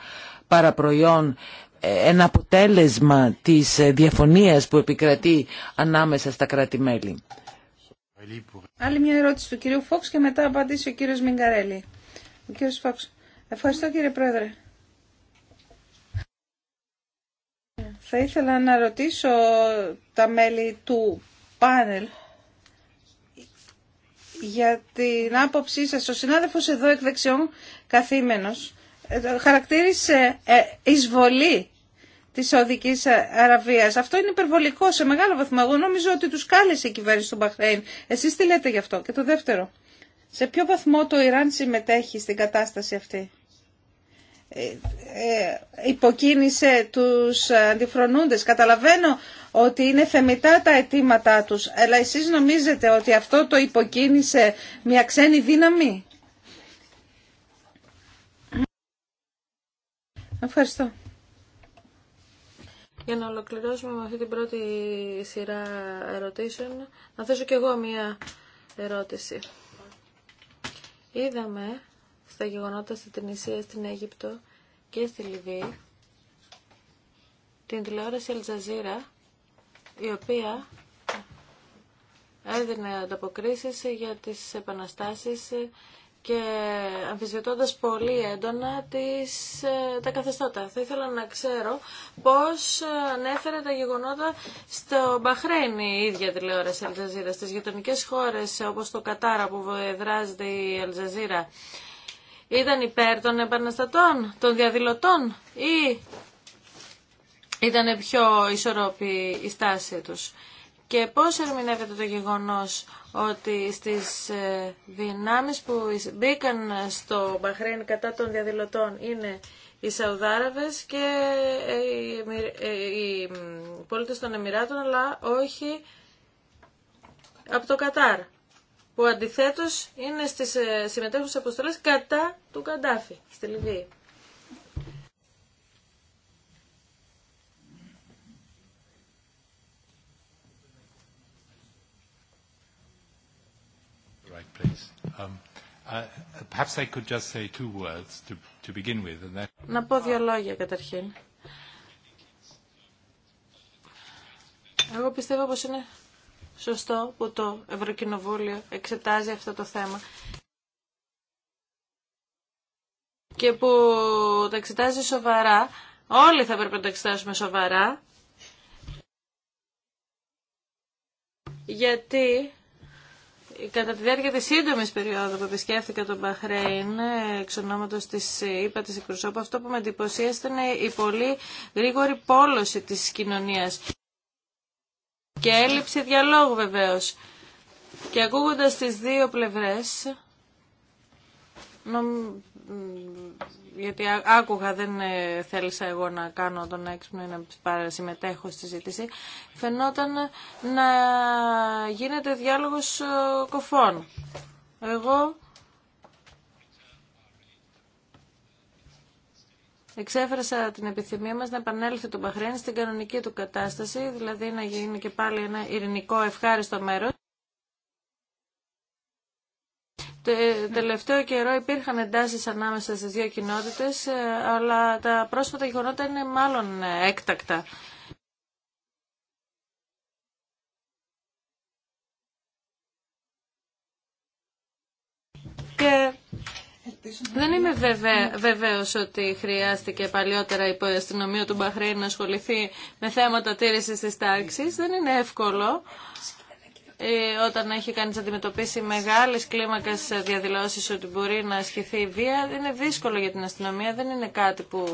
παραπροϊόν, ε, ένα αποτέλεσμα της διαφωνίας που επικρατεί ανάμεσα στα κράτη-μέλη. Άλλη μια ερώτηση του κυρίου Φόξ και μετά απαντήσει ο κύριος Μιγκαρέλη. Ο κύριος Ευχαριστώ κύριε Πρόεδρε. Θα ήθελα να ρωτήσω τα μέλη του πάνελ για την άποψή σας. Ο συνάδελφος εδώ εκ δεξιών καθήμενος ε, χαρακτήρισε ε, εισβολή της Σαουδικής Αραβίας. Αυτό είναι υπερβολικό σε μεγάλο βαθμό. Εγώ νομίζω ότι τους κάλεσε η κυβέρνηση του Μπαχρέιν. Εσείς τι λέτε γι' αυτό. Και το δεύτερο, σε ποιο βαθμό το Ιράν συμμετέχει στην κατάσταση αυτή. Ε, ε, υποκίνησε τους αντιφρονούντες. Καταλαβαίνω ότι είναι θεμητά τα αιτήματά τους, αλλά εσείς νομίζετε ότι αυτό το υποκίνησε μια ξένη δύναμη. Ευχαριστώ. Για να ολοκληρώσουμε με αυτή την πρώτη σειρά ερωτήσεων, να θέσω κι εγώ μία ερώτηση. Είδαμε τα γεγονότα στην Τινησία, στην Αίγυπτο και στη Λιβύη την τηλεόραση Αλτζαζίρα η οποία έδινε ανταποκρίσεις για τις επαναστάσεις και αμφισβητώντας πολύ έντονα τις, ε, τα καθεστώτα. Θα ήθελα να ξέρω πώς ανέφερε τα γεγονότα στο Μπαχρέιν η ίδια τηλεόραση Αλτζαζίρα, στις γειτονικές χώρες όπως το Κατάρα που εδράζεται η Αλτζαζίρα ήταν υπέρ των επαναστατών, των διαδηλωτών ή ήταν πιο ισορροπή η στάση τους. Και πώς ερμηνεύεται το γεγονός ότι στις ε, δυνάμεις που μπήκαν στο Μπαχρέν κατά των διαδηλωτών είναι οι Σαουδάραβες και ε, οι ε, πολίτες των Εμμυράτων, αλλά όχι από το Κατάρ που αντιθέτω είναι στι ε, συμμετέχουσε αποστολέ κατά του Καντάφη στη Λιβύη. Να πω δύο λόγια καταρχήν. Εγώ πιστεύω πως είναι σωστό που το Ευρωκοινοβούλιο εξετάζει αυτό το θέμα και που το εξετάζει σοβαρά. Όλοι θα πρέπει να το εξετάσουμε σοβαρά. Γιατί κατά τη διάρκεια της σύντομης περίοδου που επισκέφθηκα τον Μπαχρέιν εξ ονόματος της ΥΠΑ ΕΕ, της αυτό που με εντυπωσίασε ήταν η πολύ γρήγορη πόλωση της κοινωνίας και έλλειψη διαλόγου βεβαίως. Και ακούγοντας τις δύο πλευρές, γιατί άκουγα, δεν ε, θέλησα εγώ να κάνω τον έξυπνο ή να συμμετέχω στη ζήτηση, φαινόταν να γίνεται διάλογος ε, κοφών. Εγώ εξέφρασα την επιθυμία μας να επανέλθει το Μπαχρέν στην κανονική του κατάσταση, δηλαδή να γίνει και πάλι ένα ειρηνικό ευχάριστο μέρος. Το τελευταίο καιρό υπήρχαν εντάσεις ανάμεσα στις δύο κοινότητες, ε, αλλά τα πρόσφατα γεγονότα είναι μάλλον έκτακτα. Και δεν είμαι βεβαίω ότι χρειάστηκε παλιότερα η αστυνομία του Μπαχρέιν να ασχοληθεί με θέματα τήρησης της τάξη. Δεν είναι εύκολο ε, όταν έχει κανεί αντιμετωπίσει μεγάλες κλίμακε διαδηλώσει ότι μπορεί να ασχηθεί η βία είναι δύσκολο για την αστυνομία, δεν είναι κάτι που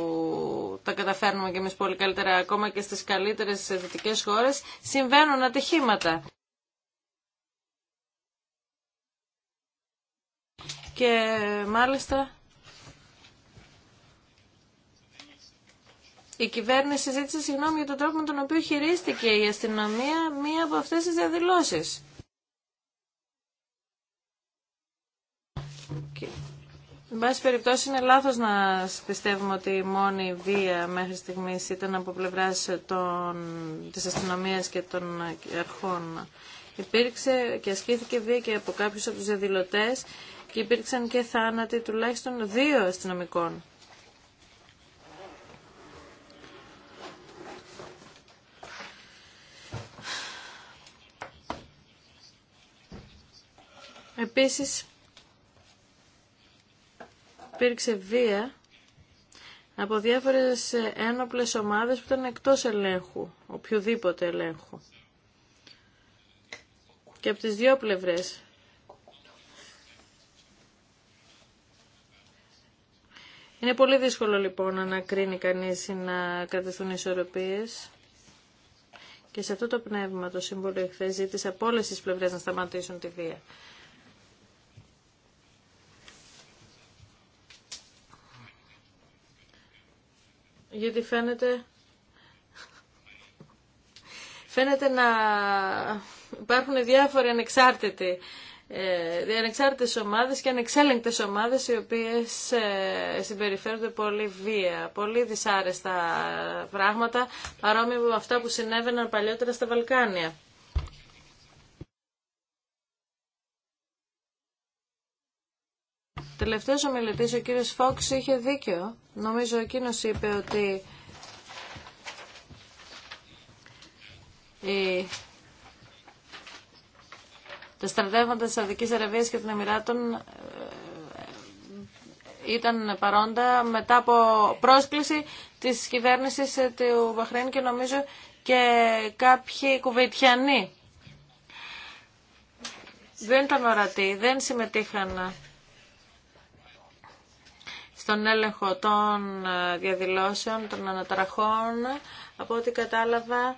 τα καταφέρνουμε κι εμεί πολύ καλύτερα ακόμα και στι καλύτερε δυτικέ χώρε. συμβαίνουν ατυχήματα και μάλιστα η κυβέρνηση ζήτησε συγγνώμη για τον τρόπο με τον οποίο χειρίστηκε η αστυνομία μία από αυτές τις διαδηλώσεις. εν πάση περιπτώσει είναι λάθος να πιστεύουμε ότι η μόνη βία μέχρι στιγμής ήταν από πλευράς των, της αστυνομίας και των αρχών. Υπήρξε και ασκήθηκε βία και από κάποιους από τους διαδηλωτές και υπήρξαν και θάνατοι τουλάχιστον δύο αστυνομικών. Επίσης, υπήρξε βία από διάφορες ένοπλες ομάδες που ήταν εκτός ελέγχου, οποιοδήποτε ελέγχου. Και από τις δύο πλευρές Είναι πολύ δύσκολο λοιπόν να κρίνει κανείς ή να κρατηθούν ισορροπίες. Και σε αυτό το πνεύμα το Σύμβολο εχθές ζήτησε από όλε τι πλευρέ να σταματήσουν τη βία. Γιατί φαίνεται... Φαίνεται να υπάρχουν διάφοροι ανεξάρτητοι ε, ανεξάρτητες ομάδες και ανεξέλεγκτες ομάδες οι οποίες ε, συμπεριφέρονται πολύ βία, πολύ δυσάρεστα πράγματα παρόμοια με αυτά που συνέβαιναν παλιότερα στα Βαλκάνια. Τελευταίος ομιλητή ο κύριο Φόξ, είχε δίκιο. Νομίζω εκείνο είπε ότι η τα στρατεύματα της Σαουδικής Αραβίας και των Εμμυράτων ε, ε, ήταν παρόντα μετά από πρόσκληση της κυβέρνησης ε, του Βαχρέν και νομίζω και κάποιοι κουβειτιανοί. Δεν ήταν ορατοί, δεν συμμετείχαν στον έλεγχο των διαδηλώσεων, των αναταραχών. Από ό,τι κατάλαβα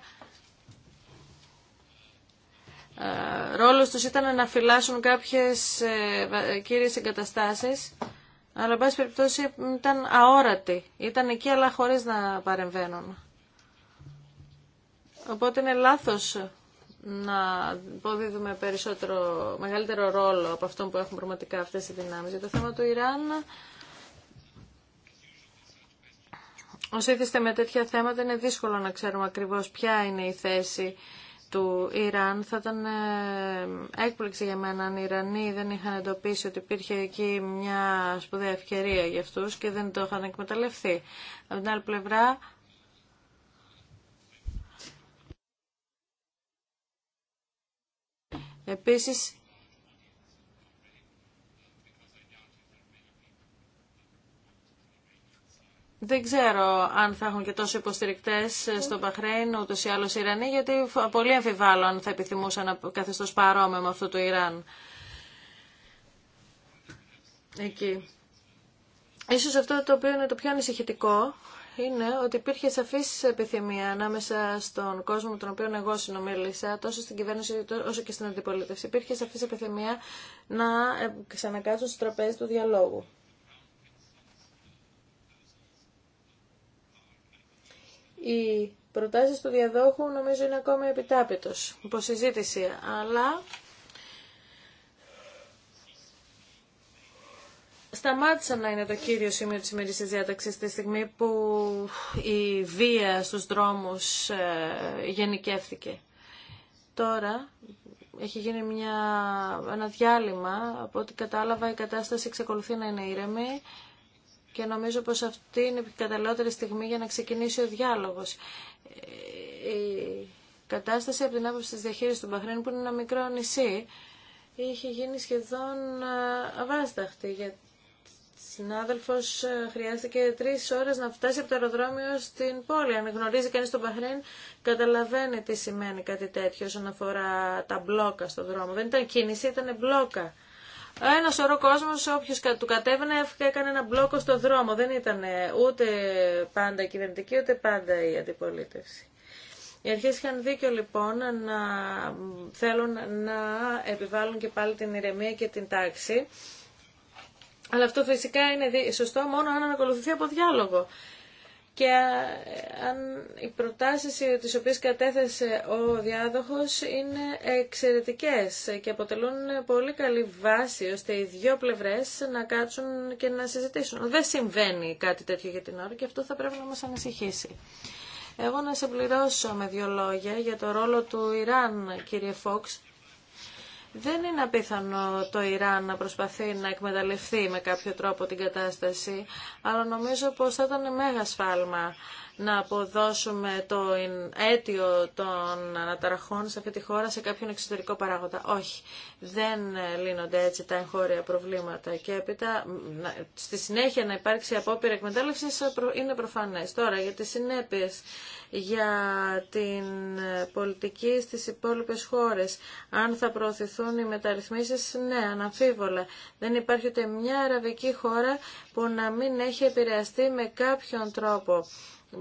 ε, ρόλος τους ήταν να φυλάσσουν κάποιες ε, κύριες εγκαταστάσεις, αλλά εν πάση περιπτώσει ήταν αόρατοι. Ήταν εκεί αλλά χωρίς να παρεμβαίνουν. Οπότε είναι λάθος να υποδίδουμε περισσότερο, μεγαλύτερο ρόλο από αυτόν που έχουν πραγματικά αυτές οι δυνάμεις. Για το θέμα του Ιράν, ως ήθιστε με τέτοια θέματα, είναι δύσκολο να ξέρουμε ακριβώς ποια είναι η θέση του Ιράν. Θα ήταν ε, έκπληξη για μένα αν οι Ιρανοί δεν είχαν εντοπίσει ότι υπήρχε εκεί μια σπουδαία ευκαιρία για αυτούς και δεν το είχαν εκμεταλλευτεί. Από την άλλη πλευρά, επίσης δεν ξέρω αν θα έχουν και τόσο υποστηρικτέ στο Μπαχρέιν, ούτω ή άλλω Ιρανοί, γιατί πολύ αμφιβάλλω αν θα επιθυμούσαν καθεστώ παρόμοιο με αυτό το Ιράν. Εκεί. Ίσως αυτό το οποίο είναι το πιο ανησυχητικό είναι ότι υπήρχε σαφής επιθυμία ανάμεσα στον κόσμο με τον οποίο εγώ συνομίλησα, τόσο στην κυβέρνηση όσο και στην αντιπολίτευση. Υπήρχε σαφής επιθυμία να ε, ξανακάτσουν στο τραπέζι του διαλόγου. οι προτάσεις του διαδόχου νομίζω είναι ακόμα επιτάπητος, συζήτηση. αλλά σταμάτησαν να είναι το κύριο σημείο της ημερήσιας διάταξη τη στιγμή που η βία στους δρόμους ε, γενικεύθηκε. Τώρα έχει γίνει μια, ένα διάλειμμα, από ό,τι κατάλαβα η κατάσταση εξακολουθεί να είναι ήρεμη και νομίζω πως αυτή είναι η καταλληλότερη στιγμή για να ξεκινήσει ο διάλογος. Ε, η κατάσταση από την άποψη της διαχείρισης του Μπαχρέν που είναι ένα μικρό νησί είχε γίνει σχεδόν ε, αβάσταχτη γιατί συνάδελφος ε, χρειάστηκε τρεις ώρες να φτάσει από το αεροδρόμιο στην πόλη. Αν γνωρίζει κανείς τον Παχρέν, καταλαβαίνει τι σημαίνει κάτι τέτοιο όσον αφορά τα μπλόκα στον δρόμο. Δεν ήταν κίνηση, ήταν μπλόκα. Ένα σωρό κόσμο, όποιο του κατέβαινε, έκανε ένα μπλόκο στο δρόμο. Δεν ήταν ε, ούτε πάντα κυβερνητική, ούτε πάντα η αντιπολίτευση. Οι αρχέ είχαν δίκιο λοιπόν να θέλουν να επιβάλλουν και πάλι την ηρεμία και την τάξη. Αλλά αυτό φυσικά είναι σωστό μόνο αν ανακολουθηθεί από διάλογο και αν οι προτάσεις τις οποίες κατέθεσε ο διάδοχος είναι εξαιρετικές και αποτελούν πολύ καλή βάση ώστε οι δύο πλευρές να κάτσουν και να συζητήσουν. Δεν συμβαίνει κάτι τέτοιο για την ώρα και αυτό θα πρέπει να μας ανησυχήσει. Εγώ να σε πληρώσω με δύο λόγια για το ρόλο του Ιράν, κύριε Φόξ, δεν είναι απίθανο το Ιράν να προσπαθεί να εκμεταλλευτεί με κάποιο τρόπο την κατάσταση, αλλά νομίζω πως θα ήταν μέγα σφάλμα να αποδώσουμε το αίτιο των αναταραχών σε αυτή τη χώρα σε κάποιον εξωτερικό παράγοντα. Όχι, δεν ε, λύνονται έτσι τα εγχώρια προβλήματα και έπειτα στη συνέχεια να υπάρξει απόπειρα εκμετάλλευση ε, είναι προφανές. Τώρα για τις συνέπειες για την ε, πολιτική στις υπόλοιπες χώρες. Αν θα προωθηθούν οι μεταρρυθμίσεις, ναι, αναμφίβολα. Δεν υπάρχει ούτε μια αραβική χώρα που να μην έχει επηρεαστεί με κάποιον τρόπο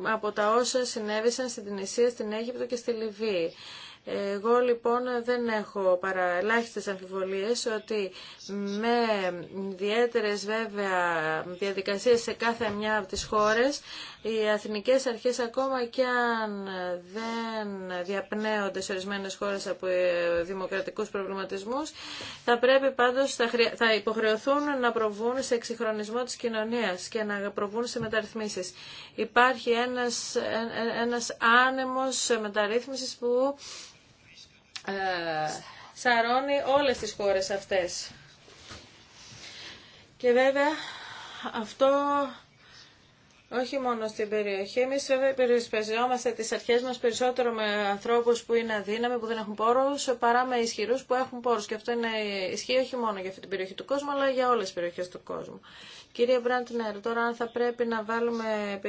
από τα όσα συνέβησαν στην Τινησία, στην Αίγυπτο και στη Λιβύη. Εγώ λοιπόν δεν έχω παρά ελάχιστες αμφιβολίες ότι με ιδιαίτερε βέβαια διαδικασίες σε κάθε μια από τις χώρες οι αθηνικές αρχές ακόμα και αν δεν διαπνέονται σε ορισμένε χώρες από ε, δημοκρατικούς προβληματισμούς θα πρέπει πάντως θα υποχρεωθούν να προβούν σε εξυγχρονισμό της κοινωνίας και να προβούν σε μεταρρυθμίσεις. Υπάρχει ένας, ένας άνεμος μεταρρύθμισης που ε, σαρώνει όλες τις χώρες αυτές. Και βέβαια αυτό όχι μόνο στην περιοχή. Εμεί βέβαια τι αρχέ μα περισσότερο με ανθρώπου που είναι αδύναμοι, που δεν έχουν πόρου, παρά με ισχυρού που έχουν πόρου. Και αυτό είναι ισχύει όχι μόνο για αυτή την περιοχή του κόσμου, αλλά για όλε τι περιοχέ του κόσμου. Κύριε Μπραντνερ, τώρα αν θα πρέπει να βάλουμε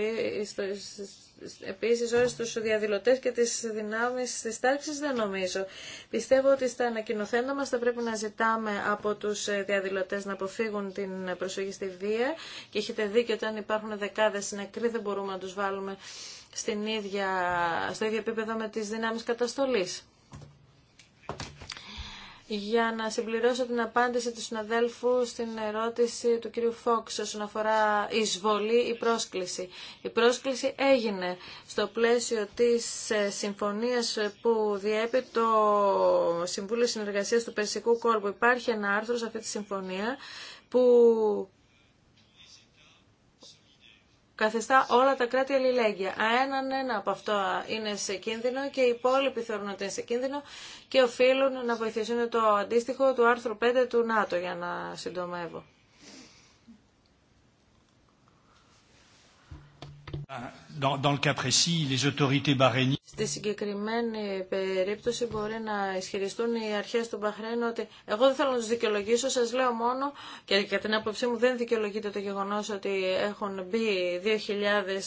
Επίση, όλου τους διαδηλωτέ και τις δυνάμεις τη τάξη, δεν νομίζω. Πιστεύω ότι στα ανακοινοθέντα μα θα πρέπει να ζητάμε από τους ε, διαδηλωτέ να αποφύγουν την προσοχή στη βία και έχετε δει και όταν υπάρχουν δεκάδε νεκροί δεν μπορούμε να τους βάλουμε στην ίδια, στο ίδιο επίπεδο με τις δυνάμεις καταστολής για να συμπληρώσω την απάντηση του συναδέλφου στην ερώτηση του κύριου Φόξ όσον αφορά εισβολή ή πρόσκληση. Η πρόσκληση έγινε στο πλαίσιο της ε, συμφωνίας που διέπει το Συμβούλιο Συνεργασίας του Περσικού Κόλπου. Υπάρχει ένα άρθρο σε αυτή τη συμφωνία που καθιστά όλα τα κράτη αλληλέγγυα. Έναν ένα από αυτά είναι σε κίνδυνο και οι υπόλοιποι θεωρούν ότι είναι σε κίνδυνο και οφείλουν να βοηθήσουν το αντίστοιχο του άρθρου 5 του ΝΑΤΟ για να συντομεύω. Στη συγκεκριμένη περίπτωση μπορεί να ισχυριστούν οι αρχές του Μπαχρέν ότι εγώ δεν θέλω να τους δικαιολογήσω, σας λέω μόνο και κατά την άποψή μου δεν δικαιολογείται το γεγονός ότι έχουν μπει 2.000 ε,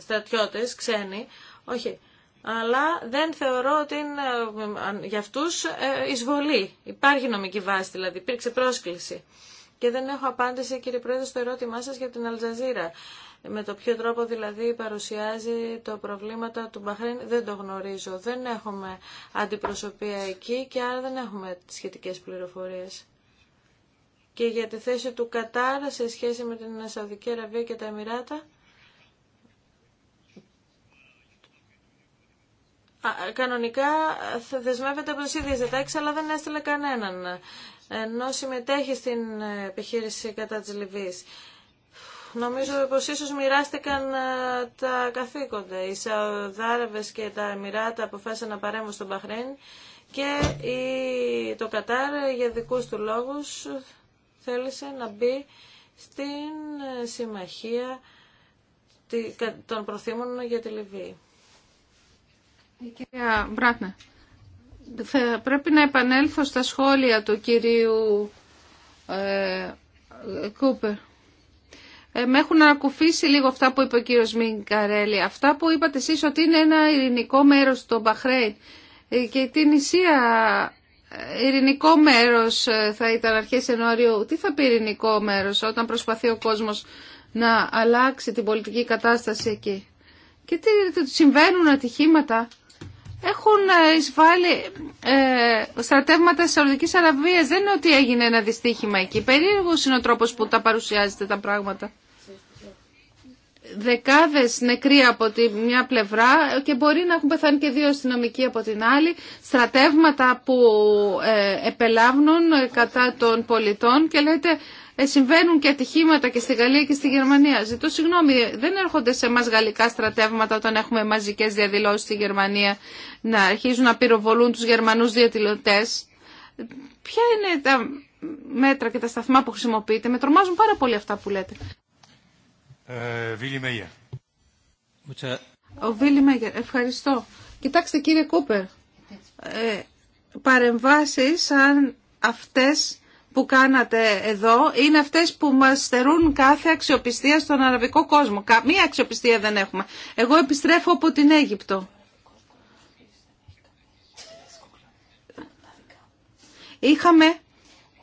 στρατιώτες ξένοι. Όχι, αλλά δεν θεωρώ ότι είναι ε, για αυτούς ε, εισβολή. Υπάρχει νομική βάση δηλαδή, υπήρξε πρόσκληση. Και δεν έχω απάντηση, κύριε Πρόεδρε, στο ερώτημά σας για την Αλτζαζίρα με το ποιο τρόπο δηλαδή παρουσιάζει το προβλήματα του Μπαχρέν δεν το γνωρίζω. Δεν έχουμε αντιπροσωπεία εκεί και άρα δεν έχουμε σχετικές πληροφορίες. Και για τη θέση του Κατάρ σε σχέση με την Σαουδική Αραβία και τα Εμμυράτα, κανονικά δεσμεύεται από τις ίδιες αλλά δεν έστειλε κανέναν. Ενώ συμμετέχει στην επιχείρηση κατά τη Λιβύης. Νομίζω πως ίσως μοιράστηκαν τα καθήκοντα. Οι Σαουδάραβες και τα Εμμυράτα αποφάσισαν να παρέμβουν στον Παχρέν και η το Κατάρ για δικούς του λόγους θέλησε να μπει στην ε, συμμαχία των προθήμων για τη Λιβύη. Η κυρία Μπράτνα, θα πρέπει να επανέλθω στα σχόλια του κυρίου ε, Κούπερ. Ε, με έχουν ανακουφίσει λίγο αυτά που είπε ο κύριος Μιγκαρέλη. Αυτά που είπατε εσείς ότι είναι ένα ειρηνικό μέρος το Μπαχρέιν ε, και την Ισία ε, ειρηνικό μέρος ε, θα ήταν αρχές Ιανουαρίου. Τι θα πει ειρηνικό μέρος όταν προσπαθεί ο κόσμος να αλλάξει την πολιτική κατάσταση εκεί. Και τι συμβαίνουν ατυχήματα. Έχουν εισβάλει ε, στρατεύματα της Σαουδικής Αραβίας. Δεν είναι ότι έγινε ένα δυστύχημα εκεί. Περίεργος είναι ο τρόπος που τα παρουσιάζετε τα πράγματα. Δεκάδε νεκροί από τη μια πλευρά και μπορεί να έχουν πεθάνει και δύο αστυνομικοί από την άλλη, στρατεύματα που ε, επελάβουν ε, κατά των πολιτών και λέτε ε, συμβαίνουν και ατυχήματα και στη Γαλλία και στη Γερμανία. Ζητώ συγγνώμη, δεν έρχονται σε εμά γαλλικά στρατεύματα όταν έχουμε μαζικέ διαδηλώσει στη Γερμανία να αρχίζουν να πυροβολούν του γερμανού διαδηλωτέ. Ποια είναι τα μέτρα και τα σταθμά που χρησιμοποιείτε. Με τρομάζουν πάρα πολύ αυτά που λέτε. Ε, Ο Βίλι Μέγερ, ευχαριστώ. Κοιτάξτε κύριε Κούπερ, ε, παρεμβάσεις σαν αυτές που κάνατε εδώ είναι αυτές που μας στερούν κάθε αξιοπιστία στον αραβικό κόσμο. Καμία αξιοπιστία δεν έχουμε. Εγώ επιστρέφω από την Αίγυπτο. Είχαμε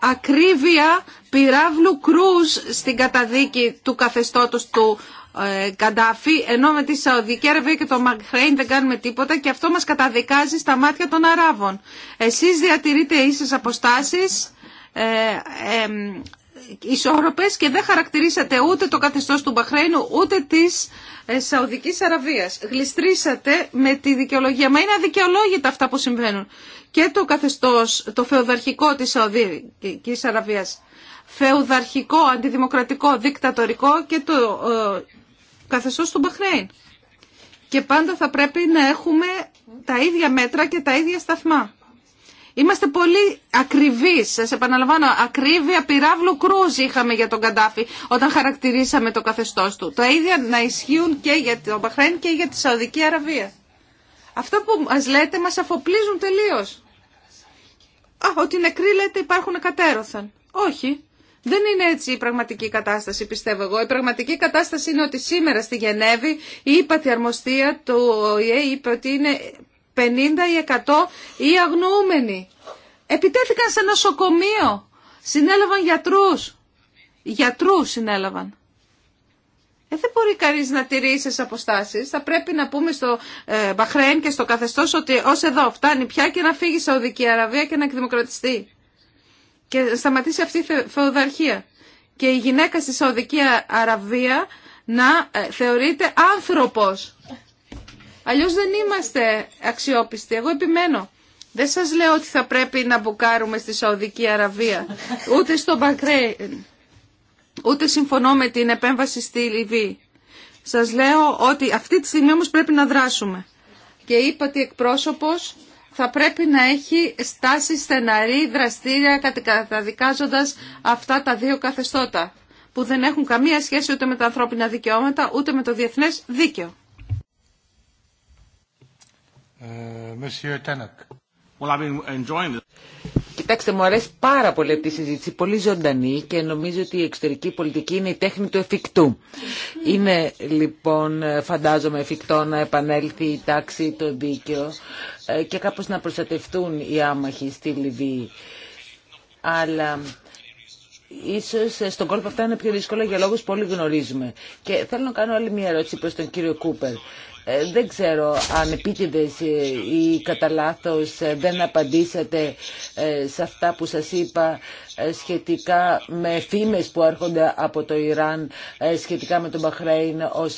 ακρίβεια πυράβλου κρούς στην καταδίκη του καθεστώτος του ε, Καντάφη, ενώ με τη Σαουδική Αραβία και το Μαγχρέιν δεν κάνουμε τίποτα και αυτό μας καταδικάζει στα μάτια των Αράβων. Εσείς διατηρείτε ίσες αποστάσεις, ε, ε, ισόρροπες και δεν χαρακτηρίσατε ούτε το καθεστώς του Μπαχρέινου ούτε της ε, Σαουδικής Αραβίας. Γλιστρήσατε με τη δικαιολογία. Μα είναι αδικαιολόγητα αυτά που συμβαίνουν. Και το καθεστώς, το φεουδαρχικό της Σαουδικής Αραβίας. Φεουδαρχικό, αντιδημοκρατικό, δικτατορικό και το ε, καθεστώς του Μπαχρέιν. Και πάντα θα πρέπει να έχουμε τα ίδια μέτρα και τα ίδια σταθμά. Είμαστε πολύ ακριβείς, σας επαναλαμβάνω, ακρίβεια πυράβλου κρούζ είχαμε για τον Καντάφη όταν χαρακτηρίσαμε το καθεστώς του. Το ίδια να ισχύουν και για τον Παχρέν και για τη Σαουδική Αραβία. Αυτό που μα λέτε μας αφοπλίζουν τελείως. Α, ότι νεκροί λέτε υπάρχουν κατέρωθαν. Όχι. Δεν είναι έτσι η πραγματική κατάσταση, πιστεύω εγώ. Η πραγματική κατάσταση είναι ότι σήμερα στη Γενέβη η υπατιαρμοστία του ΟΗΕ είπε ότι είναι 50 ή ή αγνοούμενοι. Επιτέθηκαν σε νοσοκομείο. Συνέλαβαν γιατρούς. Γιατρούς συνέλαβαν. Ε, δεν μπορεί κανείς να τηρεί στις αποστάσεις. Θα πρέπει να πούμε στο ε, Μπαχρέν και στο καθεστώς ότι ως εδώ φτάνει πια και να φύγει η Σαουδική Αραβία και να εκδημοκρατιστεί. Και να σταματήσει αυτή η φεουδαρχία. Και η γυναίκα στη Σαουδική Αραβία να ε, θεωρείται άνθρωπος. Αλλιώς δεν είμαστε αξιόπιστοι. Εγώ επιμένω. Δεν σας λέω ότι θα πρέπει να μπουκάρουμε στη Σαουδική Αραβία, ούτε στο Μπαγκρέιν, ούτε συμφωνώ με την επέμβαση στη Λιβύη. Σας λέω ότι αυτή τη στιγμή όμως πρέπει να δράσουμε. Και είπα ότι εκπρόσωπος θα πρέπει να έχει στάση στεναρή δραστήρια καταδικάζοντας αυτά τα δύο καθεστώτα που δεν έχουν καμία σχέση ούτε με τα ανθρώπινα δικαιώματα ούτε με το διεθνές δίκαιο. Ε, Κοιτάξτε, μου αρέσει πάρα πολύ αυτή η συζήτηση, πολύ ζωντανή και νομίζω ότι η εξωτερική πολιτική είναι η τέχνη του εφικτού. Είναι λοιπόν, φαντάζομαι, εφικτό να επανέλθει η τάξη, το δίκαιο ε, και κάπως να προστατευτούν οι άμαχοι στη Λιβύη. Αλλά ίσως ε, στον κόλπο αυτά είναι πιο δύσκολο για λόγους που όλοι γνωρίζουμε. Και θέλω να κάνω άλλη μια ερώτηση προς τον κύριο Κούπερ. Ε, δεν ξέρω αν επίτηδες ε, ή κατά λάθο ε, δεν απαντήσατε σε αυτά που σας είπα σχετικά με φήμες που έρχονται από το Ιράν σχετικά με τον Μπαχρέιν ως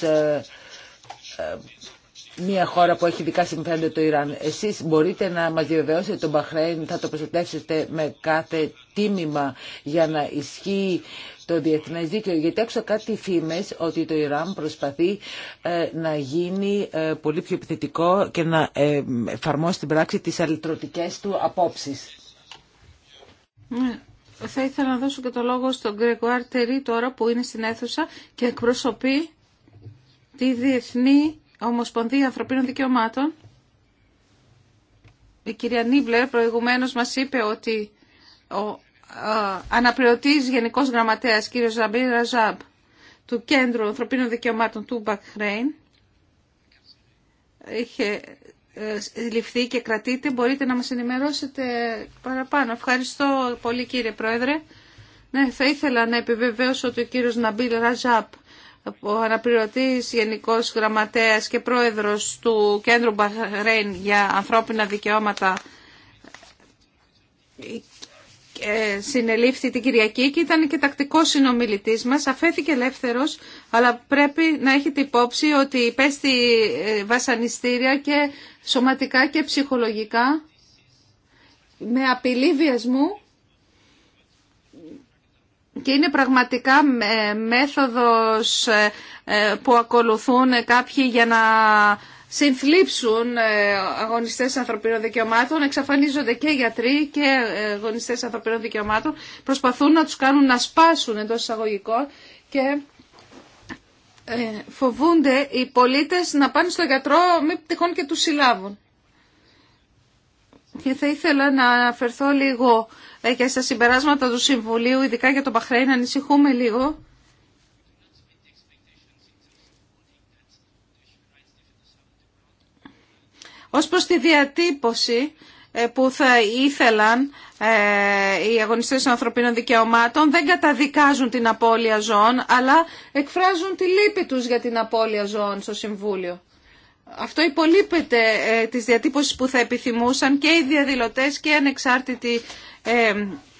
μια χώρα που έχει δικά συμφέροντα το Ιράν. Εσείς μπορείτε να μας διαβεβαιώσετε τον Μπαχρέιν, θα το προστατεύσετε με κάθε τίμημα για να ισχύει το διεθνές δίκαιο. Γιατί άκουσα κάτι φήμες ότι το Ιράν προσπαθεί ε, να γίνει ε, πολύ πιο επιθετικό και να ε, εφαρμόσει την πράξη τις αλυτρωτικές του απόψεις. Ναι. Θα ήθελα να δώσω και το λόγο στον Γκρεγουάρ Τερή τώρα που είναι στην αίθουσα και εκπροσωπεί τη διεθνή Ομοσπονδία Ανθρωπίνων Δικαιωμάτων. Η κυρία Νίμπλερ προηγουμένως μας είπε ότι ο αναπληρωτής Γενικός Γραμματέας κύριος Ναμπίλ Ραζάμπ του Κέντρου Ανθρωπίνων Δικαιωμάτων του Μπαχρέιν είχε ε, ληφθεί και κρατείται. Μπορείτε να μας ενημερώσετε παραπάνω. Ευχαριστώ πολύ κύριε Πρόεδρε. Ναι, θα ήθελα να επιβεβαίωσω ότι ο κύριος Ναμπίλ Ραζάπ ο αναπληρωτής Γενικός Γραμματέας και Πρόεδρος του Κέντρου Μπαχρέν για ανθρώπινα δικαιώματα ε, συνελήφθη την Κυριακή και ήταν και τακτικός συνομιλητής μας, αφέθηκε ελεύθερος, αλλά πρέπει να έχετε υπόψη ότι πέστη ε, βασανιστήρια και σωματικά και ψυχολογικά με απειλή βιασμού και είναι πραγματικά ε, μέθοδος ε, ε, που ακολουθούν κάποιοι για να συνθλίψουν αγωνιστές ανθρωπίνων δικαιωμάτων, εξαφανίζονται και γιατροί και αγωνιστές ανθρωπίνων δικαιωμάτων, προσπαθούν να τους κάνουν να σπάσουν εντός εισαγωγικών και φοβούνται οι πολίτες να πάνε στο γιατρό μη τυχόν και τους συλλάβουν. Και θα ήθελα να αναφερθώ λίγο ε, και στα συμπεράσματα του Συμβουλίου, ειδικά για τον Παχρέιν, ανησυχούμε λίγο. Ως προς τη διατύπωση ε, που θα ήθελαν ε, οι αγωνιστές των ανθρωπίνων δικαιωμάτων δεν καταδικάζουν την απώλεια ζώων αλλά εκφράζουν τη λύπη τους για την απώλεια ζώων στο Συμβούλιο. Αυτό υπολείπεται ε, της διατύπωσης που θα επιθυμούσαν και οι διαδηλωτές και οι ανεξάρτητοι ε,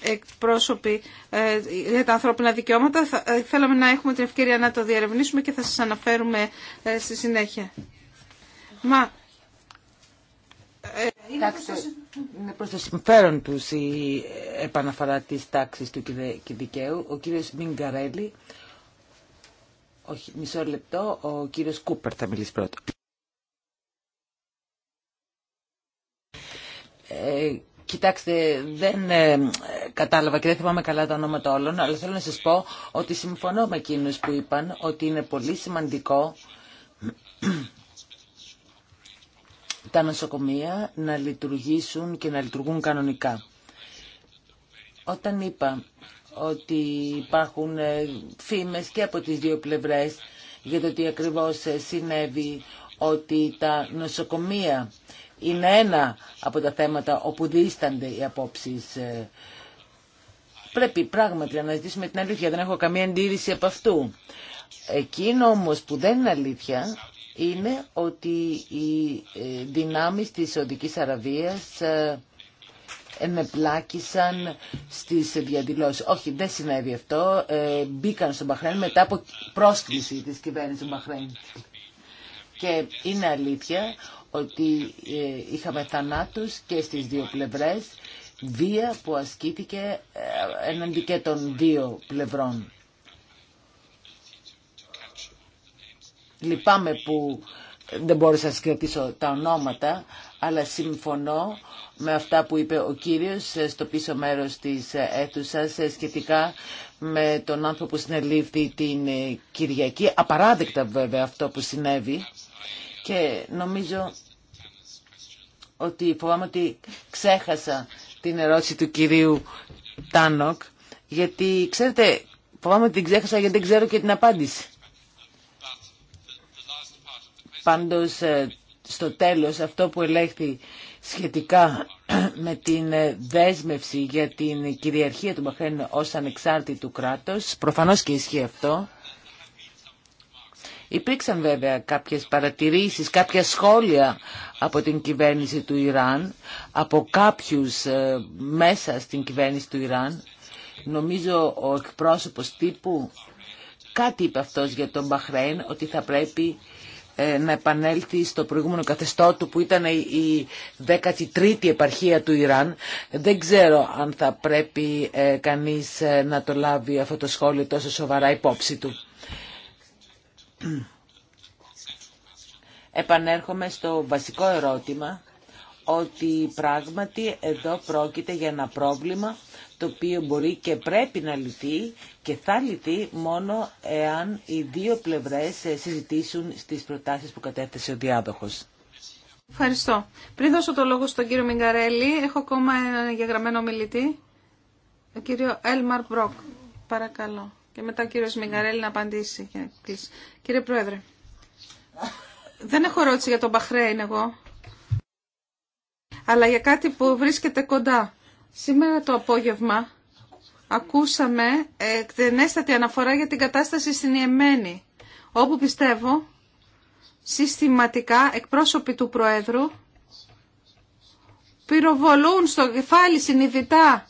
εκπρόσωποι ε, για τα ανθρώπινα δικαιώματα. Θέλαμε να έχουμε την ευκαιρία να το διαρευνήσουμε και θα σας αναφέρουμε στη συνέχεια. Μα... είναι προς το συμφέρον τους η επαναφορά της τάξης του δικαίου. Ο κύριος Μιγκαρέλη, όχι, μισό λεπτό, ο κύριος Κούπερ θα μιλήσει πρώτα. Ε, κοιτάξτε, δεν ε, κατάλαβα και δεν θυμάμαι καλά τα ονόματα όλων, αλλά θέλω να σας πω ότι συμφωνώ με εκείνους που είπαν ότι είναι πολύ σημαντικό τα νοσοκομεία να λειτουργήσουν και να λειτουργούν κανονικά. Όταν είπα ότι υπάρχουν ε, φήμες και από τις δύο πλευρές για το τι ακριβώς συνέβη, ότι τα νοσοκομεία είναι ένα από τα θέματα όπου δίστανται οι απόψεις. Ε, πρέπει πράγματι να αναζητήσουμε την αλήθεια. Δεν έχω καμία αντίρρηση από αυτού. Εκείνο όμως που δεν είναι αλήθεια είναι ότι οι ε, δυνάμεις της Σαουδικής Αραβίας ε, ενεπλάκησαν στις διαδηλώσεις. Όχι, δεν συνέβη αυτό. μπήκαν στο Μπαχρέν μετά από πρόσκληση της κυβέρνησης του Μπαχρέν. Και είναι αλήθεια ότι ε, είχαμε θανάτους και στις δύο πλευρές, βία που ασκήθηκε εναντί και των δύο πλευρών. Λυπάμαι που δεν μπόρεσα να συγκρατήσω τα ονόματα, αλλά συμφωνώ με αυτά που είπε ο κύριος ε, στο πίσω μέρος της ε, αίθουσας σχετικά με τον άνθρωπο που συνελήφθη την Κυριακή. Απαράδεκτα βέβαια αυτό που συνέβη. Και νομίζω ότι φοβάμαι ότι ξέχασα την ερώτηση του κυρίου Τάνοκ, γιατί ξέρετε, φοβάμαι ότι την ξέχασα γιατί δεν ξέρω και την απάντηση. Πάντως, ε, στο τέλος, αυτό που ελέγχθη σχετικά με την ε, δέσμευση για την κυριαρχία του Μπαχρέν ως ανεξάρτητου κράτος, προφανώς και ισχύει αυτό, Υπήρξαν βέβαια κάποιες παρατηρήσεις, κάποια σχόλια από την κυβέρνηση του Ιράν, από κάποιους ε, μέσα στην κυβέρνηση του Ιράν. Νομίζω ο εκπρόσωπος τύπου κάτι είπε αυτός για τον Μπαχρέν, ότι θα πρέπει ε, να επανέλθει στο προηγούμενο καθεστώ του που ήταν η 13η επαρχία του Ιράν. Δεν ξέρω αν θα πρέπει ε, κανείς να το λάβει αυτό το σχόλιο τόσο σοβαρά υπόψη του επανέρχομαι στο βασικό ερώτημα ότι πράγματι εδώ πρόκειται για ένα πρόβλημα το οποίο μπορεί και πρέπει να λυθεί και θα λυθεί μόνο εάν οι δύο πλευρές συζητήσουν στις προτάσεις που κατέθεσε ο διάδοχος. Ευχαριστώ. Πριν δώσω το λόγο στον κύριο Μιγκαρέλη, έχω ακόμα έναν εγγεγραμμένο μιλητή, τον κύριο Έλμαρ Μπροκ. Παρακαλώ. Και μετά ο κύριος Μιγαρέλη να απαντήσει. Κύριε Πρόεδρε, δεν έχω ερώτηση για τον Μπαχρέιν εγώ, αλλά για κάτι που βρίσκεται κοντά. Σήμερα το απόγευμα ακούσαμε εκτενέστατη αναφορά για την κατάσταση στην Ιεμένη, όπου πιστεύω συστηματικά εκπρόσωποι του Προέδρου πυροβολούν στο κεφάλι συνειδητά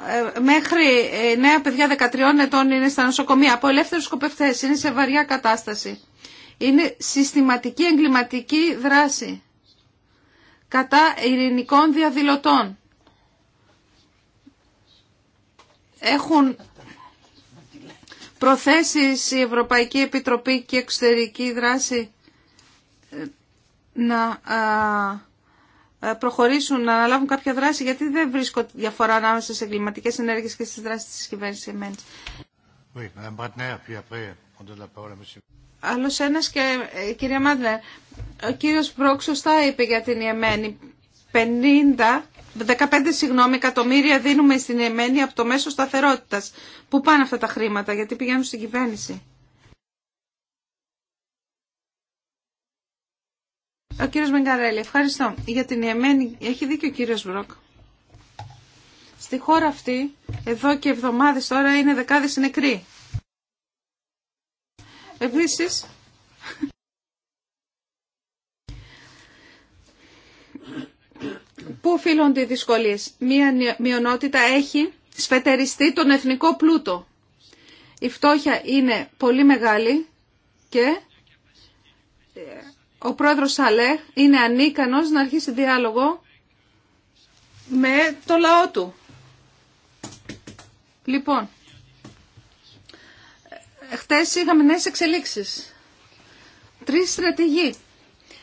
ε, μέχρι ε, νέα παιδιά 13 ετών είναι στα νοσοκομεία από ελεύθερους σκοπευτές, είναι σε βαριά κατάσταση. Είναι συστηματική εγκληματική δράση κατά ειρηνικών διαδηλωτών. Έχουν προθέσεις η Ευρωπαϊκή Επιτροπή και Εξωτερική Δράση ε, να ε, προχωρήσουν να αναλάβουν κάποια δράση, γιατί δεν βρίσκω διαφορά ανάμεσα στι εγκληματικέ ενέργειε και στι δράσει τη κυβέρνηση Εμένη. Άλλο ένα και ε, η κυρία Μάντνερ. Ο κύριο Μπρόκ σωστά είπε για την ΕΜΕΝΗ. 50, 15 συγγνώμη, εκατομμύρια δίνουμε στην ΕΜΕΝΗ από το μέσο σταθερότητα. Πού πάνε αυτά τα χρήματα, γιατί πηγαίνουν στην κυβέρνηση. Ο κύριο Μεγκαρέλη, ευχαριστώ. Για την Ιεμένη έχει δίκιο ο κύριο Μπροκ. Στη χώρα αυτή, εδώ και εβδομάδε τώρα, είναι δεκάδε νεκροί. Επίση. πού οφείλονται οι δυσκολίε, Μία μειονότητα έχει σφετεριστεί τον εθνικό πλούτο. Η φτώχεια είναι πολύ μεγάλη και ε, ο πρόεδρος Σαλέ είναι ανίκανος να αρχίσει διάλογο με το λαό του. Λοιπόν, χτες είχαμε νέες εξελίξεις. Τρεις στρατηγοί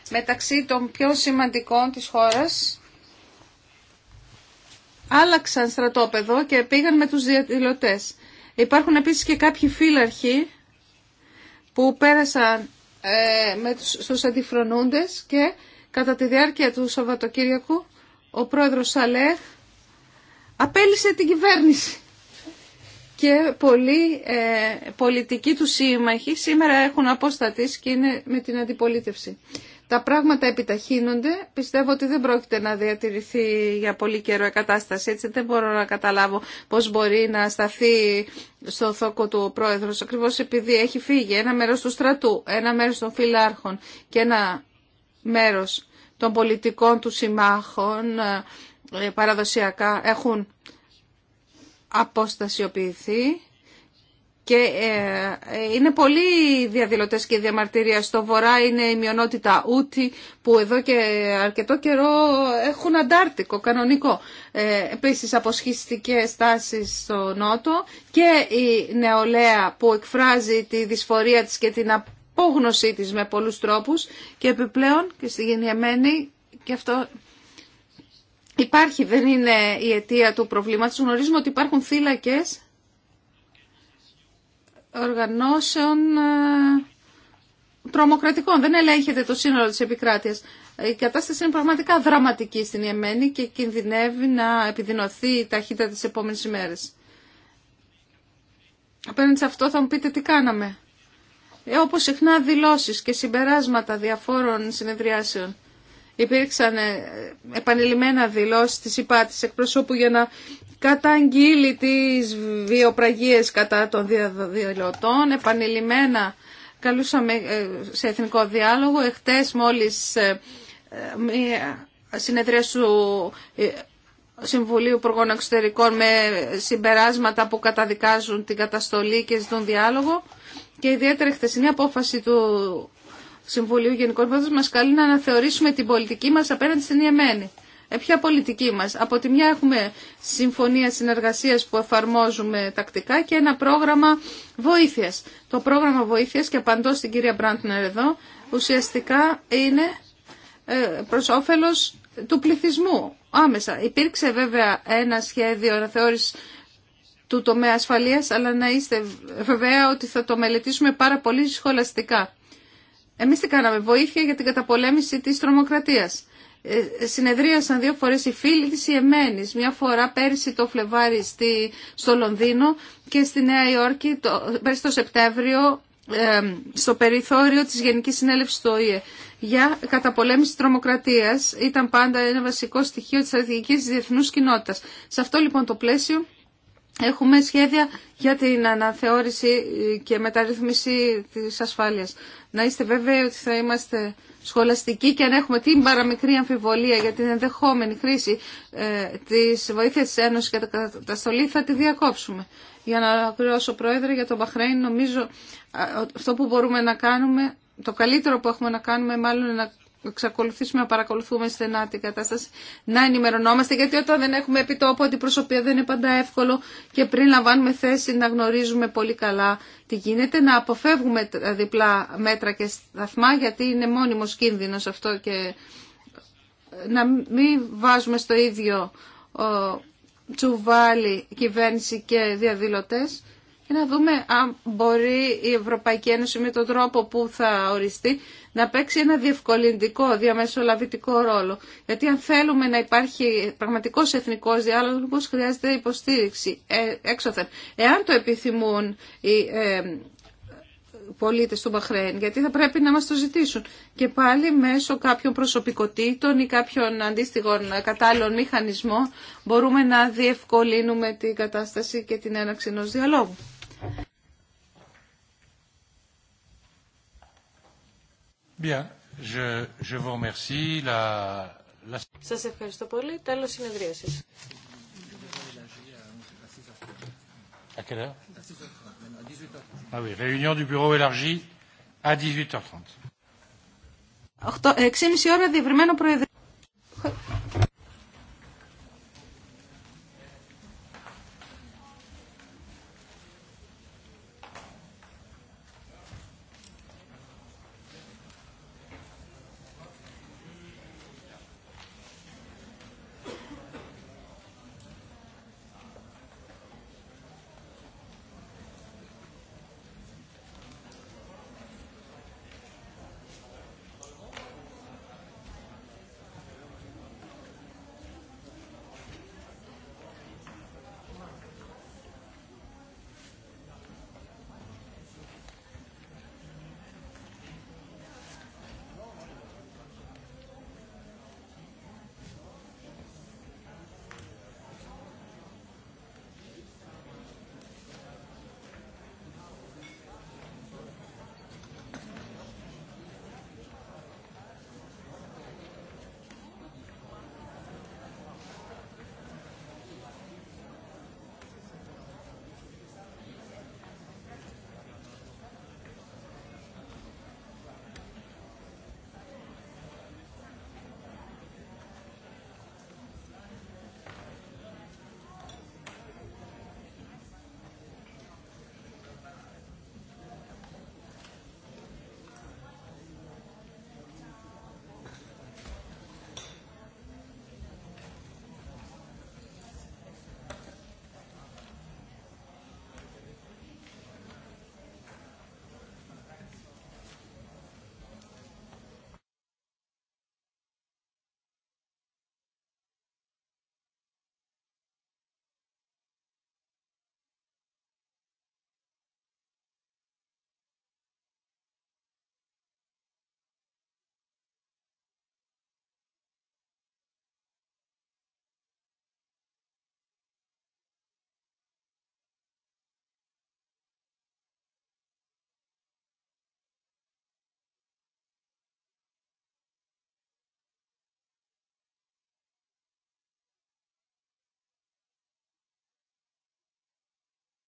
μεταξύ των πιο σημαντικών της χώρας άλλαξαν στρατόπεδο και πήγαν με τους διαδηλωτές. Υπάρχουν επίσης και κάποιοι φύλαρχοι που πέρασαν ε, με τους, στους αντιφρονούντες και κατά τη διάρκεια του Σαββατοκύριακου ο πρόεδρος Σαλέχ απέλησε την κυβέρνηση και πολλοί ε, πολιτικοί του σύμμαχοι σήμερα έχουν αποστατήσει και είναι με την αντιπολίτευση τα πράγματα επιταχύνονται. Πιστεύω ότι δεν πρόκειται να διατηρηθεί για πολύ καιρό η κατάσταση. Έτσι δεν μπορώ να καταλάβω πώς μπορεί να σταθεί στο θόκο του ο πρόεδρος. Ακριβώς επειδή έχει φύγει ένα μέρος του στρατού, ένα μέρος των φιλάρχων και ένα μέρος των πολιτικών του συμμάχων ε, παραδοσιακά έχουν αποστασιοποιηθεί και ε, ε, είναι πολλοί διαδηλωτέ και διαμαρτυρία. Στο βορρά είναι η μειονότητα ούτη που εδώ και αρκετό καιρό έχουν αντάρτικο κανονικό. Ε, επίσης αποσχιστικέ τάσει στο νότο και η νεολαία που εκφράζει τη δυσφορία της και την απόγνωσή της με πολλούς τρόπους και επιπλέον και στη γενιαμένη και αυτό υπάρχει, δεν είναι η αιτία του προβλήματος. Γνωρίζουμε ότι υπάρχουν θύλακες οργανώσεων ε, τρομοκρατικών. Δεν ελέγχεται το σύνολο της επικράτειας. Η κατάσταση είναι πραγματικά δραματική στην Ιεμένη και κινδυνεύει να επιδεινωθεί η ταχύτητα τις επόμενες ημέρες. Απέναντι σε αυτό θα μου πείτε τι κάναμε. Ε, όπως συχνά δηλώσεις και συμπεράσματα διαφόρων συνεδριάσεων. Υπήρξαν ε, επανειλημμένα δηλώσεις της υπάτης εκπροσώπου για να καταγγείλει τις βιοπραγίες κατά των διαδηλωτών, επανειλημμένα καλούσαμε ε, σε εθνικό διάλογο. Εχθές μόλις ε, μια συνεδρία του ε, Συμβουλίου Υπουργών Εξωτερικών με συμπεράσματα που καταδικάζουν την καταστολή και ζητούν διάλογο και ιδιαίτερα η απόφαση του Συμβουλίου Γενικών Πρόεδρων μας καλεί να αναθεωρήσουμε την πολιτική μας απέναντι στην Ιεμένη. Ε, ποια πολιτική μας. Από τη μια έχουμε συμφωνία συνεργασίας που εφαρμόζουμε τακτικά και ένα πρόγραμμα βοήθειας. Το πρόγραμμα βοήθειας και απαντώ στην κυρία Μπραντνερ εδώ ουσιαστικά είναι ε, προς όφελος του πληθυσμού άμεσα. Υπήρξε βέβαια ένα σχέδιο αναθεώρησης του τομέα ασφαλείας, αλλά να είστε βεβαία ότι θα το μελετήσουμε πάρα πολύ σχολαστικά. Εμείς τι κάναμε, βοήθεια για την καταπολέμηση της τρομοκρατίας. Ε, συνεδρίασαν δύο φορές οι φίλοι της Ιεμένης, μια φορά πέρυσι το Φλεβάρι στη, στο Λονδίνο και στη Νέα Υόρκη το, πέρυσι το Σεπτέμβριο ε, στο περιθώριο της Γενικής Συνέλευσης του ΟΗΕ για καταπολέμηση τρομοκρατίας ήταν πάντα ένα βασικό στοιχείο της στρατηγικής της διεθνούς κοινότητας. Σε αυτό λοιπόν το πλαίσιο έχουμε σχέδια για την αναθεώρηση και μεταρρύθμιση της ασφάλειας. Να είστε βέβαιοι ότι θα είμαστε σχολαστική και αν έχουμε την παραμικρή αμφιβολία για την ενδεχόμενη χρήση ε, της βοήθειας της Ένωσης τα καταστολή θα τη διακόψουμε. Για να ολοκληρώσω Πρόεδρε για τον Μπαχρέιν νομίζω αυτό που μπορούμε να κάνουμε, το καλύτερο που έχουμε να κάνουμε μάλλον είναι να εξακολουθήσουμε να παρακολουθούμε στενά την κατάσταση, να ενημερωνόμαστε, γιατί όταν δεν έχουμε επιτόπου αντιπροσωπεία δεν είναι πάντα εύκολο και πριν λαμβάνουμε θέση να γνωρίζουμε πολύ καλά τι γίνεται, να αποφεύγουμε τα διπλά μέτρα και σταθμά, γιατί είναι μόνιμος κίνδυνος αυτό και ε, να μην βάζουμε στο ίδιο τσουβάλι κυβέρνηση και διαδηλωτές και να δούμε αν μπορεί η Ευρωπαϊκή Ένωση με τον τρόπο που θα οριστεί να παίξει ένα διευκολυντικό, διαμεσολαβητικό ρόλο. Γιατί αν θέλουμε να υπάρχει πραγματικό εθνικό διάλογο, χρειάζεται υποστήριξη ε, έξωθεν. Εάν το επιθυμούν οι ε, πολίτε του Μπαχρέν, γιατί θα πρέπει να μα το ζητήσουν. Και πάλι μέσω κάποιων προσωπικότητων ή κάποιων αντίστοιχων κατάλληλων μηχανισμών μπορούμε να διευκολύνουμε την κατάσταση και την έναρξη διαλόγου. Bien. Je, je vous remercie. La, la... Σας ευχαριστώ πολύ. Τέλος συνεδρίασης. À quelle heure Ah oui, réunion du bureau élargi à 18h30. 6.30 ώρα διευρυμένο προεδρείο.